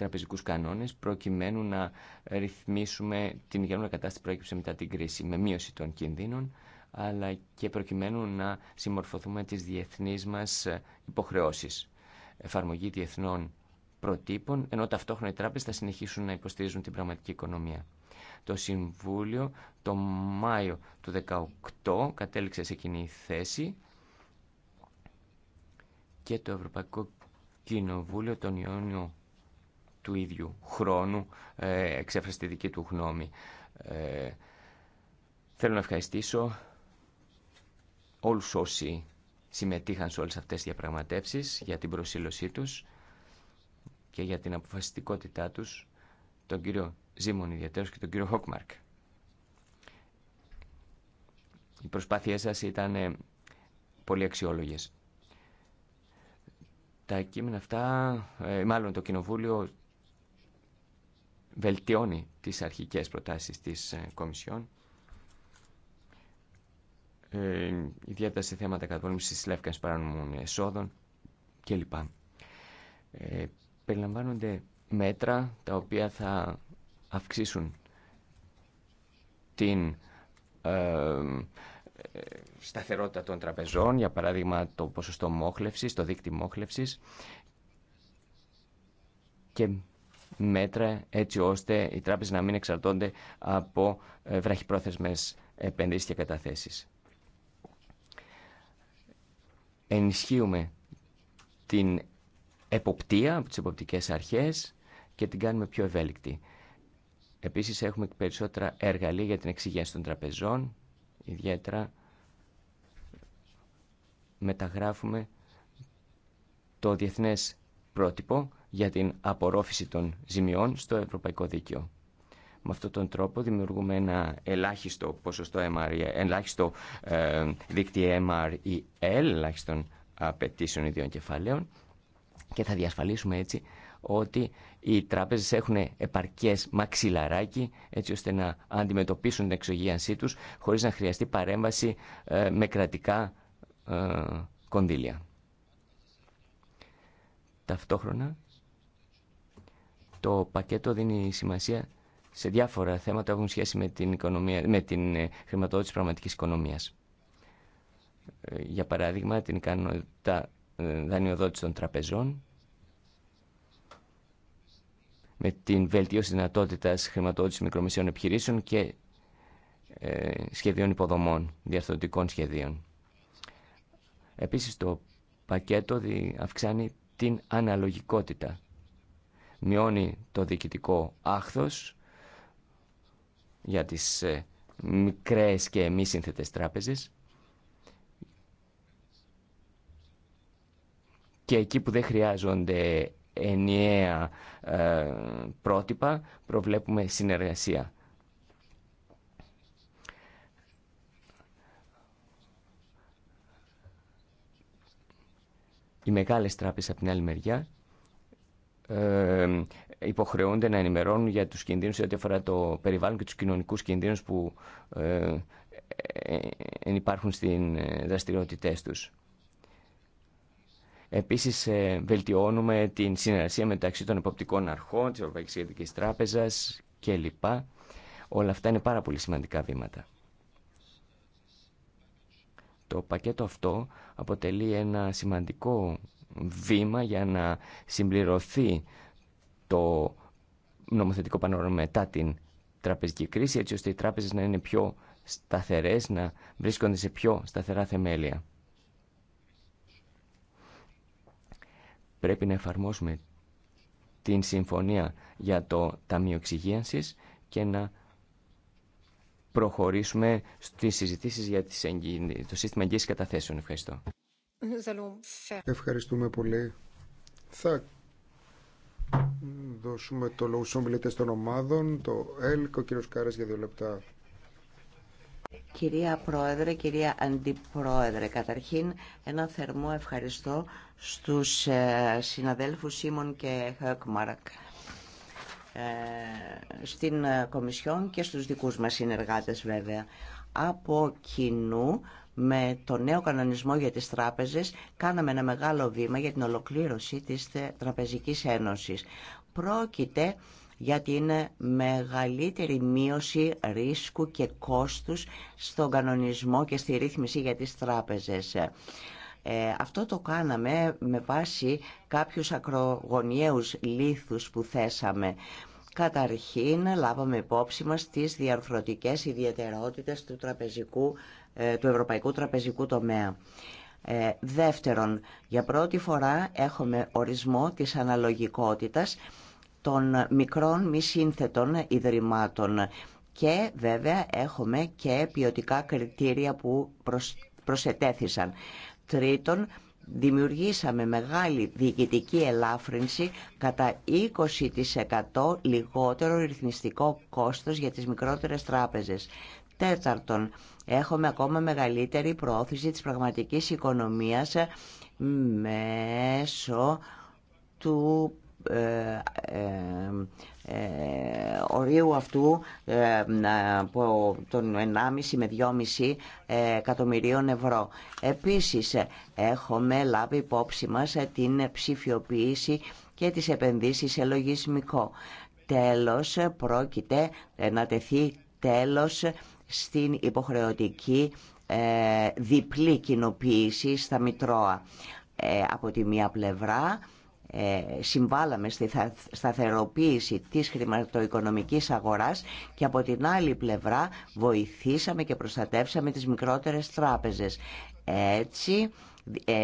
τραπεζικούς κανόνες προκειμένου να ρυθμίσουμε την υγιεινή κατάσταση που προέκυψε μετά την κρίση με μείωση των κινδύνων αλλά και προκειμένου να συμμορφωθούμε τις διεθνείς μας υποχρεώσεις. Εφαρμογή διεθνών προτύπων, ενώ ταυτόχρονα οι τράπεζες θα συνεχίσουν να υποστηρίζουν την πραγματική οικονομία. Το Συμβούλιο το Μάιο του 2018 κατέληξε σε κοινή θέση και το Ευρωπαϊκό Κοινοβούλιο τον Ιόνιο του ίδιου χρόνου ε, εξέφρασε τη δική του γνώμη. Ε, θέλω να ευχαριστήσω όλους όσοι συμμετείχαν σε όλες αυτές τις διαπραγματεύσεις για την προσήλωσή τους και για την αποφασιστικότητά τους τον κύριο Ζήμων ιδιαίτερος και τον κύριο Χόκμαρκ. Οι προσπάθειές σας ήταν ε, πολύ αξιόλογες. Τα κείμενα αυτά, ε, μάλλον το Κοινοβούλιο βελτιώνει τις αρχικές προτάσεις της ε, Κομισιόν. Ε, ιδιαίτερα σε θέματα τη της παράνομων εσόδων κλπ. Ε, περιλαμβάνονται μέτρα τα οποία θα αυξήσουν την ε, σταθερότητα των τραπεζών, για παράδειγμα το ποσοστό μόχλευσης, το δίκτυο μόχλευσης και μέτρα έτσι ώστε οι τράπεζες να μην εξαρτώνται από ε, βραχυπρόθεσμες επενδύσεις και καταθέσεις. Ενισχύουμε την εποπτεία από τις εποπτικές αρχές και την κάνουμε πιο ευέλικτη. Επίσης έχουμε περισσότερα εργαλεία για την εξηγένση των τραπεζών, ιδιαίτερα μεταγράφουμε το διεθνές πρότυπο για την απορρόφηση των ζημιών στο Ευρωπαϊκό Δίκαιο. Με αυτόν τον τρόπο δημιουργούμε ένα ελάχιστο ποσοστό ελάχιστο ε, δίκτυο MREL, ελάχιστον απαιτήσεων ιδιών κεφαλαίων και θα διασφαλίσουμε έτσι ότι οι τράπεζες έχουν επαρκές μαξιλαράκι έτσι ώστε να αντιμετωπίσουν την εξογίανσή τους χωρίς να χρειαστεί παρέμβαση ε, με κρατικά ε, κονδύλια. Ταυτόχρονα το πακέτο δίνει σημασία σε διάφορα θέματα που έχουν σχέση με την, οικονομία, με την ε, χρηματοδότηση πραγματικής οικονομίας. Ε, για παράδειγμα, την ικανότητα ε, δανειοδότηση των τραπεζών, με την βελτίωση δυνατότητας χρηματοδότησης μικρομεσαίων επιχειρήσεων και σχεδίων υποδομών, διαρθρωτικών σχεδίων. Επίσης, το πακέτο αυξάνει την αναλογικότητα μειώνει το διοικητικό άχθος για τις ε, μικρές και μη σύνθετες τράπεζες και εκεί που δεν χρειάζονται ενιαία ε, πρότυπα προβλέπουμε συνεργασία. Οι μεγάλες τράπεζες από την άλλη μεριά υποχρεούνται να ενημερώνουν για τους κινδύνους σε ό,τι αφορά το περιβάλλον και τους κοινωνικούς κινδύνους που ε, ε, ε, υπάρχουν στην δραστηριότητε τους. Επίσης, βελτιώνουμε την συνεργασία μεταξύ των εποπτικών αρχών, της Ευρωπαϊκής Κεντρικής Τράπεζας κλπ. Όλα αυτά είναι πάρα πολύ σημαντικά βήματα. Το πακέτο αυτό αποτελεί ένα σημαντικό βήμα για να συμπληρωθεί το νομοθετικό πανόραμα μετά την τραπεζική κρίση, έτσι ώστε οι τράπεζες να είναι πιο σταθερές, να βρίσκονται σε πιο σταθερά θεμέλια. Πρέπει να εφαρμόσουμε την συμφωνία για το Ταμείο Εξυγίανσης και να προχωρήσουμε στις συζητήσεις για το σύστημα εγγύησης καταθέσεων. Ευχαριστώ. Ευχαριστούμε πολύ. Θα δώσουμε το λόγο στους ομιλητές των ομάδων, το ΕΛΚ, ο κύριος Κάρας για δύο λεπτά. Κυρία Πρόεδρε, κυρία Αντιπρόεδρε, καταρχήν ένα θερμό ευχαριστώ στους ε, συναδέλφους Σίμων και Χέκμαρκ ε, στην ε, Κομισιόν και στους δικούς μας συνεργάτες βέβαια. Από κοινού με το νέο κανονισμό για τις τράπεζες κάναμε ένα μεγάλο βήμα για την ολοκλήρωση της Τραπεζικής Ένωσης. Πρόκειται για την μεγαλύτερη μείωση ρίσκου και κόστους στον κανονισμό και στη ρύθμιση για τις τράπεζες. Ε, αυτό το κάναμε με βάση κάποιους ακρογωνιαίους λίθους που θέσαμε. Καταρχήν λάβαμε υπόψη μας τις διαρθρωτικές ιδιαιτερότητες του τραπεζικού ε, του Ευρωπαϊκού Τραπεζικού Τομέα. Ε, δεύτερον, για πρώτη φορά έχουμε ορισμό της αναλογικότητας των μικρών μη σύνθετων ιδρυμάτων και βέβαια έχουμε και ποιοτικά κριτήρια που προσετέθησαν. Τρίτον, δημιουργήσαμε μεγάλη διοικητική ελάφρυνση κατά 20% λιγότερο ρυθμιστικό κόστος για τις μικρότερες τράπεζες. Τέταρτον, έχουμε ακόμα μεγαλύτερη προώθηση της πραγματικής οικονομίας μέσω του ε, ε, ε, ορίου αυτού των τον 1,5 με 2,5 εκατομμυρίων ευρώ. Επίσης, έχουμε λάβει υπόψη μας την ψηφιοποίηση και τις επενδύσεις σε λογισμικό. Τέλος, πρόκειται να τεθεί τέλος στην υποχρεωτική ε, διπλή κοινοποίηση στα Μητρώα. Ε, από τη μία πλευρά ε, συμβάλαμε στη σταθεροποίηση της χρηματοοικονομικής αγοράς και από την άλλη πλευρά βοηθήσαμε και προστατεύσαμε τις μικρότερες τράπεζες. Έτσι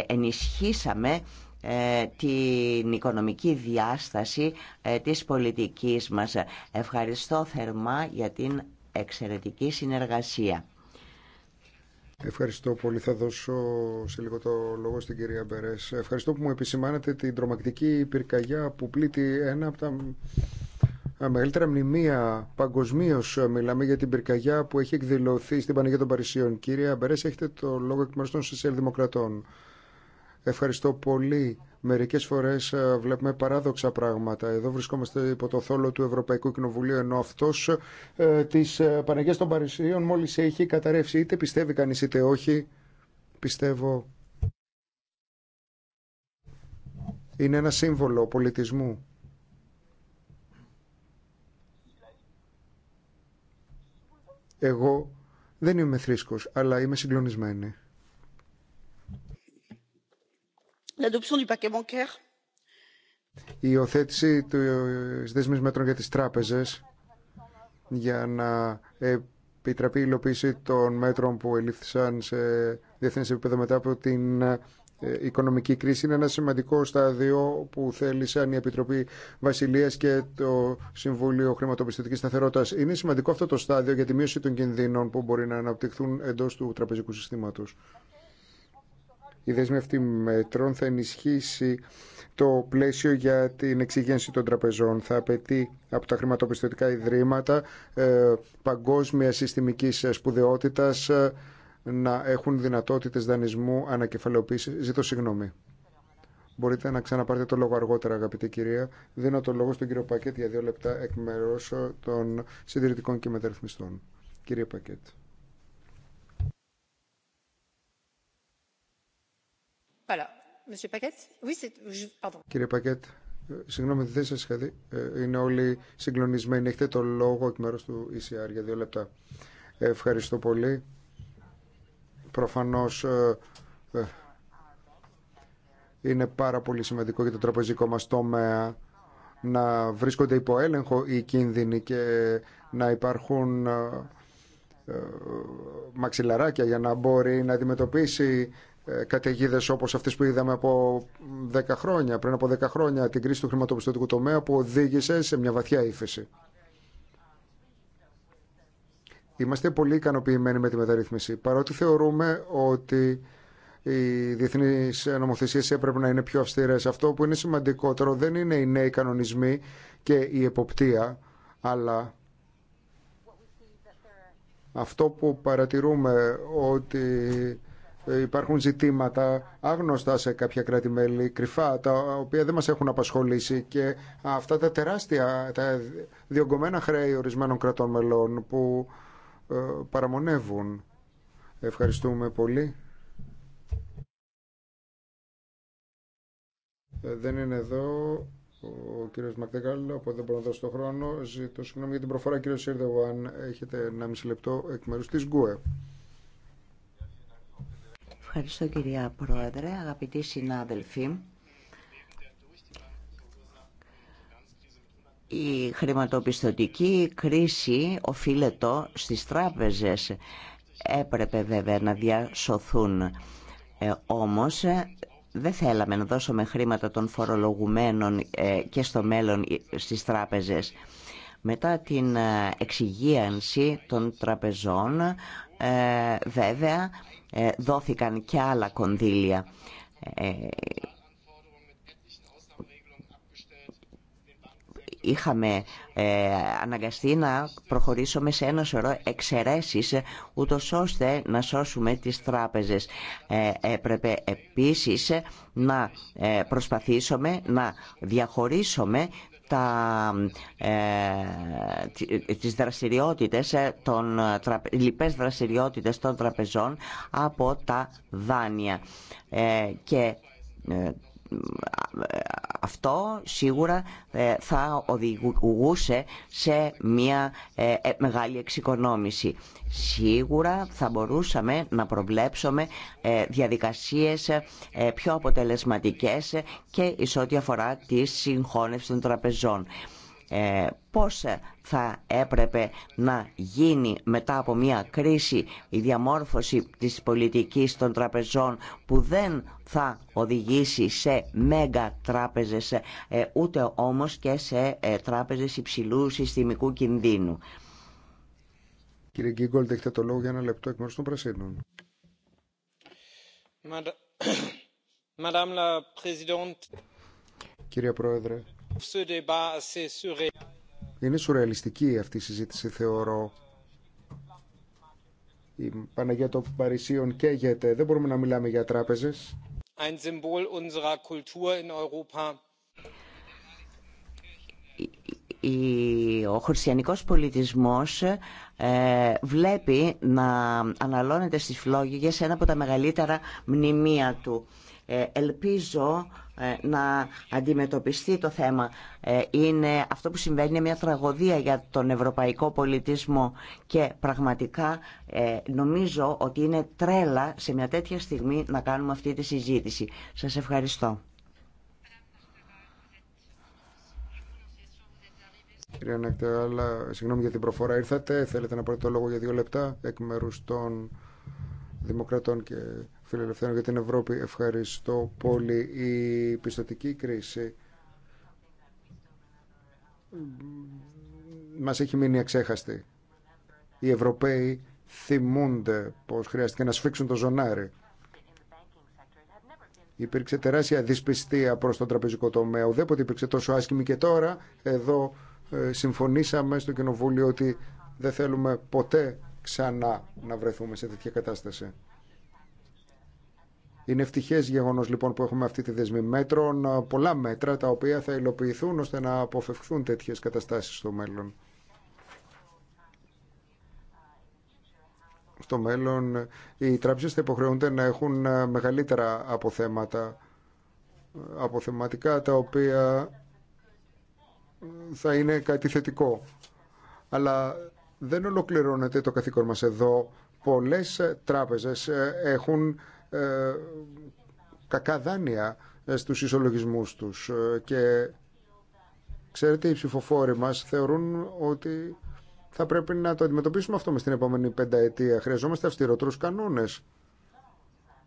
ενισχύσαμε την οικονομική διάσταση της πολιτικής μας. Ευχαριστώ θερμά για την εξαιρετική συνεργασία. Ευχαριστώ πολύ. Θα δώσω σε λίγο το λόγο στην κυρία Μπερέ. Ευχαριστώ που μου επισημάνατε την τρομακτική πυρκαγιά που πλήττει ένα από τα μεγαλύτερα μνημεία παγκοσμίω. Μιλάμε για την πυρκαγιά που έχει εκδηλωθεί στην Πανεγία των Παρισιών. Κυρία Μπερέ, έχετε το λόγο εκ μέρου των Σοσιαλδημοκρατών. Ευχαριστώ πολύ. Μερικές φορές ε, βλέπουμε παράδοξα πράγματα. Εδώ βρισκόμαστε υπό το θόλο του Ευρωπαϊκού Κοινοβουλίου, ενώ αυτός ε, της ε, Παναγίας των Παρισίων μόλις έχει καταρρεύσει. Είτε πιστεύει κανείς είτε όχι. Πιστεύω είναι ένα σύμβολο πολιτισμού. Εγώ δεν είμαι θρήσκος, αλλά είμαι συγκλονισμένη. l'adoption du paquet bancaire. Η υιοθέτηση τη δέσμη μέτρων για τι τράπεζε για να επιτραπεί η υλοποίηση των μέτρων που ελήφθησαν σε διεθνές επίπεδο μετά από την ε, οικονομική κρίση είναι ένα σημαντικό στάδιο που θέλησαν η Επιτροπή Βασιλείας και το Συμβούλιο Χρηματοπιστωτικής Σταθερότητας. Είναι σημαντικό αυτό το στάδιο για τη μείωση των κινδύνων που μπορεί να αναπτυχθούν εντός του τραπεζικού συστήματος. Η δέσμη αυτή μέτρων θα ενισχύσει το πλαίσιο για την εξηγένση των τραπεζών. Θα απαιτεί από τα χρηματοπιστωτικά ιδρύματα ε, παγκόσμια συστημικής σπουδαιότητας ε, να έχουν δυνατότητες δανεισμού ανακεφαλαιοποίησης. Ζήτω συγγνώμη. Μπορείτε να ξαναπάρτε το λόγο αργότερα, αγαπητή κυρία. Δίνω το λόγο στον κύριο Πακέτ για δύο λεπτά εκ μέρου των συντηρητικών και μεταρρυθμιστών. Κύριε Πακέτ. Κύριε Πακέτ, συγγνώμη δεν σας είχα δει. Ε, είναι όλοι συγκλονισμένοι. Έχετε το λόγο εκ μέρους του ECR για δύο λεπτά. Ευχαριστώ πολύ. Προφανώς ε, ε, είναι πάρα πολύ σημαντικό για το τραπεζικό μας τομέα να βρίσκονται υπό έλεγχο οι κίνδυνοι και να υπάρχουν μαξιλαράκια για να μπορεί να αντιμετωπίσει ε, καταιγίδε όπω αυτέ που είδαμε από 10 χρόνια, πριν από 10 χρόνια, την κρίση του χρηματοπιστωτικού τομέα που οδήγησε σε μια βαθιά ύφεση. Είμαστε πολύ ικανοποιημένοι με τη μεταρρύθμιση, παρότι θεωρούμε ότι οι διεθνεί νομοθεσίε έπρεπε να είναι πιο αυστηρέ. Αυτό που είναι σημαντικότερο δεν είναι οι νέοι κανονισμοί και η εποπτεία, αλλά αυτό που παρατηρούμε ότι Υπάρχουν ζητήματα άγνωστα σε κάποια κράτη-μέλη, κρυφά, τα οποία δεν μας έχουν απασχολήσει και αυτά τα τεράστια, τα διωγγωμένα χρέη ορισμένων κρατών μελών που ε, παραμονεύουν. Ευχαριστούμε πολύ. Ε, δεν είναι εδώ ο κύριος Μακτεγάλ, οπότε δεν μπορώ να δώσω το χρόνο. Ζητώ συγγνώμη για την προφορά, κύριο αν Έχετε μισή λεπτό εκ μέρους της Ευχαριστώ κυρία Πρόεδρε, αγαπητοί συνάδελφοι. Η χρηματοπιστωτική κρίση οφείλεται στις τράπεζες. Έπρεπε βέβαια να διασωθούν. Ε, όμως δεν θέλαμε να δώσουμε χρήματα των φορολογουμένων ε, και στο μέλλον ε, στις τράπεζες. Μετά την ε, εξυγίανση των τραπεζών, βέβαια, ε, δόθηκαν και άλλα κονδύλια. Ε, είχαμε ε, αναγκαστεί να προχωρήσουμε σε ένα σωρό εξαιρέσεις ούτως ώστε να σώσουμε τις τράπεζες. Έπρεπε επίσης να προσπαθήσουμε να διαχωρίσουμε τα, ε, ε, τις δραστηριότητες ε, των, ε, λοιπές δραστηριότητες των τραπεζών από τα δάνεια ε, και αυτό σίγουρα ε, θα οδηγούσε σε μια ε, ε, μεγάλη εξοικονόμηση. Σίγουρα θα μπορούσαμε να προβλέψουμε διαδικασίες πιο αποτελεσματικές και εις ό,τι αφορά τη συγχώνευση των τραπεζών. Ε, πώς θα έπρεπε να γίνει μετά από μια κρίση η διαμόρφωση της πολιτικής των τραπεζών που δεν θα οδηγήσει σε μέγα τράπεζες ε, ούτε όμως και σε ε, τράπεζες υψηλού συστημικού κινδύνου. Κύριε Γκίγκολ, δέχτε το λόγο για ένα λεπτό εκ των Πρασίνων. Κύριε Πρόεδρε, είναι σουρεαλιστική αυτή η συζήτηση, θεωρώ. Η Παναγία των Παρισίων καίγεται. Δεν μπορούμε να μιλάμε για τράπεζες. Ο χριστιανικό πολιτισμός ε, βλέπει να αναλώνεται στις σε ένα από τα μεγαλύτερα μνημεία του. Ε, ελπίζω ε, να αντιμετωπιστεί το θέμα. Ε, είναι αυτό που συμβαίνει είναι μια τραγωδία για τον ευρωπαϊκό πολιτισμό και πραγματικά ε, νομίζω ότι είναι τρέλα σε μια τέτοια στιγμή να κάνουμε αυτή τη συζήτηση. Σας ευχαριστώ. Κυρία άλλα συγγνώμη για την προφορά ήρθατε. Θέλετε να πάρετε το λόγο για δύο λεπτά εκ μέρου των Δημοκρατών και Φιλελευθέρων για την Ευρώπη. Ευχαριστώ πολύ. Η πιστοτική κρίση μας έχει μείνει εξέχαστη. Οι Ευρωπαίοι θυμούνται πως χρειάστηκε να σφίξουν το ζωνάρι. Υπήρξε τεράστια δυσπιστία προς τον τραπεζικό τομέα. Ουδέποτε υπήρξε τόσο άσχημη και τώρα εδώ ε, συμφωνήσαμε στο Κοινοβούλιο ότι δεν θέλουμε ποτέ ξανά να βρεθούμε σε τέτοια κατάσταση. Είναι ευτυχέ γεγονό λοιπόν που έχουμε αυτή τη δεσμή μέτρων, πολλά μέτρα τα οποία θα υλοποιηθούν ώστε να αποφευχθούν τέτοιε καταστάσει στο μέλλον. Στο μέλλον οι τράπεζες θα υποχρεούνται να έχουν ε, μεγαλύτερα αποθέματα, ε, αποθεματικά τα οποία ε, θα είναι κάτι θετικό. Αλλά δεν ολοκληρώνεται το καθήκον μας εδώ. Πολλές τράπεζες έχουν ε, κακά δάνεια ε, στους ισολογισμούς τους ε, και ξέρετε οι ψηφοφόροι μας θεωρούν ότι θα πρέπει να το αντιμετωπίσουμε αυτό με στην επόμενη πενταετία. Χρειαζόμαστε αυστηρότερους κανόνες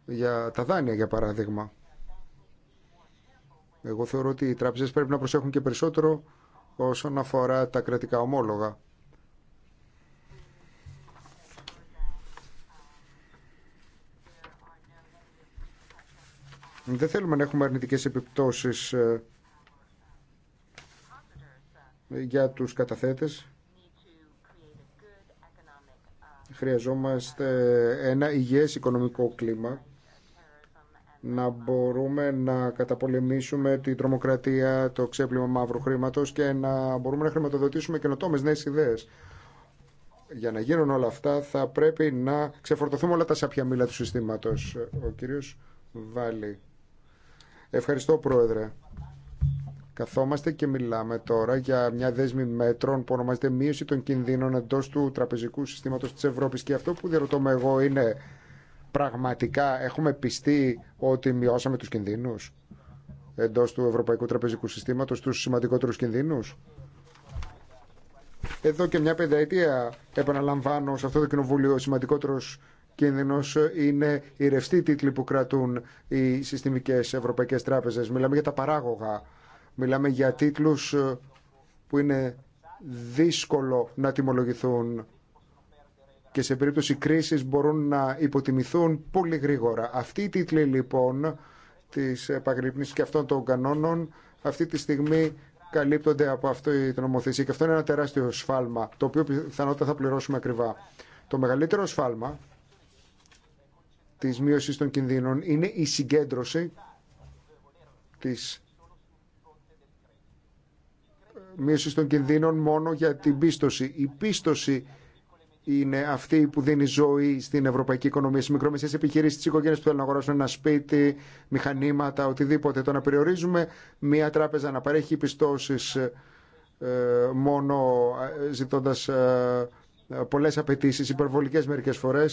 για τα δάνεια για παράδειγμα. Εγώ θεωρώ ότι οι τράπεζες πρέπει να προσέχουν και περισσότερο όσον αφορά τα κρατικά ομόλογα. Δεν θέλουμε να έχουμε αρνητικές επιπτώσεις ε, για τους καταθέτες. Χρειαζόμαστε ένα υγιές οικονομικό κλίμα να μπορούμε να καταπολεμήσουμε την τρομοκρατία, το ξέπλυμα μαύρου χρήματος και να μπορούμε να χρηματοδοτήσουμε καινοτόμε νέες ιδέες. Για να γίνουν όλα αυτά θα πρέπει να ξεφορτωθούμε όλα τα μήλα του συστήματος. Ο κύριος Βάλλη. Ευχαριστώ, Πρόεδρε. Καθόμαστε και μιλάμε τώρα για μια δέσμη μέτρων που ονομάζεται μείωση των κινδύνων εντός του τραπεζικού συστήματο τη Ευρώπη. Και αυτό που διαρωτώ με εγώ είναι πραγματικά έχουμε πιστεί ότι μειώσαμε του κινδύνου εντός του Ευρωπαϊκού Τραπεζικού Συστήματο, του σημαντικότερου κινδύνου. Εδώ και μια πενταετία επαναλαμβάνω σε αυτό το κοινοβούλιο ο Κίνδυνο είναι οι ρευστοί τίτλοι που κρατούν οι συστημικέ ευρωπαϊκέ τράπεζε. Μιλάμε για τα παράγωγα. Μιλάμε για τίτλου ε, που είναι δύσκολο να τιμολογηθούν και σε περίπτωση κρίσης μπορούν να υποτιμηθούν πολύ γρήγορα. Αυτοί οι τίτλοι λοιπόν της επαγρύπνησης και αυτών των κανόνων αυτή τη στιγμή καλύπτονται από αυτή την νομοθεσία και αυτό είναι ένα τεράστιο σφάλμα το οποίο πιθανότατα θα πληρώσουμε ακριβά. Το μεγαλύτερο σφάλμα της μείωσης των κινδύνων είναι η συγκέντρωση της μείωσης των κινδύνων μόνο για την πίστοση. Η πίστοση είναι αυτή που δίνει ζωή στην ευρωπαϊκή οικονομία, στις μικρομεσαίες επιχειρήσεις, στις οικογένειε που θέλουν να αγοράσουν ένα σπίτι, μηχανήματα, οτιδήποτε. Το να περιορίζουμε μια τράπεζα να παρέχει πιστώσει ε, μόνο ε, ζητώντα ε, πολλές απαιτήσει, υπερβολικέ μερικέ φορέ,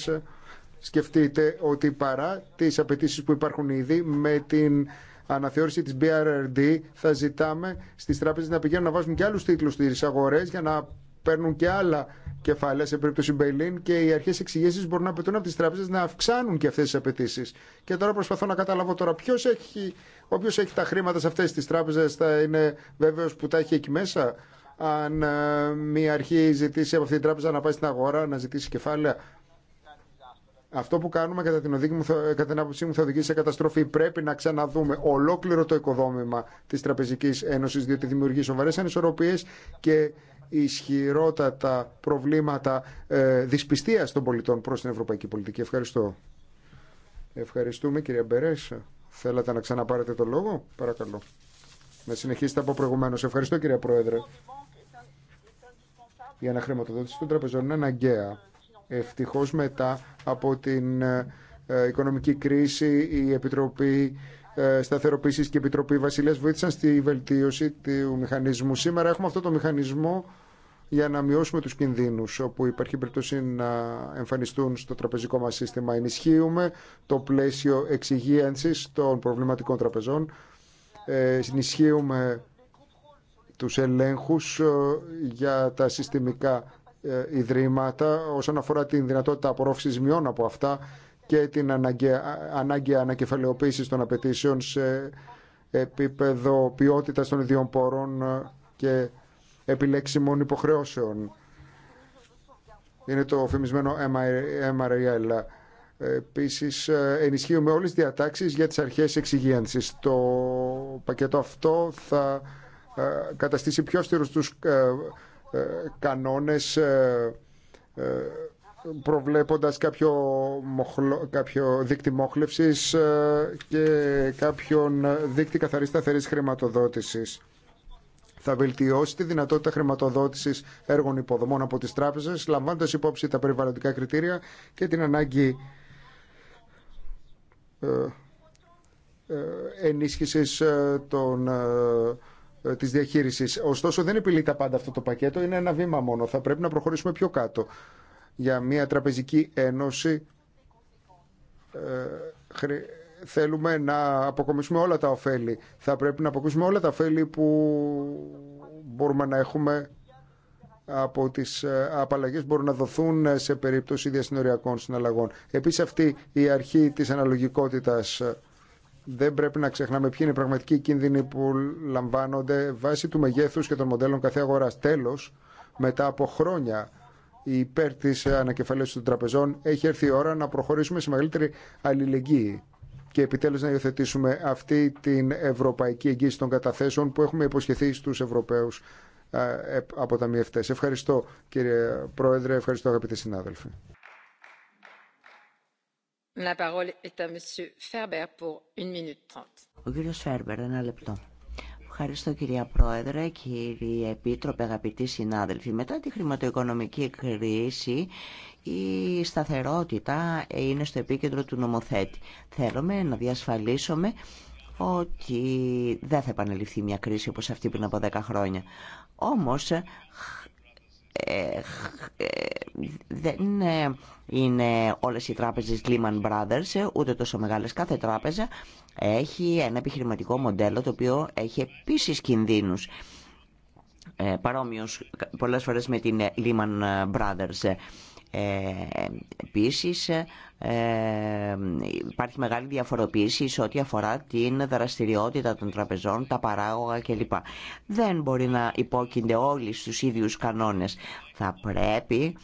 σκεφτείτε ότι παρά τις απαιτήσει που υπάρχουν ήδη με την αναθεώρηση της BRRD θα ζητάμε στις τράπεζες να πηγαίνουν να βάζουν και άλλους τίτλους στις αγορές για να παίρνουν και άλλα κεφάλαια σε περίπτωση Μπελίν και οι αρχέ εξηγήσει μπορούν να απαιτούν από τις τράπεζες να αυξάνουν και αυτές τις απαιτήσει. Και τώρα προσπαθώ να καταλάβω τώρα ποιος έχει, όποιο έχει τα χρήματα σε αυτέ τι τράπεζε θα είναι βέβαιος που τα έχει εκεί μέσα. Αν ε, μια αρχή ζητήσει από αυτή την τράπεζα να πάει στην αγορά, να ζητήσει κεφάλαια, αυτό που κάνουμε κατά την, μου, κατά την άποψή μου θα οδηγήσει σε καταστροφή. Πρέπει να ξαναδούμε ολόκληρο το οικοδόμημα τη τραπεζική Ένωση, διότι δημιουργεί σοβαρέ ανισορροπίε και ισχυρότατα προβλήματα ε, δυσπιστίας των πολιτών προ την ευρωπαϊκή πολιτική. Ευχαριστώ. Ευχαριστούμε κύριε Μπέρε. Θέλατε να ξαναπάρετε το λόγο. Παρακαλώ. Να συνεχίσετε από προηγουμένω. Ευχαριστώ κύριε Πρόεδρε. Η αναχρηματοδότηση των τραπεζών είναι αναγκαία Ευτυχώς μετά από την ε, ε, οικονομική κρίση η Επιτροπή ε, Σταθεροποίησης και η Επιτροπή Βασιλείας βοήθησαν στη βελτίωση του μηχανισμού. Σήμερα έχουμε αυτό το μηχανισμό για να μειώσουμε τους κινδύνους όπου υπάρχει περίπτωση να εμφανιστούν στο τραπεζικό μας σύστημα. Ενισχύουμε το πλαίσιο εξυγίανσης των προβληματικών τραπεζών. Ενισχύουμε τους ελέγχους για τα συστημικά ε, ιδρύματα όσον αφορά την δυνατότητα απορρόφησης μειών από αυτά και την ανάγκη, ανάγκη ανακεφαλαιοποίησης των απαιτήσεων σε επίπεδο ποιότητας των ιδιών πόρων ε, και επιλέξιμων υποχρεώσεων. Είναι το φημισμένο MRL. Επίση, ε, ενισχύουμε όλε τι διατάξει για τι αρχέ εξυγίανση. Το πακέτο αυτό θα καταστήσει πιο στήρου του ε, κανόνες ε, ε, προβλέποντας κάποιο, κάποιο δίκτυ μόχλευσης και κάποιον δίκτυ καθαρής σταθερής χρηματοδότησης. Θα βελτιώσει τη δυνατότητα χρηματοδότησης έργων υποδομών από τις τράπεζες, λαμβάνοντας υπόψη τα περιβαλλοντικά κριτήρια και την ανάγκη ενίσχυσης των ε, της διαχείρισης. Ωστόσο δεν επιλύει τα πάντα αυτό το πακέτο, είναι ένα βήμα μόνο. Θα πρέπει να προχωρήσουμε πιο κάτω. Για μια τραπεζική ένωση ε, θέλουμε να αποκομίσουμε όλα τα ωφέλη. Θα πρέπει να αποκομίσουμε όλα τα ωφέλη που μπορούμε να έχουμε από τις ε, απαλλαγές που μπορούν να δοθούν σε περίπτωση διασυνοριακών συναλλαγών. Επίσης αυτή η αρχή της αναλογικότητας δεν πρέπει να ξεχνάμε ποιοι είναι οι πραγματικοί κίνδυνοι που λαμβάνονται βάσει του μεγέθου και των μοντέλων κάθε αγορά. Τέλο, μετά από χρόνια υπέρ τη ανακεφαλαίωση των τραπεζών, έχει έρθει η ώρα να προχωρήσουμε σε μεγαλύτερη αλληλεγγύη και επιτέλους να υιοθετήσουμε αυτή την ευρωπαϊκή εγγύηση των καταθέσεων που έχουμε υποσχεθεί στους Ευρωπαίους ε, ε, αποταμιευτέ. Ευχαριστώ κύριε Πρόεδρε, ευχαριστώ αγαπητοί συνάδελφοι. Ο κύριος Φέρμπερ, ένα λεπτό. Ευχαριστώ κυρία Πρόεδρε, κύριε Επίτροπε, αγαπητοί συνάδελφοι. Μετά τη χρηματοοικονομική κρίση η σταθερότητα είναι στο επίκεντρο του νομοθέτη. Θέλουμε να διασφαλίσουμε ότι δεν θα επανελειφθεί μια κρίση όπως αυτή πριν από 10 χρόνια. Όμως ε, ε, δεν ε, είναι όλες οι τράπεζες Lehman Brothers, ούτε τόσο μεγάλες. Κάθε τράπεζα έχει ένα επιχειρηματικό μοντέλο το οποίο έχει επίσης κινδύνους. Ε, παρόμοιος πολλές φορές με την Lehman Brothers. Ε, επίσης ε, υπάρχει μεγάλη διαφοροποίηση σε ό,τι αφορά την δραστηριότητα των τραπεζών, τα παράγωγα κλπ. Δεν μπορεί να υπόκεινται όλοι στους ίδιους κανόνες. Θα πρέπει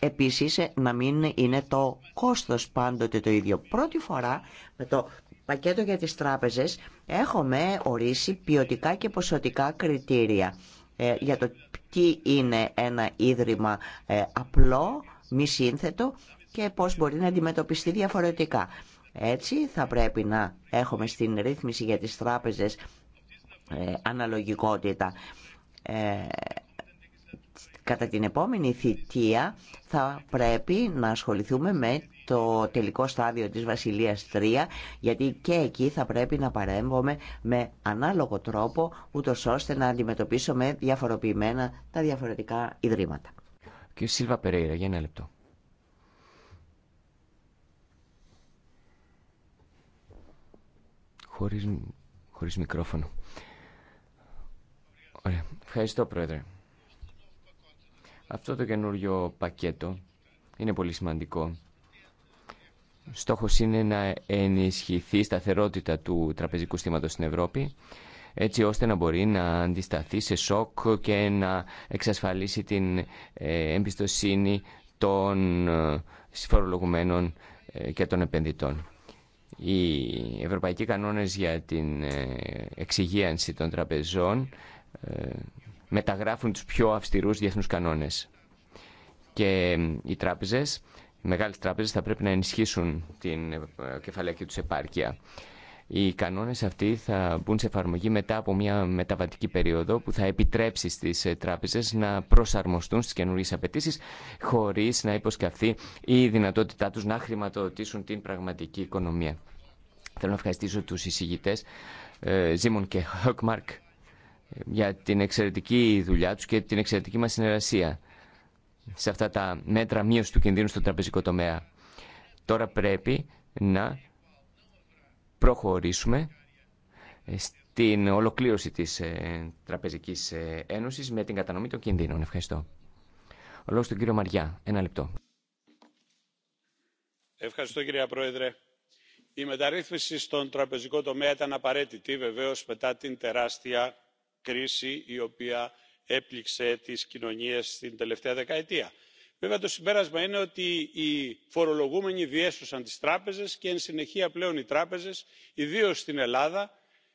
επίσης να μην είναι το κόστος πάντοτε το ίδιο. Πρώτη φορά με το πακέτο για τις τράπεζες έχουμε ορίσει ποιοτικά και ποσοτικά κριτήρια ε, για το τι είναι ένα ίδρυμα ε, απλό, μη σύνθετο και πώς μπορεί να αντιμετωπιστεί διαφορετικά. Έτσι θα πρέπει να έχουμε στην ρύθμιση για τις τράπεζες ε, αναλογικότητα. Ε, κατά την επόμενη θητεία θα πρέπει να ασχοληθούμε με το τελικό στάδιο της Βασιλείας 3 γιατί και εκεί θα πρέπει να παρέμβομαι με ανάλογο τρόπο ούτω ώστε να αντιμετωπίσουμε διαφοροποιημένα τα διαφορετικά ιδρύματα. Κύριε Σίλβα Περέιρα, για ένα λεπτό. Χωρίς, χωρίς μικρόφωνο. Ωραία. Ευχαριστώ, Πρόεδρε. Αυτό το καινούριο πακέτο είναι πολύ σημαντικό Στόχος είναι να ενισχυθεί η σταθερότητα του τραπεζικού στήματος στην Ευρώπη έτσι ώστε να μπορεί να αντισταθεί σε σοκ και να εξασφαλίσει την ε, εμπιστοσύνη των ε, φορολογουμένων ε, και των επενδυτών. Οι ευρωπαϊκοί κανόνες για την εξυγίανση των τραπεζών μεταγράφουν τους πιο αυστηρούς διεθνούς κανόνες. Και οι τράπεζες οι μεγάλες τράπεζες θα πρέπει να ενισχύσουν την ε, κεφαλαϊκή τους επάρκεια. Οι κανόνες αυτοί θα μπουν σε εφαρμογή μετά από μια μεταβατική περίοδο που θα επιτρέψει στις ε, τράπεζες να προσαρμοστούν στις καινούργιες απαιτήσει χωρίς να υποσκαφθεί η δυνατότητά τους να χρηματοδοτήσουν την πραγματική οικονομία. Θέλω να ευχαριστήσω τους εισηγητές ε, Ζήμων και Χόκμαρκ για την εξαιρετική δουλειά τους και την εξαιρετική μας συνεργασία σε αυτά τα μέτρα μείωση του κινδύνου στο τραπεζικό τομέα. Τώρα πρέπει να προχωρήσουμε στην ολοκλήρωση της ε, Τραπεζικής ε, Ένωσης με την κατανομή των κινδύνων. Ευχαριστώ. Ο λόγος του κύριο Μαριά. Ένα λεπτό. Ευχαριστώ κυρία Πρόεδρε. Η μεταρρύθμιση στον τραπεζικό τομέα ήταν απαραίτητη βεβαίως μετά την τεράστια κρίση η οποία έπληξε τις κοινωνίες την τελευταία δεκαετία. βέβαια το συμπέρασμα είναι ότι οι φορολογούμενοι διέσωσαν τις τράπεζες και εν συνεχεία πλέον οι τράπεζες ιδίως στην ελλάδα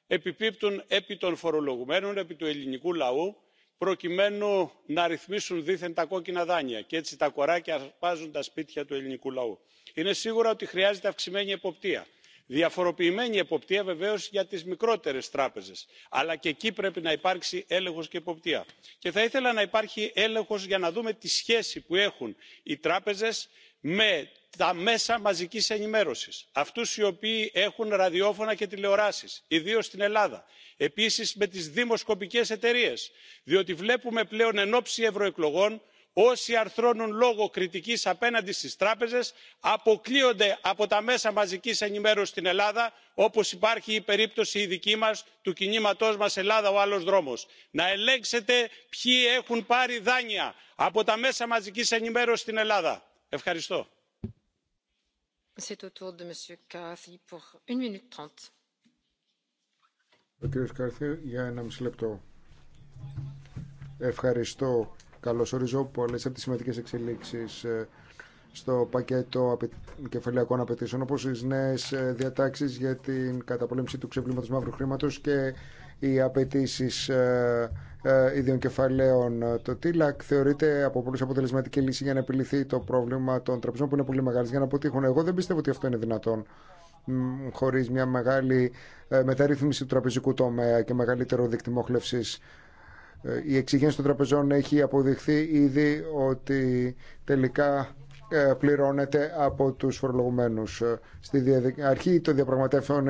επιπίπτουν επί των φορολογουμένων επί του ελληνικού λαού προκειμένου να ρυθμίσουν δήθεν τα κόκκινα δάνεια και έτσι τα κοράκια αρπάζουν τα σπίτια του ελληνικού λαού. είναι σίγουρο ότι χρειάζεται αυξημένη εποπτεία διαφοροποιημένη εποπτεία βεβαίως για τις μικρότερες τράπεζες αλλά και εκεί πρέπει να υπάρξει έλεγχος και εποπτεία. και θα ήθελα να υπάρχει έλεγχος για να δούμε τη σχέση που έχουν οι τράπεζες με τα μέσα μαζικής ενημέρωσης αυτούς οι οποίοι έχουν ραδιόφωνα και τηλεοράσεις ιδίως στην ελλάδα επίσης με τις δημοσκοπικές εταιρείες διότι βλέπουμε πλέον εν ώψη ευρωεκλογών όσοι αρθρώνουν λόγο κριτικής απέναντι στις τράπεζες αποκλείονται από τα μέσα μαζικής ενημέρωσης στην ελλάδα όπως υπάρχει η περίπτωση η δική μας του κινήματός μας ελλάδα ο άλλος δρόμος. να ελέγξετε ποιοι έχουν πάρει δάνεια από τα μέσα μαζικής ενημέρωσης στην ελλάδα. ευχαριστώ. Ευχαριστώ Καλωσορίζω πολλές από τις σημαντικές εξελίξεις ε, στο πακέτο κεφαλαίων απαιτήσεων, όπως οι νέες ε, διατάξεις για την καταπολέμηση του ξεπλήματο μαύρου χρήματος και οι απαιτήσει ε, ίδιων κεφαλαίων. Το TILAC θεωρείται από πολλού αποτελεσματική λύση για να επιληθεί το πρόβλημα των τραπεζών που είναι πολύ μεγάλε για να αποτύχουν. Εγώ δεν πιστεύω ότι αυτό είναι δυνατόν χωρί μια μεγάλη μεταρρύθμιση του τραπεζικού τομέα και μεγαλύτερο δίκτυ μόχλευση. Ε, η εξηγήνση των τραπεζών έχει αποδειχθεί ήδη ότι τελικά ε, πληρώνεται από τους φορολογουμένους. Ε, στη αρχή των διαπραγματεύσεων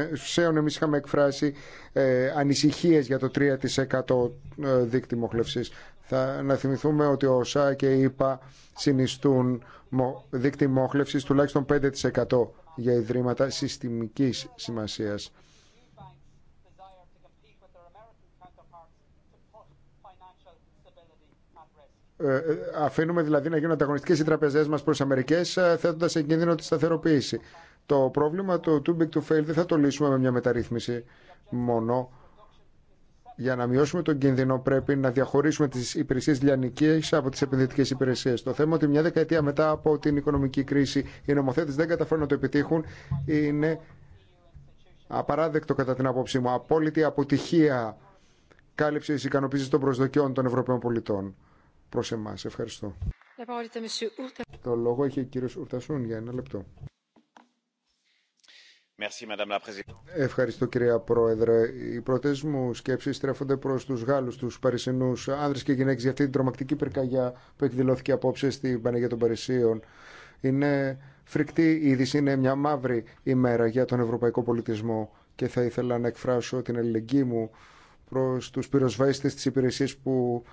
εμείς είχαμε εκφράσει ανησυχίες για το 3% δίκτυ μοχλευσής. Θα, να θυμηθούμε ότι ο ΣΑ και η ΕΠΑ συνιστούν δίκτυ μόχλευσης τουλάχιστον 5% για ιδρύματα συστημικής σημασίας. Ε, ε, αφήνουμε δηλαδή να γίνουν ανταγωνιστικέ οι τραπεζέ μα προ Αμερικέ ε, θέτοντα σε κίνδυνο τη σταθεροποίηση. Το πρόβλημα του too big to fail δεν θα το λύσουμε με μια μεταρρύθμιση μόνο. Για να μειώσουμε τον κίνδυνο πρέπει να διαχωρίσουμε τι υπηρεσίε λιανική από τι επενδυτικέ υπηρεσίε. Το θέμα ότι μια δεκαετία μετά από την οικονομική κρίση οι νομοθέτε δεν καταφέρουν να το επιτύχουν είναι απαράδεκτο κατά την άποψή μου. Απόλυτη αποτυχία κάλυψη ικανοποίηση των προσδοκιών των Ευρωπαίων πολιτών προς εμάς. Ευχαριστώ. Το λόγο έχει ο κύριος Ουρτασούν για ένα λεπτό. Ευχαριστώ κυρία Πρόεδρε. Οι πρώτε μου σκέψει στρέφονται προ του Γάλλου, του Παρισινού άνδρε και γυναίκε για αυτή την τρομακτική πυρκαγιά που εκδηλώθηκε απόψε στην Πανεγία των Παρισίων. Είναι φρικτή η είδηση, είναι μια μαύρη ημέρα για τον ευρωπαϊκό πολιτισμό και θα ήθελα να εκφράσω την ελληνική μου προ του πυροσβέστε τη υπηρεσία που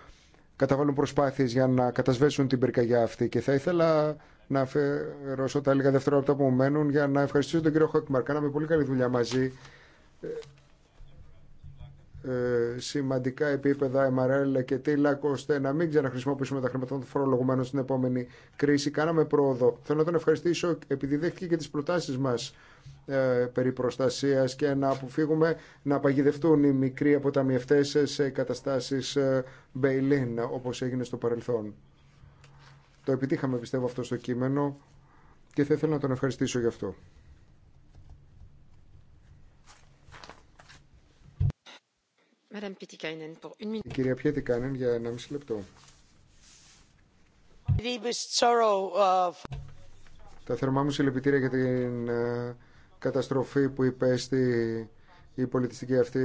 καταβάλουν προσπάθειες για να κατασβέσουν την πυρκαγιά αυτή και θα ήθελα να αφαιρώσω τα λίγα δευτερόλεπτα που μου μένουν για να ευχαριστήσω τον κύριο Χόκμαρ. Κάναμε πολύ καλή δουλειά μαζί ε, ε, σημαντικά επίπεδα MRL και TILAC ώστε να μην ξαναχρησιμοποιήσουμε τα χρήματα των φορολογουμένων στην επόμενη κρίση. Κάναμε πρόοδο. Θέλω να τον ευχαριστήσω επειδή δέχτηκε και τις προτάσεις μας ε, περί προστασίας και να αποφύγουμε να παγιδευτούν οι μικροί αποταμιευτέ σε καταστάσεις ε, bail-in όπως έγινε στο παρελθόν. Το επιτύχαμε πιστεύω αυτό στο κείμενο και θα ήθελα να τον ευχαριστήσω γι' αυτό. κυρία Πιέτικανεν για ένα μισή λεπτό. Uh, Τα θερμά μου συλληπιτήρια για την ε, καταστροφή που υπέστη η πολιτιστική αυτή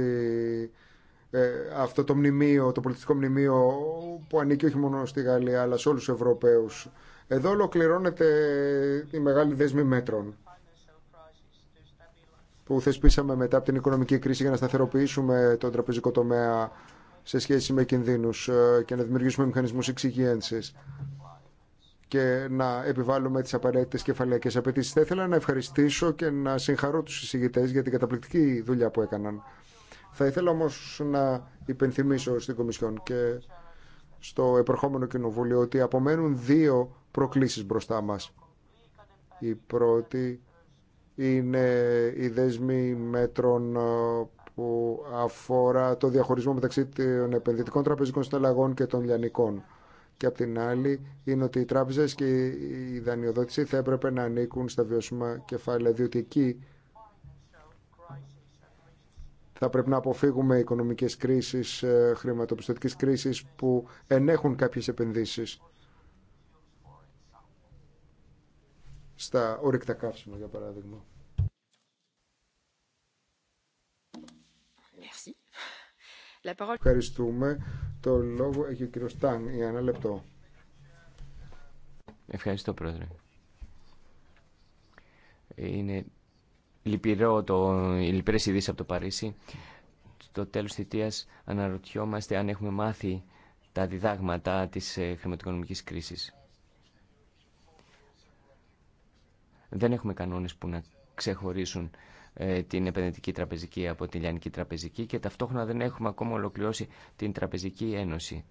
ε, αυτό το μνημείο, το πολιτιστικό μνημείο που ανήκει όχι μόνο στη Γαλλία αλλά σε όλους τους Ευρωπαίους. Εδώ ολοκληρώνεται η μεγάλη δέσμη μέτρων που θεσπίσαμε μετά από την οικονομική κρίση για να σταθεροποιήσουμε τον τραπεζικό τομέα σε σχέση με κινδύνου ε, και να δημιουργήσουμε μηχανισμού εξυγίανση και να επιβάλλουμε τι απαραίτητε κεφαλαίκε απαιτήσει. Θα ήθελα να ευχαριστήσω και να συγχαρώ του συζητητέ για την καταπληκτική δουλειά που έκαναν. Θα ήθελα όμω να υπενθυμίσω στην Κομισιόν και στο επερχόμενο Κοινοβούλιο ότι απομένουν δύο προκλήσει μπροστά μα. Η πρώτη είναι οι δέσμοι μέτρων ε, που αφορά το διαχωρισμό μεταξύ των επενδυτικών τραπεζικών συναλλαγών και των λιανικών. Και απ' την άλλη είναι ότι οι τράπεζες και οι δανειοδότηση θα έπρεπε να ανήκουν στα βιώσιμα κεφάλαια, διότι εκεί θα πρέπει να αποφύγουμε οικονομικές κρίσεις, ε, χρηματοπιστωτικές κρίσεις που ενέχουν κάποιες επενδύσεις. στα ορυκτά καύσιμα, για παράδειγμα. Ευχαριστούμε. Το λόγο έχει ο κύριος Τάν για ένα λεπτό. Ευχαριστώ, Πρόεδρε. Είναι λυπηρό το, λυπηρές ειδήσεις από το Παρίσι. Το τέλος θητείας αναρωτιόμαστε αν έχουμε μάθει τα διδάγματα της ε, χρηματοοικονομικής κρίσης. Δεν έχουμε κανόνες που να ξεχωρίσουν ε, την επενδυτική τραπεζική από την λιανική τραπεζική και ταυτόχρονα δεν έχουμε ακόμα ολοκληρώσει την τραπεζική ένωση.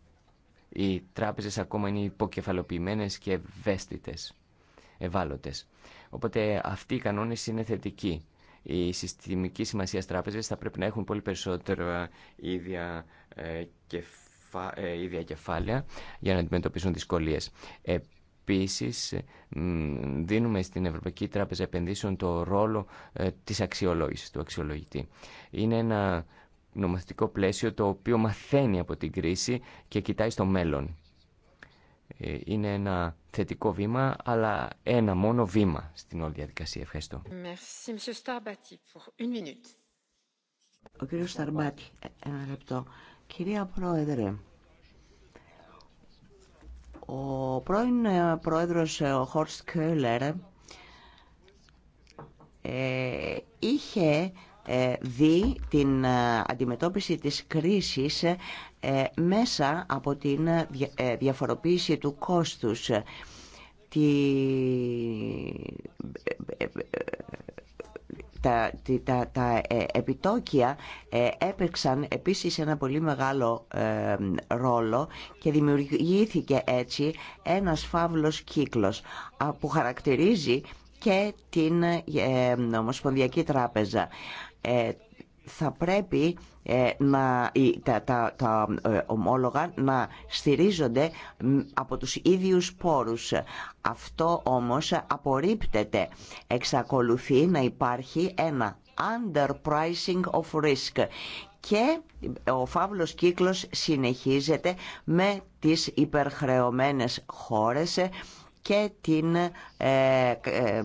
Οι τράπεζες ακόμα είναι υποκεφαλοποιημένες και ευαίσθητες, ευάλωτες. Οπότε αυτοί οι κανόνες είναι θετικοί. Οι συστημική σημασία τράπεζες θα πρέπει να έχουν πολύ περισσότερα ίδια, ε, ε, ίδια κεφάλαια για να αντιμετωπίσουν δυσκολίες. Ε, Επίσης, δίνουμε στην Ευρωπαϊκή Τράπεζα Επενδύσεων το ρόλο ε, της αξιολόγησης, του αξιολογητή. Είναι ένα νομοθετικό πλαίσιο το οποίο μαθαίνει από την κρίση και κοιτάει στο μέλλον. Ε, είναι ένα θετικό βήμα, αλλά ένα μόνο βήμα στην όλη διαδικασία. Ευχαριστώ. Ο κύριος Σταρμπάτη, ένα λεπτό. Κυρία Πρόεδρε, ο πρώην ε, πρόεδρος ε, ο Χόρστ Κέλλερ είχε ε, δει την αντιμετώπιση της κρίσης μέσα από την διαφοροποίηση του κόστους τη τα, τα, ε, επιτόκια ε, έπαιξαν επίσης ένα πολύ μεγάλο ε, ρόλο και δημιουργήθηκε έτσι ένας φαύλος κύκλος που χαρακτηρίζει και την Ομοσπονδιακή Τράπεζα θα πρέπει ε, να, τα, τα, ε, ομόλογα να στηρίζονται από τους ίδιους πόρους. Αυτό όμως απορρίπτεται. Εξακολουθεί να υπάρχει ένα underpricing of risk και ο φαύλος κύκλος συνεχίζεται με τις υπερχρεωμένες χώρες και την ε, ε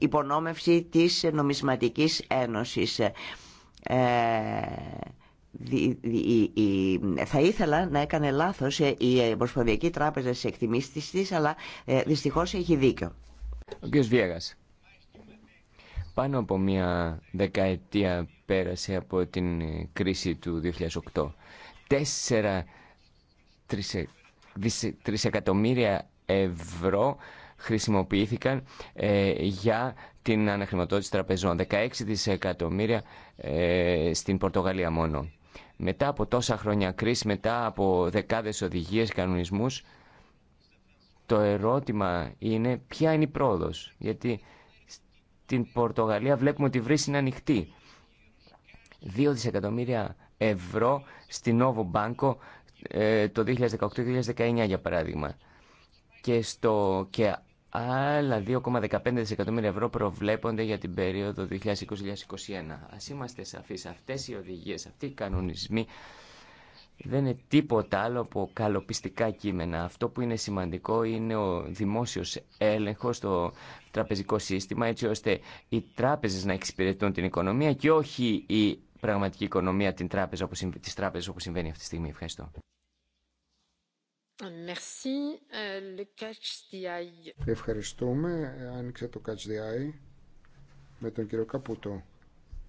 υπονόμευση της νομισματικής ένωσης. Ε, θα ήθελα να έκανε λάθος η Ομοσπονδιακή Τράπεζα σε εκτιμήσεις της, αλλά ε, δυστυχώς έχει δίκιο. Ο κ. Βιέγας, πάνω από μια δεκαετία πέρασε από την κρίση του 2008. Τέσσερα τρισεκατομμύρια ευρώ χρησιμοποιήθηκαν ε, για την αναχρηματοδότηση τραπεζών. 16 δισεκατομμύρια ε, στην Πορτογαλία μόνο. Μετά από τόσα χρόνια κρίση, μετά από δεκάδες οδηγίες, κανονισμούς, το ερώτημα είναι ποια είναι η πρόοδος. Γιατί στην Πορτογαλία βλέπουμε ότι η βρύση είναι ανοιχτή. 2 δισεκατομμύρια ευρώ στην Novo Μπάνκο ε, το 2018-2019 για παράδειγμα. Και, στο, και Άλλα 2,15 δισεκατομμύρια ευρώ προβλέπονται για την περίοδο 2020-2021. Ας είμαστε σαφείς, αυτές οι οδηγίες, αυτοί οι κανονισμοί δεν είναι τίποτα άλλο από καλοπιστικά κείμενα. Αυτό που είναι σημαντικό είναι ο δημόσιος έλεγχος στο τραπεζικό σύστημα έτσι ώστε οι τράπεζες να εξυπηρετούν την οικονομία και όχι η πραγματική οικονομία της τράπεζα, όπως, όπως συμβαίνει αυτή τη στιγμή. Ευχαριστώ. Euh, Ευχαριστούμε. Άνοιξε το Catch the Eye με τον κύριο Καπούτο,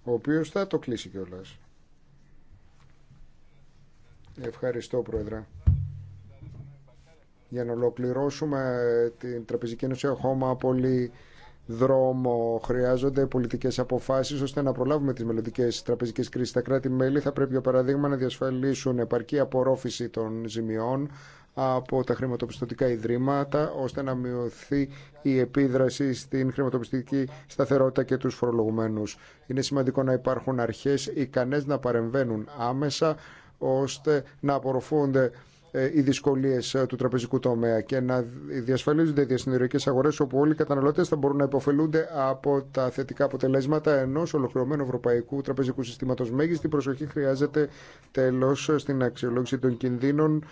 ο οποίος θα το κλείσει κιόλα. Ευχαριστώ, Πρόεδρε. Για να ολοκληρώσουμε ε, την Τραπεζική Ένωση, έχουμε πολύ δρόμο. Χρειάζονται πολιτικές αποφάσεις ώστε να προλάβουμε τις μελλοντικέ τραπεζικές κρίσεις. Τα κράτη-μέλη θα πρέπει, για παράδειγμα, να διασφαλίσουν επαρκή απορρόφηση των ζημιών από τα χρηματοπιστωτικά ιδρύματα ώστε να μειωθεί η επίδραση στην χρηματοπιστική σταθερότητα και τους φορολογουμένους. Είναι σημαντικό να υπάρχουν αρχές ικανές να παρεμβαίνουν άμεσα ώστε να απορροφούνται ε, οι δυσκολίε ε, του τραπεζικού τομέα και να διασφαλίζονται οι διασυνοριακέ αγορέ όπου όλοι οι καταναλωτέ θα μπορούν να υποφελούνται από τα θετικά αποτελέσματα ενό ολοκληρωμένου ευρωπαϊκού τραπεζικού συστήματο. Μέγιστη προσοχή χρειάζεται τέλο στην αξιολόγηση των κινδύνων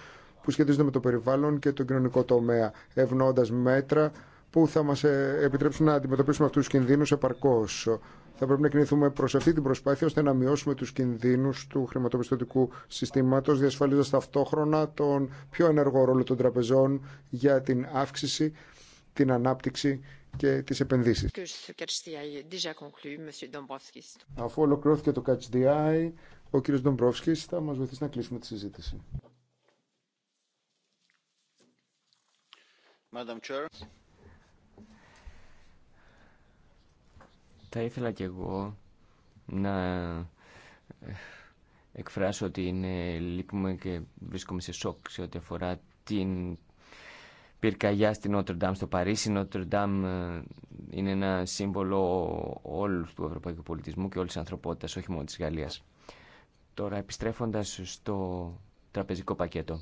που σχετίζονται με το περιβάλλον και τον κοινωνικό τομέα, ευνοώντα μέτρα που θα μα ε, επιτρέψουν να αντιμετωπίσουμε αυτού του κινδύνου επαρκώ. Θα πρέπει να κινηθούμε προ αυτή την προσπάθεια ώστε να μειώσουμε του κινδύνου του χρηματοπιστωτικού συστήματο, διασφαλίζοντα ταυτόχρονα τον πιο ενεργό ρόλο των τραπεζών για την αύξηση, την ανάπτυξη και τι επενδύσει. Αφού ολοκληρώθηκε το Catch the Eye, ο κ. Ντομπρόφσκη θα μα βοηθήσει να κλείσουμε τη συζήτηση. Θα ήθελα και εγώ να ε, εκφράσω ότι είναι, λείπουμε και βρίσκομαι σε σοκ σε ό,τι αφορά την πυρκαγιά στην Νότρνταμ, στο Παρίσι. Η Νότρνταμ ε, είναι ένα σύμβολο όλου του ευρωπαϊκού πολιτισμού και όλη τη ανθρωπότητα, όχι μόνο της Γαλλίας. Τώρα επιστρέφοντας στο τραπεζικό πακέτο.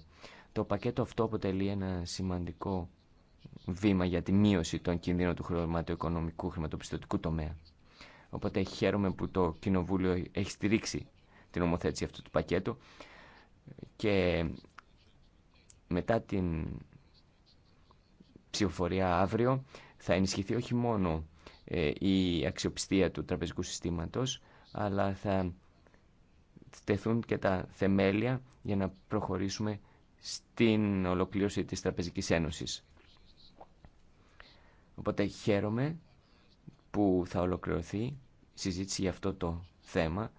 Το πακέτο αυτό αποτελεί ένα σημαντικό βήμα για τη μείωση των κινδύνων του χρηματοοικονομικού χρηματοπιστωτικού τομέα. Οπότε χαίρομαι που το Κοινοβούλιο έχει στηρίξει την ομοθέτηση αυτού του πακέτου και μετά την ψηφοφορία αύριο θα ενισχυθεί όχι μόνο ε, η αξιοπιστία του τραπεζικού συστήματος αλλά θα τεθούν και τα θεμέλια για να προχωρήσουμε στην ολοκλήρωση της Τραπεζικής Ένωσης. Οπότε χαίρομαι που θα ολοκληρωθεί η συζήτηση για αυτό το θέμα.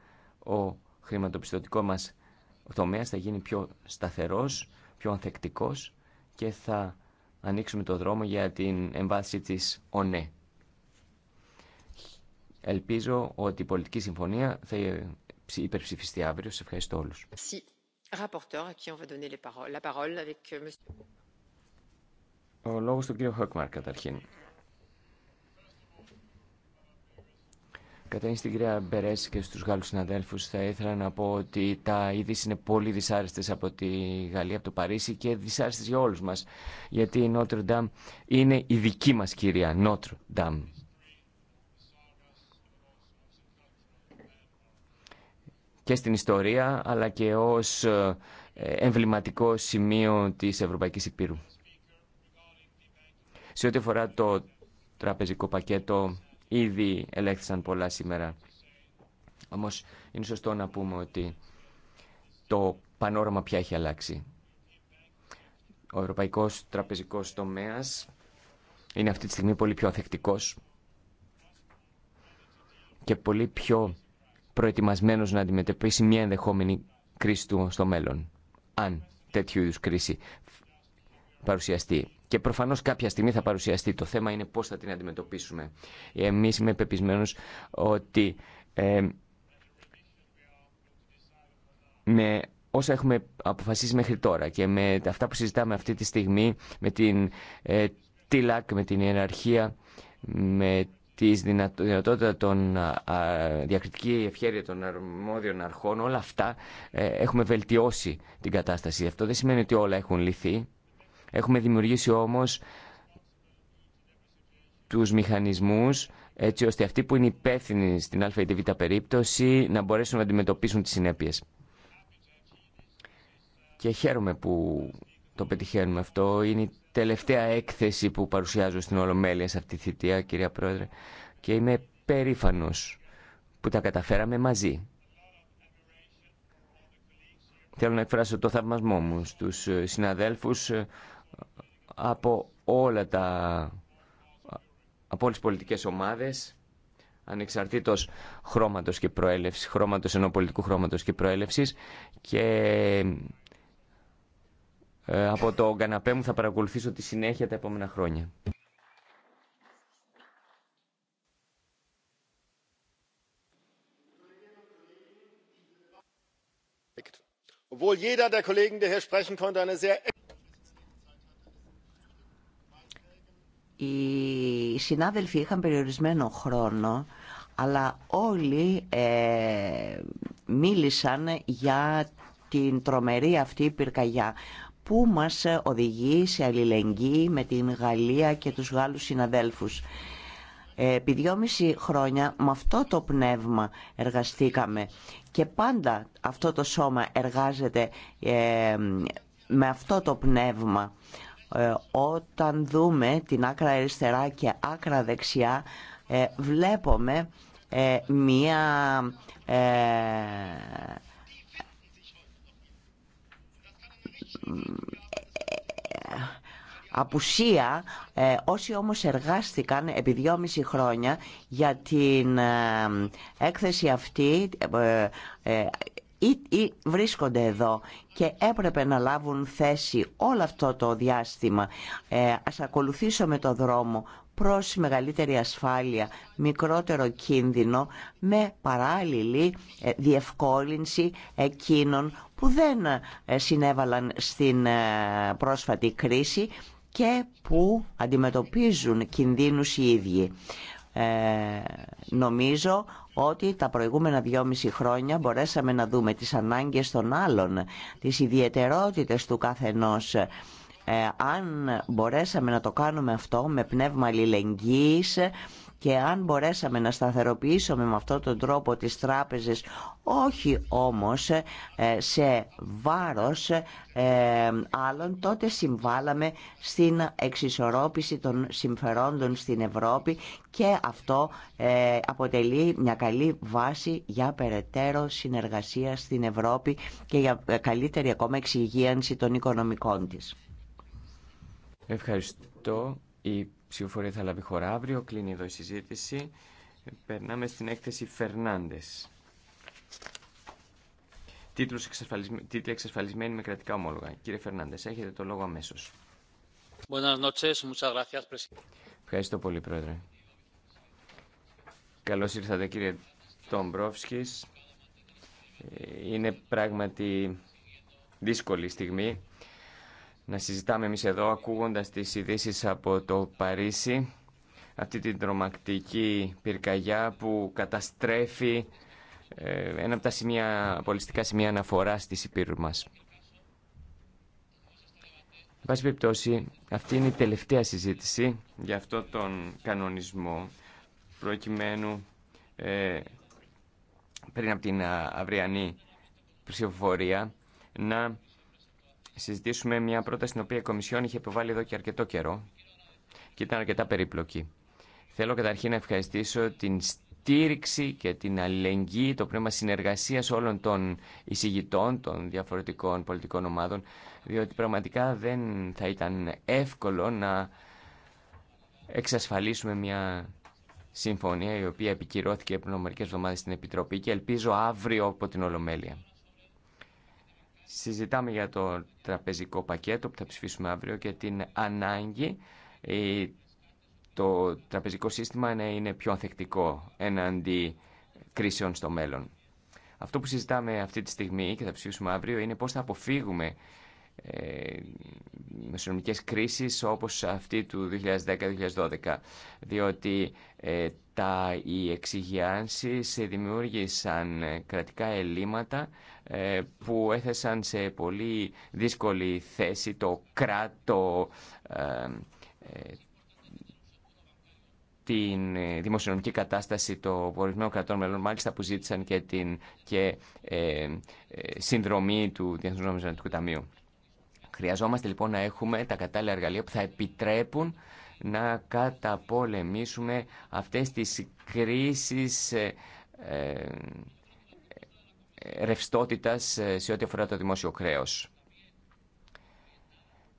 Ο χρηματοπιστωτικό μας τομέας θα γίνει πιο σταθερός, πιο ανθεκτικός και θα ανοίξουμε το δρόμο για την εμβάθυνση της ΟΝΕ. Ελπίζω ότι η πολιτική συμφωνία θα υπερψηφιστεί αύριο. Σε ευχαριστώ όλους. Euh, Ο λόγος του κύριου Χόκμαρ καταρχήν. Καταρχήν στην κυρία Μπερέση και στους Γάλλους συναδέλφους θα ήθελα να πω ότι τα είδη είναι πολύ δυσάρεστες από τη Γαλλία, από το Παρίσι και δυσάρεστες για όλους μας. Γιατί η Νότρο Ντάμ είναι η δική μας κυρία, Νότρο Ντάμ. Και στην ιστορία αλλά και ως ε, εμβληματικό σημείο της Ευρωπαϊκής Υπήρου. Σε ό,τι αφορά το τραπεζικό πακέτο Ήδη ελέγχθησαν πολλά σήμερα. Όμως είναι σωστό να πούμε ότι το πανόραμα πια έχει αλλάξει. Ο ευρωπαϊκός τραπεζικός τομέας είναι αυτή τη στιγμή πολύ πιο αθεκτικός και πολύ πιο προετοιμασμένος να αντιμετωπίσει μια ενδεχόμενη κρίση του στο μέλλον. Αν τέτοιου είδου κρίση παρουσιαστεί. Και προφανώ κάποια στιγμή θα παρουσιαστεί. Το θέμα είναι πώ θα την αντιμετωπίσουμε. Εμεί είμαι πεπισμένο ότι ε, με όσα έχουμε αποφασίσει μέχρι τώρα και με αυτά που συζητάμε αυτή τη στιγμή, με την ε, με την ιεραρχία, με τη δυνατότητα των διακριτική ευχέρεια των αρμόδιων αρχών, όλα αυτά ε, έχουμε βελτιώσει την κατάσταση. Αυτό δεν σημαίνει ότι όλα έχουν λυθεί. Έχουμε δημιουργήσει όμως τους μηχανισμούς έτσι ώστε αυτοί που είναι υπεύθυνοι στην α ή τη β περίπτωση να μπορέσουν να αντιμετωπίσουν τις συνέπειες. Και χαίρομαι που το πετυχαίνουμε αυτό. Είναι η τελευταία έκθεση που παρουσιάζω στην Ολομέλεια σε αυτή τη θητεία, κυρία Πρόεδρε. Και είμαι περήφανος που τα καταφέραμε μαζί. Θέλω να εκφράσω το θαυμασμό μου στους συναδέλφους από όλα τα από όλες τις πολιτικές ομάδες ανεξαρτήτως χρώματος και προέλευσης, χρώματος ενώ πολιτικού χρώματος και προέλευσης και ε, από το καναπέ μου θα παρακολουθήσω τη συνέχεια τα επόμενα χρόνια. Obwohl jeder der Kollegen, der hier sprechen konnte, eine sehr Οι συνάδελφοι είχαν περιορισμένο χρόνο, αλλά όλοι ε, μίλησαν για την τρομερή αυτή πυρκαγιά που μας οδηγεί σε αλληλεγγύη με την Γαλλία και τους Γάλλους συναδέλφους. Ε, επί δυόμιση χρόνια με αυτό το πνεύμα εργαστήκαμε και πάντα αυτό το σώμα εργάζεται ε, με αυτό το πνεύμα. Ε, όταν δούμε την άκρα αριστερά και άκρα δεξιά ε, βλέπουμε ε, μία απουσία όσοι όμως εργάστηκαν επί δυόμιση χρόνια για την έκθεση αυτή ή βρίσκονται εδώ και έπρεπε να λάβουν θέση όλο αυτό το διάστημα. Ε, ας ακολουθήσουμε το δρόμο προς μεγαλύτερη ασφάλεια, μικρότερο κίνδυνο, με παράλληλη ε, διευκόλυνση εκείνων που δεν ε, συνέβαλαν στην ε, πρόσφατη κρίση και που αντιμετωπίζουν κινδύνους οι ίδιοι. Ε, νομίζω ότι τα προηγούμενα δυόμιση χρόνια μπορέσαμε να δούμε τις ανάγκες των άλλων, τις ιδιαιτερότητες του καθενός. Ε, αν μπορέσαμε να το κάνουμε αυτό με πνεύμα αλληλεγγύης, και αν μπορέσαμε να σταθεροποιήσουμε με αυτόν τον τρόπο τις τράπεζες, όχι όμως ε, σε βάρος ε, άλλων, τότε συμβάλαμε στην εξισορρόπηση των συμφερόντων στην Ευρώπη και αυτό ε, αποτελεί μια καλή βάση για περαιτέρω συνεργασία στην Ευρώπη και για καλύτερη ακόμα εξυγίανση των οικονομικών της. Ευχαριστώ ψηφοφορία θα λάβει χώρα αύριο. Κλείνει εδώ η συζήτηση. Περνάμε στην έκθεση Φερνάντες. Τίτλοι εξασφαλισμένοι με κρατικά ομόλογα. Κύριε Φερνάντε, έχετε το λόγο αμέσω. Ευχαριστώ πολύ, Πρόεδρε. Καλώ ήρθατε, κύριε Τόμπροφσκη. Ε, είναι πράγματι δύσκολη στιγμή να συζητάμε εμείς εδώ ακούγοντας τις ειδήσει από το Παρίσι αυτή την τρομακτική πυρκαγιά που καταστρέφει ε, ένα από τα σημεία, πολιστικά σημεία αναφοράς της Υπήρου μας. Εν πάση περιπτώσει, αυτή είναι η τελευταία συζήτηση για αυτό τον κανονισμό προκειμένου ε, πριν από την αυριανή ψηφοφορία να συζητήσουμε μια πρόταση την οποία η Κομισιόν είχε επιβάλει εδώ και αρκετό καιρό και ήταν αρκετά περίπλοκη. Θέλω καταρχήν να ευχαριστήσω την στήριξη και την αλληλεγγύη, το πνεύμα συνεργασία όλων των εισηγητών των διαφορετικών πολιτικών ομάδων, διότι πραγματικά δεν θα ήταν εύκολο να εξασφαλίσουμε μια συμφωνία η οποία επικυρώθηκε πριν μερικέ εβδομάδε στην Επιτροπή και ελπίζω αύριο από την Ολομέλεια. Συζητάμε για το τραπεζικό πακέτο που θα ψηφίσουμε αύριο και την ανάγκη ε, το τραπεζικό σύστημα να είναι πιο ανθεκτικό εναντί κρίσεων στο μέλλον. Αυτό που συζητάμε αυτή τη στιγμή και θα ψηφίσουμε αύριο είναι πώς θα αποφύγουμε ε, μεσονομικές κρίσεις όπως αυτή του 2010-2012 διότι ε, τα, οι εξηγιάνσεις δημιούργησαν κρατικά ελλείμματα ε, που έθεσαν σε πολύ δύσκολη θέση το κράτο, ε, ε, την δημοσιονομική κατάσταση των ορισμένων κρατών μελών, μάλιστα που ζήτησαν και την και, ε, συνδρομή του Διεθνούς Νομισματικού Ταμείου. Χρειαζόμαστε λοιπόν να έχουμε τα κατάλληλα εργαλεία που θα επιτρέπουν να καταπολεμήσουμε αυτές τις κρίσεις ε, ε ρευστότητας ε, σε ό,τι αφορά το δημόσιο κρέος.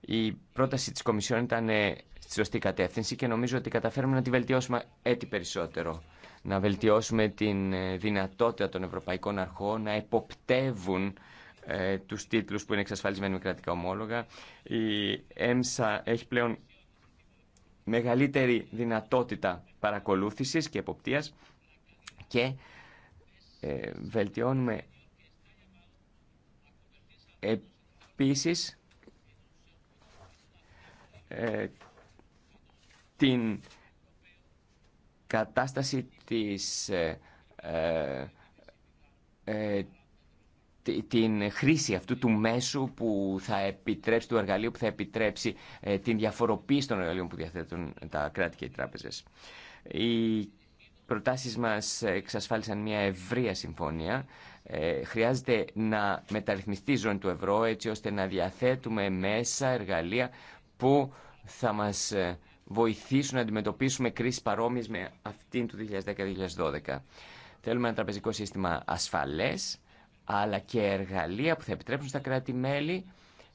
Η πρόταση της Κομισιόν ήταν ε, στη σωστή κατεύθυνση και νομίζω ότι καταφέρουμε να τη βελτιώσουμε έτσι περισσότερο. Να βελτιώσουμε την δυνατότητα των ευρωπαϊκών αρχών να εποπτεύουν ε, τους τίτλους που είναι εξασφαλισμένοι με κρατικά ομόλογα. Η ΕΜΣΑ έχει πλέον μεγαλύτερη δυνατότητα παρακολούθησης και εποπτείας και ε, βελτιώνουμε επίσης ε, την κατάσταση της ε, την χρήση αυτού του μέσου που θα επιτρέψει, του εργαλείου που θα επιτρέψει ε, την διαφοροποίηση των εργαλείων που διαθέτουν τα κράτη και οι τράπεζες. Οι προτάσεις μας εξασφάλισαν μια ευρεία συμφωνία. Ε, χρειάζεται να μεταρρυθμιστεί η ζώνη του ευρώ έτσι ώστε να διαθέτουμε μέσα εργαλεία που θα μας ε, βοηθήσουν να αντιμετωπίσουμε κρίσεις παρόμοιες με αυτήν του 2010-2012. Θέλουμε ένα τραπεζικό σύστημα ασφαλές, αλλά και εργαλεία που θα επιτρέψουν στα κράτη-μέλη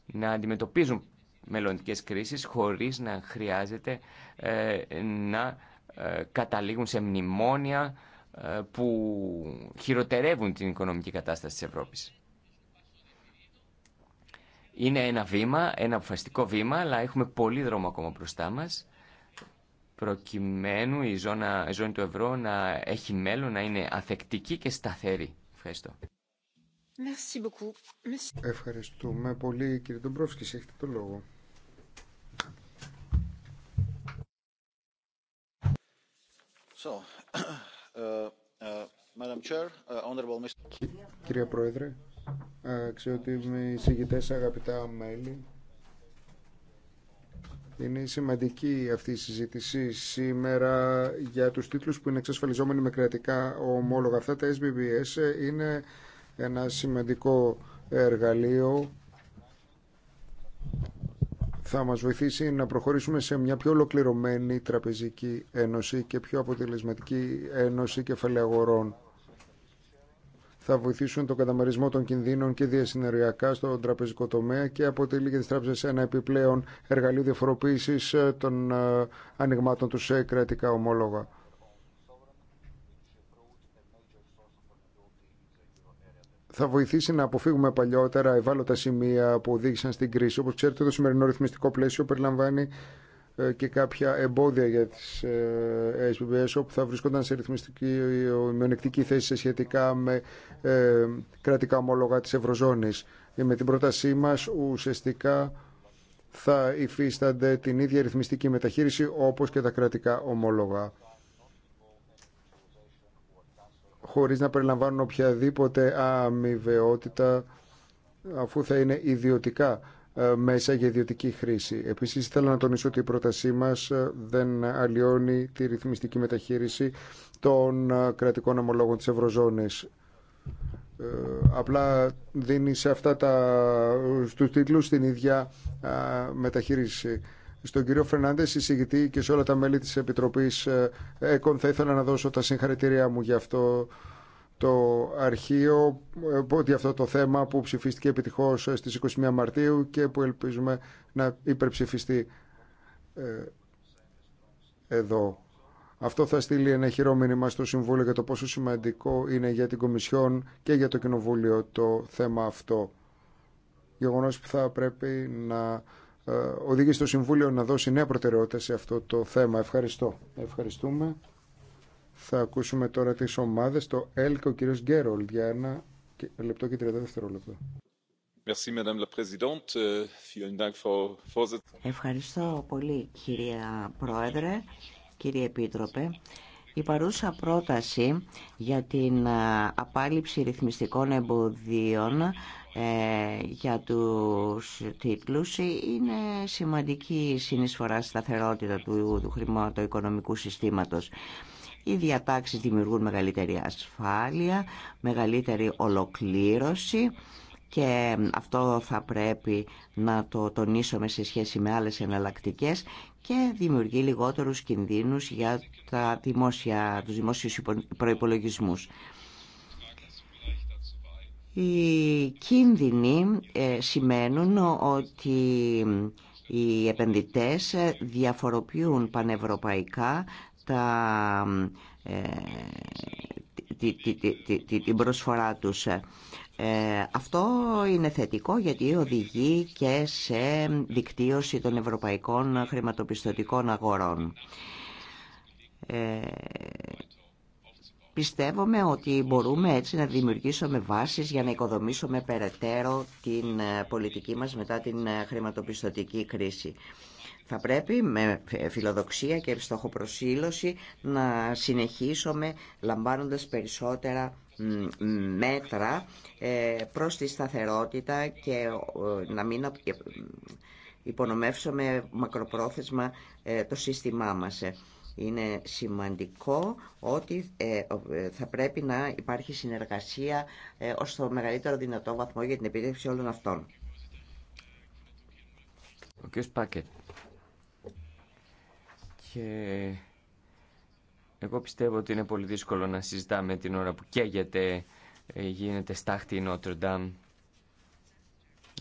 να αντιμετωπίζουν μελλοντικές κρίσεις χωρίς να χρειάζεται ε, να ε, καταλήγουν σε μνημόνια ε, που χειροτερεύουν την οικονομική κατάσταση της Ευρώπης. Είναι ένα βήμα, ένα αποφασιστικό βήμα, αλλά έχουμε πολύ δρόμο ακόμα μπροστά μας προκειμένου η, η ζώνη του ευρώ να έχει μέλλον, να είναι αθεκτική και σταθερή. Ευχαριστώ. Ευχαριστούμε πολύ κύριε Ντομπρόφσκης. Έχετε το λόγο. So, uh, uh, Madam Chair, uh, Mr. Πρόεδρε, ε, αξιότιμοι αγαπητά μέλη, είναι σημαντική αυτή η συζήτηση σήμερα για τους τίτλους που είναι εξασφαλιζόμενοι με κρατικά ομόλογα. Αυτά τα SBBS είναι ένα σημαντικό εργαλείο θα μας βοηθήσει να προχωρήσουμε σε μια πιο ολοκληρωμένη τραπεζική ένωση και πιο αποτελεσματική ένωση κεφαλαίου Θα βοηθήσουν τον καταμερισμό των κινδύνων και διασυνεργειακά στον τραπεζικό τομέα και αποτελεί για τις τράπεζες ένα επιπλέον εργαλείο διαφοροποίησης ε, των ε, ανοιγμάτων του σε κρατικά ομόλογα. θα βοηθήσει να αποφύγουμε παλιότερα ευάλωτα σημεία που οδήγησαν στην κρίση. Όπως ξέρετε, το σημερινό ρυθμιστικό πλαίσιο περιλαμβάνει ε, και κάποια εμπόδια για τι ε, SBBS όπου θα βρισκόταν σε ρυθμιστική ε, μειονεκτική θέση σε σχετικά με κρατικά ομόλογα της Ευρωζώνης. Με την πρότασή μα ουσιαστικά θα υφίστανται την ίδια ρυθμιστική μεταχείριση όπως και τα κρατικά ομόλογα χωρίς να περιλαμβάνουν οποιαδήποτε αμοιβαιότητα αφού θα είναι ιδιωτικά ε, μέσα για ιδιωτική χρήση. Επίσης θέλω να τονίσω ότι η πρότασή μας ε, δεν αλλοιώνει τη ρυθμιστική μεταχείριση των ε, κρατικών ομολόγων της Ευρωζώνης. Απλά δίνει σε αυτά τα, στους τίτλους την ίδια μεταχείριση στον κύριο Φερνάνδε, εισηγητή και σε όλα τα μέλη τη Επιτροπή ε, ΕΚΟΝ. Θα ήθελα να δώσω τα συγχαρητήριά μου για αυτό το αρχείο, για ε, αυτό το θέμα που ψηφίστηκε επιτυχώ ε, στι 21 Μαρτίου και που ελπίζουμε να υπερψηφιστεί εδώ. Αυτό θα στείλει ένα χειρό μήνυμα στο Συμβούλιο για το πόσο σημαντικό είναι για την Κομισιόν και για το Κοινοβούλιο το θέμα αυτό. Γεγονός που θα πρέπει να ε, οδηγεί το Συμβούλιο να δώσει νέα προτεραιότητα σε αυτό το θέμα. Ευχαριστώ. Ευχαριστούμε. Θα ακούσουμε τώρα τις ομάδες. Το ΕΛΚ ο κύριο Γκέρολ για ένα λεπτό και 30 δευτερόλεπτα. Ε, Ευχαριστώ πολύ κυρία Πρόεδρε, κύριε Επίτροπε. Η παρούσα πρόταση για την ε, απάλληψη ρυθμιστικών εμποδίων ε, για τους τίτλους είναι σημαντική συνεισφορά σταθερότητα του, του χρηματοοικονομικού συστήματος. Οι διατάξεις δημιουργούν μεγαλύτερη ασφάλεια, μεγαλύτερη ολοκλήρωση και αυτό θα πρέπει να το τονίσουμε σε σχέση με άλλες εναλλακτικέ και δημιουργεί λιγότερους κινδύνους για τα δημόσια, τους δημόσιους προϋπολογισμούς. Οι κίνδυνοι ε, σημαίνουν ότι οι επενδυτές ε, διαφοροποιούν πανευρωπαϊκά τα, ε, την προσφορά τους. αυτό είναι θετικό γιατί οδηγεί και σε δικτύωση των ευρωπαϊκών χρηματοπιστωτικών αγορών. Πιστεύουμε ότι μπορούμε έτσι να δημιουργήσουμε βάσεις για να οικοδομήσουμε περαιτέρω την ε, πολιτική μας μετά την ε, χρηματοπιστωτική κρίση. Θα πρέπει με φιλοδοξία και στοχοπροσύλωση να συνεχίσουμε λαμβάνοντας περισσότερα μέτρα ε, προς τη σταθερότητα και να μην υπονομεύσουμε μακροπρόθεσμα το σύστημά μας. Είναι σημαντικό ότι ε, ε, θα πρέπει να υπάρχει συνεργασία ε, ως το μεγαλύτερο δυνατό βαθμό για την επίτευξη όλων αυτών. Ο κ. Πάκετ. Και εγώ πιστεύω ότι είναι πολύ δύσκολο να συζητάμε την ώρα που καίγεται, γίνεται στάχτη η Νότρονταμ.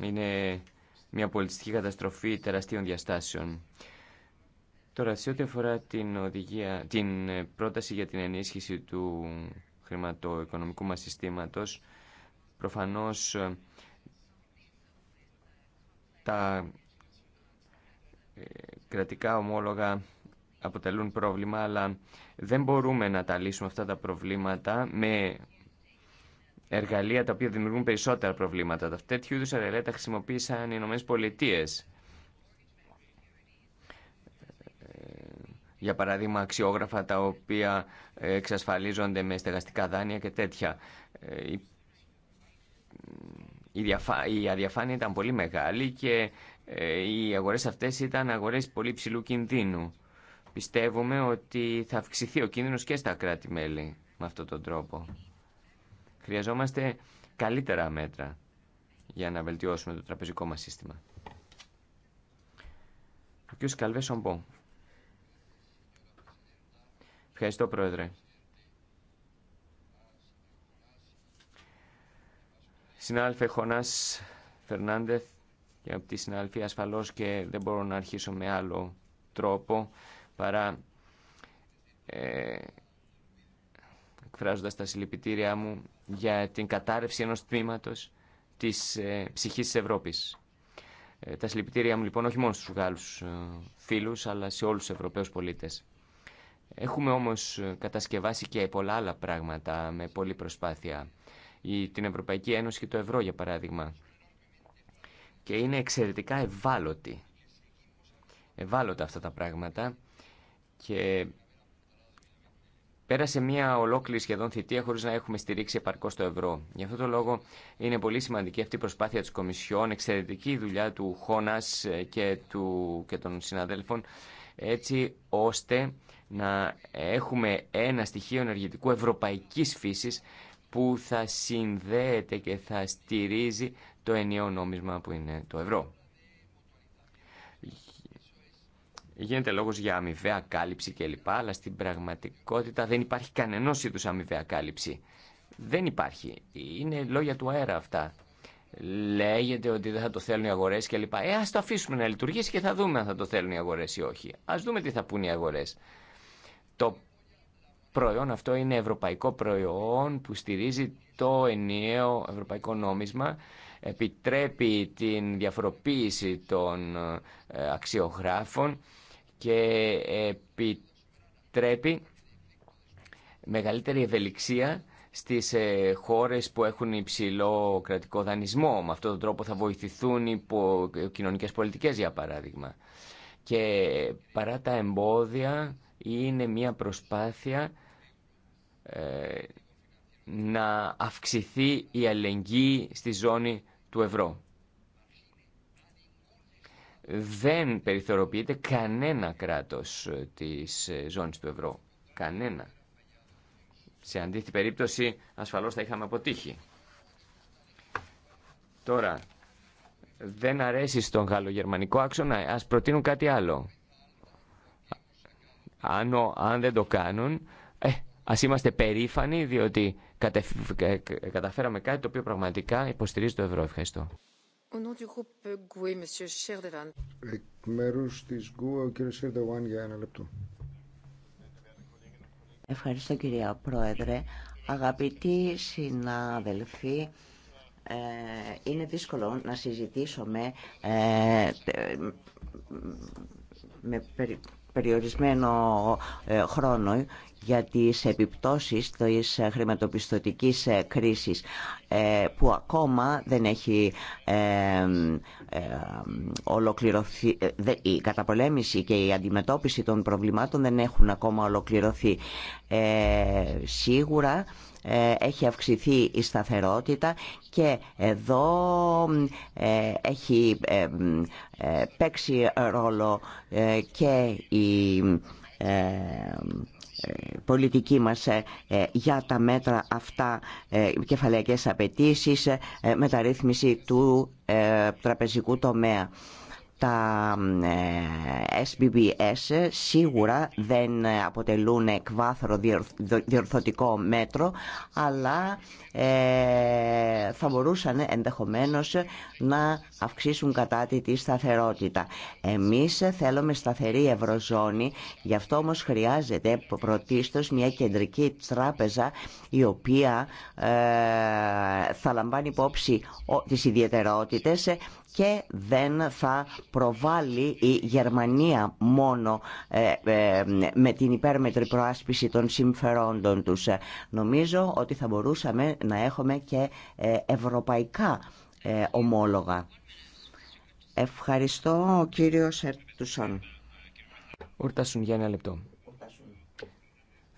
Είναι μια πολιτιστική καταστροφή τεραστίων διαστάσεων. Τώρα, σε ό,τι αφορά την, οδηγία, την ε, πρόταση για την ενίσχυση του χρηματοοικονομικού μας συστήματος, προφανώς ε, τα ε, κρατικά ομόλογα αποτελούν πρόβλημα, αλλά δεν μπορούμε να τα λύσουμε αυτά τα προβλήματα με εργαλεία τα οποία δημιουργούν περισσότερα προβλήματα. Τέτοιου είδου εργαλεία τα χρησιμοποίησαν οι Ηνωμένε Πολιτείε για παράδειγμα αξιόγραφα τα οποία εξασφαλίζονται με στεγαστικά δάνεια και τέτοια. Ε, η αδιαφάνεια ήταν πολύ μεγάλη και ε, οι αγορές αυτές ήταν αγορές πολύ ψηλού κινδύνου. Πιστεύουμε ότι θα αυξηθεί ο κίνδυνος και στα κράτη-μέλη με αυτόν τον τρόπο. Χρειαζόμαστε καλύτερα μέτρα για να βελτιώσουμε το τραπεζικό μας σύστημα. Ο κ. Καλβέ Σομπό. Ευχαριστώ, Πρόεδρε. Συνάλφε Χωνάς Φερνάντεθ και από τη συναλφή ασφαλώς και δεν μπορώ να αρχίσω με άλλο τρόπο παρά ε, εκφράζοντας τα συλληπιτήριά μου για την κατάρρευση ενός τμήματος της ε, ψυχής της Ευρώπης. Ε, τα συλληπιτήριά μου λοιπόν όχι μόνο στους Γάλλους ε, φίλους αλλά σε όλους τους Ευρωπαίους πολίτες. Έχουμε όμως ε, κατασκευάσει και πολλά άλλα πράγματα με πολλή προσπάθεια. Η, την Ευρωπαϊκή Ένωση και το ευρώ για παράδειγμα. Και είναι εξαιρετικά ευάλωτοι. Ευάλωτα αυτά τα πράγματα και πέρασε μια ολόκληρη σχεδόν θητεία χωρίς να έχουμε στηρίξει επαρκώς το ευρώ. Γι' αυτό το λόγο είναι πολύ σημαντική αυτή η προσπάθεια της Κομισιόν, εξαιρετική η δουλειά του Χώνας ε, και, και των συναδέλφων, έτσι ώστε να έχουμε ένα στοιχείο ενεργητικού ευρωπαϊκής φύσης που θα συνδέεται και θα στηρίζει το ενιαίο νόμισμα που είναι το ευρώ. Γίνεται λόγος για αμοιβαία κάλυψη κλπ. Αλλά στην πραγματικότητα δεν υπάρχει κανενός είδους αμοιβαία κάλυψη. Δεν υπάρχει. Είναι λόγια του αέρα αυτά. Λέγεται ότι δεν θα το θέλουν οι αγορές κλπ. Ε, ας το αφήσουμε να λειτουργήσει και θα δούμε αν θα το θέλουν οι αγορές ή όχι. Ας δούμε τι θα πούν οι αγορές. Το προϊόν αυτό είναι ευρωπαϊκό προϊόν που στηρίζει το ενιαίο ευρωπαϊκό νόμισμα, επιτρέπει την διαφοροποίηση των ε, αξιογράφων και επιτρέπει μεγαλύτερη ευελιξία στις ε, χώρες που έχουν υψηλό κρατικό δανεισμό. Με αυτόν τον τρόπο θα βοηθηθούν οι ε, κοινωνικές πολιτικές, για παράδειγμα. Και παρά τα εμπόδια είναι μια προσπάθεια ε, να αυξηθεί η αλληλεγγύη στη ζώνη του ευρώ. Δεν περιθωροποιείται κανένα κράτος ε, της ε, ζώνης του ευρώ. Κανένα. Σε αντίθετη περίπτωση ασφαλώς θα είχαμε αποτύχει. Τώρα, δεν αρέσει στον γαλλογερμανικό άξονα, ας προτείνουν κάτι άλλο. Αν, αν δεν το κάνουν, ε, ας είμαστε περήφανοι διότι καταφέραμε κάτι το οποίο πραγματικά υποστηρίζει το ευρώ. Ευχαριστώ. Εκ Ευχαριστώ κυρία Πρόεδρε. Αγαπητοί συναδελφοί, ε, είναι δύσκολο να συζητήσουμε ε, με περιορισμένο ε, χρόνο για τις επιπτώσεις της χρηματοπιστωτικής ε, κρίσης ε, που ακόμα δεν έχει ολοκληρωθεί η καταπολέμηση και η αντιμετώπιση των προβλημάτων δεν έχουν ακόμα ολοκληρωθεί σίγουρα ε, έχει αυξηθεί η σταθερότητα και εδώ ε, έχει ε, παίξει ρόλο και η πολιτική μας για τα μέτρα αυτά κεφαλαϊκές απαιτήσει, μεταρρύθμιση του τραπεζικού τομέα τα SBBS ε, σίγουρα δεν αποτελούν εκβάθρο διορθωτικό μέτρο αλλά ε, θα μπορούσαν ενδεχομένως να αυξήσουν κατά τη τη σταθερότητα. Εμείς θέλουμε σταθερή ευρωζώνη γι' αυτό όμως χρειάζεται πρωτίστως μια κεντρική τράπεζα η οποία ε, θα λαμβάνει υπόψη τις ιδιαιτερότητες και δεν θα προβάλλει η Γερμανία μόνο ε, ε, με την υπέρμετρη προάσπιση των συμφερόντων τους. Νομίζω ότι θα μπορούσαμε να έχουμε και ε, ευρωπαϊκά ομόλογα. Ευχαριστώ κύριο Σερτουσόν. Ούρτασουν για ένα λεπτό.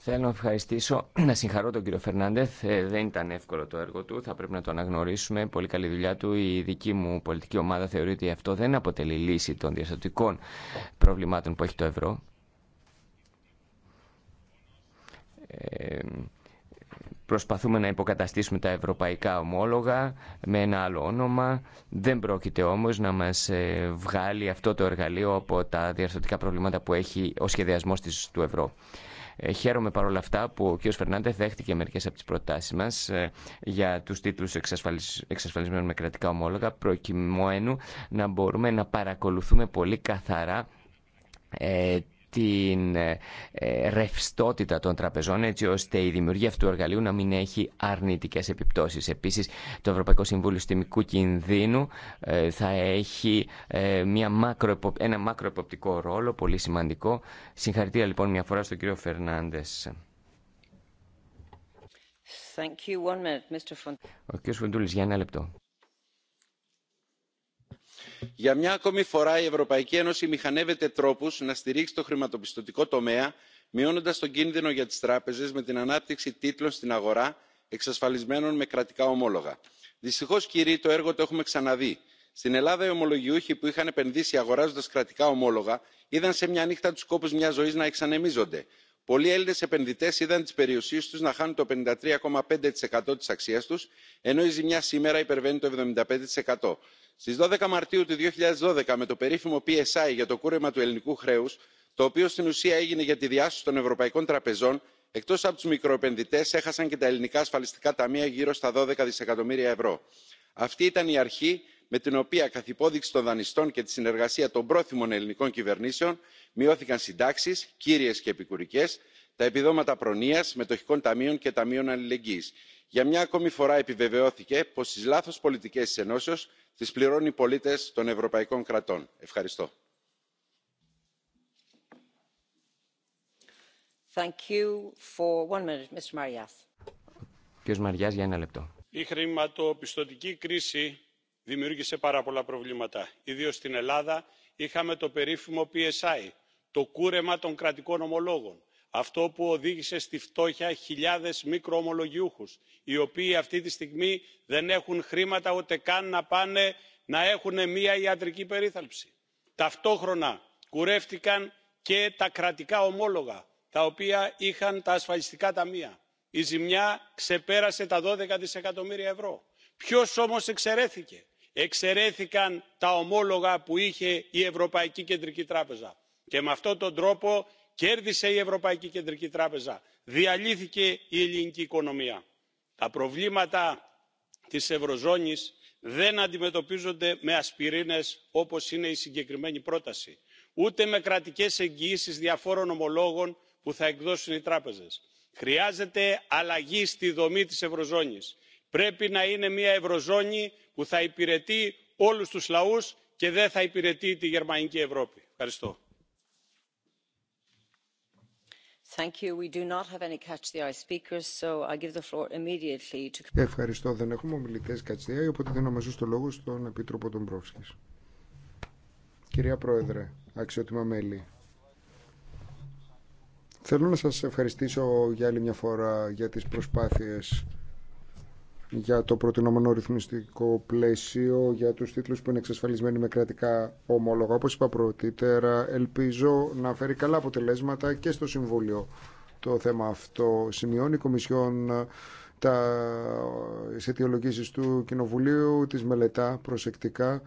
Θέλω να ευχαριστήσω, να συγχαρώ τον κύριο Φερνάντεθ. Ε, δεν ήταν εύκολο το έργο του, θα πρέπει να το αναγνωρίσουμε. Πολύ καλή δουλειά του. Η δική μου πολιτική ομάδα θεωρεί ότι αυτό δεν αποτελεί λύση των διαστατικών προβλημάτων που έχει το ευρώ. Ε, προσπαθούμε να υποκαταστήσουμε τα ευρωπαϊκά ομόλογα με ένα άλλο όνομα. Δεν πρόκειται όμως να μας ε, βγάλει αυτό το εργαλείο από τα διαστατικά προβλήματα που έχει ο σχεδιασμός του ευρώ. Ε, χαίρομαι παρόλα αυτά που ο κ. Φερνάντε δέχτηκε μερικέ από τι προτάσει μα ε, για του τίτλου εξασφαλισμένων με κρατικά ομόλογα, προκειμένου να μπορούμε να παρακολουθούμε πολύ καθαρά ε, την ε, ρευστότητα των τραπεζών έτσι ώστε η δημιουργία αυτού του εργαλείου να μην έχει αρνητικές επιπτώσεις. Επίσης το Ευρωπαϊκό Συμβούλιο Συστημικού Κινδύνου ε, θα έχει ε, μια ένα μακροεποπτικό ρόλο πολύ σημαντικό. Συγχαρητήρια λοιπόν μια φορά στον κύριο Φερνάντε. Ο για ένα λεπτό για μια ακόμη φορά η ευρωπαϊκή ένωση μηχανεύεται τρόπους να στηρίξει το χρηματοπιστωτικό τομέα μειώνοντας τον κίνδυνο για τις τράπεζες με την ανάπτυξη τίτλων στην αγορά εξασφαλισμένων με κρατικά ομόλογα. δυστυχώς κύριοι το έργο το έχουμε ξαναδεί. στην ελλάδα οι ομολογιούχοι που είχαν επενδύσει αγοράζοντας κρατικά ομόλογα είδαν σε μια νύχτα τους κόπους μιας ζωής να εξανεμίζονται πολλοί έλληνες επενδυτές είδαν τις περιουσίες τους να χάνουν το 53,5% τρία πέντε της αξίας τους ενώ η ζημιά σήμερα υπερβαίνει το. 75%. πέντε στις 12 μαρτίου του 2012 με το περίφημο psi για το κούρεμα του ελληνικού χρέους το οποίο στην ουσία έγινε για τη διάσωση των ευρωπαϊκών τραπεζών εκτός από τους μικροεπενδυτές έχασαν και τα ελληνικά ασφαλιστικά ταμεία γύρω στα δώδεκα δισεκατομμύρια ευρώ. αυτή ήταν η αρχή με την οποία καθ' υπόδειξη των δανειστών και τη συνεργασία των πρόθυμων ελληνικών κυβερνήσεων μειώθηκαν συντάξεις κύριες και επικουρικές τα επιδόματα προνοίας μετοχικών ταμείων και ταμείων αλληλεγγύη. για μια ακόμη φορά επιβεβαιώθηκε πως τι λάθο πολιτικές τη ενώσεω τι πληρώνουν οι πολίτες των ευρωπαϊκών κρατών. ευχαριστώ. η χρηματοπιστωτική κρίση δημιούργησε πάρα πολλά προβλήματα. ιδίως στην ελλάδα είχαμε το περίφημο psi το κούρεμα των κρατικών ομολόγων αυτό που οδήγησε στη φτώχεια χιλιάδες μικροομολογιούχους οι οποίοι αυτή τη στιγμή δεν έχουν χρήματα ούτε καν να πάνε να έχουν μια ιατρική περίθαλψη. ταυτόχρονα κουρεύτηκαν και τα κρατικά ομόλογα τα οποία είχαν τα ασφαλιστικά ταμεία. η ζημιά ξεπέρασε τα 12 δισεκατομμύρια ευρώ. ποιος όμως εξαιρέθηκε; εξαιρέθηκαν τα ομόλογα που είχε η ευρωπαϊκή κεντρική τράπεζα και με αυτόν τον τρόπο κέρδισε η ευρωπαϊκή κεντρική τράπεζα διαλύθηκε η ελληνική οικονομία. τα προβλήματα της ευρωζώνης δεν αντιμετωπίζονται με ασπιρίνες όπως είναι η συγκεκριμένη πρόταση ούτε με κρατικές εγγυήσεις διαφόρων ομολόγων που θα εκδώσουν οι τράπεζες. χρειάζεται αλλαγή στη δομή της ευρωζώνης. πρέπει να είναι μια ευρωζώνη που θα υπηρετεί όλους τους λαούς και δεν θα υπηρετεί τη γερμανική ευρώπη. ευχαριστώ. Ευχαριστώ. Δεν έχουμε ομιλητές κατσιά, οπότε δίνω μαζί στο λόγο στον Επίτροπο των Πρόσκης. Κυρία Πρόεδρε, αξιότιμα μέλη, θέλω να σας ευχαριστήσω για άλλη μια φορά για τις προσπάθειες για το προτινόμενο ρυθμιστικό πλαίσιο για τους τίτλους που είναι εξασφαλισμένοι με κρατικά ομόλογα. Όπως είπα πρωτήτερα, ελπίζω να φέρει καλά αποτελέσματα και στο Συμβούλιο το θέμα αυτό. Σημειώνει η Κομισιόν τα αιτιολογήσεις του Κοινοβουλίου, τις μελετά προσεκτικά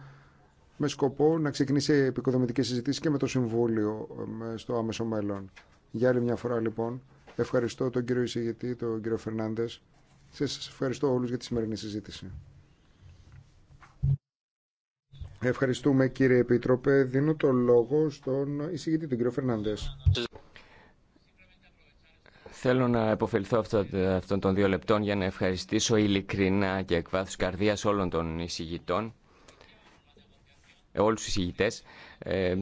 με σκοπό να ξεκινήσει επικοδομητική συζήτηση και με το Συμβούλιο στο άμεσο μέλλον. Για άλλη μια φορά λοιπόν, ευχαριστώ τον κύριο εισηγητή, τον κύριο Φερνάντες σας ευχαριστώ όλους για τη σημερινή συζήτηση. Ευχαριστούμε κύριε Επίτροπε. Δίνω το λόγο στον εισηγητή, τον κύριο Φερνάνδες. Θέλω να επωφεληθώ αυτών των δύο λεπτών για να ευχαριστήσω ειλικρινά και εκ βάθους καρδίας όλων των εισηγητών, όλους τους εισηγητές, ε,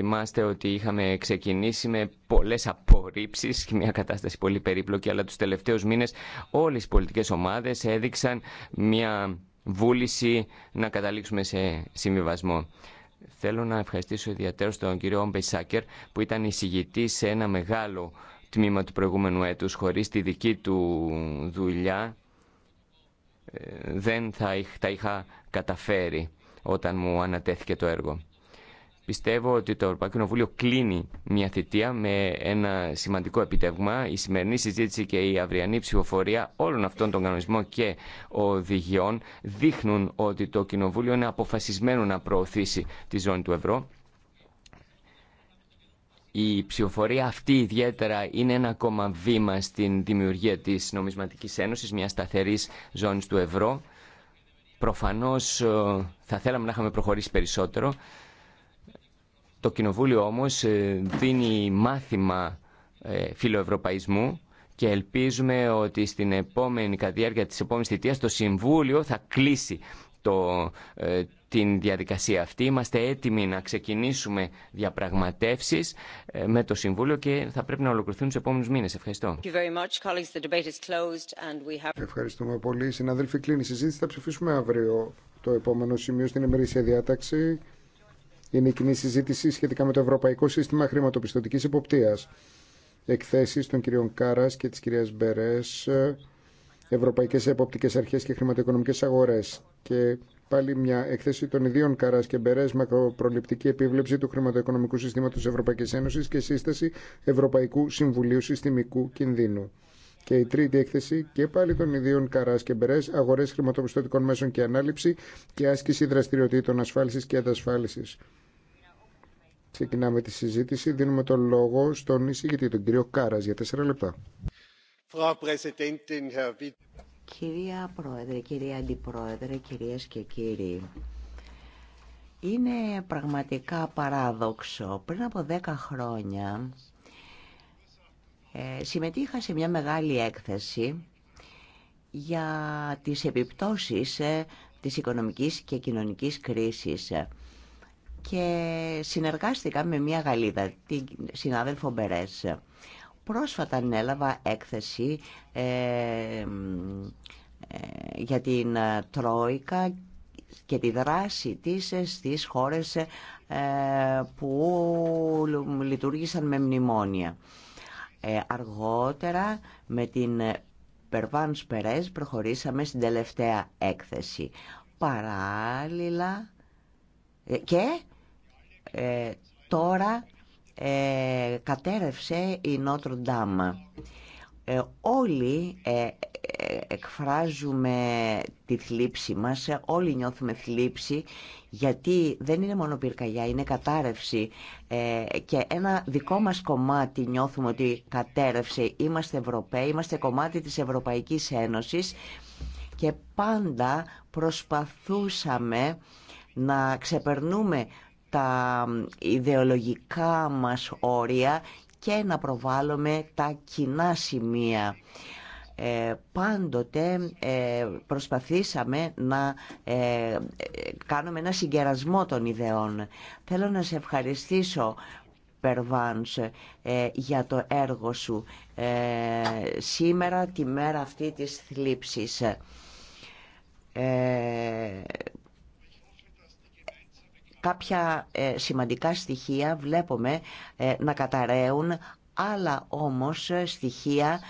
Θυμάστε ότι είχαμε ξεκινήσει με πολλέ απορρίψει και μια κατάσταση πολύ περίπλοκη, αλλά του τελευταίους μήνε όλε οι πολιτικέ ομάδε έδειξαν μια βούληση να καταλήξουμε σε συμβιβασμό. Θέλω να ευχαριστήσω ιδιαίτερα τον κύριο Όμπε που ήταν εισηγητή σε ένα μεγάλο τμήμα του προηγούμενου έτους. Χωρίς τη δική του δουλειά ε, δεν θα τα είχα καταφέρει όταν μου ανατέθηκε το έργο. Πιστεύω ότι το Ευρωπαϊκό Κοινοβούλιο κλείνει μια θητεία με ένα σημαντικό επιτεύγμα. Η σημερινή συζήτηση και η αυριανή ψηφοφορία όλων αυτών των κανονισμών και οδηγιών δείχνουν ότι το Κοινοβούλιο είναι αποφασισμένο να προωθήσει τη ζώνη του ευρώ. Η ψηφοφορία αυτή ιδιαίτερα είναι ένα ακόμα βήμα στην δημιουργία της Νομισματικής Ένωσης, μια σταθερής ζώνης του ευρώ. Προφανώς ε, θα θέλαμε να είχαμε προχωρήσει περισσότερο. Το Κοινοβούλιο όμως ε, δίνει μάθημα ε, φιλοευρωπαϊσμού και ελπίζουμε ότι στην επόμενη καδιάρκεια της επόμενης θητείας το Συμβούλιο θα κλείσει το, ε, την διαδικασία αυτή. Είμαστε έτοιμοι να ξεκινήσουμε διαπραγματεύσεις με το Συμβούλιο και θα πρέπει να ολοκληρωθούν τους επόμενους μήνες. Ευχαριστώ. Ευχαριστούμε πολύ. Συναδέλφοι, κλείνει η συζήτηση. Θα ψηφίσουμε αύριο το επόμενο σημείο στην ημερήσια διάταξη είναι η κοινή συζήτηση σχετικά με το Ευρωπαϊκό Σύστημα Χρηματοπιστωτικής Υποπτείας. Εκθέσεις των κυρίων Κάρας και της κυρίας Μπερές, Ευρωπαϊκές Εποπτικές Αρχές και Χρηματοοικονομικές Αγορές. Και πάλι μια εκθέση των ιδίων καρά και Μπερέ, μακροπροληπτική επίβλεψη του χρηματοοικονομικού συστήματο Ευρωπαϊκή Ένωση και σύσταση Ευρωπαϊκού Συμβουλίου Συστημικού Κινδύνου. Και η τρίτη έκθεση και πάλι των ιδίων Καρά και Μπερέ, αγορέ χρηματοπιστωτικών μέσων και ανάληψη και άσκηση δραστηριοτήτων ασφάλιση και αντασφάλιση. Ξεκινάμε τη συζήτηση. Δίνουμε το λόγο στον εισηγητή, τον κύριο Κάρας, για τέσσερα λεπτά. Κυρία Πρόεδρε, κυρία Αντιπρόεδρε, κυρίες και κύριοι. Είναι πραγματικά παράδοξο. Πριν από δέκα χρόνια ε, συμμετείχα σε μια μεγάλη έκθεση για τις επιπτώσεις ε, της οικονομικής και κοινωνικής κρίσης και συνεργάστηκα με μια Γαλλίδα, την συνάδελφο Μπερές. Πρόσφατα ανέλαβα έκθεση ε, ε, για την ε, Τρόικα και τη δράση της στις χώρες που λειτουργήσαν με μνημόνια. αργότερα με την Περβάνς Περές προχωρήσαμε στην τελευταία έκθεση. Παράλληλα και ε, τώρα ε, κατέρευσε η Νότρο ε, όλοι ε, εκφράζουμε τη θλίψη μας, όλοι νιώθουμε θλίψη γιατί δεν είναι μόνο πυρκαγιά, είναι κατάρρευση και ένα δικό μας κομμάτι νιώθουμε ότι κατέρευσε. Είμαστε Ευρωπαίοι, είμαστε κομμάτι της Ευρωπαϊκής Ένωσης και πάντα προσπαθούσαμε να ξεπερνούμε τα ιδεολογικά μας όρια και να προβάλλουμε τα κοινά σημεία. Ε, πάντοτε ε, προσπαθήσαμε να ε, κάνουμε ένα συγκερασμό των ιδεών. Θέλω να σε ευχαριστήσω, Περβάνς, ε, για το έργο σου σήμερα, τη μέρα αυτή της θλίψης κάποια ε, σημαντικά στοιχεία βλέπουμε ε, να καταραίουν άλλα όμως ε, στοιχεία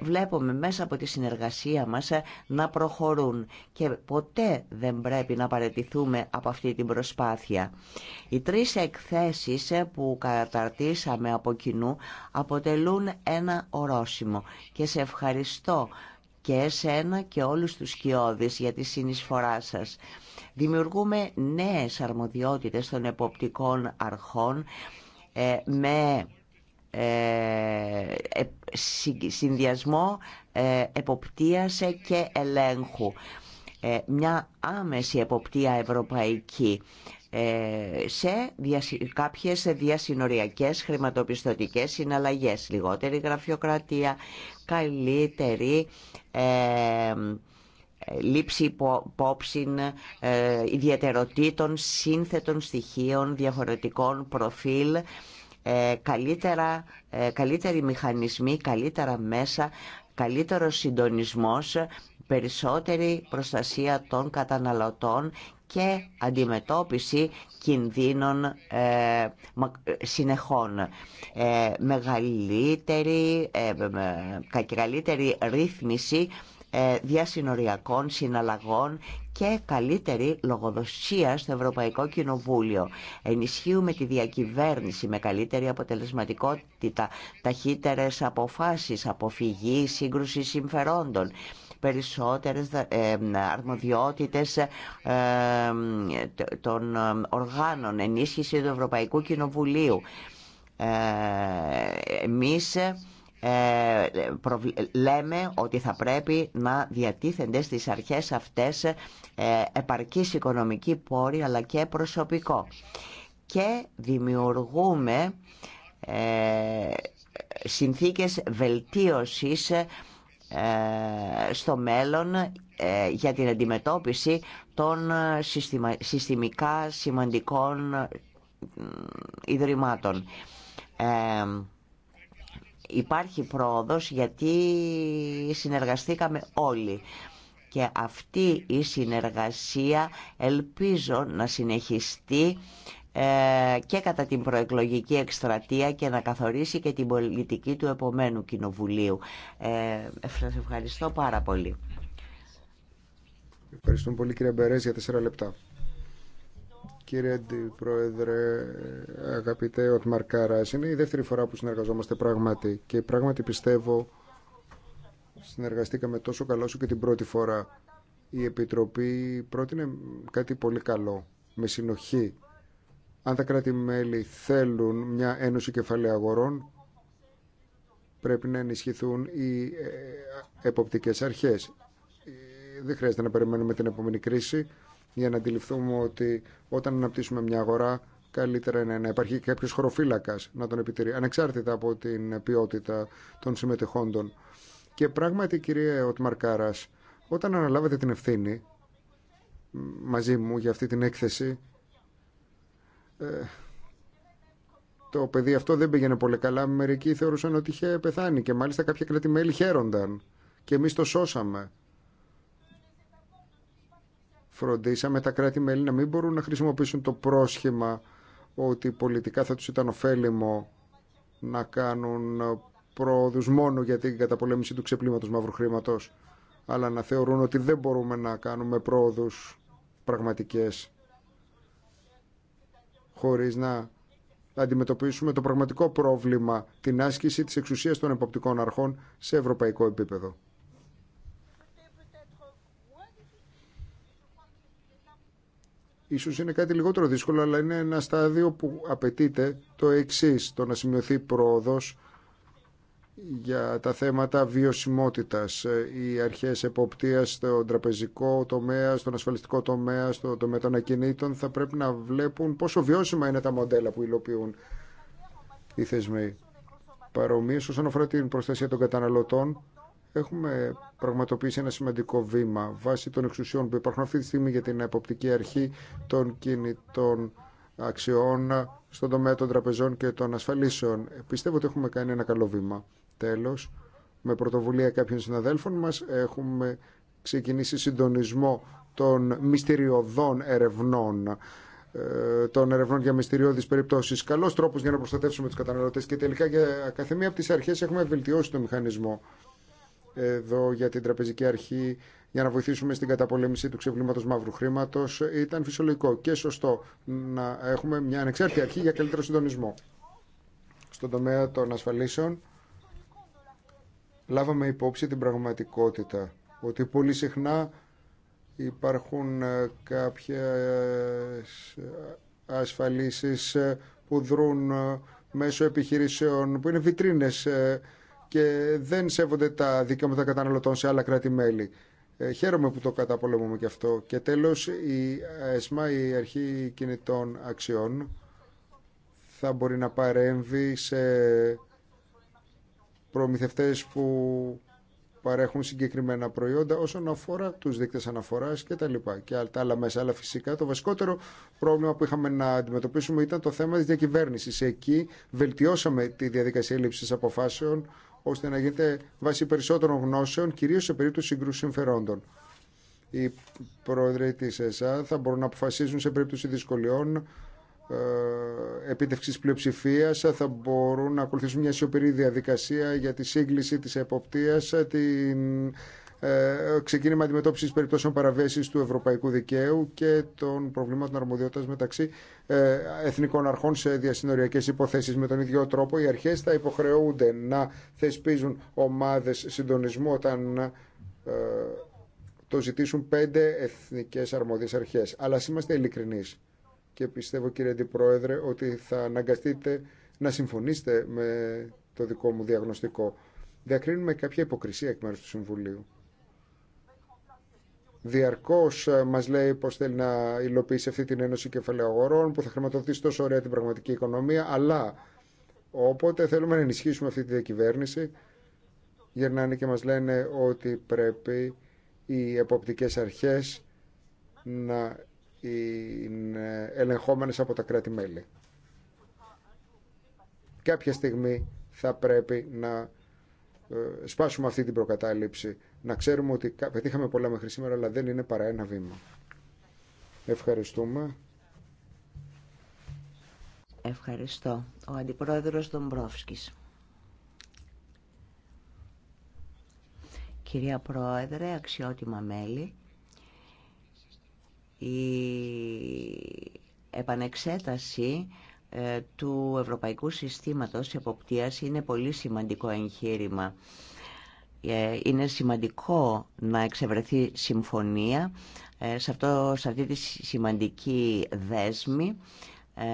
βλέπουμε μέσα από τη συνεργασία μας να προχωρούν και ποτέ δεν πρέπει να παραιτηθούμε από αυτή την προσπάθεια. Οι τρεις εκθέσεις που καταρτήσαμε από κοινού αποτελούν ένα ορόσημο και σε ευχαριστώ και εσένα και όλους τους σκιώδεις για τη συνεισφορά σας. Δημιουργούμε νέες αρμοδιότητες των εποπτικών αρχών ε, με ε, ε, συνδυασμό εποπτείας και ελέγχου. Μια άμεση εποπτεία ευρωπαϊκή σε κάποιες διασυνοριακές χρηματοπιστωτικές συναλλαγές. Λιγότερη γραφειοκρατία, καλύτερη ε, λήψη υπόψη ε, ιδιαιτεροτήτων, σύνθετων στοιχείων, διαφορετικών προφίλ, ε, καλύτερα, ε, καλύτεροι μηχανισμοί, καλύτερα μέσα, καλύτερο συντονισμός, περισσότερη προστασία των καταναλωτών και αντιμετώπιση κινδύνων συνεχών. Ε, μεγαλύτερη, ε, καλύτερη ρύθμιση ε, διασυνοριακών συναλλαγών και καλύτερη λογοδοσία στο Ευρωπαϊκό Κοινοβούλιο. Ενισχύουμε τη διακυβέρνηση με καλύτερη αποτελεσματικότητα, ταχύτερες αποφάσεις, αποφυγή, σύγκρουση συμφερόντων περισσότερες ε, ε, αρμοδιότητες των οργάνων, ενίσχυση του Ευρωπαϊκού Κοινοβουλίου. Εμείς ε, λέμε ότι θα πρέπει να διατίθενται στις αρχές αυτές ε, επαρκής οικονομική πόρη αλλά και προσωπικό. Και δημιουργούμε ε, συνθήκες βελτίωσης στο μέλλον για την αντιμετώπιση των συστημικά σημαντικών ιδρυμάτων υπάρχει πρόοδος γιατί συνεργαστήκαμε όλοι. Και αυτή η συνεργασία ελπίζω να συνεχιστεί ε, και κατά την προεκλογική εκστρατεία και να καθορίσει και την πολιτική του επομένου Κοινοβουλίου. Ε, ευχαριστώ πάρα πολύ. Ευχαριστούμε πολύ κύριε Μπερέζ για τέσσερα λεπτά. Κύριε Αντιπρόεδρε, αγαπητέ Οτμαρ Κάρας, είναι η δεύτερη φορά που συνεργαζόμαστε πράγματι και πράγματι πιστεύω συνεργαστήκαμε τόσο καλό σου και την πρώτη φορά. Η Επιτροπή πρότεινε κάτι πολύ καλό, με συνοχή. Αν τα κράτη-μέλη θέλουν μια ένωση κεφαλαίου αγορών, πρέπει να ενισχυθούν οι ε, εποπτικές αρχές. Ε, δεν χρειάζεται να περιμένουμε την επόμενη κρίση για να αντιληφθούμε ότι όταν αναπτύσσουμε μια αγορά καλύτερα είναι να υπάρχει κάποιο χωροφύλακα να τον επιτηρεί, ανεξάρτητα από την ποιότητα των συμμετεχόντων. Και πράγματι, κύριε Οτμαρκάρα, όταν αναλάβατε την ευθύνη μαζί μου για αυτή την έκθεση, ε, το παιδί αυτό δεν πήγαινε πολύ καλά. Μερικοί θεωρούσαν ότι είχε πεθάνει και μάλιστα κάποια κρατημέλη χαίρονταν. Και εμείς το σώσαμε φροντίσαμε τα κράτη-μέλη να μην μπορούν να χρησιμοποιήσουν το πρόσχημα ότι πολιτικά θα τους ήταν ωφέλιμο να κάνουν πρόοδους μόνο για την καταπολέμηση του ξεπλήματος μαύρου χρήματος, αλλά να θεωρούν ότι δεν μπορούμε να κάνουμε πρόοδους πραγματικές χωρίς να αντιμετωπίσουμε το πραγματικό πρόβλημα, την άσκηση της εξουσίας των εποπτικών αρχών σε ευρωπαϊκό επίπεδο. Ίσως είναι κάτι λιγότερο δύσκολο, αλλά είναι ένα στάδιο που απαιτείται το εξή το να σημειωθεί πρόοδος για τα θέματα βιωσιμότητας, οι αρχές εποπτείας στον τραπεζικό τομέα, στον ασφαλιστικό τομέα, στο τομέα των ακινήτων θα πρέπει να βλέπουν πόσο βιώσιμα είναι τα μοντέλα που υλοποιούν οι θεσμοί. Παρομοίως όσον αφορά την προστασία των καταναλωτών, έχουμε πραγματοποιήσει ένα σημαντικό βήμα βάσει των εξουσιών που υπάρχουν αυτή τη στιγμή για την εποπτική αρχή των κινητών αξιών στον τομέα των τραπεζών και των ασφαλίσεων. Πιστεύω ότι έχουμε κάνει ένα καλό βήμα. Τέλος, με πρωτοβουλία κάποιων συναδέλφων μας έχουμε ξεκινήσει συντονισμό των μυστηριωδών ερευνών ε, των ερευνών για μυστηριώδεις περιπτώσεις. Καλός τρόπος για να προστατεύσουμε τους καταναλωτές και τελικά για κάθε μία από τις αρχές έχουμε βελτιώσει το μηχανισμό εδώ για την τραπεζική αρχή για να βοηθήσουμε στην καταπολέμηση του ξεβλήματο μαύρου χρήματο. Ήταν φυσιολογικό και σωστό να έχουμε μια ανεξάρτητη αρχή για καλύτερο συντονισμό. Στον τομέα των ασφαλίσεων, λάβαμε υπόψη την πραγματικότητα ότι πολύ συχνά υπάρχουν ε, κάποιες ε, ασφαλίσεις ε, που δρούν μέσω επιχειρήσεων που είναι βιτρίνες και δεν σέβονται τα δικαιώματα καταναλωτών σε άλλα κράτη-μέλη. Ε, χαίρομαι που το καταπολεμούμε και αυτό. Και τέλος, η ε, ΕΣΜΑ, η Αρχή Κινητών Αξιών, θα μπορεί να παρέμβει σε προμηθευτές που παρέχουν συγκεκριμένα προϊόντα όσον αφορά τους δείκτες αναφοράς και τα λοιπά και τα άλλα μέσα. Αλλά φυσικά το βασικότερο πρόβλημα που είχαμε να αντιμετωπίσουμε ήταν το θέμα της διακυβέρνησης. Εκεί βελτιώσαμε τη διαδικασία λήψης αποφάσεων ώστε να γίνεται βάση περισσότερων γνώσεων, κυρίω σε περίπτωση συγκρού συμφερόντων. Οι πρόεδροι τη ΕΣΑ θα μπορούν να αποφασίζουν σε περίπτωση δυσκολιών ε, επίτευξη πλειοψηφία θα μπορούν να ακολουθήσουν μια σιωπηρή διαδικασία για τη σύγκληση τη εποπτείας, την ε, ξεκίνημα αντιμετώπιση περιπτώσεων παραβίαση του ευρωπαϊκού δικαίου και των προβλήματων αρμοδιότητα μεταξύ ε, εθνικών αρχών σε διασυνοριακέ υποθέσει. Με τον ίδιο τρόπο, οι αρχέ θα υποχρεούνται να θεσπίζουν ομάδε συντονισμού όταν ε, το ζητήσουν πέντε εθνικές αρμόδιες αρχές. Αλλά είμαστε ειλικρινείς και πιστεύω κύριε Αντιπρόεδρε ότι θα αναγκαστείτε να συμφωνήσετε με το δικό μου διαγνωστικό. Διακρίνουμε κάποια υποκρισία εκ μέρους του Συμβουλίου διαρκώς ε, μας λέει πως θέλει να υλοποιήσει αυτή την Ένωση Κεφαλαίου Αγορών που θα χρηματοδοτήσει τόσο ωραία την πραγματική οικονομία αλλά οπότε θέλουμε να ενισχύσουμε αυτή τη διακυβέρνηση γυρνάνε και μας λένε ότι πρέπει οι εποπτικέ αρχές να είναι ελεγχόμενες από τα κράτη-μέλη. Κάποια στιγμή θα πρέπει να ε, σπάσουμε αυτή την προκατάληψη να ξέρουμε ότι πετύχαμε πολλά μέχρι σήμερα, αλλά δεν είναι παρά ένα βήμα. Ευχαριστούμε. Ευχαριστώ. Ο Αντιπρόεδρος Δομπρόφσκης. Κυρία Πρόεδρε, αξιότιμα μέλη, η επανεξέταση ε, του Ευρωπαϊκού Συστήματος Εποπτείας είναι πολύ σημαντικό εγχείρημα ε, είναι σημαντικό να εξευρεθεί συμφωνία ε, σε, αυτό, σε αυτή τη σημαντική δέσμη ε,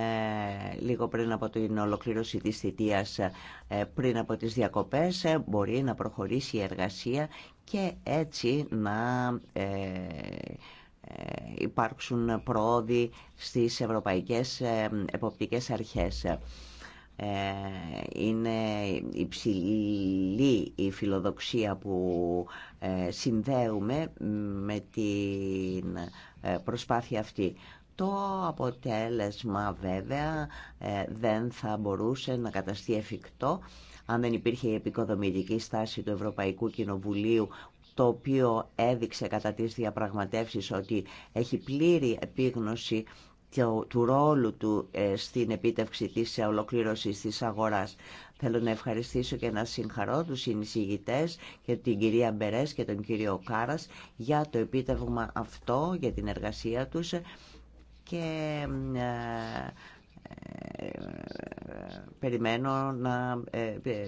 λίγο πριν από την ολοκλήρωση της θητείας, πριν από τις διακοπές, μπορεί να προχωρήσει η εργασία και έτσι να υπάρξουν πρόοδοι στις ευρωπαϊκές εποπτικές αρχές. Ε, είναι υψηλή η φιλοδοξία που ε, συνδέουμε με την ε, προσπάθεια αυτή. Το αποτέλεσμα βέβαια δεν θα μπορούσε να καταστεί εφικτό αν δεν υπήρχε η επικοδομητική στάση του Ευρωπαϊκού Κοινοβουλίου το οποίο έδειξε κατά τις διαπραγματεύσεις ότι έχει πλήρη επίγνωση του ρόλου του ε, στην επίτευξη της ε, ολοκλήρωση της αγοράς. Θέλω να ευχαριστήσω και να συγχαρώ τους συνεισηγητές και την κυρία Μπερές και τον κύριο Κάρας για το επίτευγμα αυτό, για την εργασία τους και ε, περιμένω να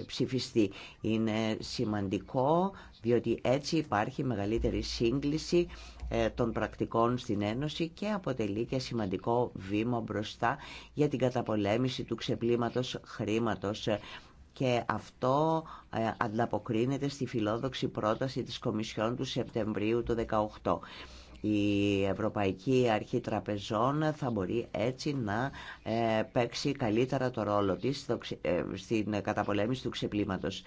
ψηφιστεί. Είναι σημαντικό διότι έτσι υπάρχει μεγαλύτερη σύγκληση ε, των πρακτικών στην Ένωση και αποτελεί και σημαντικό βήμα μπροστά για την καταπολέμηση του ξεπλήματος χρήματος ε, και αυτό ε, ανταποκρίνεται στη φιλόδοξη πρόταση της Κομισιόν του Σεπτεμβρίου του 2018. Η Ευρωπαϊκή Αρχή Τραπεζών θα μπορεί έτσι να παίξει καλύτερα το ρόλο της στην καταπολέμηση του ξεπλήματος.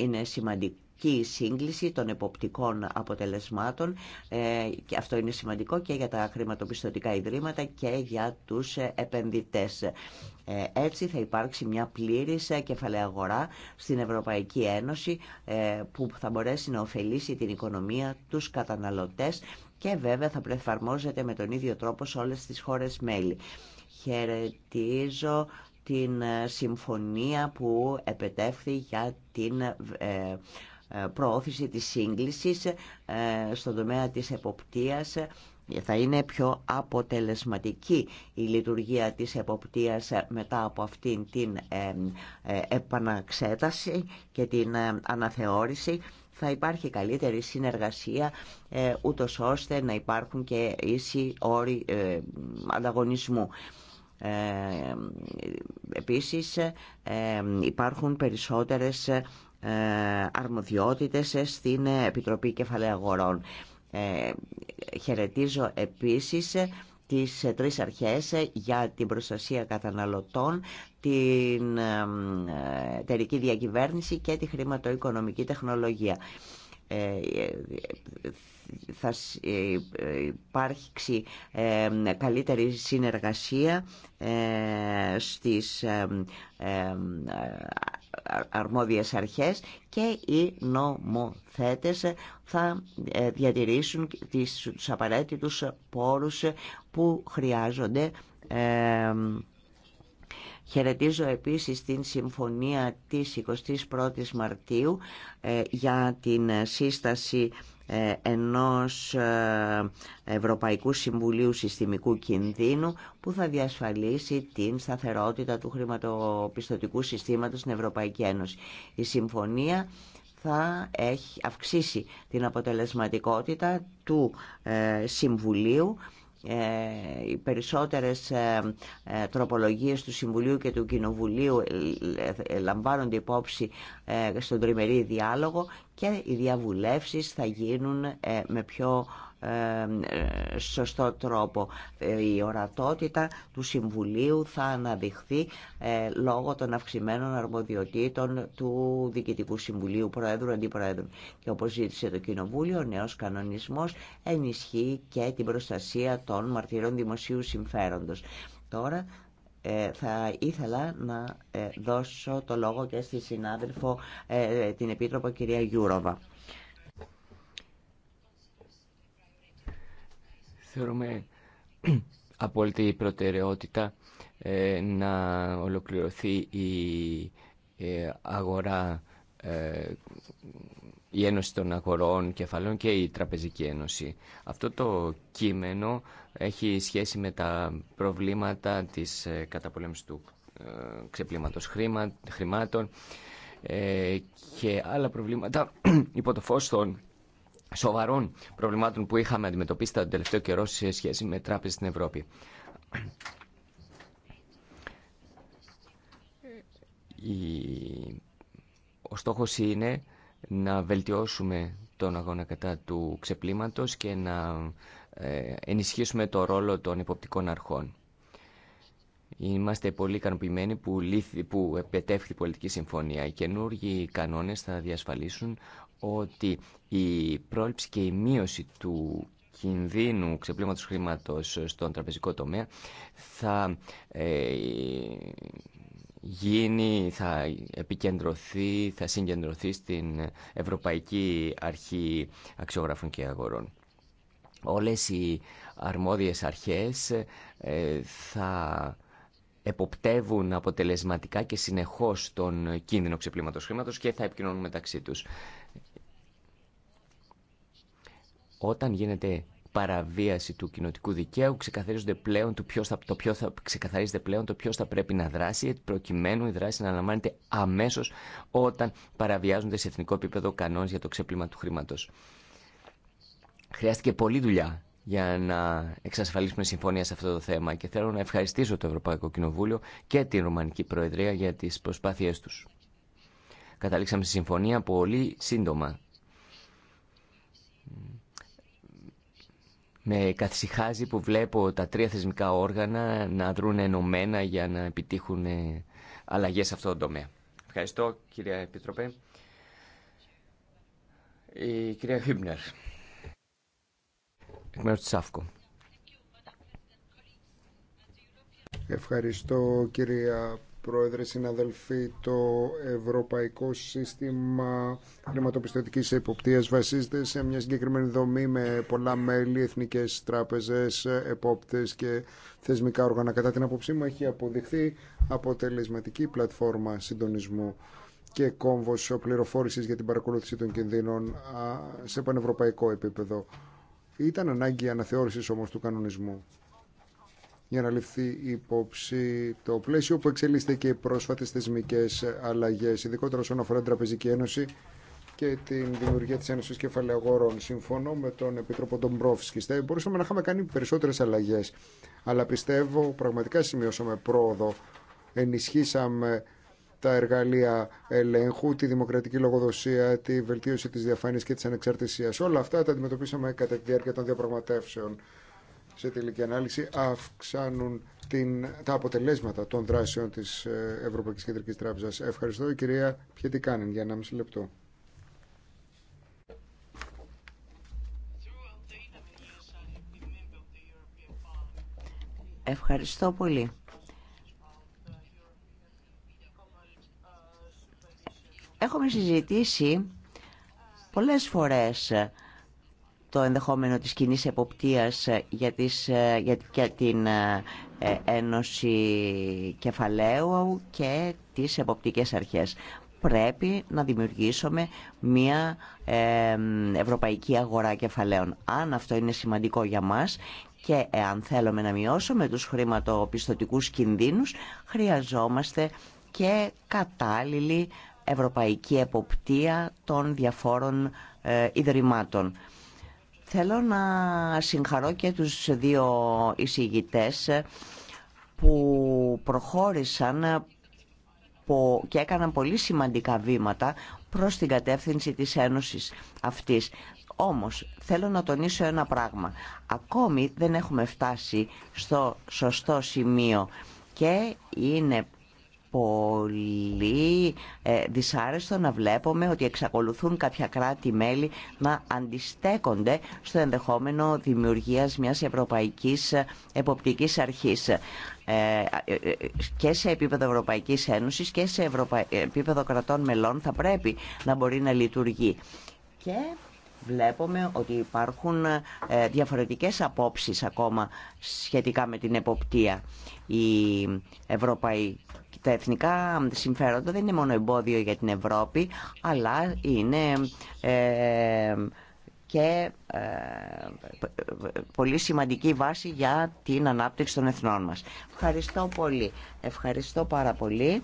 Είναι σημαντικό και η σύγκληση των εποπτικών αποτελεσμάτων ε, και αυτό είναι σημαντικό και για τα χρηματοπιστωτικά ιδρύματα και για τους επενδυτές. Ε, έτσι θα υπάρξει μια πλήρης κεφαλαία αγορά στην Ευρωπαϊκή Ένωση ε, που θα μπορέσει να ωφελήσει την οικονομία, τους καταναλωτές και βέβαια θα προεφαρμόζεται με τον ίδιο τρόπο σε όλες τις χώρες μέλη. Χαιρετίζω την συμφωνία που επετεύχθη για την προώθηση της σύγκλησης ε, στον τομέα της εποπτείας θα είναι πιο αποτελεσματική η λειτουργία της εποπτείας μετά από αυτήν την ε, ε, επαναξέταση και την αναθεώρηση θα υπάρχει καλύτερη συνεργασία ούτω ώστε να υπάρχουν και ίσοι όροι ανταγωνισμού. Επίσης υπάρχουν περισσότερες ε, αρμοδιότητες ε, στην Επιτροπή Κεφαλαίου Αγορών. Ε, χαιρετίζω επίσης τις τρεις αρχές για την προστασία καταναλωτών, την εταιρική διακυβέρνηση και τη χρηματοοικονομική τεχνολογία. Ε, θα ε, υπάρξει καλύτερη συνεργασία ε, στις αρμόδιες αρχές και οι νομοθέτες θα διατηρήσουν τις, τους απαραίτητους πόρους που χρειάζονται Χαιρετίζω επίσης την συμφωνία της 21ης Μαρτίου ε, για την σύσταση ε, ενός ε, Ευρωπαϊκού Συμβουλίου Συστημικού Κινδύνου που θα διασφαλίσει την σταθερότητα του χρηματοπιστωτικού συστήματος στην Ευρωπαϊκή Ένωση. Η συμφωνία θα έχει αυξήσει την αποτελεσματικότητα του Συμβουλίου ε, οι περισσότερες ε, ε, τροπολογίες του Συμβουλίου και του Κοινοβουλίου λαμβάνονται υπόψη στον τριμερή διάλογο και οι διαβουλεύσεις θα γίνουν με πιο ε, σωστό τρόπο. Ε, η ορατότητα του Συμβουλίου θα αναδειχθεί ε, λόγω των αυξημένων αρμοδιοτήτων του Διοικητικού Συμβουλίου Προέδρου Αντιπροέδρου. Και όπως ζήτησε το Κοινοβούλιο, ο νέος κανονισμός ενισχύει και την προστασία των μαρτυρών δημοσίου συμφέροντος. Τώρα θα ήθελα να δώσω το λόγο και στη συνάδελφο την Επίτροπο κυρία Γιούροβα. Θεωρούμε απόλυτη προτεραιότητα ε, να ολοκληρωθεί η ε, αγορά, ε, η Ένωση των Αγορών Κεφαλών και η Τραπεζική Ένωση. Αυτό το κείμενο έχει σχέση με τα προβλήματα της καταπολέμησης του ξεπλήματος χρημάτων και άλλα προβλήματα υπό το φως των σοβαρών προβλημάτων που είχαμε αντιμετωπίσει τον τελευταίο καιρό σε σχέση με τράπεζες στην Ευρώπη. Ο στόχος είναι να βελτιώσουμε τον αγώνα κατά του ξεπλήματος και να ε, ενισχύσουμε το ρόλο των υποπτικών αρχών. Είμαστε πολύ ικανοποιημένοι που, λύθη, που η πολιτική συμφωνία. Οι καινούργιοι κανόνες θα διασφαλίσουν ότι η πρόληψη και η μείωση του κινδύνου ξεπλήματος χρήματος στον τραπεζικό τομέα θα ε, γίνει, θα επικεντρωθεί, θα συγκεντρωθεί στην Ευρωπαϊκή Αρχή Αξιογράφων και Αγορών. Όλες οι αρμόδιες αρχές ε, θα εποπτεύουν αποτελεσματικά και συνεχώς τον κίνδυνο ξεπλήματος χρήματος και θα επικοινωνούν μεταξύ τους. Όταν γίνεται παραβίαση του κοινοτικού δικαίου, ξεκαθαρίζονται πλέον το θα, το ποιο θα, ξεκαθαρίζεται πλέον το ποιο θα πρέπει να δράσει, προκειμένου η δράση να αναμάνεται αμέσω όταν παραβιάζονται σε εθνικό επίπεδο κανόνε για το ξέπλυμα του χρήματο. Χρειάστηκε πολλή δουλειά για να εξασφαλίσουμε συμφωνία σε αυτό το θέμα και θέλω να ευχαριστήσω το Ευρωπαϊκό Κοινοβούλιο και την Ρουμανική Προεδρία για τις προσπάθειές τους. Καταλήξαμε στη συμφωνία πολύ σύντομα Με καθησυχάζει που βλέπω τα τρία θεσμικά όργανα να δρούν ενωμένα για να επιτύχουν ε, αλλαγές σε αυτό το τομέα. Ευχαριστώ κυρία Επιτροπέ. Η κυρία Χίμπνερ, εκ μέρους της ΑΦΚΟ. Ευχαριστώ κυρία Πρόεδρε, συναδελφοί, το Ευρωπαϊκό Σύστημα χρηματοπιστωτική Εποπτεία βασίζεται σε μια συγκεκριμένη δομή με πολλά μέλη, εθνικέ τράπεζε, επόπτες και θεσμικά όργανα. Κατά την απόψή μου έχει αποδειχθεί αποτελεσματική πλατφόρμα συντονισμού και κόμβο πληροφόρηση για την παρακολούθηση των κινδύνων σε πανευρωπαϊκό επίπεδο. Ήταν ανάγκη αναθεώρηση όμω του κανονισμού για να ληφθεί υπόψη το πλαίσιο που εξελίσσεται και οι πρόσφατες θεσμικές αλλαγές, ειδικότερα όσον αφορά την Τραπεζική Ένωση και την δημιουργία της Ένωσης Κεφαλαίου Αγορών. Συμφωνώ με τον Επίτροπο Ντομπρόφσκι. Μπορούσαμε να είχαμε κάνει περισσότερες αλλαγές, αλλά πιστεύω πραγματικά σημειώσαμε πρόοδο. Ενισχύσαμε τα εργαλεία ελέγχου, τη δημοκρατική λογοδοσία, τη βελτίωση της διαφάνειας και της ανεξαρτησίας. Όλα αυτά τα αντιμετωπίσαμε κατά τη διάρκεια των διαπραγματεύσεων σε τελική ανάλυση αυξάνουν την, τα αποτελέσματα των δράσεων της ε, Ευρωπαϊκής Κεντρικής Τράπεζας. Ευχαριστώ η κυρία Πιέτη για ένα μισή λεπτό. Ευχαριστώ πολύ. Έχουμε συζητήσει πολλές φορές το ενδεχόμενο της κοινή εποπτείας ε, για, τις, ε, για, την ε, Ένωση Κεφαλαίου και τις εποπτικές αρχές. Πρέπει να δημιουργήσουμε μια ευρωπαϊκή αγορά κεφαλαίων. Αν αυτό είναι σημαντικό για μας και αν θέλουμε να μειώσουμε τους χρηματοπιστωτικούς κινδύνους, χρειαζόμαστε και κατάλληλη ευρωπαϊκή εποπτεία των διαφόρων ιδρυμάτων. Θέλω να συγχαρώ και τους δύο εισηγητές που προχώρησαν και έκαναν πολύ σημαντικά βήματα προς την κατεύθυνση της Ένωσης αυτής. Όμως θέλω να τονίσω ένα πράγμα. Ακόμη δεν έχουμε φτάσει στο σωστό σημείο και είναι πολύ ε, δυσάρεστο να βλέπουμε ότι εξακολουθούν κάποια κράτη-μέλη να αντιστέκονται στο ενδεχόμενο δημιουργίας μιας ευρωπαϊκής εποπτικής αρχής ε, ε, και σε επίπεδο Ευρωπαϊκής Ένωσης και σε επίπεδο κρατών μελών θα πρέπει να μπορεί να λειτουργεί βλέπουμε ότι υπάρχουν ε, διαφορετικές απόψεις ακόμα σχετικά με την εποπτεία. Η ευρωπαϊκή Τα εθνικά συμφέροντα δεν είναι μόνο εμπόδιο για την Ευρώπη, αλλά είναι ε, και ε, πολύ σημαντική βάση για την ανάπτυξη των εθνών μας. Ευχαριστώ πολύ. Ευχαριστώ πάρα πολύ.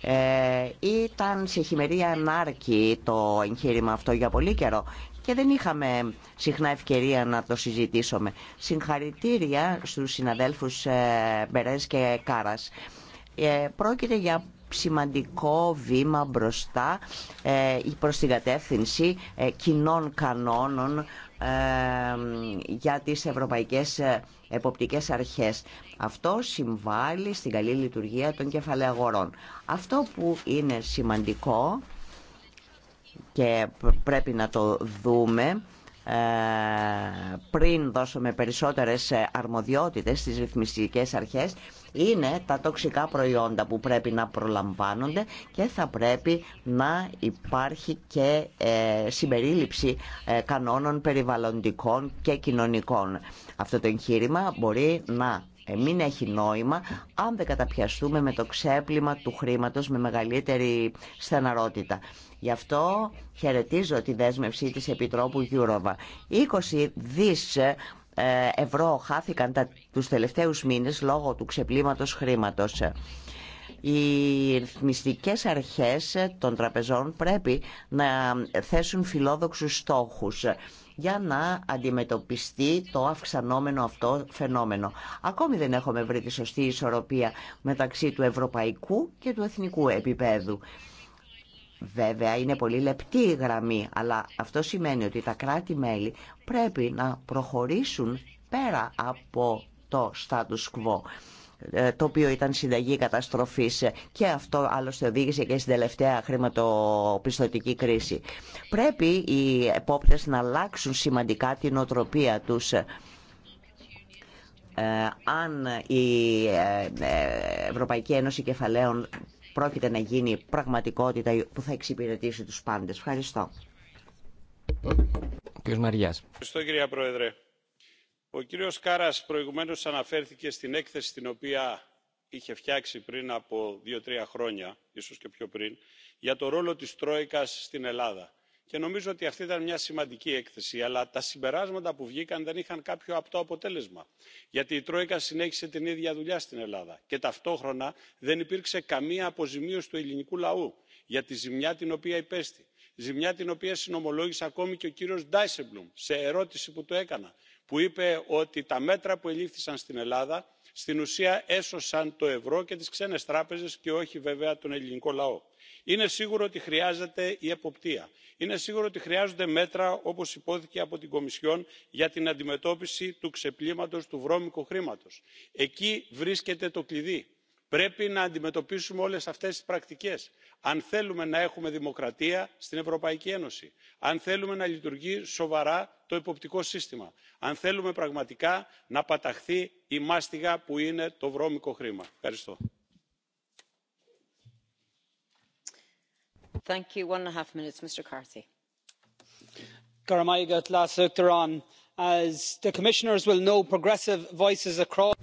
Ε, ήταν σε χειμερία ανάρκη το εγχείρημα αυτό για πολύ καιρό και δεν είχαμε συχνά ευκαιρία να το συζητήσουμε. Συγχαρητήρια στους συναδέλφους ε, Μπερές και Κάρας. Ε, πρόκειται για σημαντικό βήμα μπροστά ε, προς την κατεύθυνση κοινών κανόνων για τις ευρωπαϊκές εποπτικές αρχές. Αυτό συμβάλλει στην καλή λειτουργία των κεφαλαίων αγορών. Αυτό που είναι σημαντικό και πρέπει να το δούμε ε, πριν δώσουμε περισσότερες ε, αρμοδιότητες στις ρυθμιστικές αρχές είναι τα τοξικά προϊόντα που πρέπει να προλαμβάνονται και θα πρέπει να υπάρχει και ε, συμπερίληψη κανόνων περιβαλλοντικών και κοινωνικών. Αυτό το εγχείρημα μπορεί να ε, μην έχει νόημα αν δεν καταπιαστούμε με το ξέπλυμα του χρήματος με μεγαλύτερη στεναρότητα. Γι' αυτό χαιρετίζω τη δέσμευση της Επιτρόπου Γιούροβα. 20 δις ε, ευρώ χάθηκαν τα, τους τελευταίους μήνες λόγω του ξεπλήματος χρήματος. Οι ρυθμιστικές αρχές των τραπεζών πρέπει να θέσουν φιλόδοξους στόχους για να αντιμετωπιστεί το αυξανόμενο αυτό φαινόμενο. Ακόμη δεν έχουμε βρει τη σωστή ισορροπία μεταξύ του ευρωπαϊκού και του εθνικού επίπεδου. Βέβαια είναι πολύ λεπτή η γραμμή, αλλά αυτό σημαίνει ότι τα κράτη-μέλη πρέπει να προχωρήσουν πέρα από το status quo. Ε, το οποίο ήταν συνταγή καταστροφής και αυτό άλλωστε οδήγησε και στην τελευταία χρηματοπιστωτική κρίση. Πρέπει οι επόπτες να αλλάξουν σημαντικά την οτροπία τους. Ε, αν η ε, Ευρωπαϊκή Ένωση Κεφαλαίων πρόκειται να γίνει πραγματικότητα που θα εξυπηρετήσει τους πάντες. Ευχαριστώ. Ο Μαριάς. Ευχαριστώ Πρόεδρε ο κύριος κάρας προηγουμένως αναφέρθηκε στην έκθεση την οποία είχε φτιάξει πριν από δύο τρία χρόνια ίσως και πιο πριν για το ρόλο της τρόικας στην ελλάδα και νομίζω ότι αυτή ήταν μια σημαντική έκθεση αλλά τα συμπεράσματα που βγήκαν δεν είχαν κάποιο απτό αποτέλεσμα γιατί η τρόικα συνέχισε την ίδια δουλειά στην ελλάδα και ταυτόχρονα δεν υπήρξε καμία αποζημίωση του ελληνικού λαού για τη ζημιά την οποία υπέστη ζημιά την οποία συνομολόγησε ακόμη και ο κύριος Ντάισεμπλουμ σε ερώτηση που του έκανα που είπε ότι τα μέτρα που ελήφθησαν στην ελλάδα στην ουσία έσωσαν το ευρώ και τις ξένες τράπεζες και όχι βέβαια τον ελληνικό λαό. είναι σίγουρο ότι χρειάζεται η εποπτεία είναι σίγουρο ότι χρειάζονται μέτρα όπως υπόθηκε από την κομισιόν για την αντιμετώπιση του ξεπλήματος του βρώμικου χρήματος. εκεί βρίσκεται το κλειδί πρέπει να αντιμετωπίσουμε όλες αυτές τις πρακτικές αν θέλουμε να έχουμε δημοκρατία στην ευρωπαϊκή ένωση αν θέλουμε να λειτουργεί σοβαρά το υποπτικό σύστημα αν θέλουμε πραγματικά να παταχθεί η μάστιγα που είναι το βρώμικο χρήμα. ευχαριστώ.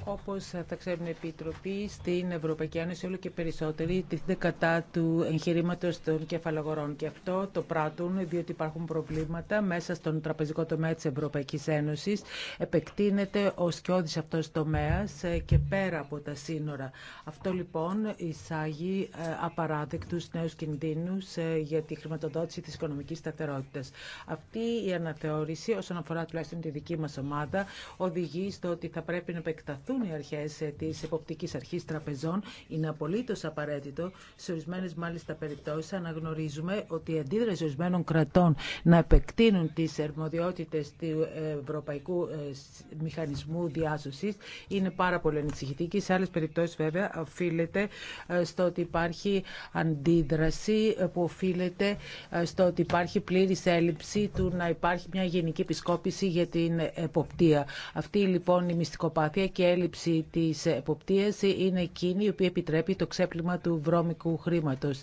Όπω θα ξέρουν οι Επιτροποί, στην Ευρωπαϊκή Ένωση όλο και περισσότεροι τίθενται κατά του εγχειρήματο των κεφαλαγορών. Και αυτό το πράττουν διότι υπάρχουν προβλήματα μέσα στον τραπεζικό τομέα τη Ευρωπαϊκή Ένωση, Επεκτείνεται ο σκιώδης αυτό τομέα ε, και πέρα από τα σύνορα. Αυτό λοιπόν εισάγει ε, απαράδεκτους νέου κινδύνου ε, για τη χρηματοδότηση τη οικονομική σταθερότητα. Αυτή η αναθεώρηση όσον αφορά τουλάχιστον τη δική μας ομάδα οδηγεί στο ότι θα πρέπει να επεκταθούν οι αρχές ε, της εποπτικής αρχής τραπεζών. Είναι απολύτω απαραίτητο. Σε ορισμένες μάλιστα περιπτώσεις αναγνωρίζουμε ότι η αντίδραση ορισμένων κρατών να επεκτείνουν τις ερμοδιότητες του ε, Ευρωπαϊκού ε, Μηχανισμού Διάσωσης είναι πάρα πολύ ανησυχητική. Σε άλλες περιπτώσεις βέβαια οφείλεται στο ότι υπάρχει αντίδραση που οφείλεται στο ότι υπάρχει πλήρης έλλειψη του να υπάρχει μια γενική επισκόπηση την εποπτεία. Αυτή λοιπόν η μυστικοπάθεια και η έλλειψη της εποπτείας είναι εκείνη η οποία επιτρέπει το ξέπλυμα του βρώμικου χρήματος.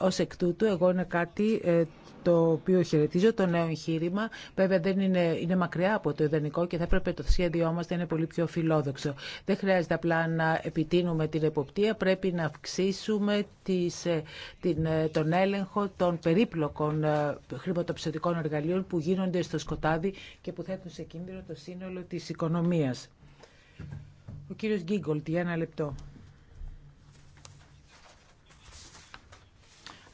Ως εκ τούτου, εγώ είναι κάτι ε, το οποίο χαιρετίζω, το νέο εγχείρημα. Βέβαια δεν είναι, είναι μακριά από το ιδανικό και θα έπρεπε το σχέδιό μας να είναι πολύ πιο φιλόδοξο. Δεν χρειάζεται απλά να επιτείνουμε την εποπτεία, πρέπει να αυξήσουμε τις, ε, την, ε, τον έλεγχο των περίπλοκων ε, χρηματοπιστωτικών εργαλείων που γίνονται στο σκοτάδι και που θέτουν σε κίνδυνο το σύνολο της οικονομίας. Ο κύριος Γκίγκολτ, για ένα λεπτό.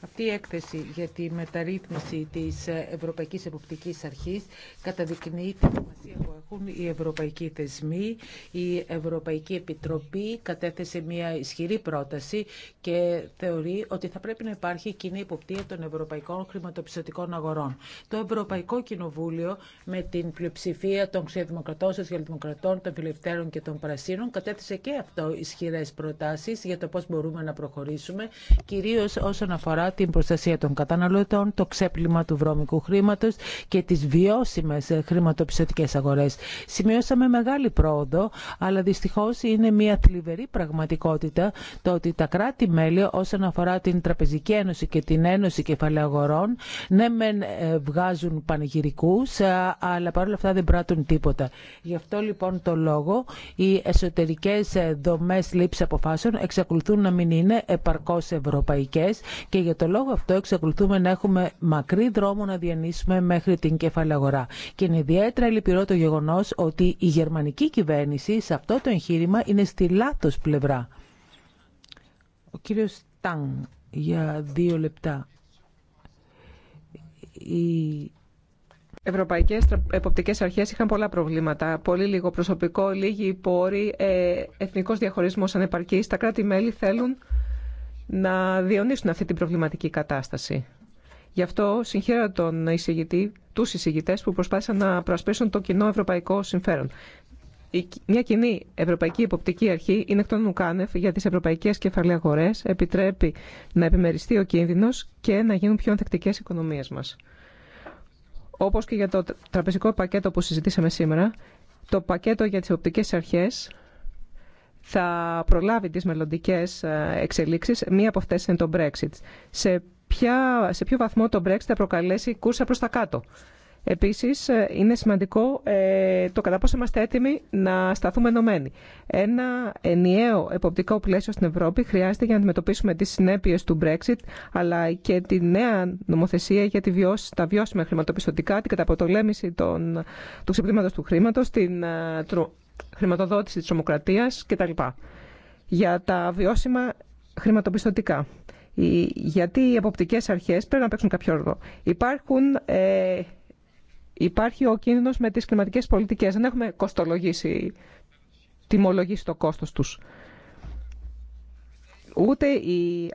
Αυτή η έκθεση για τη μεταρρύθμιση της Ευρωπαϊκής Εποπτικής Αρχής καταδεικνύει τη σημασία που έχουν οι ευρωπαϊκοί θεσμοί. Η Ευρωπαϊκή Επιτροπή κατέθεσε μια ισχυρή πρόταση και θεωρεί ότι θα πρέπει να υπάρχει κοινή υποπτία των ευρωπαϊκών χρηματοπιστωτικών αγορών. Το Ευρωπαϊκό Κοινοβούλιο με την πλειοψηφία των ξεδημοκρατών, σοσιαλδημοκρατών, των φιλελευθέρων και των πρασίνων κατέθεσε και αυτό ισχυρέ προτάσεις για το πώς μπορούμε να προχωρήσουμε, κυρίως όσον αφορά την προστασία των καταναλωτών, το ξέπλυμα του βρώμικου χρήματο και τι βιώσιμε χρηματοπιστωτικέ αγορέ. Σημειώσαμε μεγάλη πρόοδο, αλλά δυστυχώ είναι μια θλιβερή πραγματικότητα το ότι τα κράτη-μέλη όσον αφορά την Τραπεζική Ένωση και την Ένωση Κεφαλαίου Αγορών, ναι μεν ε, βγάζουν πανηγυρικού, ε, αλλά παρόλα αυτά δεν πράττουν τίποτα. Γι' αυτό λοιπόν το λόγο οι εσωτερικέ ε, δομέ λήψη αποφάσεων εξακολουθούν να μην είναι επαρκώ ευρωπαϊκέ και για για το λόγο αυτό εξακολουθούμε να έχουμε μακρύ δρόμο να διανύσουμε μέχρι την κεφαλαγορά. Και είναι ιδιαίτερα λυπηρό το γεγονό ότι η γερμανική κυβέρνηση σε αυτό το εγχείρημα είναι στη λάθο πλευρά. Ο κύριος Τάν για δύο λεπτά. Οι ευρωπαϊκές εποπτικές αρχές είχαν πολλά προβλήματα. Πολύ λίγο προσωπικό, λίγοι πόροι, ε, εθνικός διαχωρισμός ανεπαρκής. Τα κράτη-μέλη θέλουν να διονύσουν αυτή την προβληματική κατάσταση. Γι' αυτό συγχαίρω τον εισηγητή, τους εισηγητές που προσπάθησαν να προασπίσουν το κοινό ευρωπαϊκό συμφέρον. Μια κοινή Ευρωπαϊκή Υποπτική Αρχή είναι εκ των Ουκάνευ για τι ευρωπαϊκέ κεφαλαίε αγορέ, επιτρέπει να επιμεριστεί ο κίνδυνο και να γίνουν πιο ανθεκτικέ οικονομίες οικονομίε μα. Όπω και για το τραπεζικό πακέτο που συζητήσαμε σήμερα, το πακέτο για τι υποπτικέ αρχέ θα προλάβει τις μελλοντικέ ε, εξελίξεις. Μία από αυτές είναι το Brexit. Σε, ποια, σε ποιο βαθμό το Brexit θα προκαλέσει κούρσα προς τα κάτω. Επίσης, ε, είναι σημαντικό ε, το κατά πόσο είμαστε έτοιμοι να σταθούμε ενωμένοι. Ένα ενιαίο εποπτικό πλαίσιο στην Ευρώπη χρειάζεται για να αντιμετωπίσουμε τις συνέπειες του Brexit, αλλά και τη νέα νομοθεσία για τα βιώσιμα χρηματοπιστωτικά, την καταποτολέμηση του ξεπλήματος του χρήματος, την, ε, χρηματοδότηση της τα κτλ. Για τα βιώσιμα χρηματοπιστωτικά. Γιατί οι εποπτικές αρχές πρέπει να παίξουν κάποιο ρόλο. Υπάρχουν, ε, υπάρχει ο κίνδυνος με τις κλιματικές πολιτικές. Δεν έχουμε κοστολογήσει, τιμολογήσει το κόστος τους. Ούτε οι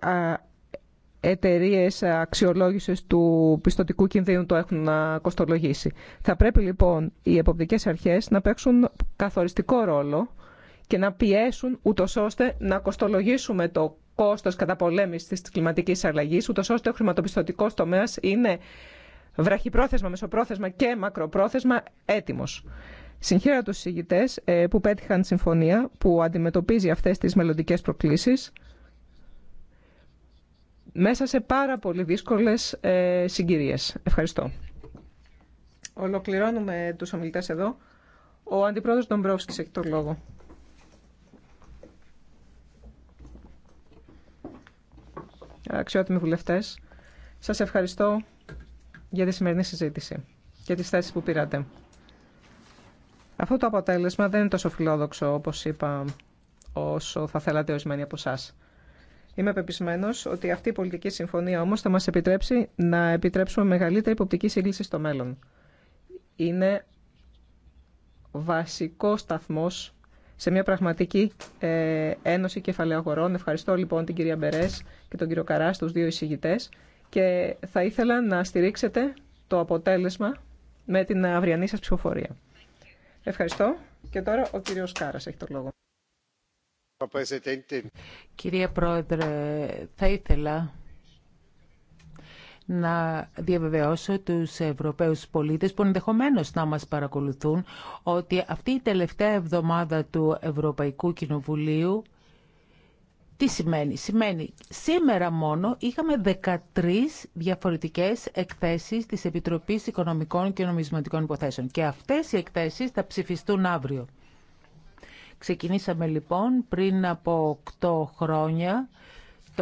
εταιρείε αξιολόγηση του πιστοτικού κινδύνου το έχουν κοστολογήσει. Θα πρέπει λοιπόν οι εποπτικέ αρχέ να παίξουν καθοριστικό ρόλο και να πιέσουν ούτω ώστε να κοστολογήσουμε το κόστος καταπολέμησης τη κλιματική αλλαγή, ούτω ώστε ο χρηματοπιστωτικό τομέα είναι βραχυπρόθεσμα, μεσοπρόθεσμα και μακροπρόθεσμα έτοιμο. Συγχαίρω τους συζητητές ε, που πέτυχαν συμφωνία που αντιμετωπίζει αυτές τις μελλοντικέ προκλήσεις μέσα σε πάρα πολύ δύσκολες ε, συγκυρίες. Ευχαριστώ. Ολοκληρώνουμε τους ομιλητές εδώ. Ο Αντιπρόεδρος Ντομπρόφσκης έχει το λόγο. Αξιότιμοι βουλευτές, σας ευχαριστώ για τη σημερινή συζήτηση και τις θέσεις που πήρατε. Αυτό το αποτέλεσμα δεν είναι τόσο φιλόδοξο, όπως είπα, όσο θα θέλατε ορισμένοι από εσάς. Είμαι πεπισμένο ότι αυτή η πολιτική συμφωνία όμω θα μα επιτρέψει να επιτρέψουμε μεγαλύτερη υποπτική σύγκληση στο μέλλον. Είναι βασικό σταθμό σε μια πραγματική ε, ένωση κεφαλαίων Ευχαριστώ λοιπόν την κυρία Μπερέ και τον κύριο Καρά, του δύο εισηγητέ. Και θα ήθελα να στηρίξετε το αποτέλεσμα με την αυριανή σας ψηφοφορία. Ευχαριστώ. Και τώρα ο κύριος Κάρας έχει το λόγο. Κυρία Πρόεδρε, θα ήθελα να διαβεβαιώσω τους Ευρωπαίους πολίτες που ενδεχομένως να μας παρακολουθούν ότι αυτή η τελευταία εβδομάδα του Ευρωπαϊκού Κοινοβουλίου τι σημαίνει. Σημαίνει σήμερα μόνο είχαμε 13 διαφορετικές εκθέσεις της Επιτροπής Οικονομικών και Νομισματικών Υποθέσεων και αυτές οι εκθέσεις θα ψηφιστούν αύριο. Ξεκινήσαμε λοιπόν πριν από 8 χρόνια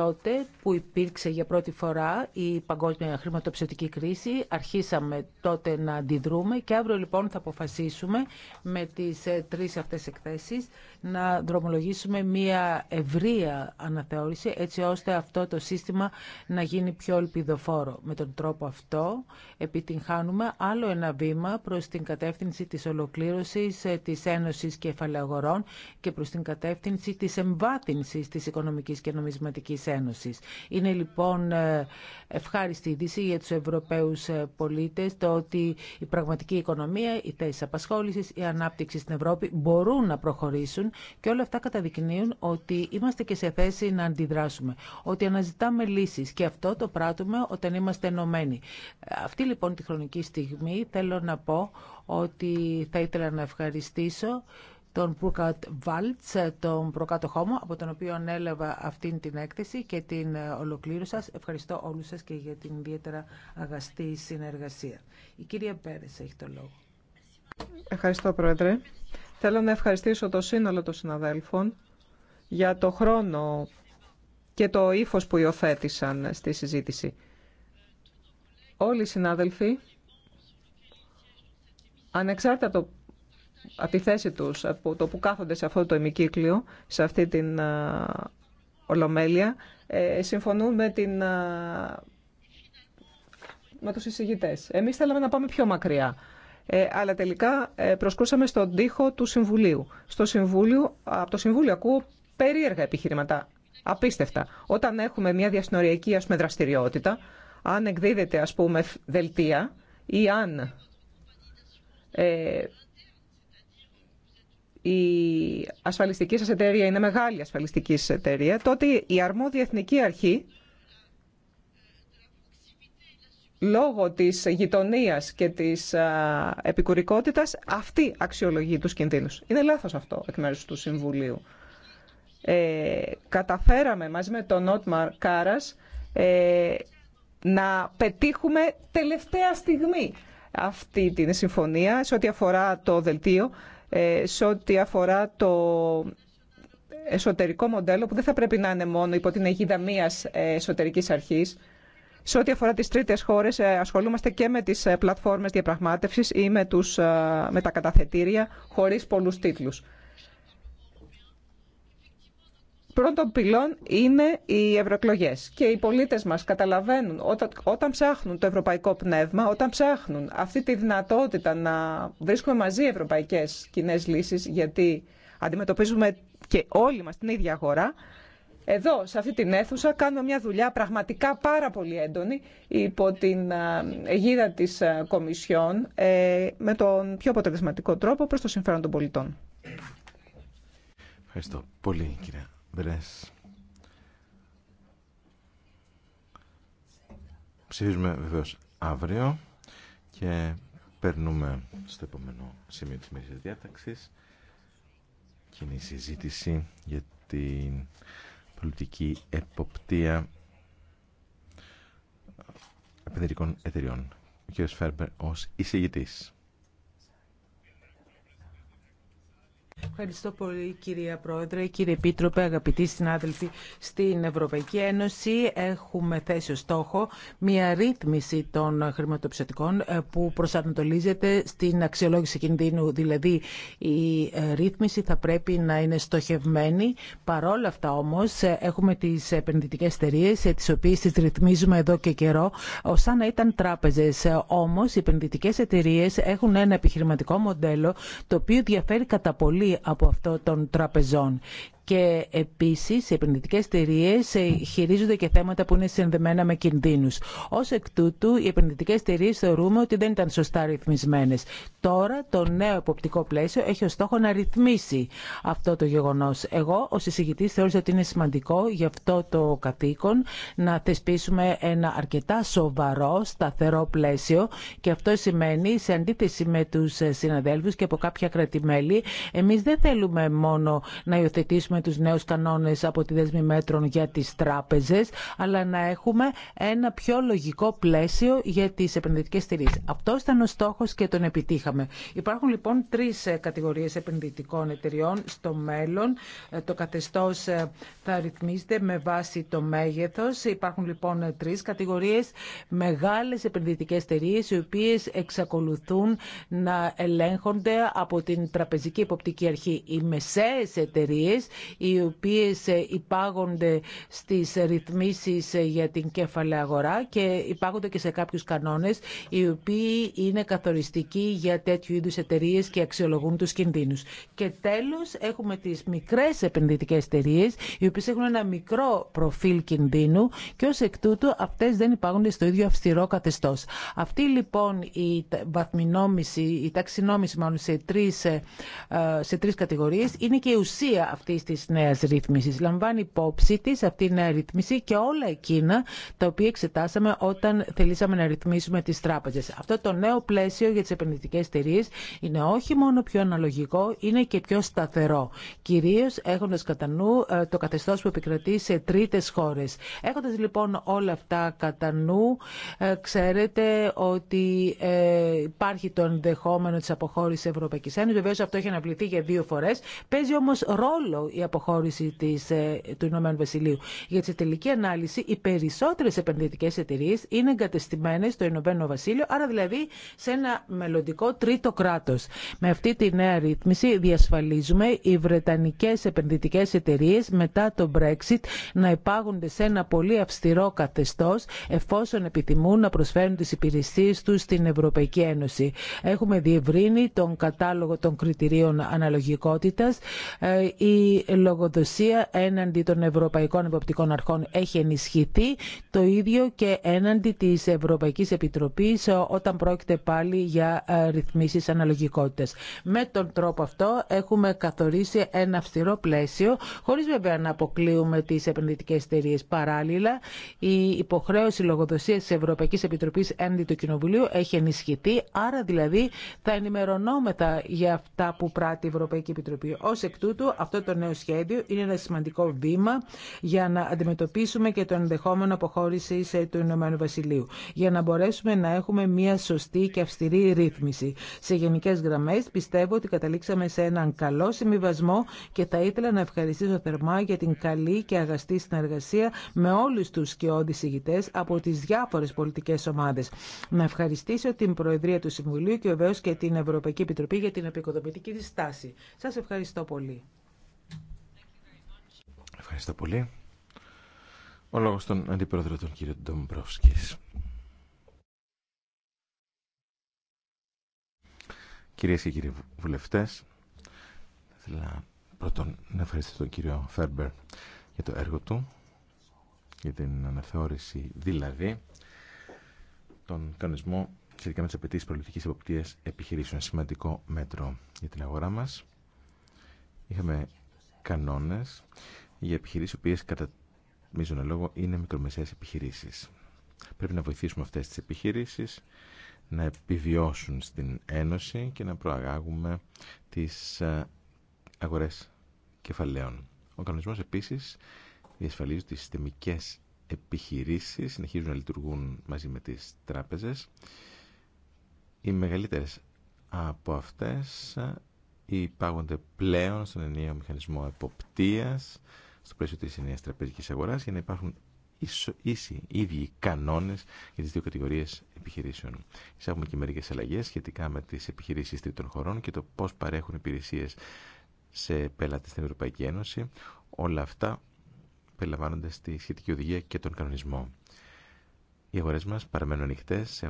τότε που υπήρξε για πρώτη φορά η παγκόσμια χρηματοπιστωτική κρίση. Αρχίσαμε τότε να αντιδρούμε και αύριο λοιπόν θα αποφασίσουμε με τις ε, τρεις αυτές εκθέσεις να δρομολογήσουμε μια ευρεία αναθεώρηση έτσι ώστε αυτό το σύστημα να γίνει πιο ελπιδοφόρο. Με τον τρόπο αυτό επιτυγχάνουμε άλλο ένα βήμα προς την κατεύθυνση της ολοκλήρωσης ε, της Ένωσης Κεφαλαίου και προς την κατεύθυνση της εμβάθυνσης της Οικονομικής και Νομισματικής είναι λοιπόν ε, ευχάριστη είδηση για του Ευρωπαίους ε, πολίτες το ότι η πραγματική οικονομία, οι θέσει απασχόληση, η ανάπτυξη στην Ευρώπη μπορούν να προχωρήσουν και όλα αυτά καταδεικνύουν ότι είμαστε και σε θέση να αντιδράσουμε, ότι αναζητάμε λύσεις και αυτό το πράττουμε όταν είμαστε ενωμένοι. Αυτή λοιπόν τη χρονική στιγμή θέλω να πω ότι θα ήθελα να ευχαριστήσω τον Προύκατ Βάλτς, τον προκάτοχό μου, από τον οποίο ανέλαβα αυτήν την έκθεση και την ε, ολοκλήρωσα. Ευχαριστώ όλους σας και για την ιδιαίτερα αγαστή συνεργασία. Η κυρία Πέρες έχει το λόγο. Ευχαριστώ, Πρόεδρε. Θέλω να ευχαριστήσω το σύνολο των συναδέλφων για το χρόνο και το ύφος που υιοθέτησαν στη συζήτηση. Όλοι οι συνάδελφοι, ανεξάρτητα το από τη θέση τους, από το που κάθονται σε αυτό το ημικύκλιο, σε αυτή την ολομέλεια, ε, συμφωνούν με, την, με τους εισηγητές. Εμείς θέλαμε να πάμε πιο μακριά. Ε, αλλά τελικά ε, προσκούσαμε στον τοίχο του Συμβουλίου. Στο Συμβούλιο, από το Συμβούλιο ακούω περίεργα επιχειρηματά, απίστευτα. Όταν έχουμε μια διασυνοριακή ας δραστηριότητα, αν εκδίδεται ας πούμε δελτία ή αν ε, η ασφαλιστική σας εταιρεία είναι μεγάλη ασφαλιστική εταιρεία, τότε η αρμόδια εθνική αρχή, λόγω της γειτονία και της επικουρικότητας, αυτή αξιολογεί τους κινδύνους. Είναι λάθος αυτό εκ μέρους του Συμβουλίου. Ε, καταφέραμε μαζί με τον Νότμαρ Κάρας ε, να πετύχουμε τελευταία στιγμή αυτή την συμφωνία σε ό,τι αφορά το δελτίο ε, σε ό,τι αφορά το εσωτερικό μοντέλο που δεν θα πρέπει να είναι μόνο υπό την αιγίδα μίας ε, εσωτερικής αρχής. Σε ό,τι αφορά τις τρίτες χώρες ε, ασχολούμαστε και με τις πλατφόρμες διαπραγμάτευσης ή με, τους, με τα καταθετήρια χωρίς πολλούς τίτλους πρώτων πυλών είναι οι ευρωεκλογέ. Και οι πολίτες μας καταλαβαίνουν όταν, όταν ψάχνουν το ευρωπαϊκό πνεύμα, όταν ψάχνουν αυτή τη δυνατότητα να βρίσκουμε μαζί ευρωπαϊκές κοινέ λύσεις, γιατί αντιμετωπίζουμε και όλοι μας την ίδια αγορά, εδώ, σε αυτή την αίθουσα, κάνουμε μια δουλειά πραγματικά πάρα πολύ έντονη υπό την αιγίδα της Κομισιόν ε, με τον πιο αποτελεσματικό τρόπο προς το συμφέρον των πολιτών. Ευχαριστώ πολύ, Βρες, Ψηφίζουμε βεβαίως αύριο και περνούμε στο επόμενο σημείο της μέσης διάταξης και είναι η συζήτηση για την πολιτική εποπτεία επενδυτικών εταιριών. Ο κ. Φέρμπερ ως εισηγητής. Ευχαριστώ πολύ κυρία Πρόεδρε, κύριε Επίτροπε, αγαπητοί συνάδελφοι. Στην Ευρωπαϊκή Ένωση έχουμε θέσει ως στόχο μια ρύθμιση των χρηματοπιστωτικών ε, που προσανατολίζεται στην αξιολόγηση κινδύνου. Δηλαδή η ε, ρύθμιση θα πρέπει να είναι στοχευμένη. Παρόλα αυτά όμως ε, έχουμε τις επενδυτικές εταιρείε, τις οποίες τις ρυθμίζουμε εδώ και καιρό ως να ήταν τράπεζες. Όμως οι επενδυτικές εταιρείε έχουν ένα επιχειρηματικό μοντέλο το οποίο διαφέρει κατά πολύ από αυτό των τραπεζών και επίσης οι επενδυτικές εταιρείε ε, χειρίζονται και θέματα που είναι συνδεμένα με κινδύνους. Ως εκ τούτου οι επενδυτικές εταιρείε θεωρούμε ότι δεν ήταν σωστά ρυθμισμένες. Τώρα το νέο εποπτικό πλαίσιο έχει ως στόχο να ρυθμίσει αυτό το γεγονός. Εγώ ως εισηγητής θεώρησα ότι είναι σημαντικό γι' αυτό το καθήκον να θεσπίσουμε ένα αρκετά σοβαρό, σταθερό πλαίσιο και αυτό σημαίνει σε αντίθεση με τους συναδέλφου και από κάποια κρατημέλη εμείς δεν θέλουμε μόνο να υιοθετήσουμε με τους νέους κανόνες από τη δέσμη μέτρων για τις τράπεζες, αλλά να έχουμε ένα πιο λογικό πλαίσιο για τις επενδυτικές στηρίες. Αυτό ήταν ο στόχος και τον επιτύχαμε. Υπάρχουν λοιπόν τρεις ε, κατηγορίες επενδυτικών εταιριών στο μέλλον. Ε, το καθεστώς ε, θα ρυθμίζεται με βάση το μέγεθος. Υπάρχουν λοιπόν τρεις κατηγορίες μεγάλες επενδυτικές εταιρείε, οι οποίες εξακολουθούν να ελέγχονται από την Τραπεζική Υποπτική Αρχή. Οι μεσαίες εταιρείε, οι οποίες ε, υπάγονται στις ρυθμίσεις ε, για την κέφαλα αγορά και υπάγονται και σε κάποιους κανόνες οι οποίοι είναι καθοριστικοί για τέτοιου είδους εταιρείε και αξιολογούν τους κινδύνους. Και τέλος έχουμε τις μικρές επενδυτικές εταιρείε, οι οποίες έχουν ένα μικρό προφίλ κινδύνου και ως εκ τούτου αυτές δεν υπάγονται στο ίδιο αυστηρό καθεστώς. Αυτή λοιπόν η βαθμινόμηση, η ταξινόμηση μάλλον σε τρεις, ε, σε κατηγορίες είναι και η ουσία αυτής της νέας ρύθμισης. Λαμβάνει υπόψη της αυτή η νέα ρύθμιση και όλα εκείνα τα οποία εξετάσαμε όταν θελήσαμε να ρυθμίσουμε τις τράπεζες. Αυτό το νέο πλαίσιο για τις επενδυτικές εταιρείε είναι όχι μόνο πιο αναλογικό, είναι και πιο σταθερό. Κυρίως έχοντας κατά νου ε, το καθεστώς που επικρατεί σε τρίτες χώρες. Έχοντας λοιπόν όλα αυτά κατά νου, ε, ξέρετε ότι ε, υπάρχει το ενδεχόμενο της αποχώρησης Ευρωπαϊκής Ένωσης. Βεβαίω αυτό έχει αναβληθεί για δύο φορές. Παίζει όμως ρόλο η αποχώρηση της, ε, του Ηνωμένου Βασιλείου. Γιατί σε τελική ανάλυση οι περισσότερες επενδυτικές εταιρείε είναι εγκατεστημένες στο Ηνωμένο Βασίλειο, άρα δηλαδή σε ένα μελλοντικό τρίτο κράτος. Με αυτή τη νέα ρύθμιση διασφαλίζουμε οι βρετανικές επενδυτικές εταιρείε μετά το Brexit να υπάγονται σε ένα πολύ αυστηρό καθεστώς εφόσον επιθυμούν να προσφέρουν τις υπηρεσίες τους στην Ευρωπαϊκή Ένωση. Έχουμε διευρύνει τον κατάλογο των κριτηρίων αναλογικότητας. Οι ε, λογοδοσία έναντι των Ευρωπαϊκών Εποπτικών Αρχών έχει ενισχυθεί, το ίδιο και έναντι της Ευρωπαϊκής Επιτροπής όταν πρόκειται πάλι για ε, ρυθμίσεις αναλογικότητας. Με τον τρόπο αυτό έχουμε καθορίσει ένα αυστηρό πλαίσιο, χωρίς βέβαια να αποκλείουμε τις επενδυτικές εταιρείε. Παράλληλα, η υποχρέωση λογοδοσία της Ευρωπαϊκής Επιτροπής έναντι του Κοινοβουλίου έχει ενισχυθεί, άρα δηλαδή θα ενημερωνόμεθα για αυτά που πράττει η Ευρωπαϊκή Επιτροπή. Ως εκ τούτου, αυτό το νέο σχέδιο είναι ένα σημαντικό βήμα για να αντιμετωπίσουμε και το ενδεχόμενο αποχώρηση ε, του Ηνωμένου Βασιλείου. Για να μπορέσουμε να έχουμε μια σωστή και αυστηρή ρύθμιση. Σε γενικέ γραμμέ πιστεύω ότι καταλήξαμε σε έναν καλό συμβιβασμό και θα ήθελα να ευχαριστήσω θερμά για την καλή και αγαστή συνεργασία με όλου του σκιώδει ηγητέ από τι διάφορε πολιτικέ ομάδε. Να ευχαριστήσω την Προεδρία του Συμβουλίου και βεβαίω και την Ευρωπαϊκή Επιτροπή για την επικοδομητική τη στάση. Σα ευχαριστώ πολύ. Ευχαριστώ πολύ. Ο λόγος στον Αντιπρόεδρο τον κύριο Ντομπρόφσκης. Κυρίες και κύριοι βουλευτές, θα ήθελα πρώτον να ευχαριστήσω τον κύριο Φέρμπερ για το έργο του, για την αναθεώρηση δηλαδή τον κανονισμό σχετικά με τις απαιτήσει προληπτικής εποπτείας επιχειρήσεων. Σημαντικό μέτρο για την αγορά μα. Είχαμε κανόνε για επιχειρήσει οι κατά μείζωνα λόγο είναι μικρομεσαίες επιχειρήσεις. Πρέπει να βοηθήσουμε αυτές τις επιχειρήσεις να επιβιώσουν στην Ένωση και να προαγάγουμε τις ε, αγορές κεφαλαίων. Ο κανονισμός επίση διασφαλίζει ότι οι συστημικές επιχειρήσεις συνεχίζουν να λειτουργούν μαζί με τις τράπεζες. Οι μεγαλύτερε από αυτές ε, υπάγονται πλέον στον ενιαίο μηχανισμό εποπτείας στο πλαίσιο της ενιαίας τραπεζικής αγοράς για να υπάρχουν ίσοι ίδιοι κανόνες για τις δύο κατηγορίες επιχειρήσεων. Εισάγουμε και μερικές αλλαγές σχετικά με τις επιχειρήσεις τρίτων χωρών και το πώς παρέχουν υπηρεσίες σε πελάτες στην Ευρωπαϊκή Ένωση. Όλα αυτά περιλαμβάνονται στη σχετική οδηγία και τον κανονισμό. Οι αγορές μας παραμένουν ανοιχτές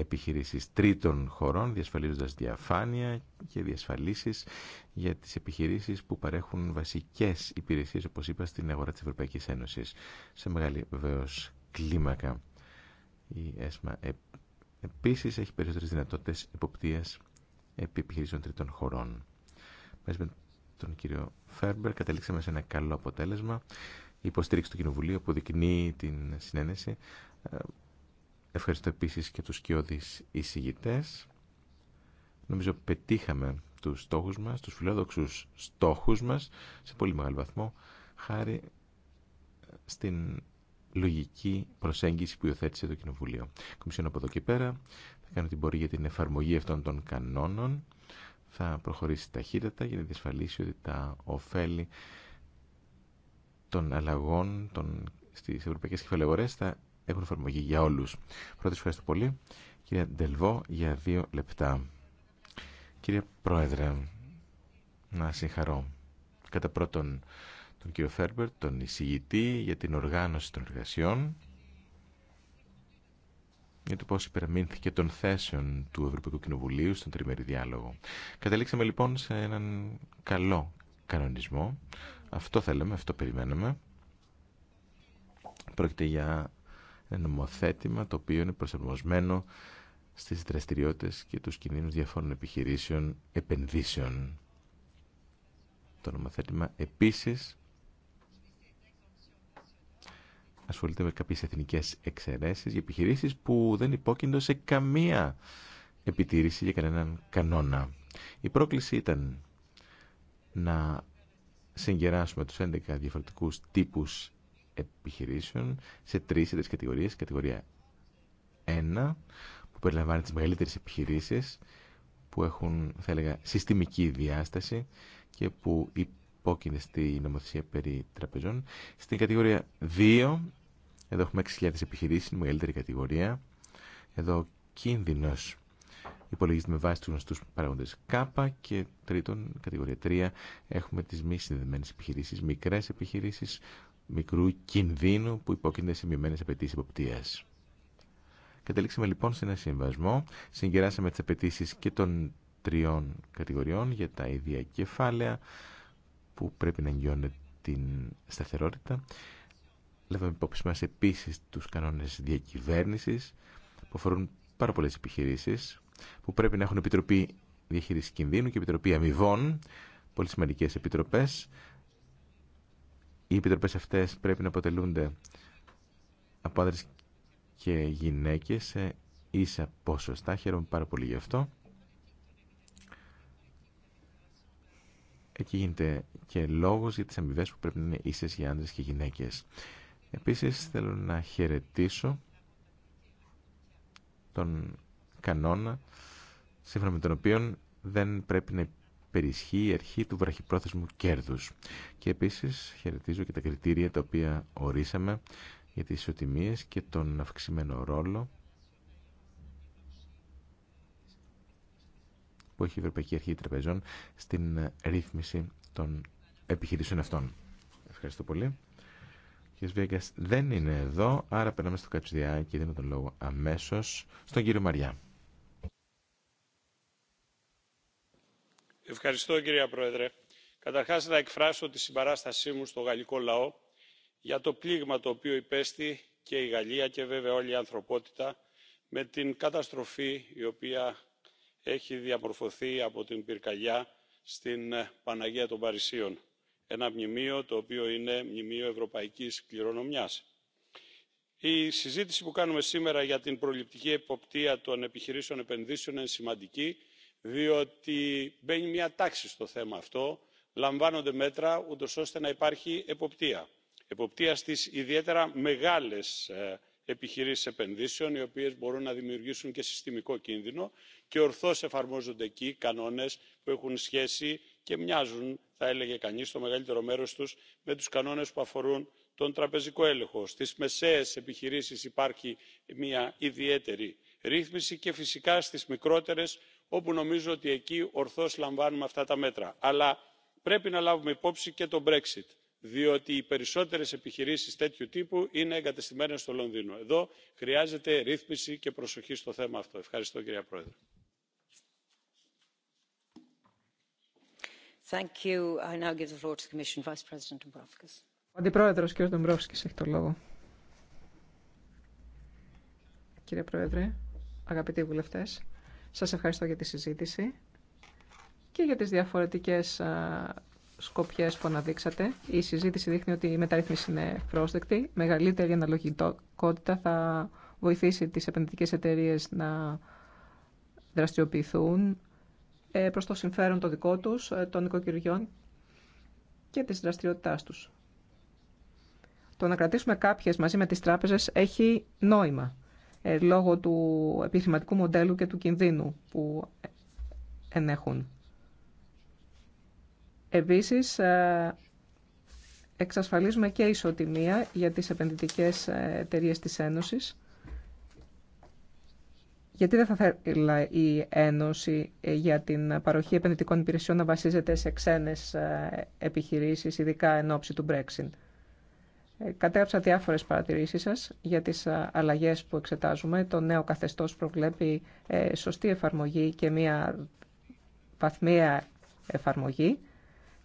επιχειρήσεις τρίτων χωρών, διασφαλίζοντας διαφάνεια και διασφαλίσεις για τις επιχειρήσεις που παρέχουν βασικές υπηρεσίες, όπως είπα, στην αγορά της Ευρωπαϊκής Ένωσης, σε μεγάλη βεβαίω κλίμακα. Η ΕΣΜΑ ε, επίσης έχει περισσότερες δυνατότητες εποπτείας επί επιχειρήσεων τρίτων χωρών. Μέσα με τον κύριο Φέρμπερ καταλήξαμε σε ένα καλό αποτέλεσμα. Η υποστήριξη του Κοινοβουλίου που την συνένεση ε, Ευχαριστώ επίσης και τους κοιόδης εισηγητές. Νομίζω πετύχαμε τους στόχους μας, τους φιλόδοξους στόχους μας σε πολύ μεγάλο βαθμό χάρη στην λογική προσέγγιση που υιοθέτησε το Κοινοβουλίο. Κομισιόν από εδώ και πέρα θα κάνω την πορεία για την εφαρμογή αυτών των κανόνων. Θα προχωρήσει ταχύτατα για να διασφαλίσει ότι τα ωφέλη των αλλαγών των, στις ευρωπαϊκές κεφαλαιογορές θα έχουν εφαρμογή για όλους. Πρώτα ευχαριστώ πολύ. Κυρία Ντελβό, για δύο λεπτά. Κύριε Πρόεδρε, να συγχαρώ κατά πρώτον τον κύριο Φέρμπερτ, τον εισηγητή για την οργάνωση των εργασιών για το πώς υπεραμείνθηκε των θέσεων του Ευρωπαϊκού Κοινοβουλίου στον τριμερή διάλογο. Καταλήξαμε λοιπόν σε έναν καλό κανονισμό. Αυτό θέλαμε, αυτό περιμέναμε. Πρόκειται για ένα νομοθέτημα το οποίο είναι προσαρμοσμένο στις δραστηριότητες και τους κινδύνους διαφόρων επιχειρήσεων επενδύσεων. Το νομοθέτημα επίσης ασχολείται με κάποιες εθνικές εξαιρέσεις για επιχειρήσεις που δεν υπόκεινται σε καμία επιτήρηση για κανέναν κανόνα. Η πρόκληση ήταν να συγκεράσουμε τους 11 διαφορετικούς τύπους επιχειρήσεων σε τρει ή κατηγορίε. Κατηγορία 1 που περιλαμβάνει τι μεγαλύτερε επιχειρήσει που έχουν, θα έλεγα, συστημική διάσταση και που υπόκεινται στη νομοθεσία περί τραπεζών. Στην κατηγορία 2, εδώ έχουμε 6.000 επιχειρήσεις, μεγαλύτερη κατηγορία. Εδώ κίνδυνο υπολογίζεται με βάση του γνωστού παράγοντε Κ. Και τρίτον, κατηγορία 3, έχουμε τι μη συνδεδεμένε επιχειρήσει, μικρέ επιχειρήσει μικρού κινδύνου που υπόκεινται σε μειωμένες απαιτήσεις υποπτίας. Καταλήξαμε λοιπόν σε ένα συμβασμό, συγκεράσαμε τις απαιτήσει και των τριών κατηγοριών για τα ίδια κεφάλαια που πρέπει να εγγυώνουν την σταθερότητα. Λέβαμε υπόψη μας επίσης τους κανόνες διακυβέρνησης που αφορούν πάρα πολλέ επιχειρήσει που πρέπει να έχουν επιτροπή διαχείριση κινδύνου και επιτροπή αμοιβών, πολύ σημαντικέ επιτροπέ. Οι επιτροπέ αυτέ πρέπει να αποτελούνται από άντρες και γυναίκες σε ίσα ποσοστά. Χαίρομαι πάρα πολύ γι' αυτό. Εκεί γίνεται και λόγος για τι αμοιβέ που πρέπει να είναι ίσε για άντρες και γυναίκες. Επίσης θέλω να χαιρετήσω τον κανόνα σύμφωνα με τον οποίο δεν πρέπει να περισχύει η αρχή του βραχυπρόθεσμου κέρδους. Και επίσης χαιρετίζω και τα κριτήρια τα οποία ορίσαμε για τις ισοτιμίες και τον αυξημένο ρόλο που έχει η Ευρωπαϊκή Αρχή Τραπεζών στην ρύθμιση των επιχειρήσεων αυτών. Ευχαριστώ πολύ. Ο κ. δεν είναι εδώ, άρα περνάμε στο Κατσουδιά και δίνω τον λόγο αμέσως στον κύριο Μαριά. Ευχαριστώ κυρία Πρόεδρε. Καταρχάς να εκφράσω τη συμπαράστασή μου στο γαλλικό λαό για το πλήγμα το οποίο υπέστη και η Γαλλία και βέβαια όλη η ανθρωπότητα με την καταστροφή η οποία έχει διαμορφωθεί από την πυρκαγιά στην ε, Παναγία των Παρισίων. Ένα μνημείο το οποίο είναι μνημείο ευρωπαϊκής κληρονομιάς. Η συζήτηση που κάνουμε σήμερα για την προληπτική εποπτεία των επιχειρήσεων επενδύσεων είναι σημαντική διότι μπαίνει μια τάξη στο θέμα αυτό λαμβάνονται μέτρα ούτως ώστε να υπάρχει εποπτεία εποπτεία στις ιδιαίτερα μεγάλες ε, επιχειρήσεις επενδύσεων οι οποίες μπορούν να δημιουργήσουν και συστημικό κίνδυνο και ορθώς εφαρμόζονται εκεί κανόνες που έχουν σχέση και μοιάζουν θα έλεγε κανείς το μεγαλύτερο μέρος τους με τους κανόνες που αφορούν τον τραπεζικό έλεγχο. στις μεσαίες επιχειρήσεις υπάρχει μια ιδιαίτερη ρύθμιση και φυσικά στις μικρότερες όπου νομίζω ότι εκεί ορθώς λαμβάνουμε αυτά τα μέτρα. αλλά πρέπει να λάβουμε υπόψη και το brexit διότι οι περισσότερες επιχειρήσεις τέτοιου τύπου είναι εγκατεστημένες στο λονδίνο. εδώ χρειάζεται ρύθμιση και προσοχή στο θέμα αυτό. ευχαριστώ κυρία πρόεδρε. Κύριε Πρόεδρε, σας ευχαριστώ για τη συζήτηση και για τις διαφορετικές σκοπιές που αναδείξατε. Η συζήτηση δείχνει ότι η μεταρρύθμιση είναι πρόσδεκτη. Μεγαλύτερη αναλογικότητα θα βοηθήσει τις επενδυτικές εταιρείε να δραστηριοποιηθούν ε, προς το συμφέρον το δικό τους, ε, των οικοκυριών και της δραστηριότητάς τους. Το να κρατήσουμε κάποιες μαζί με τις τράπεζες έχει νόημα. Ε, λόγω του επιχειρηματικού μοντέλου και του κινδύνου που ενέχουν. Επίσης, ε, εξασφαλίζουμε και ισοτιμία για τις επενδυτικές ε, εταιρείε της Ένωσης. Γιατί δεν θα θέλει η Ένωση για την παροχή επενδυτικών υπηρεσιών να βασίζεται σε ξένες επιχειρήσεις, ειδικά εν ώψη του Brexit. Ε, κατέγραψα διάφορες παρατηρήσεις σας για τις αλλαγές που εξετάζουμε. Το νέο καθεστώς προβλέπει ε, σωστή εφαρμογή και μια βαθμία εφαρμογή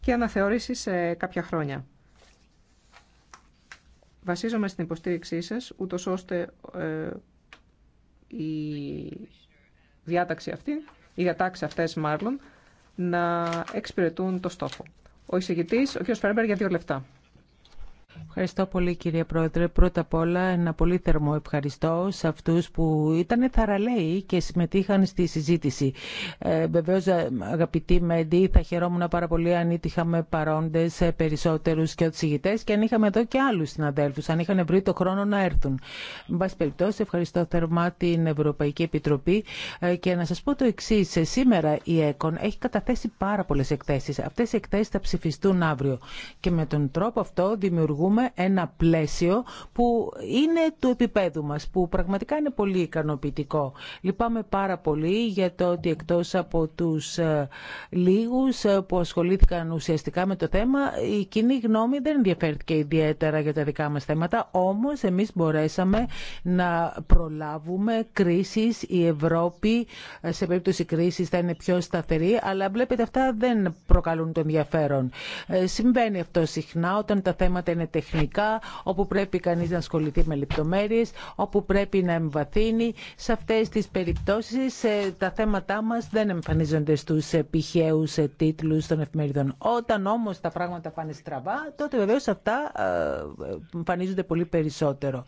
και αναθεώρηση σε κάποια χρόνια. Βασίζομαι στην υποστήριξή σας, ούτως ώστε ε, η διάταξη αυτή, οι διατάξη αυτές μάλλον, να εξυπηρετούν το στόχο. Ο εισηγητής, ο κ. Φέρμπερ, για δύο λεπτά. Ευχαριστώ πολύ κύριε Πρόεδρε. Πρώτα απ' όλα ένα πολύ θερμό ευχαριστώ σε αυτούς που ήταν θαραλέοι και συμμετείχαν στη συζήτηση. Ε, Βεβαίω, αγαπητοί Μέντι, θα χαιρόμουν πάρα πολύ αν είχαμε παρόντες ε, περισσότερους και οτσιγητές και αν είχαμε εδώ και άλλους συναδέλφους, αν είχαν βρει το χρόνο να έρθουν. Με πάση περιπτώσει, ευχαριστώ θερμά την Ευρωπαϊκή Επιτροπή ε, και να σας πω το εξή. Ε, σήμερα η ΕΚΟΝ έχει καταθέσει πάρα πολλές εκθέσεις. Αυτές οι εκθέσεις θα ψηφιστούν αύριο και με τον τρόπο αυτό δημιουργούν δημιουργούμε ένα πλαίσιο που είναι του επίπεδου μας, που πραγματικά είναι πολύ ικανοποιητικό. Λυπάμαι πάρα πολύ για το ότι εκτός από τους ε, λίγους ε, που ασχολήθηκαν ουσιαστικά με το θέμα, η κοινή γνώμη δεν ενδιαφέρθηκε ιδιαίτερα για τα δικά μας θέματα, όμως εμείς μπορέσαμε να προλάβουμε κρίσεις, η Ευρώπη ε, σε περίπτωση κρίσης θα είναι πιο σταθερή, αλλά βλέπετε αυτά δεν προκαλούν το ενδιαφέρον. Συμβαίνει αυτό συχνά όταν τα θέματα είναι τεχνικά, όπου πρέπει κανείς να ασχοληθεί με λεπτομέρειες, όπου πρέπει να εμβαθύνει. Σε αυτές τις περιπτώσεις ε, τα θέματά μας δεν εμφανίζονται στους επιχαίους ε, τίτλους των εφημερίδων. Όταν όμως τα πράγματα πάνε στραβά, τότε βεβαίως αυτά ε, εμφανίζονται πολύ περισσότερο.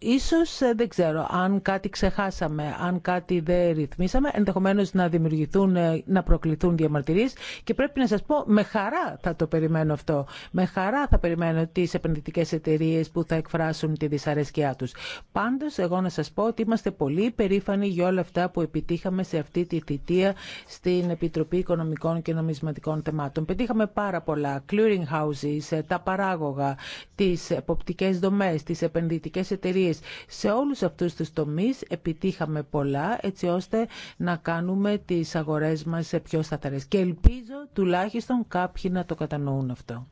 Ίσως ε, δεν ξέρω αν κάτι ξεχάσαμε, αν κάτι δεν ρυθμίσαμε, ενδεχομένως να δημιουργηθούν, ε, να προκληθούν διαμαρτυρίες και πρέπει να σας πω με χαρά θα το περιμένω αυτό. Με χαρά θα περιμένω τις επενδυτικές εταιρείε που θα εκφράσουν τη δυσαρέσκειά τους. Πάντως εγώ να σας πω ότι είμαστε πολύ περήφανοι για όλα αυτά που επιτύχαμε σε αυτή τη θητεία στην Επιτροπή Οικονομικών και Νομισματικών Θεμάτων. Πετύχαμε πάρα πολλά, clearing houses, ε, τα παράγωγα, τις εποπτικές δομές, τις επενδυτικές εταιρείε σε όλους αυτούς τους τομείς επιτύχαμε πολλά έτσι ώστε να κάνουμε τις αγορές μας πιο σταθερές. Και ελπίζω τουλάχιστον κάποιοι να το κατανοούν αυτό.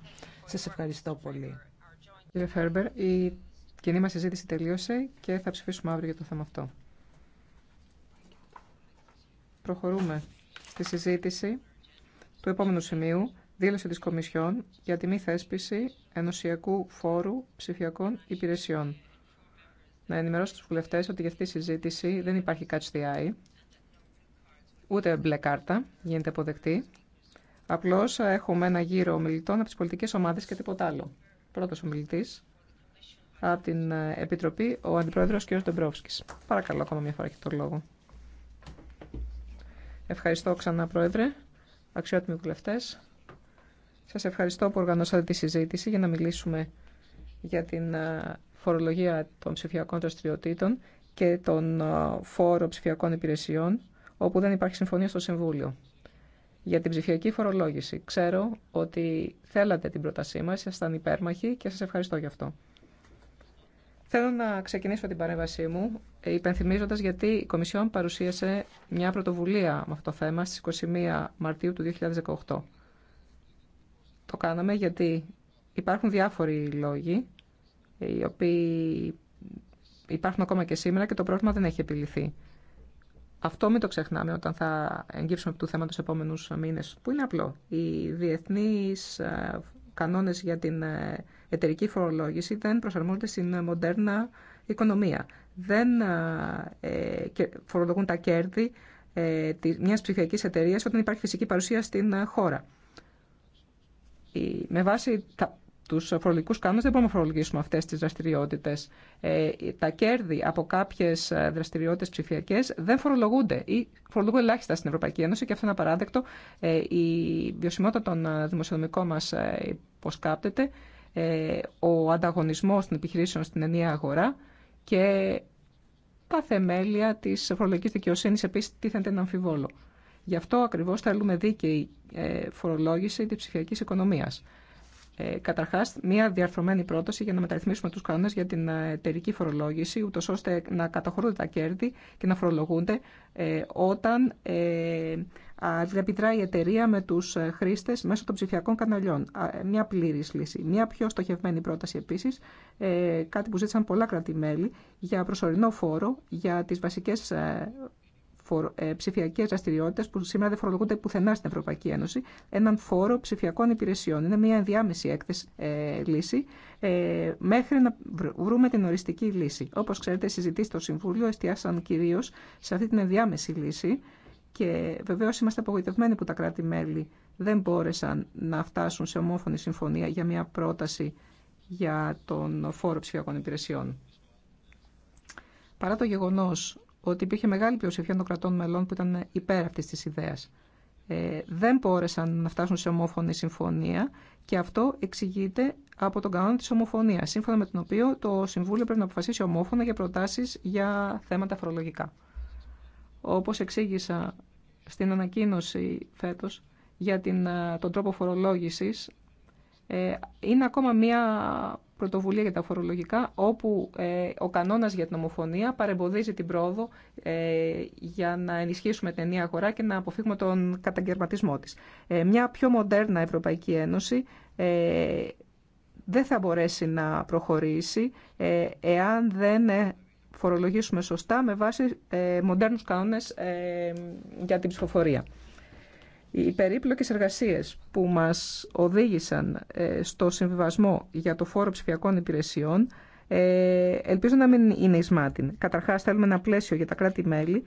Σας ευχαριστώ πολύ. Κύριε Φέρμπερ, η κοινή μας συζήτηση τελείωσε και θα ψηφίσουμε αύριο για το θέμα αυτό. Προχωρούμε στη συζήτηση του επόμενου σημείου, δήλωση της Κομισιόν για τη μη θέσπιση ενωσιακού φόρου ψηφιακών υπηρεσιών να ενημερώσω τους βουλευτέ ότι για αυτή τη συζήτηση δεν υπάρχει catch the eye, ούτε μπλε κάρτα γίνεται αποδεκτή. Απλώς έχουμε ένα γύρο ομιλητών από τις πολιτικές ομάδες και τίποτα άλλο. Πρώτος ομιλητής από την ε, Επιτροπή, ο Αντιπρόεδρος κ. Ντεμπρόφσκης. Παρακαλώ ακόμα μια φορά έχει το λόγο. Ευχαριστώ ξανά, Πρόεδρε, αξιότιμοι βουλευτέ. Σας ευχαριστώ που οργανώσατε τη συζήτηση για να μιλήσουμε για την ε, φορολογία των ψηφιακών δραστηριοτήτων και των φόρων ψηφιακών υπηρεσιών, όπου δεν υπάρχει συμφωνία στο Συμβούλιο. Για την ψηφιακή φορολόγηση. Ξέρω ότι θέλατε την πρότασή μα, ήσασταν υπέρμαχοι και σα ευχαριστώ γι' αυτό. Θέλω να ξεκινήσω την παρέμβασή μου ε, υπενθυμίζοντας γιατί η Κομισιόν παρουσίασε μια πρωτοβουλία με αυτό το θέμα στις 21 Μαρτίου του 2018. Το κάναμε γιατί υπάρχουν διάφοροι λόγοι οι οποίοι υπάρχουν ακόμα και σήμερα και το πρόβλημα δεν έχει επιληθεί. Αυτό μην το ξεχνάμε όταν θα εγγύψουμε του θέμα του επόμενου μήνες, που είναι απλό. Οι διεθνεί ε, κανόνες για την ε, εταιρική φορολόγηση δεν προσαρμόζονται στην μοντέρνα οικονομία. Δεν ε, φορολογούν τα κέρδη μιας ψηφιακή εταιρεία όταν υπάρχει φυσική παρουσία στην χώρα. Με βάση τα του φορολογικού κανόνε δεν μπορούμε να φορολογήσουμε αυτέ τι δραστηριότητε. Ε, τα κέρδη από κάποιε δραστηριότητε ψηφιακέ δεν φορολογούνται ή βιωσιμότητα των δημοσιονομικών μακάτε, ελάχιστα στην Ευρωπαϊκή Ένωση και αυτό είναι απαράδεκτο. Ε, η βιωσιμότητα των δημοσιονομικών μα ε, υποσκάπτεται, ε, ο ανταγωνισμό των επιχειρήσεων στην ενιαία αγορά και τα θεμέλια τη φορολογική δικαιοσύνη επίση τίθενται ένα αμφιβόλο. Γι' αυτό ακριβώ θέλουμε δίκαιη ε, φορολόγηση τη ψηφιακή οικονομία. Ε, Καταρχά, μια διαρθρωμένη πρόταση για να μεταρρυθμίσουμε του κανόνε για την ε, εταιρική φορολόγηση, ούτω ώστε να καταχωρούνται τα κέρδη και να φορολογούνται ε, όταν ε, διαπιτράει η εταιρεία με του ε, χρήστε μέσω των ψηφιακών καναλιών. Μια πλήρη λύση. Μια πιο στοχευμένη πρόταση επίση, κάτι που ζήτησαν κρατημέλη για προσωρινό φόρο για τι βασικέ ε, ψηφιακέ δραστηριότητε που σήμερα δεν φορολογούνται πουθενά στην Ευρωπαϊκή Ένωση, έναν φόρο ψηφιακών υπηρεσιών. Είναι μια ενδιάμεση έκθεση, ε, λύση ε, μέχρι να βρούμε την οριστική λύση. Όπω ξέρετε, οι συζητήσει στο Συμβούλιο εστιάσαν κυρίω σε αυτή την ενδιάμεση λύση και βεβαίω είμαστε απογοητευμένοι που τα κράτη-μέλη δεν μπόρεσαν να φτάσουν σε ομόφωνη συμφωνία για μια πρόταση για τον φόρο ψηφιακών υπηρεσιών. Παρά το γεγονός ότι υπήρχε μεγάλη πλειοψηφία των κρατών μελών που ήταν υπέρ αυτή τη ιδέα. Ε, δεν μπόρεσαν να φτάσουν σε ομόφωνη συμφωνία και αυτό εξηγείται από τον κανόνα τη ομοφωνία, σύμφωνα με τον οποίο το Συμβούλιο πρέπει να αποφασίσει ομόφωνα για προτάσει για θέματα φορολογικά. Όπω εξήγησα στην ανακοίνωση φέτο για την, ε, τον τρόπο φορολόγηση, ε, είναι ακόμα μία πρωτοβουλία για τα φορολογικά, όπου ε, ο κανόνας για την ομοφωνία παρεμποδίζει την πρόοδο ε, για να ενισχύσουμε την ενιαία αγορά και να αποφύγουμε τον καταγερματισμό της. Ε, μια πιο μοντέρνα Ευρωπαϊκή Ένωση δεν θα μπορέσει να προχωρήσει εάν δεν φορολογήσουμε σωστά με βάση μοντέρνους κανόνες για την ψηφοφορία οι περίπλοκες εργασίες που μας οδήγησαν ε, στο συμβιβασμό για το φόρο ψηφιακών υπηρεσιών ε, ελπίζω να μην είναι ισμάτιν. Καταρχάς θέλουμε ένα πλαίσιο για τα κράτη-μέλη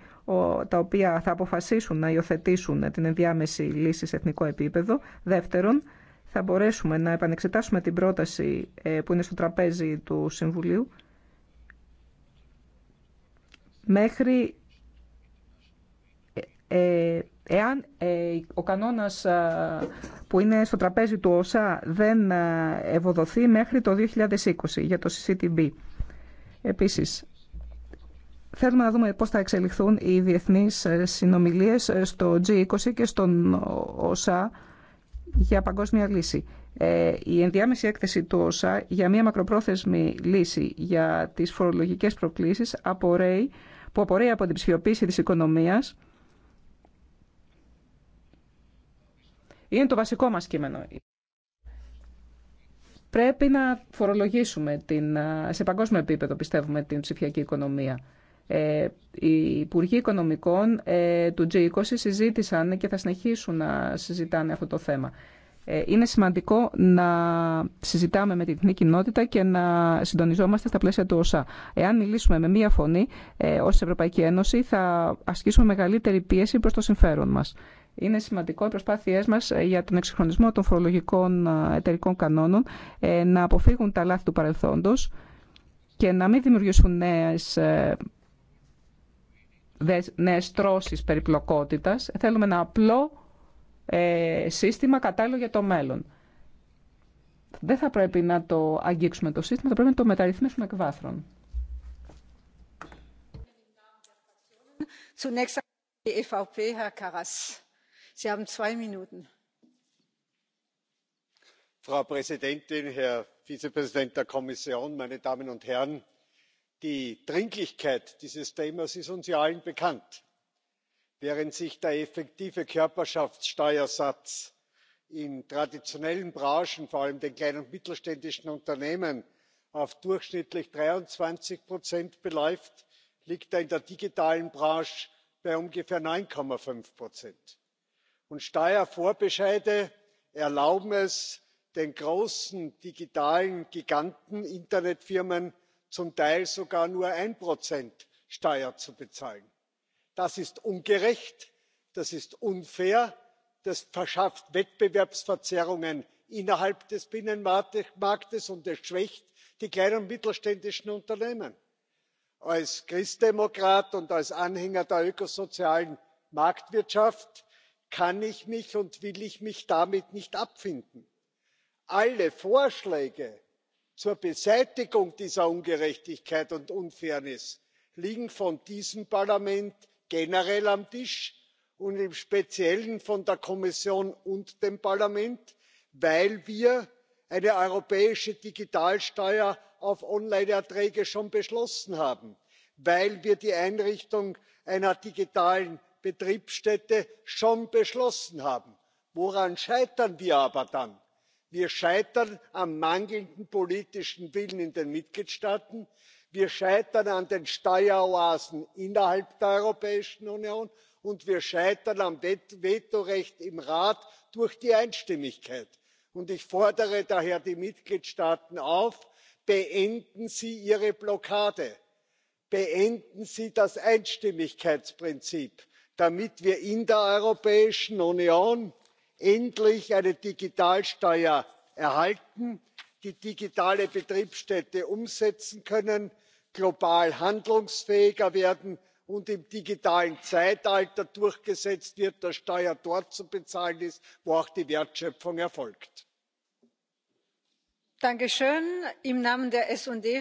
τα οποία θα αποφασίσουν να υιοθετήσουν την ενδιάμεση λύση σε εθνικό επίπεδο. Δεύτερον, θα μπορέσουμε να επανεξετάσουμε την πρόταση ε, που είναι στο τραπέζι του Συμβουλίου μέχρι Εάν ε, ο κανόνας ε, που είναι στο τραπέζι του ΩΣΑ δεν ε, ευοδοθεί μέχρι το 2020 για το CCTB. Επίσης, θέλουμε να δούμε πώς θα εξελιχθούν οι διεθνείς συνομιλίες στο G20 και στον ΩΣΑ για παγκόσμια λύση. Η ενδιάμεση έκθεση του ΩΣΑ για μια μακροπρόθεσμη λύση για τις φορολογικές προκλήσεις που απορρέει από την ψηφιοποίηση της οικονομίας Είναι το βασικό μας κείμενο. Πρέπει να φορολογήσουμε την, σε παγκόσμιο επίπεδο, πιστεύουμε, την ψηφιακή οικονομία. Ε, οι Υπουργοί Οικονομικών ε, του G20 συζήτησαν και θα συνεχίσουν να συζητάνε αυτό το θέμα. Ε, είναι σημαντικό να συζητάμε με την εθνική κοινότητα και να συντονιζόμαστε στα πλαίσια του ΩΣΑ. Εάν μιλήσουμε με μία φωνή ε, ως Ευρωπαϊκή Ένωση θα ασκήσουμε μεγαλύτερη πίεση προς το συμφέρον μας. Είναι σημαντικό οι προσπάθειές μας ε, για τον εξυγχρονισμό των φορολογικών ε, εταιρικών κανόνων ε, να αποφύγουν τα λάθη του παρελθόντος και να μην δημιουργήσουν νέες, νέες τρώσεις περιπλοκότητας. Θέλουμε ένα απλό σύστημα κατάλληλο για το μέλλον. Δεν θα πρέπει να το αγγίξουμε το σύστημα, θα πρέπει να το μεταρρυθμίσουμε εκ βάθρων frau präsidentin herr vizepräsident der kommission meine damen und herren! die dringlichkeit dieses themas ist uns ja allen bekannt. während sich der effektive körperschaftsteuersatz in traditionellen branchen vor allem den kleinen und mittelständischen unternehmen auf durchschnittlich dreiundzwanzig beläuft liegt er in der digitalen branche bei ungefähr neun fünf und steuervorbescheide erlauben es den großen digitalen giganten internetfirmen zum teil sogar nur ein steuer zu bezahlen. das ist ungerecht das ist unfair das verschafft wettbewerbsverzerrungen innerhalb des binnenmarktes und es schwächt die kleinen und mittelständischen unternehmen. als christdemokrat und als anhänger der ökosozialen marktwirtschaft kann ich mich und will ich mich damit nicht abfinden. alle vorschläge zur beseitigung dieser ungerechtigkeit und unfairness liegen von diesem parlament generell auf dem tisch und im speziellen von der kommission und dem parlament weil wir eine europäische digitalsteuer auf online erträge schon beschlossen haben weil wir die einrichtung einer digitalen betriebsstätte schon beschlossen haben. woran scheitern wir aber dann? wir scheitern am mangelnden politischen willen in den mitgliedstaaten wir scheitern an den steueroasen innerhalb der europäischen union und wir scheitern am vetorecht im rat durch die einstimmigkeit. ich fordere daher die mitgliedstaaten auf beenden sie ihre blockade beenden sie das einstimmigkeitsprinzip damit wir in der europäischen union endlich eine digitalsteuer erhalten die digitale betriebsstätte umsetzen können global handlungsfähiger werden und im digitalen zeitalter durchgesetzt wird dass steuer dort zu bezahlen ist wo auch die wertschöpfung erfolgt. frau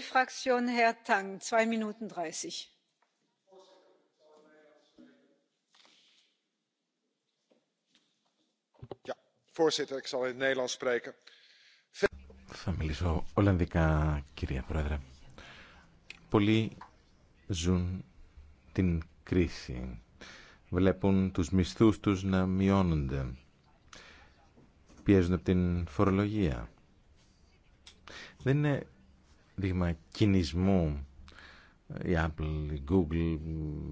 fraktion herr Tang, zwei Minuten 30. Θα μιλήσω Ολλανδικά, κυρία Πρόεδρε. Πολλοί ζουν την κρίση. Βλέπουν τους μισθούς τους να μειώνονται. Πιέζουν από την φορολογία. Δεν είναι δείγμα κινησμού η Apple, η Google,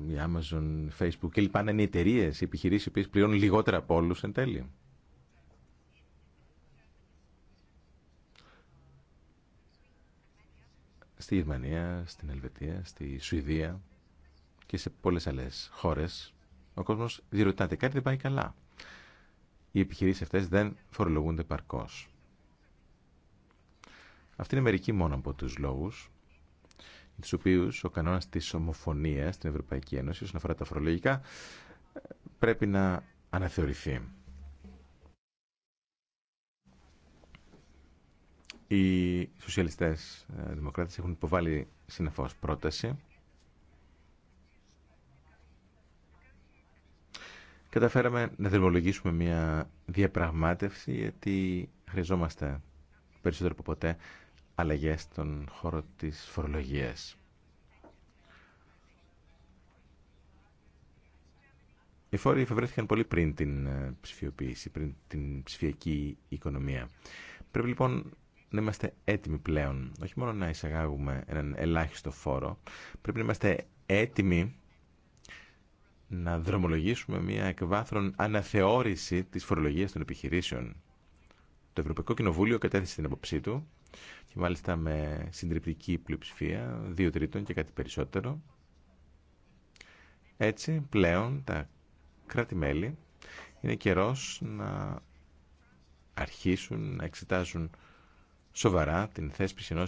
η Amazon, η Facebook και λοιπά. είναι εταιρείε, οι επιχειρήσει οι πληρώνουν λιγότερα από όλου εν τέλει. στη Γερμανία, στην Ελβετία, στη Σουηδία και σε πολλές άλλες χώρες, ο κόσμος διερωτάται κάτι δεν πάει καλά. Οι επιχειρήσεις αυτές δεν φορολογούνται παρκώς. Αυτή είναι μερική μόνο από τους λόγους τους οποίους ο κανόνας της ομοφωνίας στην Ευρωπαϊκή Ένωση όσον αφορά τα φορολογικά πρέπει να αναθεωρηθεί. Οι σοσιαλιστές ε, δημοκράτες έχουν υποβάλει συνεφώς πρόταση. Καταφέραμε να δημιουργήσουμε μια διαπραγμάτευση γιατί χρειαζόμαστε περισσότερο από ποτέ αλλαγές στον χώρο της φορολογίας. Οι φόροι εφευρέθηκαν πολύ πριν την ε, ψηφιοποίηση, πριν την ψηφιακή οικονομία. Πρέπει λοιπόν να είμαστε έτοιμοι πλέον. Όχι μόνο να εισαγάγουμε έναν ελάχιστο φόρο, πρέπει να είμαστε έτοιμοι να δρομολογήσουμε μια εκβάθρον αναθεώρηση της φορολογίας των επιχειρήσεων. Το Ευρωπαϊκό Κοινοβούλιο κατέθεσε την αποψή του και μάλιστα με συντριπτική πλειοψηφία, δύο τρίτων και κάτι περισσότερο. Έτσι, πλέον τα κράτη-μέλη είναι καιρός να αρχίσουν να εξετάζουν σοβαρά την θέσπιση ενό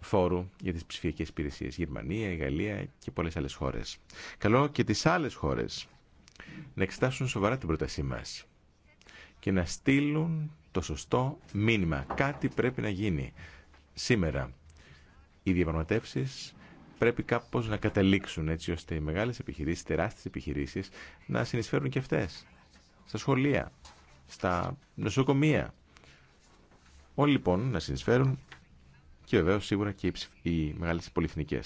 φόρου για τι ψηφιακέ υπηρεσίε. Γερμανία, Γαλλία και πολλέ άλλε χώρε. Καλό και τι άλλε χώρε να εξετάσουν σοβαρά την πρότασή μα και να στείλουν το σωστό μήνυμα. Κάτι πρέπει να γίνει. Σήμερα οι διαπραγματεύσει πρέπει κάπω να καταλήξουν έτσι ώστε οι μεγάλες επιχειρήσεις, τεράστιε επιχειρήσει, να συνεισφέρουν και αυτέ. Στα σχολεία, στα νοσοκομεία, Όλοι λοιπόν να συνεισφέρουν και βεβαίω σίγουρα και οι μεγάλε πολυεθνικέ.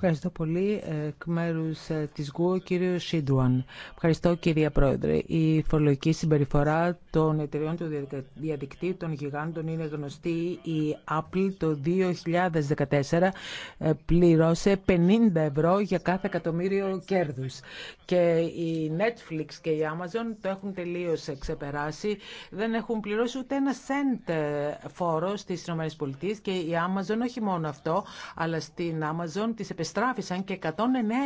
Ευχαριστώ πολύ. Ε, εκ μέρου ε, τη ΓΟΥ, κύριο Σίντουαν. Ευχαριστώ, κυρία Πρόεδρε. Η φορολογική συμπεριφορά των εταιριών του διαδικτύου των γιγάντων είναι γνωστή. Η Apple το 2014 πληρώσε 50 ευρώ για κάθε εκατομμύριο κέρδου. Και η Netflix και η Amazon το έχουν τελείω ξεπεράσει. Δεν έχουν πληρώσει ούτε ένα σέντ ε, φόρο στι ΗΠΑ και η Amazon όχι μόνο αυτό, αλλά στην Amazon και 109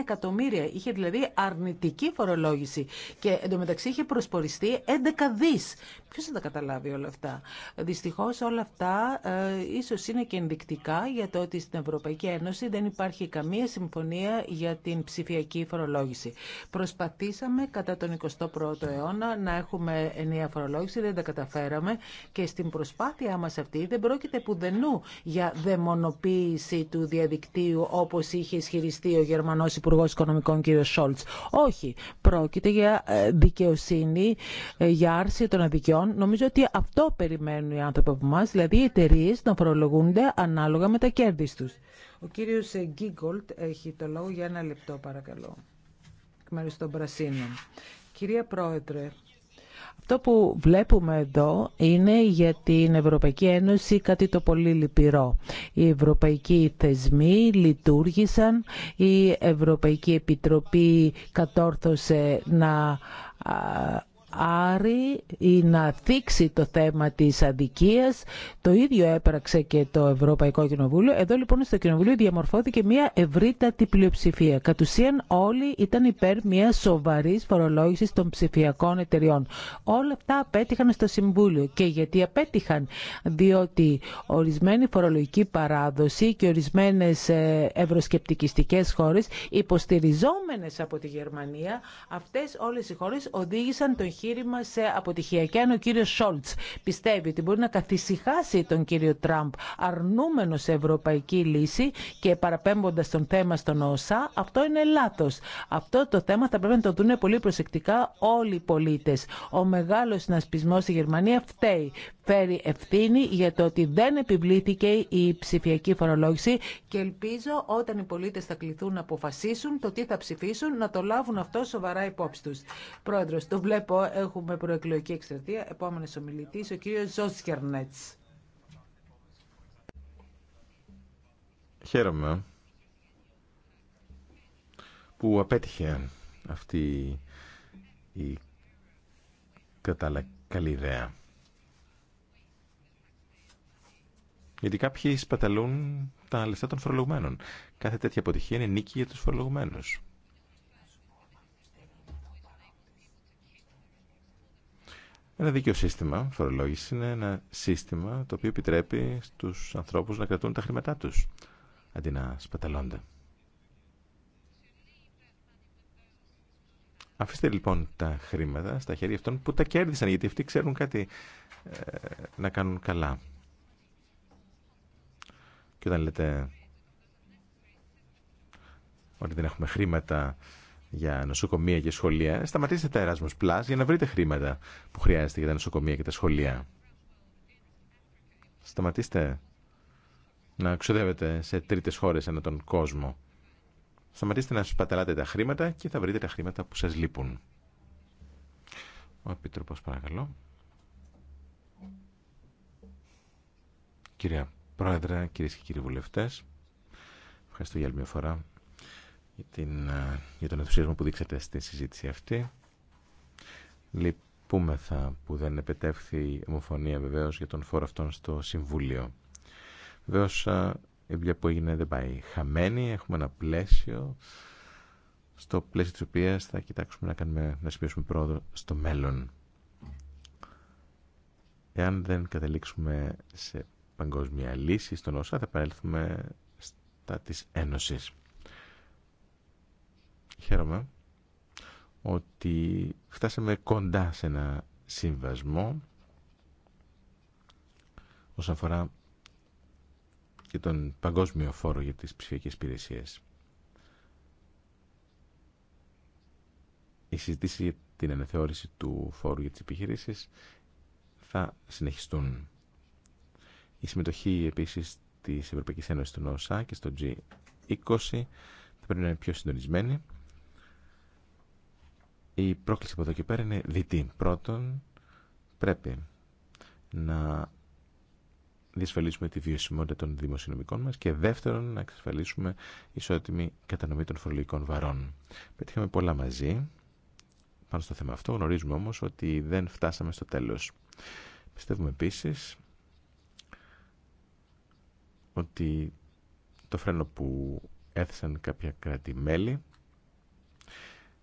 εκατομμύρια. Είχε δηλαδή αρνητική φορολόγηση και εντωμεταξύ είχε προσποριστεί 11 δις. Ποιος θα τα καταλάβει όλα αυτά. Δυστυχώς όλα αυτά ε, ίσως είναι και ενδεικτικά για το ότι στην Ευρωπαϊκή Ένωση δεν υπάρχει καμία συμφωνία για την ψηφιακή φορολόγηση. Προσπαθήσαμε κατά τον 21ο αιώνα να έχουμε ενιαία φορολόγηση, δεν τα καταφέραμε και στην προσπάθειά μας αυτή δεν πρόκειται πουδενού για δαιμονοποίηση του διαδικτύου όπως είχε ισχυριστεί ο Γερμανός Υπουργός Οικονομικών κ. Σόλτς. Όχι, πρόκειται για ε, δικαιοσύνη, ε, για άρση των αδικιών νομίζω ότι αυτό περιμένουν οι άνθρωποι από εμά, δηλαδή οι εταιρείε να φορολογούνται ανάλογα με τα κέρδη του. Ο κύριο ε, Γκίγκολτ έχει το λόγο για ένα λεπτό, παρακαλώ. Εκ των Πρασίνων. Κυρία Πρόεδρε, αυτό που βλέπουμε εδώ είναι για την Ευρωπαϊκή Ένωση κάτι το πολύ λυπηρό. Οι ευρωπαϊκοί θεσμοί λειτουργήσαν, η Ευρωπαϊκή Επιτροπή κατόρθωσε να Άρη ή να θίξει το θέμα της αδικίας. Το ίδιο έπραξε και το Ευρωπαϊκό Κοινοβούλιο. Εδώ λοιπόν στο Κοινοβούλιο διαμορφώθηκε μια ευρύτατη πλειοψηφία. Κατ' ουσίαν όλοι ήταν υπέρ μια σοβαρή φορολόγηση των ψηφιακών εταιριών. Όλα αυτά απέτυχαν στο Συμβούλιο. Και γιατί απέτυχαν, διότι ορισμένη φορολογική παράδοση και ορισμένε ευρωσκεπτικιστικέ χώρε, υποστηριζόμενε από τη Γερμανία, αυτέ όλε οι χώρε οδήγησαν τον Κύριε σε αποτυχία. Και αν ο κύριος Σόλτς πιστεύει ότι μπορεί να καθησυχάσει τον κύριο Τραμπ αρνούμενο σε ευρωπαϊκή λύση και παραπέμποντας τον θέμα στον ΩΣΑ, αυτό είναι λάθος. Αυτό το θέμα θα πρέπει να το δουν πολύ προσεκτικά όλοι οι πολίτες. Ο μεγάλος συνασπισμό στη Γερμανία φταίει φέρει ευθύνη για το ότι δεν επιβλήθηκε η ψηφιακή φορολόγηση και ελπίζω όταν οι πολίτες θα κληθούν να αποφασίσουν το τι θα ψηφίσουν να το λάβουν αυτό σοβαρά υπόψη τους. Πρόεδρος, το βλέπω, έχουμε προεκλογική εκστρατεία. Επόμενος ομιλητής, ο κύριος Ζόσκερνετς. Χαίρομαι που απέτυχε αυτή η κατάλληλα καλή ιδέα. Γιατί κάποιοι σπαταλούν τα λεφτά των φορολογουμένων. Κάθε τέτοια αποτυχία είναι νίκη για τους φορολογουμένους. Ένα δίκαιο σύστημα φορολόγηση είναι ένα σύστημα το οποίο επιτρέπει στους ανθρώπους να κρατούν τα χρήματά τους αντί να σπαταλώνται. Αφήστε λοιπόν τα χρήματα στα χέρια αυτών που τα κέρδισαν γιατί αυτοί ξέρουν κάτι ε, να κάνουν καλά. Και όταν λέτε ότι δεν έχουμε χρήματα για νοσοκομεία και σχολεία, σταματήστε τα Erasmus Plus για να βρείτε χρήματα που χρειάζεται για τα νοσοκομεία και τα σχολεία. Σταματήστε να ξοδεύετε σε τρίτες χώρες ανά τον κόσμο. Σταματήστε να σπαταλάτε τα χρήματα και θα βρείτε τα χρήματα που σας λείπουν. Ο Επίτροπος παρακαλώ. Κυρία Πρόεδρε, κυρίε και κύριοι βουλευτέ, ευχαριστώ για άλλη μια φορά για, την, ε, τον ενθουσιασμό που δείξατε στη συζήτηση αυτή. Λυπούμεθα που δεν επετεύχθη ομοφωνία βεβαίω για τον φόρο αυτόν στο Συμβούλιο. Βεβαίω ε, η δουλειά που έγινε δεν πάει χαμένη. Έχουμε ένα πλαίσιο στο πλαίσιο της οποίας θα κοιτάξουμε να, κάνουμε, να πρόοδο στο μέλλον. Εάν δεν καταλήξουμε σε παγκόσμια λύση στον ΩΣΑ θα παρέλθουμε στα της Ένωσης. Χαίρομαι ότι φτάσαμε κοντά σε ένα συμβασμό όσον αφορά και τον παγκόσμιο φόρο για τις ψηφιακές υπηρεσίε. Η συζήτηση για την αναθεώρηση του φόρου για τις επιχειρήσεις θα συνεχιστούν. Η συμμετοχή επίσης τη Ευρωπαϊκή Ένωση στον ΩΣΑ και στο G20 θα πρέπει να είναι πιο συντονισμένη. Η πρόκληση από εδώ και πέρα είναι διτή. Πρώτον, πρέπει να διασφαλίσουμε τη βιωσιμότητα των δημοσιονομικών μας και δεύτερον να εξασφαλίσουμε ισότιμη κατανομή των φορολογικών βαρών. Πετύχαμε πολλά μαζί πάνω στο θέμα αυτό, γνωρίζουμε όμως ότι δεν φτάσαμε στο τέλος. Πιστεύουμε επίσης ότι το φρένο που έθεσαν κάποια κράτη-μέλη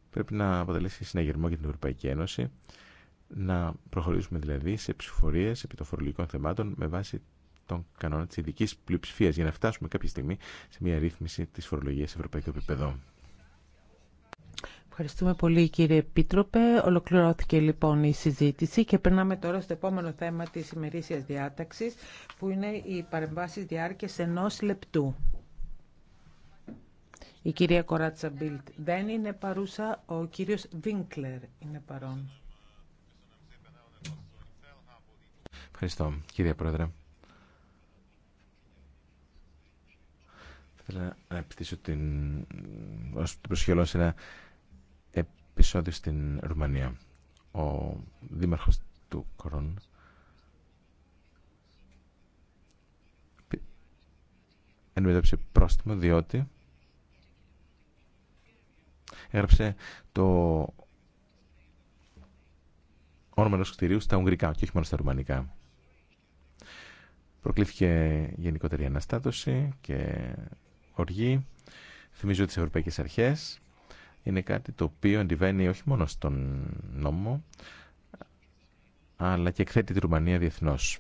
πρέπει να αποτελέσει συναγερμό για την Ευρωπαϊκή Ένωση να προχωρήσουμε δηλαδή σε ψηφορίε επί των φορολογικών θεμάτων με βάση τον κανόνα τη ειδική πλειοψηφία για να φτάσουμε κάποια στιγμή σε μια ρύθμιση τη φορολογία σε ευρωπαϊκό επίπεδο. Ευχαριστούμε πολύ κύριε πίτροπε. Ολοκληρώθηκε λοιπόν η συζήτηση και περνάμε τώρα στο επόμενο θέμα της ημερήσιας διάταξης που είναι οι παρεμβάσεις διάρκειας ενός λεπτού. Η κυρία Κοράτσα Μπίλτ δεν είναι παρούσα, ο κύριος Βίνκλερ είναι παρόν. Ευχαριστώ κύριε Πρόεδρε. Θέλω να επιστήσω την... ως επεισόδιο στην Ρουμανία. Ο δήμαρχος του Κορών ενμετώπισε πρόστιμο διότι έγραψε το όνομα ενός κτηρίου στα Ουγγρικά και όχι μόνο στα Ρουμανικά. Προκλήθηκε γενικότερη αναστάτωση και οργή. Θυμίζω τις Ευρωπαϊκές Αρχές είναι κάτι το οποίο αντιβαίνει όχι μόνο στον νόμο, αλλά και εκθέτει τη Ρουμανία διεθνώς.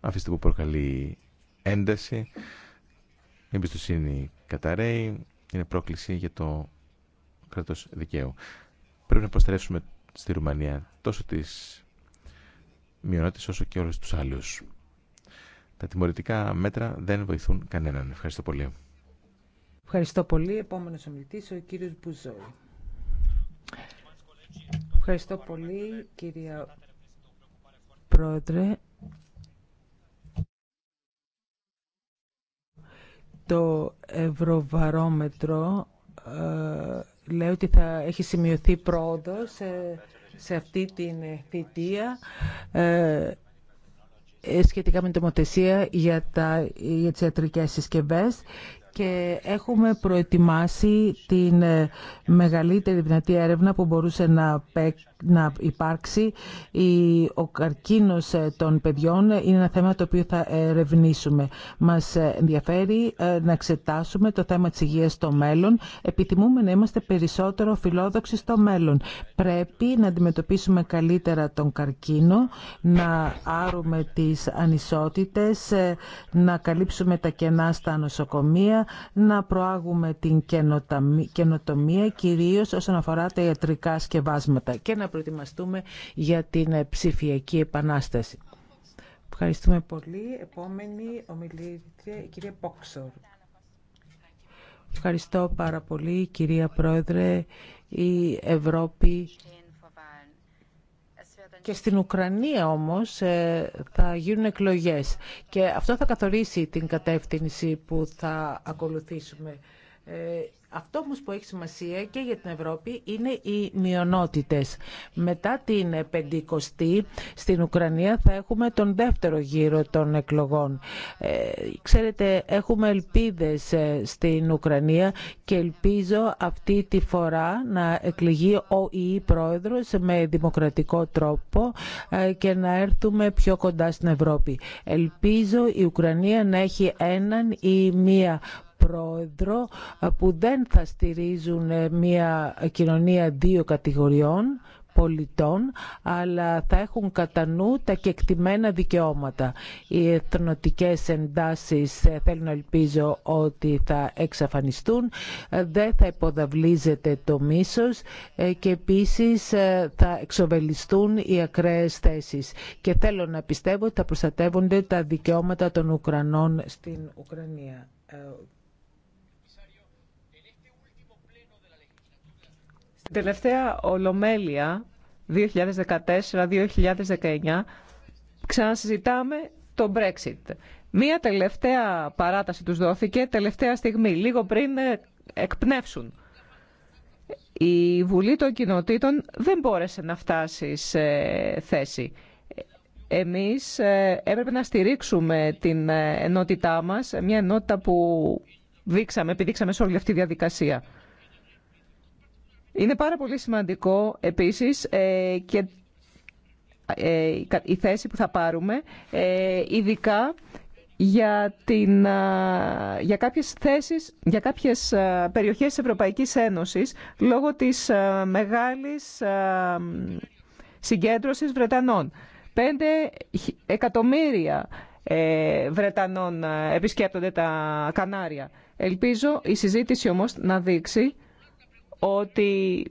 Αφήστε που προκαλεί ένταση, η εμπιστοσύνη καταραίει, είναι πρόκληση για το κράτος δικαίου. Πρέπει να προστρέψουμε στη Ρουμανία τόσο τις μειονότητε όσο και όλου τους άλλου. Τα τιμωρητικά μέτρα δεν βοηθούν κανέναν. Ευχαριστώ πολύ. Ευχαριστώ πολύ. επόμενο ομιλητή, ο κύριο Μπουζόη. Ευχαριστώ πολύ, κύριε Πρόεδρε. Το Ευρωβαρόμετρο ε, λέει ότι θα έχει σημειωθεί πρόοδο σε, σε αυτή την θητεία. Ε, ε σχετικά με την τομοθεσία για, τα, για τις ιατρικές συσκευές και έχουμε προετοιμάσει την ε, μεγαλύτερη δυνατή έρευνα που μπορούσε να παίξει να υπάρξει. Ο καρκίνος ε, των παιδιών είναι ένα θέμα το οποίο θα ερευνήσουμε. Μας ε, ενδιαφέρει ε, να εξετάσουμε το θέμα της υγείας στο μέλλον. Επιθυμούμε να είμαστε περισσότερο φιλόδοξοι στο μέλλον. Πρέπει να αντιμετωπίσουμε καλύτερα τον καρκίνο, να άρουμε τις ανισότητες, να καλύψουμε τα κενά στα νοσοκομεία, να προάγουμε την καινοτομία, κυρίως όσον αφορά τα ιατρικά σκευάσματα και να προετοιμαστούμε για την ε, ψηφιακή επανάσταση. Ευχαριστούμε πολύ. Επόμενη ομιλήτρια, η κυρία Πόξορ. Ευχαριστώ πάρα πολύ, κυρία Πρόεδρε. Η Ευρώπη και στην Ουκρανία όμως ε, θα γίνουν εκλογές και αυτό θα καθορίσει την κατεύθυνση που θα ακολουθήσουμε. Ε, αυτό όμω που έχει σημασία και για την Ευρώπη είναι οι μειονότητες. Μετά την πεντηκοστή στην Ουκρανία θα έχουμε τον δεύτερο γύρο των εκλογών. Ε, ξέρετε, έχουμε ελπίδες ε, στην Ουκρανία και ελπίζω αυτή τη φορά να εκλεγεί ο ΙΗ πρόεδρος με δημοκρατικό τρόπο και να έρθουμε πιο κοντά στην Ευρώπη. Ελπίζω η Ουκρανία να έχει έναν ή μία πρόεδρο ε, που δεν θα στηρίζουν ε, μια κοινωνία δύο κατηγοριών πολιτών, αλλά θα έχουν κατά νου τα κεκτημένα δικαιώματα. Οι εθνοτικές εντάσεις ε, θέλω να ελπίζω ότι θα εξαφανιστούν, δεν θα υποδαβλίζεται το μίσος και επίσης θα εξοβελιστούν οι ακραίες θέσεις. Και θέλω να πιστεύω ότι θα προστατεύονται τα δικαιώματα των Ουκρανών στην Ουκρανία. τελευταία Ολομέλεια 2014-2019 ξανασυζητάμε το Brexit. Μία τελευταία παράταση τους δόθηκε, τελευταία στιγμή, λίγο πριν ε, εκπνεύσουν. Η Βουλή των Κοινοτήτων δεν μπόρεσε να φτάσει σε θέση. Εμείς ε, έπρεπε να στηρίξουμε την ε, ενότητά μας, μια ενότητα που δείξαμε, επιδείξαμε σε όλη αυτή τη διαδικασία. Είναι πάρα πολύ σημαντικό επίσης ε, και ε, η θέση που θα πάρουμε, ε, ειδικά για, την, για κάποιες θέσεις, για κάποιες περιοχές της Ευρωπαϊκής Ένωσης λόγω της μεγάλης συγκέντρωσης Βρετανών. Πέντε εκατομμύρια Βρετανών επισκέπτονται τα Κανάρια. Ελπίζω η συζήτηση όμως να δείξει ότι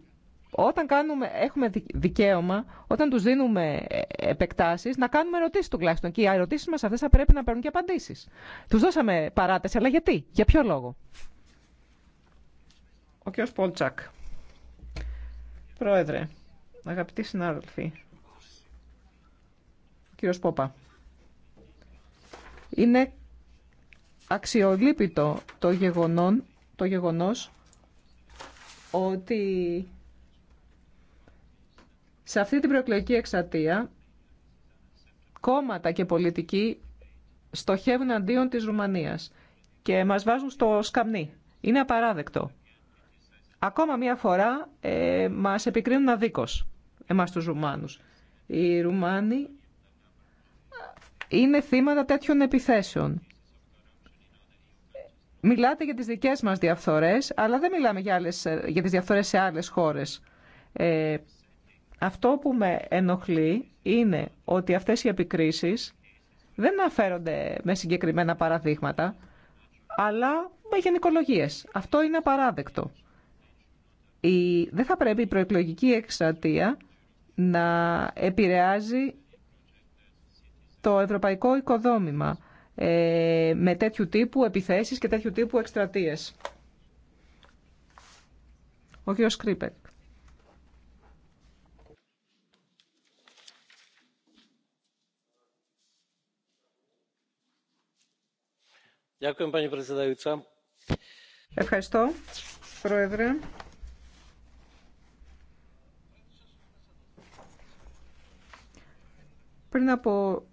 όταν κάνουμε, έχουμε δικαίωμα, όταν τους δίνουμε ε, επεκτάσεις, να κάνουμε ερωτήσεις τουλάχιστον. Και οι ερωτήσεις μας αυτές θα πρέπει να παίρνουν και απαντήσεις. Τους δώσαμε παράταση, αλλά γιατί, για ποιο λόγο. Ο κ. Πολτσακ. Πρόεδρε, αγαπητοί συνάδελφοι, ο κ. Πόπα, είναι αξιολύπητο το, γεγονόν, το γεγονός ότι σε αυτή την προεκλογική εξατία κόμματα και πολιτικοί στοχεύουν αντίον της Ρουμανίας και μας βάζουν στο σκαμνί. Είναι απαράδεκτο. Ακόμα μία φορά ε, μας επικρίνουν αδίκως εμάς τους Ρουμάνους. Οι Ρουμάνοι είναι θύματα τέτοιων επιθέσεων. Μιλάτε για τις δικές μας διαφθορές, αλλά δεν μιλάμε για, άλλες, για τις διαφθορές σε άλλες χώρες. Ε, αυτό που με ενοχλεί είναι ότι αυτές οι επικρίσεις δεν αναφέρονται με συγκεκριμένα παραδείγματα, αλλά με γενικολογίες. Αυτό είναι απαράδεκτο. Η, δεν θα πρέπει η προεκλογική εκστρατεία να επηρεάζει το ευρωπαϊκό οικοδόμημα ε, με τέτοιου τύπου επιθέσεις και τέτοιου τύπου εκστρατείες. Ο κ. Σκρίπεκ. Ευχαριστώ, Πρόεδρε. Πριν από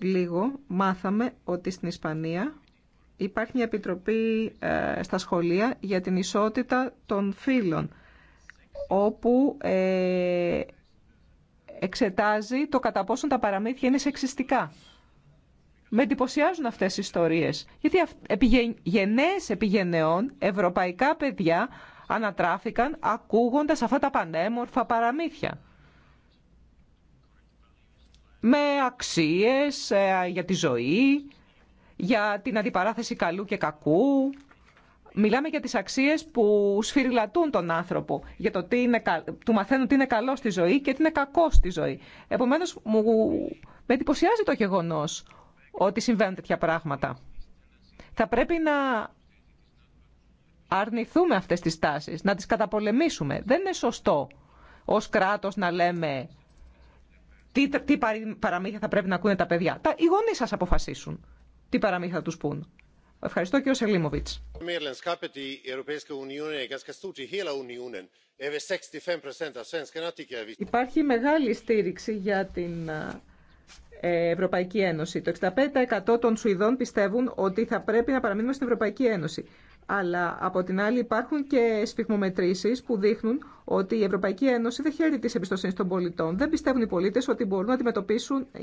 λίγο μάθαμε ότι στην Ισπανία υπάρχει μια επιτροπή ε, στα σχολεία για την ισότητα των φύλων όπου ε, εξετάζει το κατά πόσον τα παραμύθια είναι σεξιστικά. Με εντυπωσιάζουν αυτές οι ιστορίες. Γιατί γενναίες επιγενεών ευρωπαϊκά παιδιά ανατράφηκαν ακούγοντας αυτά τα πανέμορφα παραμύθια με αξίες ε, για τη ζωή, για την αντιπαράθεση καλού και κακού. Μιλάμε για τις αξίες που σφυριλατούν τον άνθρωπο, για το τι είναι, του μαθαίνουν τι είναι καλό στη ζωή και τι είναι κακό στη ζωή. Επομένως, μου, με εντυπωσιάζει το γεγονός ότι συμβαίνουν τέτοια πράγματα. Θα πρέπει να αρνηθούμε αυτές τις τάσεις, να τις καταπολεμήσουμε. Δεν είναι σωστό ως κράτος να λέμε τι, τι παραμύθια θα πρέπει να ακούνε τα παιδιά. Τα, οι γονείς σας αποφασίσουν τι παραμύθια θα τους πούν. Ευχαριστώ κύριο Σελίμωβιτς. E Υπάρχει μεγάλη στήριξη για την ε, Ευρωπαϊκή Ένωση. Το 65% των Σουηδών πιστεύουν ότι θα πρέπει να παραμείνουμε στην Ευρωπαϊκή Ένωση. Αλλά από την άλλη υπάρχουν και σφιγμομετρήσεις που δείχνουν ότι η Ευρωπαϊκή Ένωση δεν χαίρεται τη εμπιστοσύνη των πολιτών. Δεν πιστεύουν οι πολίτε ότι μπορούν να αντιμετωπίσουν ε,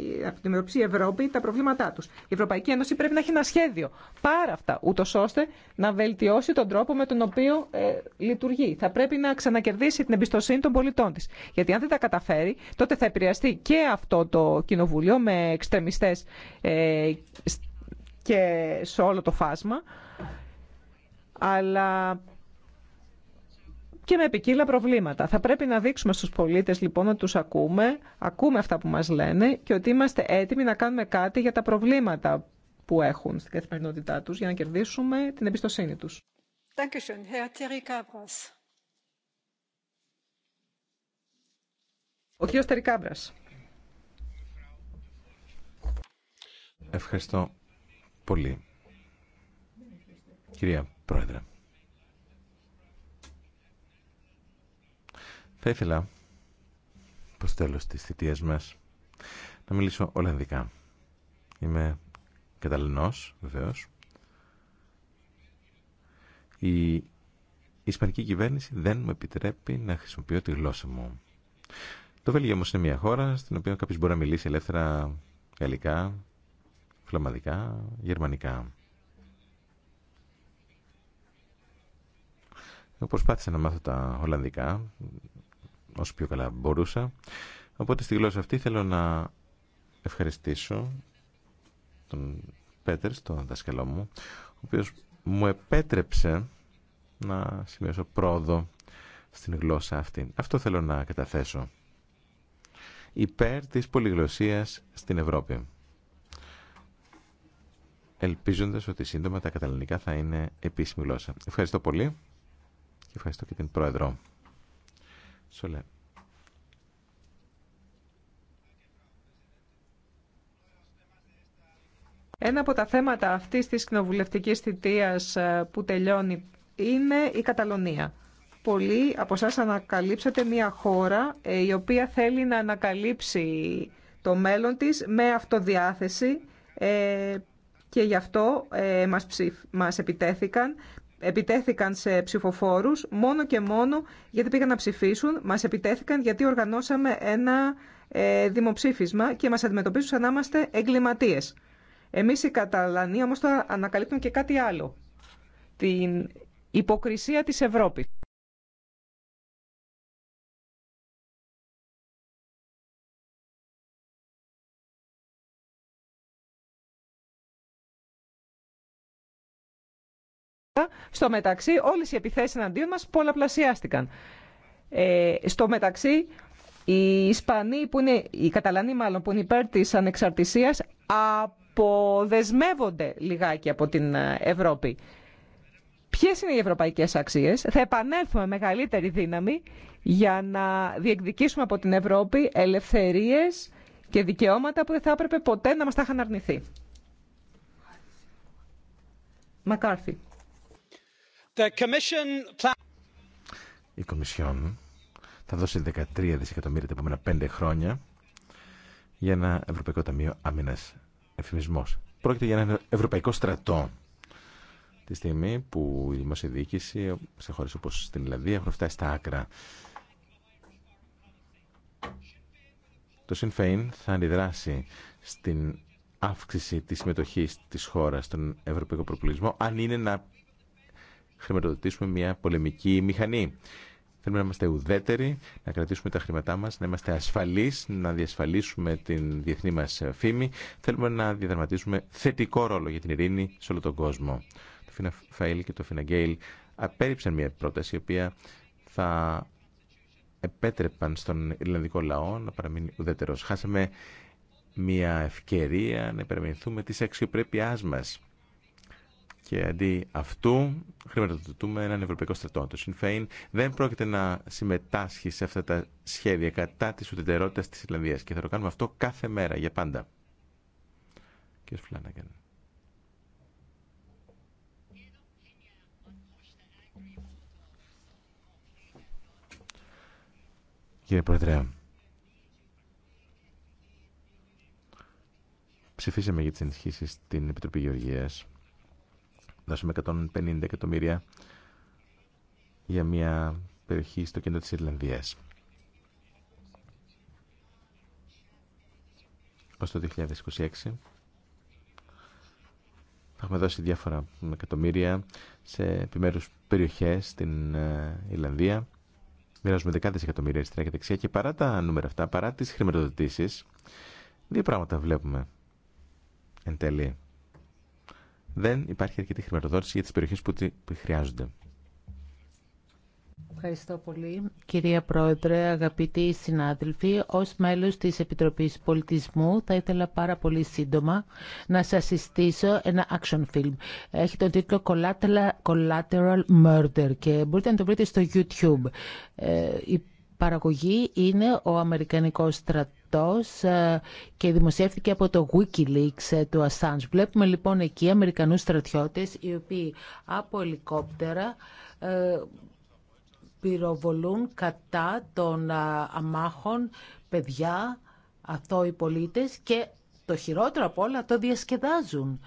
η Ευρώπη τα προβλήματά του. Η Ευρωπαϊκή Ένωση πρέπει να έχει ένα σχέδιο πάρα αυτά, ούτω ώστε να βελτιώσει τον τρόπο με τον οποίο ε, λειτουργεί. Θα πρέπει να ξανακερδίσει την εμπιστοσύνη των πολιτών τη. Γιατί αν δεν τα καταφέρει, τότε θα επηρεαστεί και αυτό το κοινοβούλιο με εξτρεμιστέ ε, και σε όλο το φάσμα αλλά και με επικύλα προβλήματα. Θα πρέπει να δείξουμε στους πολίτες λοιπόν ότι τους ακούμε, ακούμε αυτά που μας λένε και ότι είμαστε έτοιμοι να κάνουμε κάτι για τα προβλήματα που έχουν στην καθημερινότητά τους για να κερδίσουμε την εμπιστοσύνη τους. Ο κύριος Τερικάμπρας. Ευχαριστώ πολύ. Κυρία Πρόεδρε. Θα ήθελα προς τέλος της θητείας μας να μιλήσω Ολλανδικά. Είμαι καταλληνός, βεβαίως. Η Ισπανική κυβέρνηση δεν μου επιτρέπει να χρησιμοποιώ τη γλώσσα μου. Το Βέλγιο όμως είναι μια χώρα στην οποία κάποιος μπορεί να μιλήσει ελεύθερα γαλλικά, φλαμαδικά, γερμανικά. Προσπάθησα να μάθω τα Ολλανδικά όσο πιο καλά μπορούσα. Οπότε στη γλώσσα αυτή θέλω να ευχαριστήσω τον Πέτερ, τον δασκαλό μου, ο οποίος μου επέτρεψε να σημειώσω πρόοδο στην γλώσσα αυτή. Αυτό θέλω να καταθέσω. Υπέρ της πολυγλωσσίας στην Ευρώπη. Ελπίζοντας ότι σύντομα τα καταλανικά θα είναι επίσημη γλώσσα. Ευχαριστώ πολύ και ευχαριστώ και την Πρόεδρο. Ένα από τα θέματα αυτής της κοινοβουλευτικής θητείας ε, που τελειώνει είναι η Καταλωνία. Πολλοί από εσάς ανακαλύψατε μια χώρα ε, η οποία θέλει να ανακαλύψει το μέλλον της με αυτοδιάθεση ε, και γι' αυτό μας επιτέθηκαν επιτέθηκαν σε ψηφοφόρου, μόνο και μόνο γιατί πήγαν να ψηφίσουν, μας επιτέθηκαν γιατί οργανώσαμε ένα ε, δημοψήφισμα και μα αντιμετωπίζουν σαν να είμαστε εγκληματίες. Εμείς οι Καταλανοί όμως θα ανακαλύπτουν και κάτι άλλο, την υποκρισία της Ευρώπης. Στο μεταξύ, όλε οι επιθέσει εναντίον μα πολλαπλασιάστηκαν. Ε, στο μεταξύ, οι Ισπανοί, που είναι, οι Καταλανοί μάλλον, που είναι υπέρ τη ανεξαρτησία, αποδεσμεύονται λιγάκι από την ε, Ευρώπη. Ποιε είναι οι ευρωπαϊκέ αξίε, θα επανέλθουμε μεγαλύτερη δύναμη για να διεκδικήσουμε από την Ευρώπη ελευθερίε και δικαιώματα που δεν θα έπρεπε ποτέ να μα τα είχαν αρνηθεί. Μακάρθη. Η Κομισιόν θα δώσει 13 δισεκατομμύρια τα επόμενα 5 χρόνια για ένα Ευρωπαϊκό Ταμείο Άμυνα. Εφημισμό. Πρόκειται για ένα Ευρωπαϊκό στρατό. Τη στιγμή που η δημόσια σε χώρε όπω στην Ιλλανδία έχουν φτάσει στα άκρα. Το ΣΥΝΦΕΙΝ θα αντιδράσει στην αύξηση της συμμετοχή της χώρας στον Ευρωπαϊκό Προπολισμό, αν είναι να χρηματοδοτήσουμε μια πολεμική μηχανή. Θέλουμε να είμαστε ουδέτεροι, να κρατήσουμε τα χρήματά μας, να είμαστε ασφαλείς, να διασφαλίσουμε την διεθνή μας φήμη. Θέλουμε να διαδραματίσουμε θετικό ρόλο για την ειρήνη σε όλο τον κόσμο. Το Φίνα και το Φίνα Γκέιλ μια πρόταση, η οποία θα επέτρεπαν στον ελληνικό λαό να παραμείνει ουδέτερος. Χάσαμε μια ευκαιρία να υπερμηνθούμε της αξιοπρέπειάς μας. Και αντί αυτού χρηματοδοτούμε έναν Ευρωπαϊκό στρατό. Το Σινφέιν δεν πρόκειται να συμμετάσχει σε αυτά τα σχέδια κατά τη ουδετερότητα τη Ιρλανδία και θα το κάνουμε αυτό κάθε μέρα, για πάντα. Κύριε Φλάνναγκεν. Κύριε Πρόεδρε, ψηφίσαμε για τις ενισχύσεις στην Επιτροπή Γεωργίας δώσουμε 150 εκατομμύρια για μια περιοχή στο κέντρο της Ιρλανδίας. Ως το 2026 θα έχουμε δώσει διάφορα εκατομμύρια σε επιμέρους περιοχές στην ε, Ιρλανδία. Μοιράζουμε δεκάδες εκατομμύρια αριστερά και δεξιά και παρά τα νούμερα αυτά, παρά τις χρηματοδοτήσεις, δύο πράγματα βλέπουμε εν τέλει δεν υπάρχει αρκετή χρηματοδότηση για τις περιοχές που χρειάζονται. Ευχαριστώ πολύ. Κυρία Πρόεδρε, αγαπητοί συνάδελφοι, ως μέλος της Επιτροπής Πολιτισμού θα ήθελα πάρα πολύ σύντομα να σας συστήσω ένα action film. Έχει τον τίτλο Collateral Murder και μπορείτε να το βρείτε στο YouTube. Ε, η παραγωγή είναι ο Αμερικανικός στρατός ε, και δημοσιεύτηκε από το Wikileaks ε, του Assange. Βλέπουμε λοιπόν εκεί Αμερικανούς στρατιώτες οι οποίοι από ελικόπτερα ε, πυροβολούν κατά των αμάχων παιδιά, αθώοι πολίτες και το χειρότερο από όλα το διασκεδάζουν.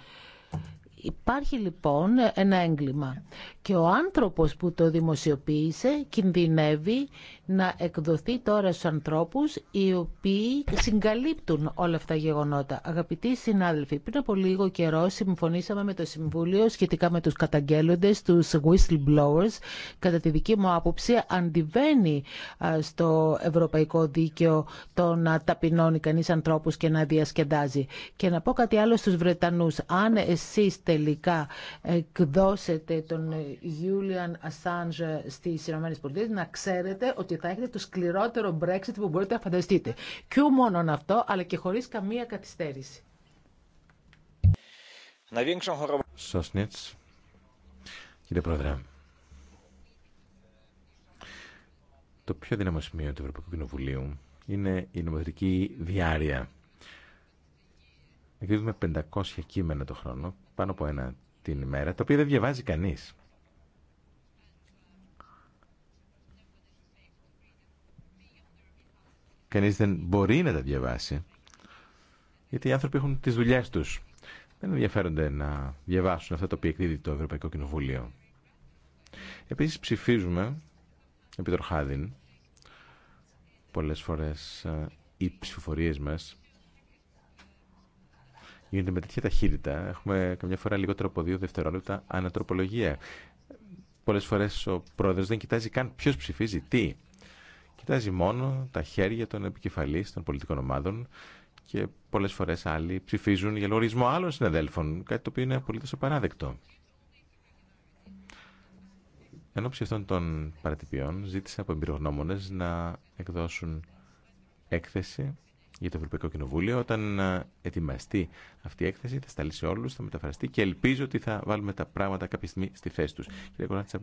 Υπάρχει λοιπόν ένα έγκλημα και ο άνθρωπος που το δημοσιοποίησε κινδυνεύει να εκδοθεί τώρα στους ανθρώπους οι οποίοι συγκαλύπτουν όλα αυτά τα γεγονότα. Αγαπητοί συνάδελφοι, πριν από λίγο καιρό συμφωνήσαμε με το Συμβούλιο σχετικά με τους καταγγέλλοντες, τους whistleblowers. Κατά τη δική μου άποψη αντιβαίνει στο ευρωπαϊκό δίκαιο το να ταπεινώνει κανείς ανθρώπους και να διασκεδάζει. Και να πω κάτι άλλο στους Βρετανούς. Αν εσείς τελικά εκδώσετε τον Julian Assange στις ΗΠΑ, να ξέρετε ότι θα έχετε το σκληρότερο Brexit που μπορείτε να φανταστείτε. Κιού μόνο μόνον αυτό, αλλά και χωρίς καμία καθυστέρηση. Σωσνίτς, κύριε Πρόεδρε, το πιο δύναμο σημείο του Ευρωπαϊκού Κοινοβουλίου είναι η νομοθετική διάρκεια. Εκδίδουμε 500 κείμενα το χρόνο, πάνω από ένα την ημέρα, τα οποία δεν διαβάζει κανείς. κανείς δεν μπορεί να τα διαβάσει, γιατί οι άνθρωποι έχουν τις δουλειές τους. Δεν ενδιαφέρονται να διαβάσουν αυτά τα οποία εκδίδει το Ευρωπαϊκό Κοινοβούλιο. Επίσης ψηφίζουμε, επί τροχάδιν, πολλές φορές ε, οι ψηφοφορίες μας γίνονται με τέτοια ταχύτητα. Έχουμε καμιά φορά λιγότερο από δύο δευτερόλεπτα ανατροπολογία. Πολλές φορές ο πρόεδρος δεν κοιτάζει καν ποιος ψηφίζει τι κοιτάζει μόνο τα χέρια των επικεφαλής των πολιτικών ομάδων και πολλές φορές άλλοι ψηφίζουν για λογαριασμό άλλων συναδέλφων, κάτι το οποίο είναι απολύτως απαράδεκτο. Εν ώψη αυτών των παρατυπιών ζήτησα από εμπειρογνώμονες να εκδώσουν έκθεση για το Ευρωπαϊκό Κοινοβούλιο. Όταν ε, ετοιμαστεί αυτή η έκθεση, θα σταλεί σε όλου, θα μεταφραστεί και ελπίζω ότι θα βάλουμε τα πράγματα κάποια στιγμή στη θέση του. Κύριε Κοράτσα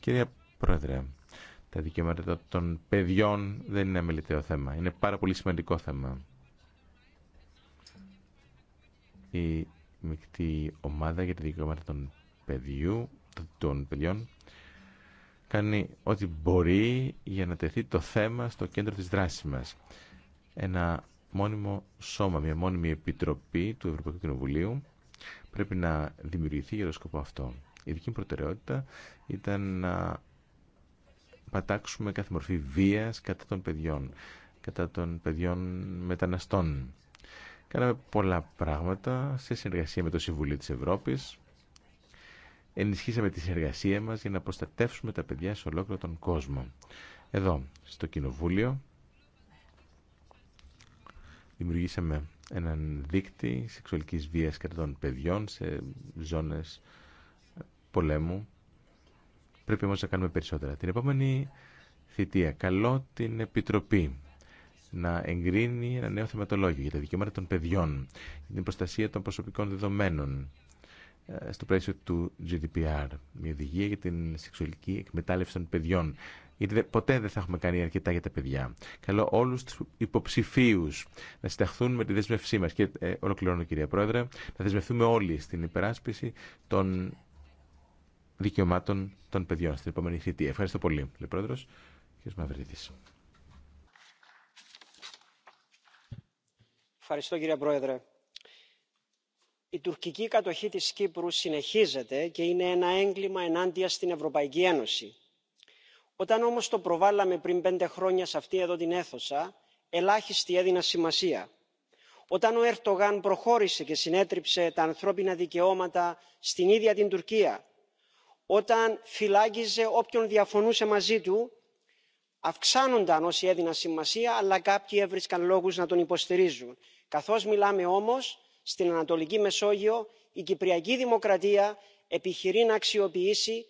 Κύριε Πρόεδρε, τα δικαιώματα των παιδιών δεν είναι αμεληταίο θέμα. Είναι πάρα πολύ σημαντικό θέμα. Η μεικτή ομάδα για τα δικαιώματα των, παιδιού, των παιδιών κάνει ό,τι μπορεί για να τεθεί το θέμα στο κέντρο της δράσης μας. Ένα μόνιμο σώμα, μια μόνιμη επιτροπή του Ευρωπαϊκού Κοινοβουλίου πρέπει να δημιουργηθεί για το σκοπό αυτό. Η δική μου προτεραιότητα ήταν να πατάξουμε κάθε μορφή βίας κατά των παιδιών, κατά των παιδιών μεταναστών. Κάναμε πολλά πράγματα σε συνεργασία με το Συμβουλίο της Ευρώπης. Ενισχύσαμε τη συνεργασία μας για να προστατεύσουμε τα παιδιά σε ολόκληρο τον κόσμο. Εδώ, στο Κοινοβούλιο, δημιουργήσαμε έναν δίκτυ σεξουαλικής βίας κατά των παιδιών σε ζώνες πολέμου Πρέπει όμως να κάνουμε περισσότερα. Την επόμενη θητεία, Καλό την Επιτροπή να εγκρίνει ένα νέο θεματολόγιο για τα δικαιώματα των παιδιών, για την προστασία των προσωπικών δεδομένων ε, στο πλαίσιο του GDPR, μια οδηγία για την σεξουαλική εκμετάλλευση των παιδιών. Γιατί ποτέ δεν θα έχουμε κάνει αρκετά για τα παιδιά. Καλό όλου του υποψηφίου, να συνταχθούν με τη δεσμευσή μα Και ε, ολοκληρώνω κυρία Πρόεδρε, να δεσμευτούμε όλοι στην υπεράσπιση των δικαιωμάτων των παιδιών στην επόμενη θητεία. Ευχαριστώ πολύ, κύριε Πρόεδρος. Κ. Μαυρίδης. Ευχαριστώ, κύριε Πρόεδρε. Η τουρκική κατοχή της Κύπρου συνεχίζεται και είναι ένα έγκλημα ενάντια στην Ευρωπαϊκή Ένωση. Όταν όμως το προβάλαμε πριν πέντε χρόνια σε αυτή εδώ την αίθουσα, ελάχιστη έδινα σημασία. Όταν ο Ερτογάν προχώρησε και συνέτριψε τα ανθρώπινα δικαιώματα στην ίδια την Τουρκία, όταν φυλάκιζε όποιον διαφωνούσε μαζί του αυξάνονταν όσοι έδιναν σημασία αλλά κάποιοι έβρισκαν λόγους να τον υποστηρίζουν. καθώς μιλάμε όμως στην ανατολική μεσόγειο η κυπριακή δημοκρατία επιχειρεί να αξιοποιήσει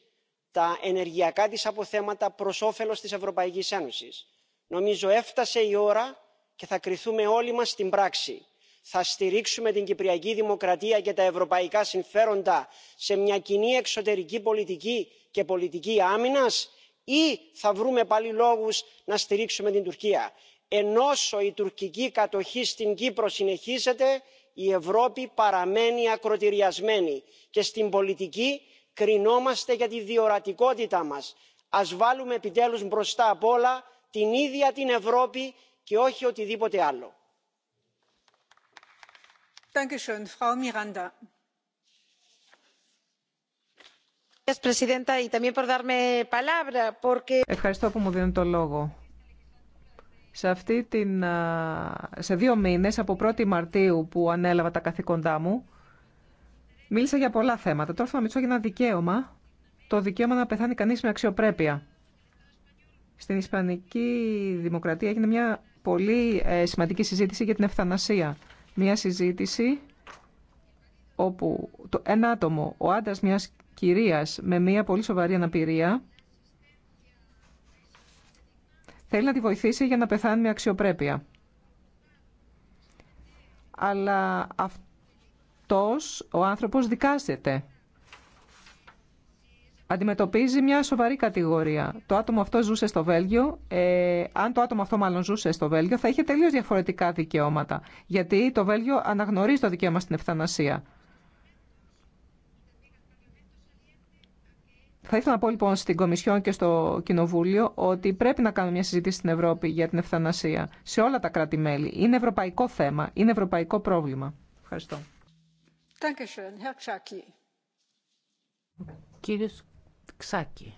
τα ενεργειακά της αποθέματα προς όφελος της ευρωπαϊκής ένωσης. νομίζω έφτασε η ώρα και θα κριθούμε όλοι μας στην πράξη θα στηρίξουμε την κυπριακή δημοκρατία και τα ευρωπαϊκά συμφέροντα σε μια κοινή εξωτερική πολιτική και πολιτική άμυνας ή θα βρούμε πάλι λόγους να στηρίξουμε την τουρκία. ενώ η τουρκική κατοχή στην κύπρο συνεχίζεται η ευρώπη παραμένει ακροτηριασμένη και στην πολιτική κρινόμαστε για τη διορατικότητά μας. ας βάλουμε επιτέλους μπροστά απ' όλα την ίδια την ευρώπη και όχι οτιδήποτε άλλο. Ευχαριστώ που μου δίνουν το λόγο. Σε, σε δύο μήνες, από 1η Μαρτίου που ανέλαβα τα καθήκοντά μου, μίλησα για πολλά θέματα. Τώρα θα μιλήσω για ένα δικαίωμα, το δικαίωμα να πεθάνει κανείς με αξιοπρέπεια. Στην Ισπανική Δημοκρατία έγινε μια πολύ ε, σημαντική συζήτηση για την ευθανασία μια συζήτηση όπου το, ένα άτομο, ο άντρα μιας κυρίας με μια πολύ σοβαρή αναπηρία, θέλει να τη βοηθήσει για να πεθάνει με αξιοπρέπεια. Αλλά αυτός ο άνθρωπος δικάζεται αντιμετωπίζει μια σοβαρή κατηγορία. Το άτομο αυτό ζούσε στο Βέλγιο. Ε, αν το άτομο αυτό μάλλον ζούσε στο Βέλγιο, θα είχε τελείω διαφορετικά δικαιώματα. Γιατί το Βέλγιο αναγνωρίζει το δικαίωμα στην ευθανασία. Θα ήθελα να πω λοιπόν στην Κομισιόν και στο Κοινοβούλιο ότι πρέπει να κάνουμε μια συζήτηση στην Ευρώπη για την ευθανασία σε όλα τα κράτη-μέλη. Είναι ευρωπαϊκό θέμα, είναι ευρωπαϊκό πρόβλημα. Ευχαριστώ ξάκι.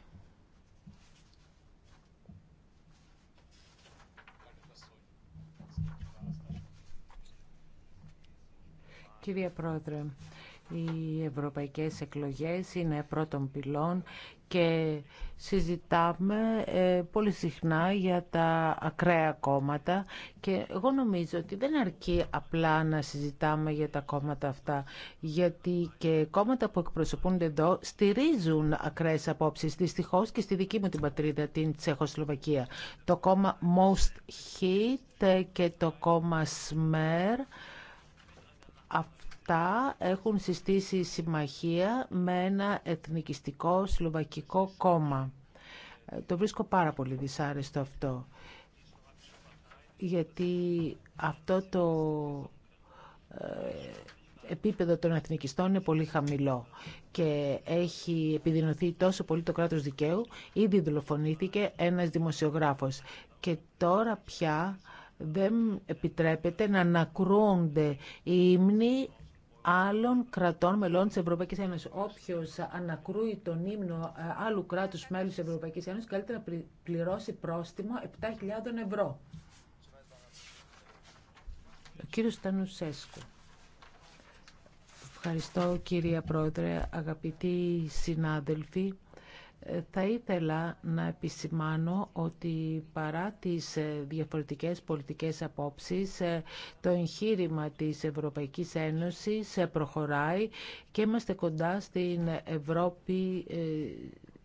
Κυρία Πρόεδρε, οι ευρωπαϊκές εκλογές είναι πρώτον πυλών και συζητάμε ε, πολύ συχνά για τα ακραία κόμματα και εγώ νομίζω ότι δεν αρκεί απλά να συζητάμε για τα κόμματα αυτά γιατί και κόμματα που εκπροσωπούνται εδώ στηρίζουν ακραίες απόψεις δυστυχώς και στη δική μου την πατρίδα την Τσεχοσλοβακία το κόμμα Most Hit και το κόμμα Smer αυτά έχουν συστήσει συμμαχία με ένα εθνικιστικό σλοβακικό κόμμα. Ε, το βρίσκω πάρα πολύ δυσάρεστο αυτό, γιατί αυτό το ε, επίπεδο των εθνικιστών είναι πολύ χαμηλό και έχει επιδεινωθεί τόσο πολύ το κράτος δικαίου, ήδη δολοφονήθηκε ένας δημοσιογράφος και τώρα πια δεν επιτρέπεται να ανακρούονται οι ύμνοι άλλων κρατών μελών τη Ευρωπαϊκή Ένωση. Όποιο ανακρούει τον ύμνο ε, άλλου κράτου μέλους τη Ευρωπαϊκή Ένωση. καλύτερα να πληρώσει πρόστιμο 7.000 ευρώ. Ο Τανουσέσκου. Ευχαριστώ κύριε Πρόεδρε, αγαπητοί συνάδελφοι. Ε, θα ήθελα να επισημάνω ότι παρά τις ε, διαφορετικές πολιτικές απόψεις, ε, το εγχείρημα της Ευρωπαϊκής Ένωσης προχωράει και είμαστε κοντά στην Ευρώπη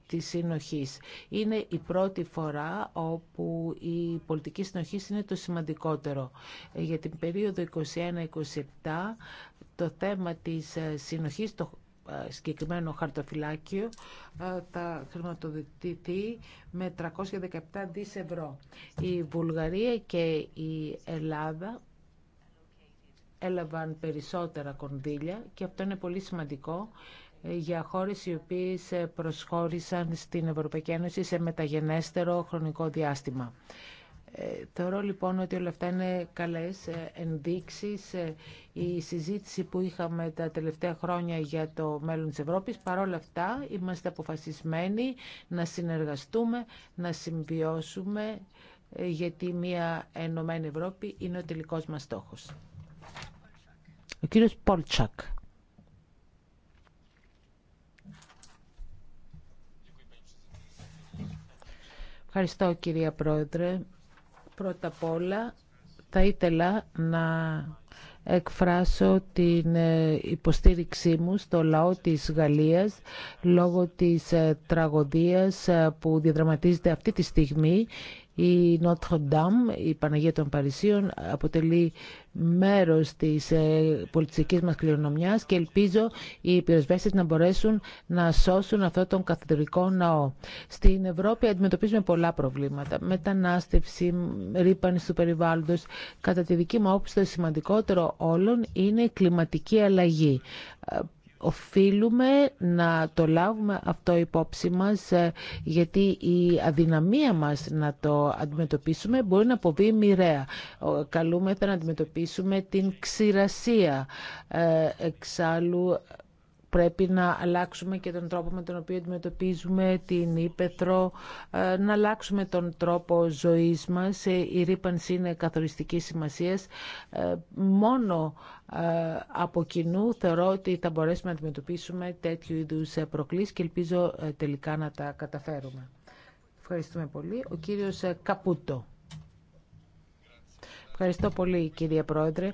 της συνοχής. Είναι η πρώτη φορά όπου η πολιτική συνοχή είναι το σημαντικότερο. Για την περιοδο 2021 2021-2027 το θέμα της συνοχής το ε, συγκεκριμένο χαρτοφυλάκιο ε, θα χρηματοδοτηθεί με 317 δις ευρώ. Η Βουλγαρία και η Ελλάδα έλαβαν περισσότερα κονδύλια και αυτό είναι πολύ σημαντικό ε, για χώρες οι οποίες προσχώρησαν στην Ευρωπαϊκή Ένωση σε μεταγενέστερο χρονικό διάστημα. Ε, θεωρώ λοιπόν ότι όλα αυτά είναι καλές ε, ενδείξεις. Ε, η συζήτηση που είχαμε τα τελευταία χρόνια για το μέλλον της Ευρώπης, παρόλα αυτά είμαστε αποφασισμένοι να συνεργαστούμε, να συμβιώσουμε, γιατί μια ενωμένη Ευρώπη είναι ο τελικός μας στόχος. Ο κύριος Πολτσακ. Ευχαριστώ κυρία Πρόεδρε. Πρώτα απ' όλα θα ήθελα να εκφράσω την ε, υποστήριξή μου στο λαό της Γαλλίας λόγω της ε, τραγωδίας ε, που διαδραματίζεται αυτή τη στιγμή η Notre Dame, η Παναγία των Παρισίων, αποτελεί μέρος της ε, πολιτιστικής μας κληρονομιάς και ελπίζω οι πυροσβέστες να μπορέσουν να σώσουν αυτό τον καθεδρικό ναό. Στην Ευρώπη αντιμετωπίζουμε πολλά προβλήματα. Μετανάστευση, ρήπανση του περιβάλλοντος. Κατά τη δική μου όψη το σημαντικότερο όλων είναι η κλιματική αλλαγή οφείλουμε να το λάβουμε αυτό υπόψη μας ε, γιατί η αδυναμία μας να το αντιμετωπίσουμε μπορεί να αποβεί μοιραία. Καλούμεθα να αντιμετωπίσουμε την ξηρασία. Ε, εξάλλου πρέπει να αλλάξουμε και τον τρόπο με τον οποίο αντιμετωπίζουμε την ύπεθρο, ε, να αλλάξουμε τον τρόπο ζωής μας. Ε, η ρήπανση είναι καθοριστική σημασίας. Ε, μόνο από κοινού θεωρώ ότι θα μπορέσουμε να αντιμετωπίσουμε τέτοιου είδους προκλήσεις και ελπίζω τελικά να τα καταφέρουμε. Ευχαριστούμε πολύ. Ο κύριος Καπούτο. Ευχαριστώ πολύ κύριε Πρόεδρε.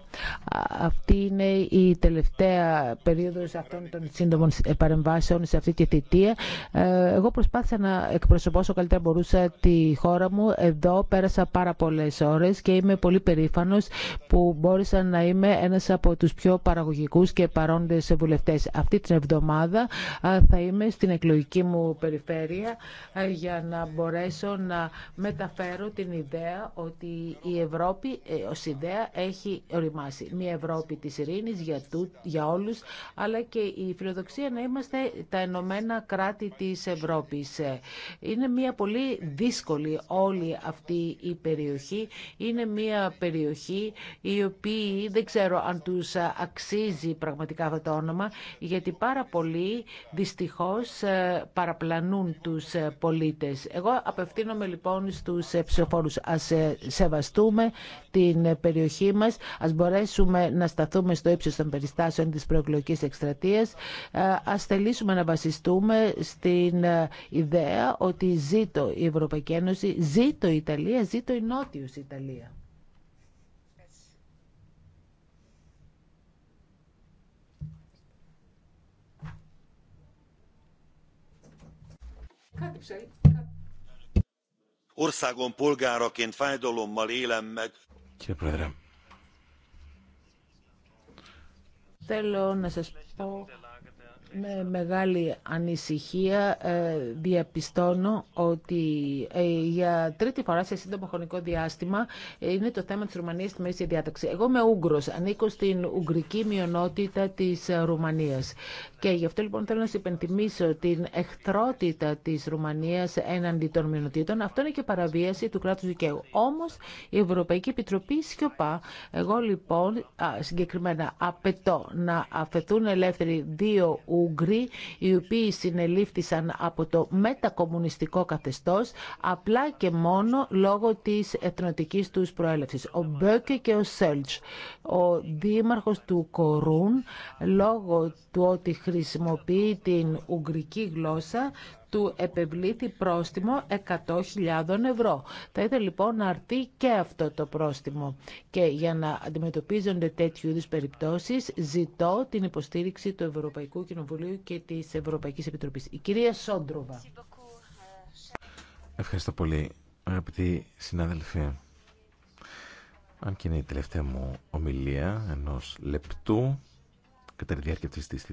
Αυτή είναι η τελευταία περίοδος αυτών των σύντομων παρεμβάσεων σε αυτή τη θητεία. Ε, εγώ προσπάθησα να εκπροσωπώ καλύτερα μπορούσα τη χώρα μου. Εδώ πέρασα πάρα πολλές ώρες και είμαι πολύ περήφανος που μπόρεσα να είμαι ένας από τους πιο παραγωγικούς και παρόντες βουλευτές. Αυτή την εβδομάδα θα είμαι στην εκλογική μου περιφέρεια ε, για να μπορέσω να μεταφέρω την ιδέα ότι η Ευρώπη ε, ο ιδέα έχει οριμάσει. Μια Ευρώπη της ειρήνης για, του, για όλους, αλλά και η φιλοδοξία να είμαστε τα ενωμένα κράτη της Ευρώπης. Ε, είναι μια πολύ δύσκολη όλη αυτή η περιοχή. Είναι μια περιοχή η οποία δεν ξέρω αν τους αξίζει πραγματικά αυτό το όνομα, γιατί πάρα πολλοί δυστυχώς ε, παραπλανούν τους πολίτες. Εγώ απευθύνομαι λοιπόν στους ψηφοφόρους. Ας σεβαστούμε στην περιοχή μα, α μπορέσουμε να σταθούμε στο ύψο των περιστάσεων τη προεκλογική εκστρατεία, ε, α θελήσουμε να βασιστούμε στην ε, ιδέα ότι ζήτω η Ευρωπαϊκή Ένωση, ζήτω η Ιταλία, ζήτω η Νότιο Ιταλία. országom polgáraként fájdalommal élem meg κύριε Πρόεδρε. Θέλω να σας πω με μεγάλη ανησυχία ε, διαπιστώνω ότι ε, για τρίτη φορά σε σύντομο χρονικό διάστημα είναι το θέμα της Ρουμανίας στη μέση διάταξη. Εγώ είμαι Ούγγρος, ανήκω στην Ουγγρική μειονότητα της Ρουμανίας και γι' αυτό λοιπόν θέλω να σας υπενθυμίσω την εχθρότητα της Ρουμανίας έναντι των μειονοτήτων. Αυτό είναι και παραβίαση του κράτους δικαίου. Όμως η Ευρωπαϊκή Επιτροπή σιωπά. Εγώ λοιπόν συγκεκριμένα απαιτώ να αφαιθούν ελεύθεροι δύο Ούγγροι, οι οποίοι συνελήφθησαν από το μετακομμουνιστικό καθεστώς, απλά και μόνο λόγω της εθνοτικής τους προέλευσης. Ο Μπέκε και ο Σέλτς, ο δήμαρχος του Κορούν, λόγω του ότι χρησιμοποιεί την ουγγρική γλώσσα, του επευλήθη πρόστιμο 100.000 ευρώ. Θα ήθελε λοιπόν να αρθεί και αυτό το πρόστιμο. Και για να αντιμετωπίζονται τέτοιου είδου περιπτώσει, ζητώ την υποστήριξη του Ευρωπαϊκού Κοινοβουλίου και τη Ευρωπαϊκή Επιτροπή. Η κυρία Σόντροβα. Ευχαριστώ πολύ, αγαπητοί συνάδελφοι. Αν και είναι η τελευταία μου ομιλία ενός λεπτού κατά τη διάρκεια της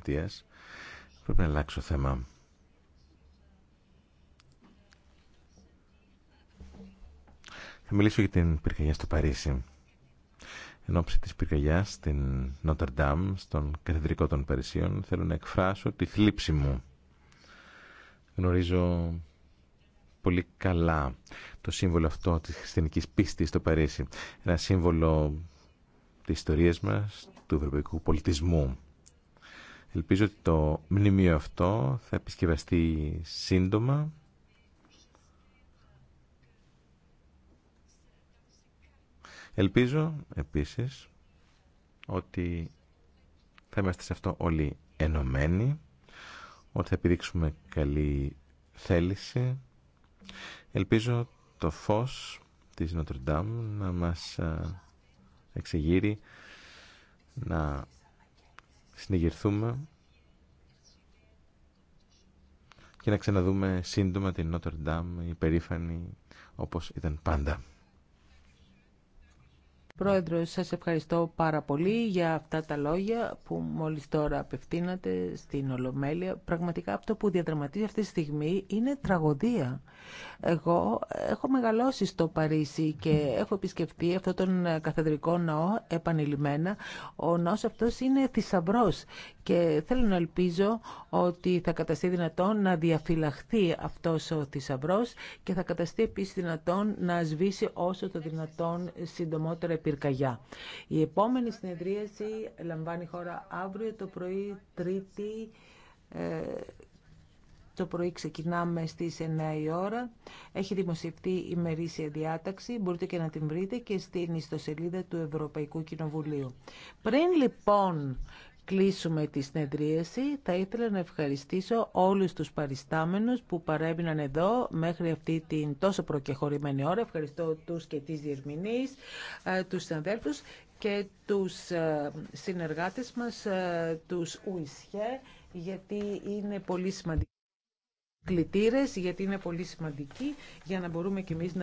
πρέπει να αλλάξω θέμα. Θα μιλήσω για την πυρκαγιά στο Παρίσι. Εν ώψη της πυρκαγιάς στην Νότερνταμ, στον Καθεδρικό των Παρισίων, θέλω να εκφράσω τη θλίψη μου. Γνωρίζω πολύ καλά το σύμβολο αυτό της χριστιανικής πίστης στο Παρίσι. Ένα σύμβολο της ιστορίας μας, του ευρωπαϊκού πολιτισμού. Ελπίζω ότι το μνημείο αυτό θα επισκευαστεί σύντομα Ελπίζω επίσης ότι θα είμαστε σε αυτό όλοι ενωμένοι, ότι θα επιδείξουμε καλή θέληση. Ελπίζω το φως της Dame να μας ε, εξηγείρει να συνεγερθούμε και να ξαναδούμε σύντομα την η υπερήφανη όπως ήταν πάντα. Πρόεδρο, σας ευχαριστώ πάρα πολύ για αυτά τα λόγια που μόλις τώρα απευθύνατε στην Ολομέλεια. Πραγματικά αυτό που διαδραματίζει αυτή τη στιγμή είναι τραγωδία. Εγώ έχω μεγαλώσει στο Παρίσι και έχω επισκεφτεί αυτόν τον καθεδρικό ναό επανειλημμένα. Ο ναός αυτός είναι θησαυρό και θέλω να ελπίζω ότι θα καταστεί δυνατόν να διαφυλαχθεί αυτός ο θησαυρό και θα καταστεί επίσης δυνατόν να σβήσει όσο το δυνατόν συντομότερα η επόμενη συνεδρίαση λαμβάνει χώρα αύριο το πρωί, Τρίτη. Ε, το πρωί ξεκινάμε στις 9 η ώρα. Έχει δημοσιευτεί η μερίσια διάταξη. Μπορείτε και να την βρείτε και στην ιστοσελίδα του Ευρωπαϊκού Κοινοβουλίου. Πριν λοιπόν κλείσουμε τη συνεδρίαση, θα ήθελα να ευχαριστήσω όλους τους παριστάμενους που παρέμειναν εδώ μέχρι αυτή την τόσο προκεχωρημένη ώρα. Ευχαριστώ τους και τις διερμηνείς, ε, τους συναδέλφους και τους ε, συνεργάτες μας, ε, τους ΟΙΣΧΕ, γιατί είναι πολύ σημαντικοί γιατί είναι πολύ σημαντικοί για να μπορούμε και εμείς